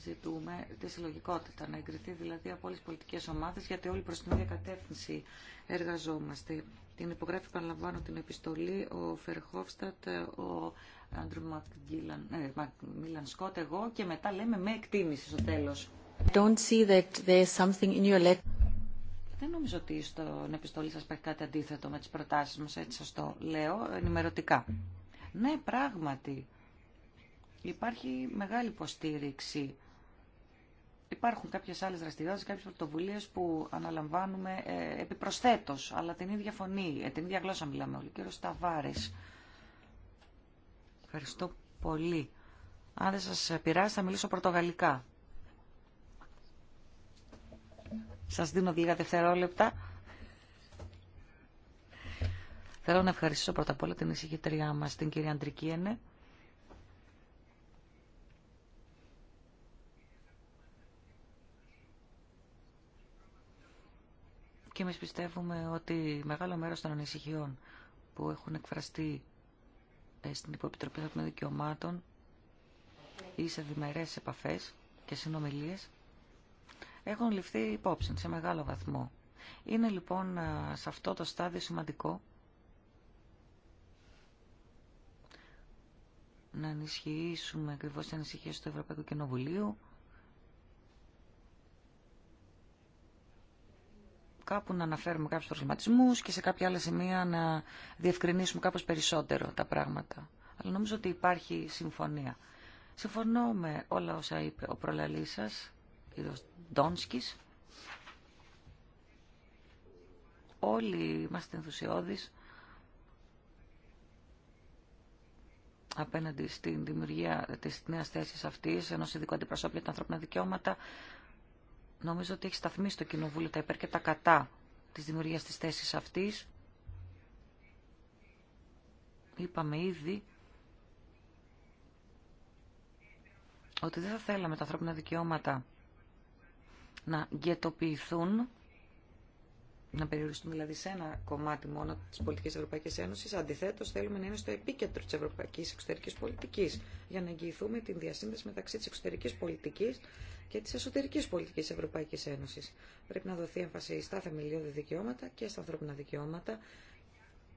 [SPEAKER 2] ζητούμε τη συλλογικότητα, να εγκριθεί δηλαδή από όλες τις πολιτικές ομάδες, γιατί όλοι προς την ίδια κατεύθυνση εργαζόμαστε. Την υπογράφει, παραλαμβάνω, την επιστολή, ο Φερχόφστατ, ο Άντρου Μακμίλαν Σκότ, εγώ και μετά λέμε με εκτίμηση στο τέλος. Δεν νομίζω ότι στον επιστολή σας υπάρχει κάτι αντίθετο με τις προτάσεις μας, έτσι σας το λέω ενημερωτικά. Ναι, πράγματι. Υπάρχει μεγάλη υποστήριξη. Υπάρχουν κάποιες άλλες δραστηριότητες, κάποιες πρωτοβουλίες που αναλαμβάνουμε ε, επιπροσθέτως, αλλά την ίδια φωνή, ε, την ίδια γλώσσα μιλάμε όλοι. Κύριο Σταβάρης, ευχαριστώ πολύ. Αν δεν σας πειράζει θα μιλήσω πορτογαλικά. Σας δίνω λίγα δευτερόλεπτα. Θέλω να ευχαριστήσω πρώτα απ' όλα την εισηγητριά μας, την κυρία Αντρικίνε. Και εμείς πιστεύουμε ότι μεγάλο μέρος των ανησυχιών που έχουν εκφραστεί ε, στην Υποεπιτροπή των Δικαιωμάτων ή σε διμερές επαφές και συνομιλίες έχουν ληφθεί υπόψη σε μεγάλο βαθμό. Είναι λοιπόν σε αυτό το στάδιο σημαντικό να ενισχύσουμε ακριβώ τι ανησυχίε του Ευρωπαϊκού Κοινοβουλίου. Κάπου να αναφέρουμε κάποιους προβληματισμούς και σε κάποια άλλα σημεία να διευκρινίσουμε κάπως περισσότερο τα πράγματα. Αλλά νομίζω ότι υπάρχει συμφωνία. Συμφωνώ με όλα όσα είπε ο προλαλής σας κύριος Ντόνσκης. Όλοι είμαστε ενθουσιώδεις απέναντι στην δημιουργία της νέας θέσης αυτής, ενός ειδικού αντιπροσώπου για τα ανθρώπινα δικαιώματα. Νομίζω ότι έχει σταθμίσει το Κοινοβούλιο τα υπέρ και τα κατά της δημιουργίας της θέσης αυτής. Είπαμε ήδη ότι δεν θα θέλαμε τα ανθρώπινα δικαιώματα να γκαιτοποιηθούν, να περιοριστούν δηλαδή σε ένα κομμάτι μόνο τη πολιτική Ευρωπαϊκή Ένωση. Αντιθέτω, θέλουμε να είναι στο επίκεντρο τη Ευρωπαϊκή Εξωτερική πολιτική. για να εγγυηθούμε την διασύνδεση μεταξύ τη εξωτερική πολιτική και τη εσωτερική πολιτική Ευρωπαϊκή Ένωση. Πρέπει να δοθεί έμφαση στα θεμελιώδη δικαιώματα και στα ανθρώπινα δικαιώματα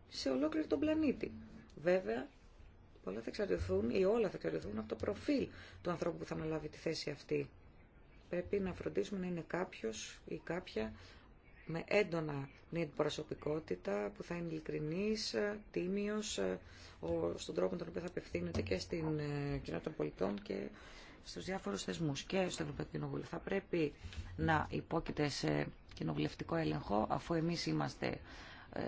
[SPEAKER 2] σε ολόκληρο τον πλανήτη. Βέβαια, πολλά θα εξαρτηθούν ή όλα θα εξαρτηθούν από το προφίλ του ανθρώπου που θα αναλάβει τη θέση αυτή πρέπει να φροντίσουμε να είναι κάποιος ή κάποια με έντονα την προσωπικότητα που θα είναι ειλικρινής, τίμιος στον τρόπο τον οποίο θα απευθύνεται και στην ε, κοινότητα των πολιτών και στους διάφορους θεσμούς και στο Ευρωπαϊκό Κοινοβούλιο. Θα πρέπει να υπόκειται σε κοινοβουλευτικό έλεγχο αφού εμείς είμαστε ε,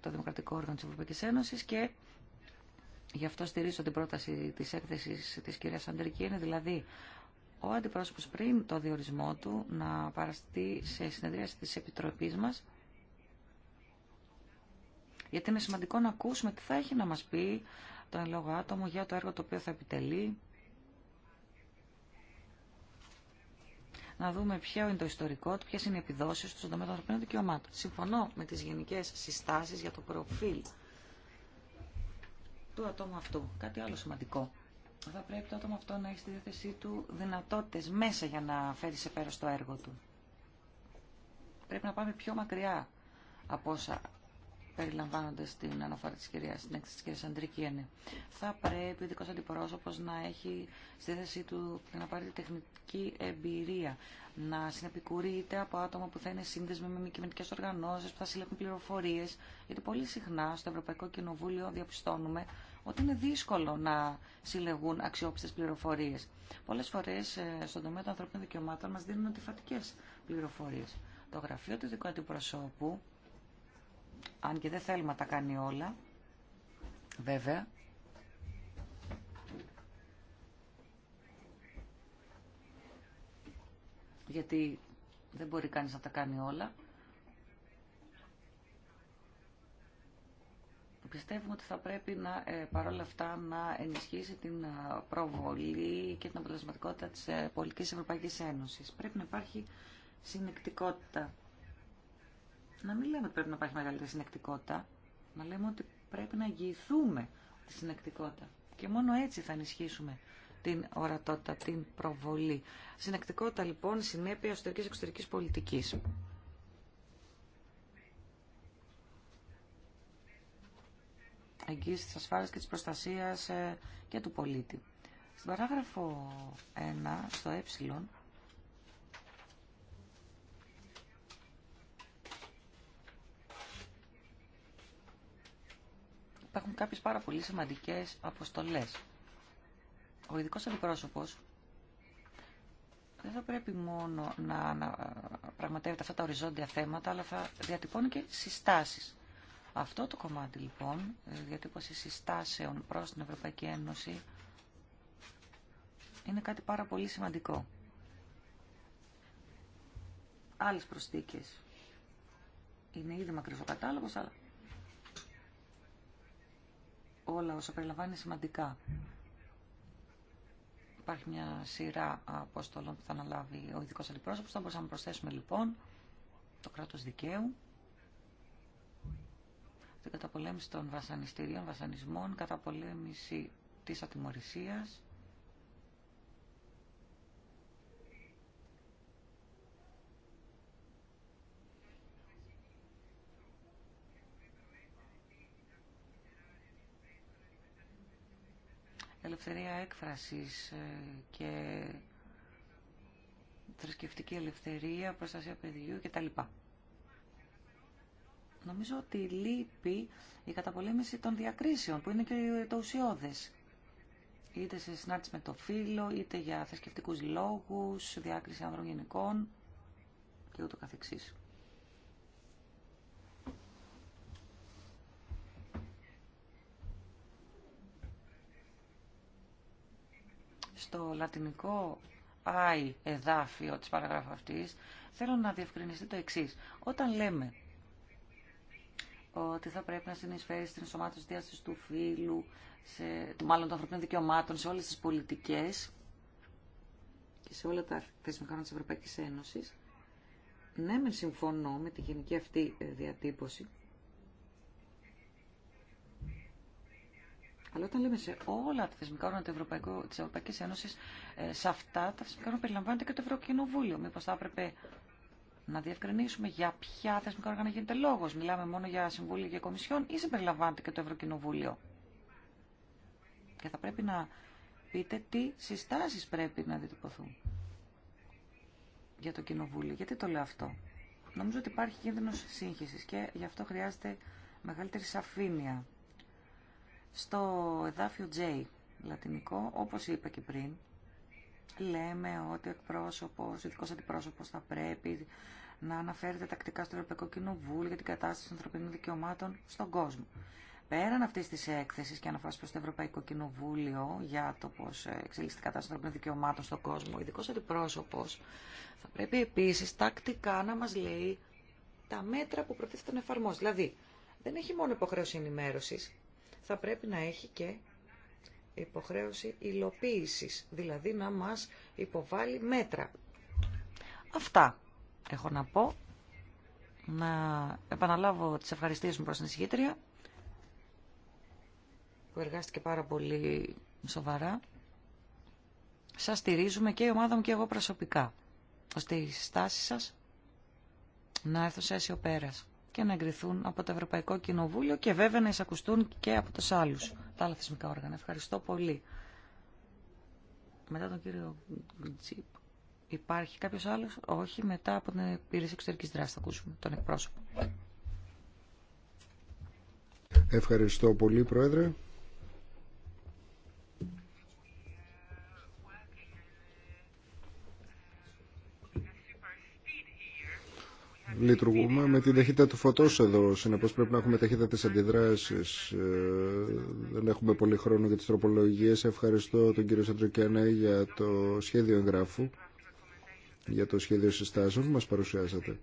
[SPEAKER 2] το Δημοκρατικό Όργανο της Ευρωπαϊκής Ένωσης και γι' αυτό στηρίζω την πρόταση της έκθεσης της κυρίας Αντρική, δηλαδή ο αντιπρόσωπος πριν το διορισμό του να παραστεί σε συνεδρίαση της Επιτροπής μας γιατί είναι σημαντικό να ακούσουμε τι θα έχει να μας πει το εν λόγω άτομο για το έργο το οποίο θα επιτελεί. Να δούμε ποιο είναι το ιστορικό του, ποιε είναι οι επιδόσεις του στον τομέα των ανθρωπίνων δικαιωμάτων. Συμφωνώ με τις γενικές συστάσεις για το προφίλ του ατόμου αυτού. Κάτι άλλο σημαντικό θα πρέπει το άτομο αυτό να έχει στη διάθεσή του δυνατότητες μέσα για να φέρει σε πέρα στο έργο του. Πρέπει να πάμε πιο μακριά από όσα περιλαμβάνονται στην αναφορά της κυρίας, στην έκθεση της κυρίας Θα πρέπει ο δικός αντιπρόσωπος να έχει στη θέση του να πάρει τεχνική εμπειρία, να συνεπικουρείται από άτομα που θα είναι σύνδεσμοι με μη κυβερνητικέ οργανώσεις, που θα συλλέγουν πληροφορίες, γιατί πολύ συχνά στο Ευρωπαϊκό Κοινοβούλιο διαπιστώνουμε ότι είναι δύσκολο να συλλεγούν αξιόπιστες πληροφορίες. Πολλές φορές ε, στον τομέα των ανθρωπίνων δικαιωμάτων μας δίνουν αντιφατικές πληροφορίες. Το γραφείο του δικού αντιπροσώπου, αν και δεν θέλουμε να τα κάνει όλα, βέβαια, γιατί δεν μπορεί κανείς να τα κάνει όλα, Πιστεύουμε ότι θα πρέπει να, ε, παρόλα αυτά να ενισχύσει την ε, προβολή και την αποτελεσματικότητα της ε, πολιτικής Ευρωπαϊκής Ένωσης. Πρέπει να υπάρχει συνεκτικότητα. Να μην λέμε ότι πρέπει να υπάρχει μεγαλύτερη συνεκτικότητα, να λέμε ότι πρέπει να αγγιηθούμε τη συνεκτικότητα. Και μόνο έτσι θα ενισχύσουμε την ορατότητα, την προβολή. Συνεκτικότητα λοιπόν, συνέπεια εσωτερικής εξωτερικής πολιτικής. εγγύηση της ασφάλειας και της προστασίας ε, και του πολίτη. Στην παράγραφο 1, στο ε, υπάρχουν κάποιες πάρα πολύ σημαντικές αποστολές. Ο ειδικός αντιπρόσωπος δεν θα πρέπει μόνο να, να πραγματεύεται αυτά τα οριζόντια θέματα, αλλά θα διατυπώνει και συστάσεις. Αυτό το κομμάτι λοιπόν, ε, διατύπωση συστάσεων προς την Ευρωπαϊκή Ένωση, είναι κάτι πάρα πολύ σημαντικό. Άλλες προσθήκες. Είναι ήδη μακρύς ο κατάλογος, αλλά όλα όσα περιλαμβάνει είναι σημαντικά. Υπάρχει μια σειρά αποστολών που θα αναλάβει ο ειδικός αντιπρόσωπος. Θα μπορούσαμε να προσθέσουμε λοιπόν το κράτος δικαίου, την καταπολέμηση των βασανιστήριων, βασανισμών, καταπολέμηση της ατιμορρησίας. Ελευθερία έκφρασης ε, και θρησκευτική ελευθερία, προστασία παιδιού κτλ. Νομίζω ότι λείπει η καταπολέμηση των διακρίσεων, που είναι και το ουσιώδες. Είτε σε συνάρτηση με το φύλλο, είτε για θρησκευτικού λόγους, διάκριση ανδρών γενικών και ούτω καθεξής. Στο λατινικό «αι» εδάφιο της παραγράφου αυτής, θέλω να διευκρινιστεί το εξής. Όταν λέμε ότι θα πρέπει να συνεισφέρει στην ενσωμάτωση διάσταση του φύλου, σε, του μάλλον των ανθρωπίνων δικαιωμάτων, σε όλες τις πολιτικές και σε όλα τα θεσμικά της Ευρωπαϊκής Ένωσης. Ναι, με συμφωνώ με τη γενική αυτή ε, διατύπωση. Αλλά όταν λέμε σε όλα τα θεσμικά όργανα τη Ευρωπαϊκή Ένωση, ε, σε αυτά τα θεσμικά όργανα περιλαμβάνεται και το Ευρωκοινοβούλιο. Μήπω θα έπρεπε να διευκρινίσουμε για ποια θεσμικά όργανα γίνεται λόγο. Μιλάμε μόνο για συμβούλια και Κομισιόν ή συμπεριλαμβάνεται και το Ευρωκοινοβούλιο. Και θα πρέπει να πείτε τι συστάσει πρέπει να διατυπωθούν για το Κοινοβούλιο. Γιατί το λέω αυτό. Νομίζω ότι υπάρχει κίνδυνο σύγχυση. και γι' αυτό χρειάζεται μεγαλύτερη σαφήνεια. Στο εδάφιο J, λατινικό, όπως είπα και πριν, λέμε ότι ο εκπρόσωπος, ο ειδικός αντιπρόσωπος θα πρέπει να αναφέρεται τακτικά στο Ευρωπαϊκό Κοινοβούλιο για την κατάσταση των ανθρωπίνων δικαιωμάτων στον κόσμο. Πέραν αυτή τη έκθεση και αναφορά προ το Ευρωπαϊκό Κοινοβούλιο για το πώ εξελίσσεται η κατάσταση των ανθρωπίνων δικαιωμάτων στον κόσμο, ειδικό αντιπρόσωπο θα πρέπει επίση τακτικά να μα λέει τα μέτρα που προτίθεται να εφαρμόσει. Δηλαδή, δεν έχει μόνο υποχρέωση ενημέρωση, θα πρέπει να έχει και υποχρέωση υλοποίηση. δηλαδή να μα υποβάλει μέτρα. Αυτά έχω να πω. Να επαναλάβω τις ευχαριστίες μου προς την εισηγήτρια που εργάστηκε πάρα πολύ σοβαρά. Σας στηρίζουμε και η ομάδα μου και εγώ προσωπικά, ώστε οι στάσεις σας να έρθουν σε αίσιο πέρας και να εγκριθούν από το Ευρωπαϊκό Κοινοβούλιο και βέβαια να εισακουστούν και από τους άλλους, τα άλλα θεσμικά όργανα. Ευχαριστώ πολύ. Μετά τον κύριο Υπάρχει κάποιος άλλος? Όχι, μετά από την υπηρεσία εξωτερικής δράσης θα ακούσουμε τον εκπρόσωπο.
[SPEAKER 1] Ευχαριστώ πολύ, Πρόεδρε. Λειτουργούμε με την ταχύτητα του φωτός εδώ, συνεπώς πρέπει να έχουμε ταχύτητα της αντιδράσεις. Ε, δεν έχουμε πολύ χρόνο για τις τροπολογίες. Ευχαριστώ τον κύριο Σαντροκιανέ για το σχέδιο εγγράφου για το σχέδιο συστάσεων που μας παρουσιάσατε.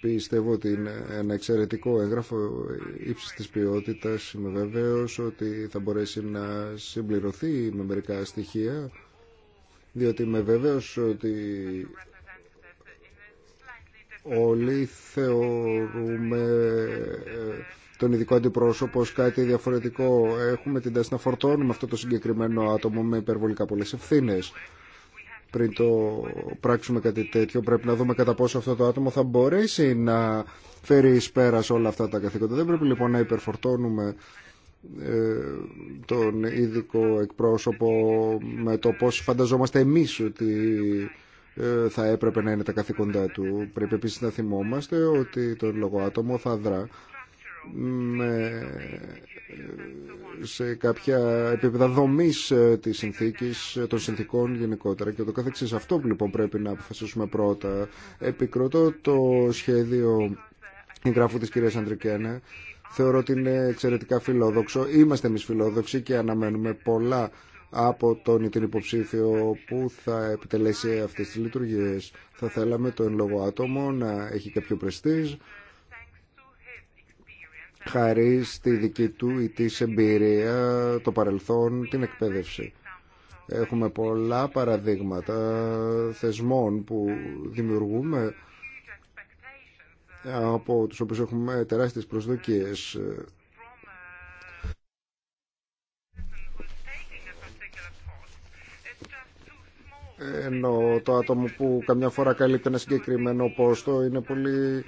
[SPEAKER 1] Πιστεύω ότι είναι ένα εξαιρετικό έγγραφο ύψης της ποιότητας. Είμαι βέβαιος ότι θα μπορέσει να συμπληρωθεί με μερικά στοιχεία, διότι είμαι βέβαιος ότι όλοι θεωρούμε ε, τον ειδικό αντιπρόσωπο ως κάτι διαφορετικό. Έχουμε την τάση να φορτώνουμε αυτό το συγκεκριμένο άτομο με υπερβολικά πολλές ευθύνες πριν το πράξουμε κάτι τέτοιο. Πρέπει να δούμε κατά πόσο αυτό το άτομο θα μπορέσει να φέρει εις πέρας όλα αυτά τα καθήκοντα. Δεν πρέπει λοιπόν να υπερφορτώνουμε ε, τον ειδικό εκπρόσωπο με το πώς φανταζόμαστε εμείς ότι ε, θα έπρεπε να είναι τα καθήκοντά του. Πρέπει επίσης να θυμόμαστε ότι το λόγο άτομο θα δρά με, σε κάποια επίπεδα δομής ε, της συνθήκης, ε, των συνθήκων γενικότερα και το καθεξής. Αυτό που λοιπόν πρέπει να αποφασίσουμε πρώτα. Επικροτώ το σχέδιο εγγράφου της κυρίας Αντρικένε. Θεωρώ ότι είναι εξαιρετικά φιλόδοξο. Είμαστε εμεί φιλόδοξοι και αναμένουμε πολλά από τον ή την υποψήφιο που θα επιτελέσει αυτές τις λειτουργίες. Θα θέλαμε το εν λόγω άτομο να έχει κάποιο πρεστής, Χαρί στη δική του ή της εμπειρία, το παρελθόν, την εκπαίδευση. Έχουμε πολλά παραδείγματα θεσμών που δημιουργούμε από τους οποίους έχουμε τεράστιες προσδοκίες. Ενώ το άτομο που καμιά φορά καλύπτει ένα συγκεκριμένο πόστο είναι πολύ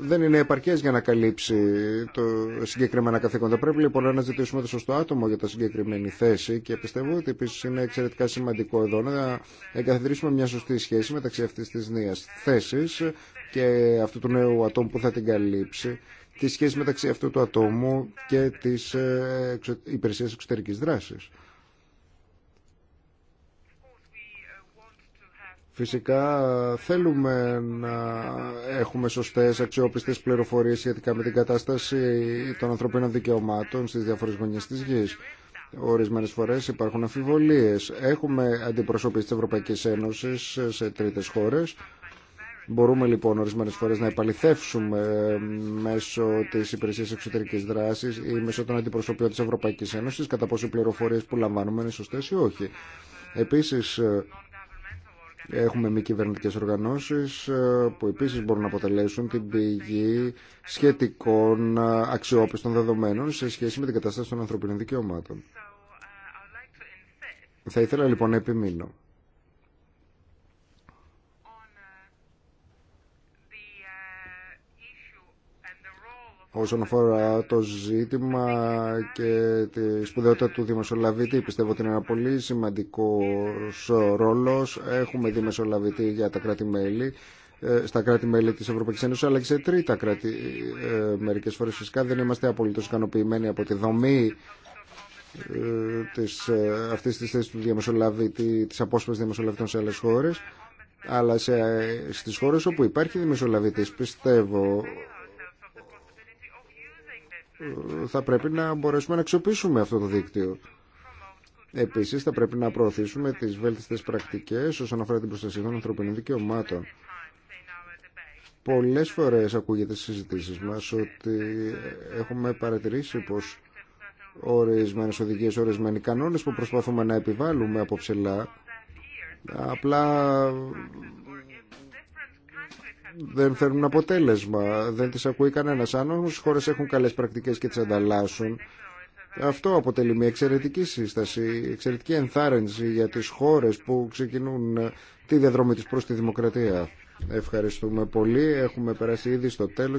[SPEAKER 1] δεν είναι επαρκές για να καλύψει το συγκεκριμένα καθήκοντα. Πρέπει λοιπόν να αναζητήσουμε το σωστό άτομο για τα συγκεκριμένη θέση και πιστεύω ότι επίση είναι εξαιρετικά σημαντικό εδώ να εγκαθιδρύσουμε μια σωστή σχέση μεταξύ αυτής της νέας θέσης και αυτού του νέου ατόμου που θα την καλύψει τη σχέση μεταξύ αυτού του ατόμου και της ε, υπηρεσίας εξωτερικής δράσης. Φυσικά θέλουμε να έχουμε σωστές αξιόπιστες πληροφορίες σχετικά με την κατάσταση των ανθρωπίνων δικαιωμάτων στις διάφορες γωνιές της γης. Ορισμένες φορές υπάρχουν αμφιβολίες. Έχουμε αντιπροσωπείς της Ευρωπαϊκής Ένωσης σε τρίτες χώρες. Μπορούμε λοιπόν ορισμένες φορές να επαληθεύσουμε μέσω της υπηρεσίας εξωτερικής δράσης ή μέσω των αντιπροσωπείων της Ευρωπαϊκής Ένωσης κατά πόσο οι πληροφορίες που λαμβάνουμε είναι σωστές ή όχι. Επίσης Έχουμε μη κυβερνητικέ οργανώσει ε, που επίση μπορούν να αποτελέσουν την πηγή σχετικών ε, αξιόπιστων δεδομένων σε σχέση με την κατάσταση των ανθρωπίνων δικαιωμάτων. Θα ήθελα λοιπόν να επιμείνω όσον αφορά το ζήτημα και τη σπουδαιότητα του δημοσιολαβητή. Πιστεύω ότι είναι ένα πολύ σημαντικό ρόλος. Έχουμε δημοσιολαβητή για τα κράτη-μέλη ε, στα κράτη-μέλη της Ευρωπαϊκής Ένωσης αλλά και σε τρίτα κράτη ε, μερικές φορές φυσικά δεν είμαστε απολύτως ικανοποιημένοι από τη δομή αυτή ε, της, θέση αυτής της θέσης του δημοσιολαβητή της απόσπασης δημοσιολαβητών σε άλλες χώρες αλλά σε, στις χώρες όπου υπάρχει δημοσιολαβητής πιστεύω θα πρέπει να μπορέσουμε να αξιοποιήσουμε αυτό το δίκτυο. Επίσης θα πρέπει να προωθήσουμε τις βέλτιστες πρακτικές όσον αφορά την προστασία των ανθρωπινών δικαιωμάτων. Πολλές φορές ακούγεται στις συζητήσεις μας ότι έχουμε παρατηρήσει πως ορισμένες οδηγίες, ορισμένοι κανόνες που προσπαθούμε να επιβάλλουμε από ψηλά απλά δεν φέρνουν αποτέλεσμα. Δεν τις ακούει κανένας. Αν όμως χώρες έχουν καλές πρακτικές και τις ανταλλάσσουν, αυτό αποτελεί μια εξαιρετική σύσταση, εξαιρετική ενθάρρυνση για τις χώρες που ξεκινούν τη διαδρομή της προς τη δημοκρατία. Ευχαριστούμε πολύ. Έχουμε περάσει ήδη στο τέλος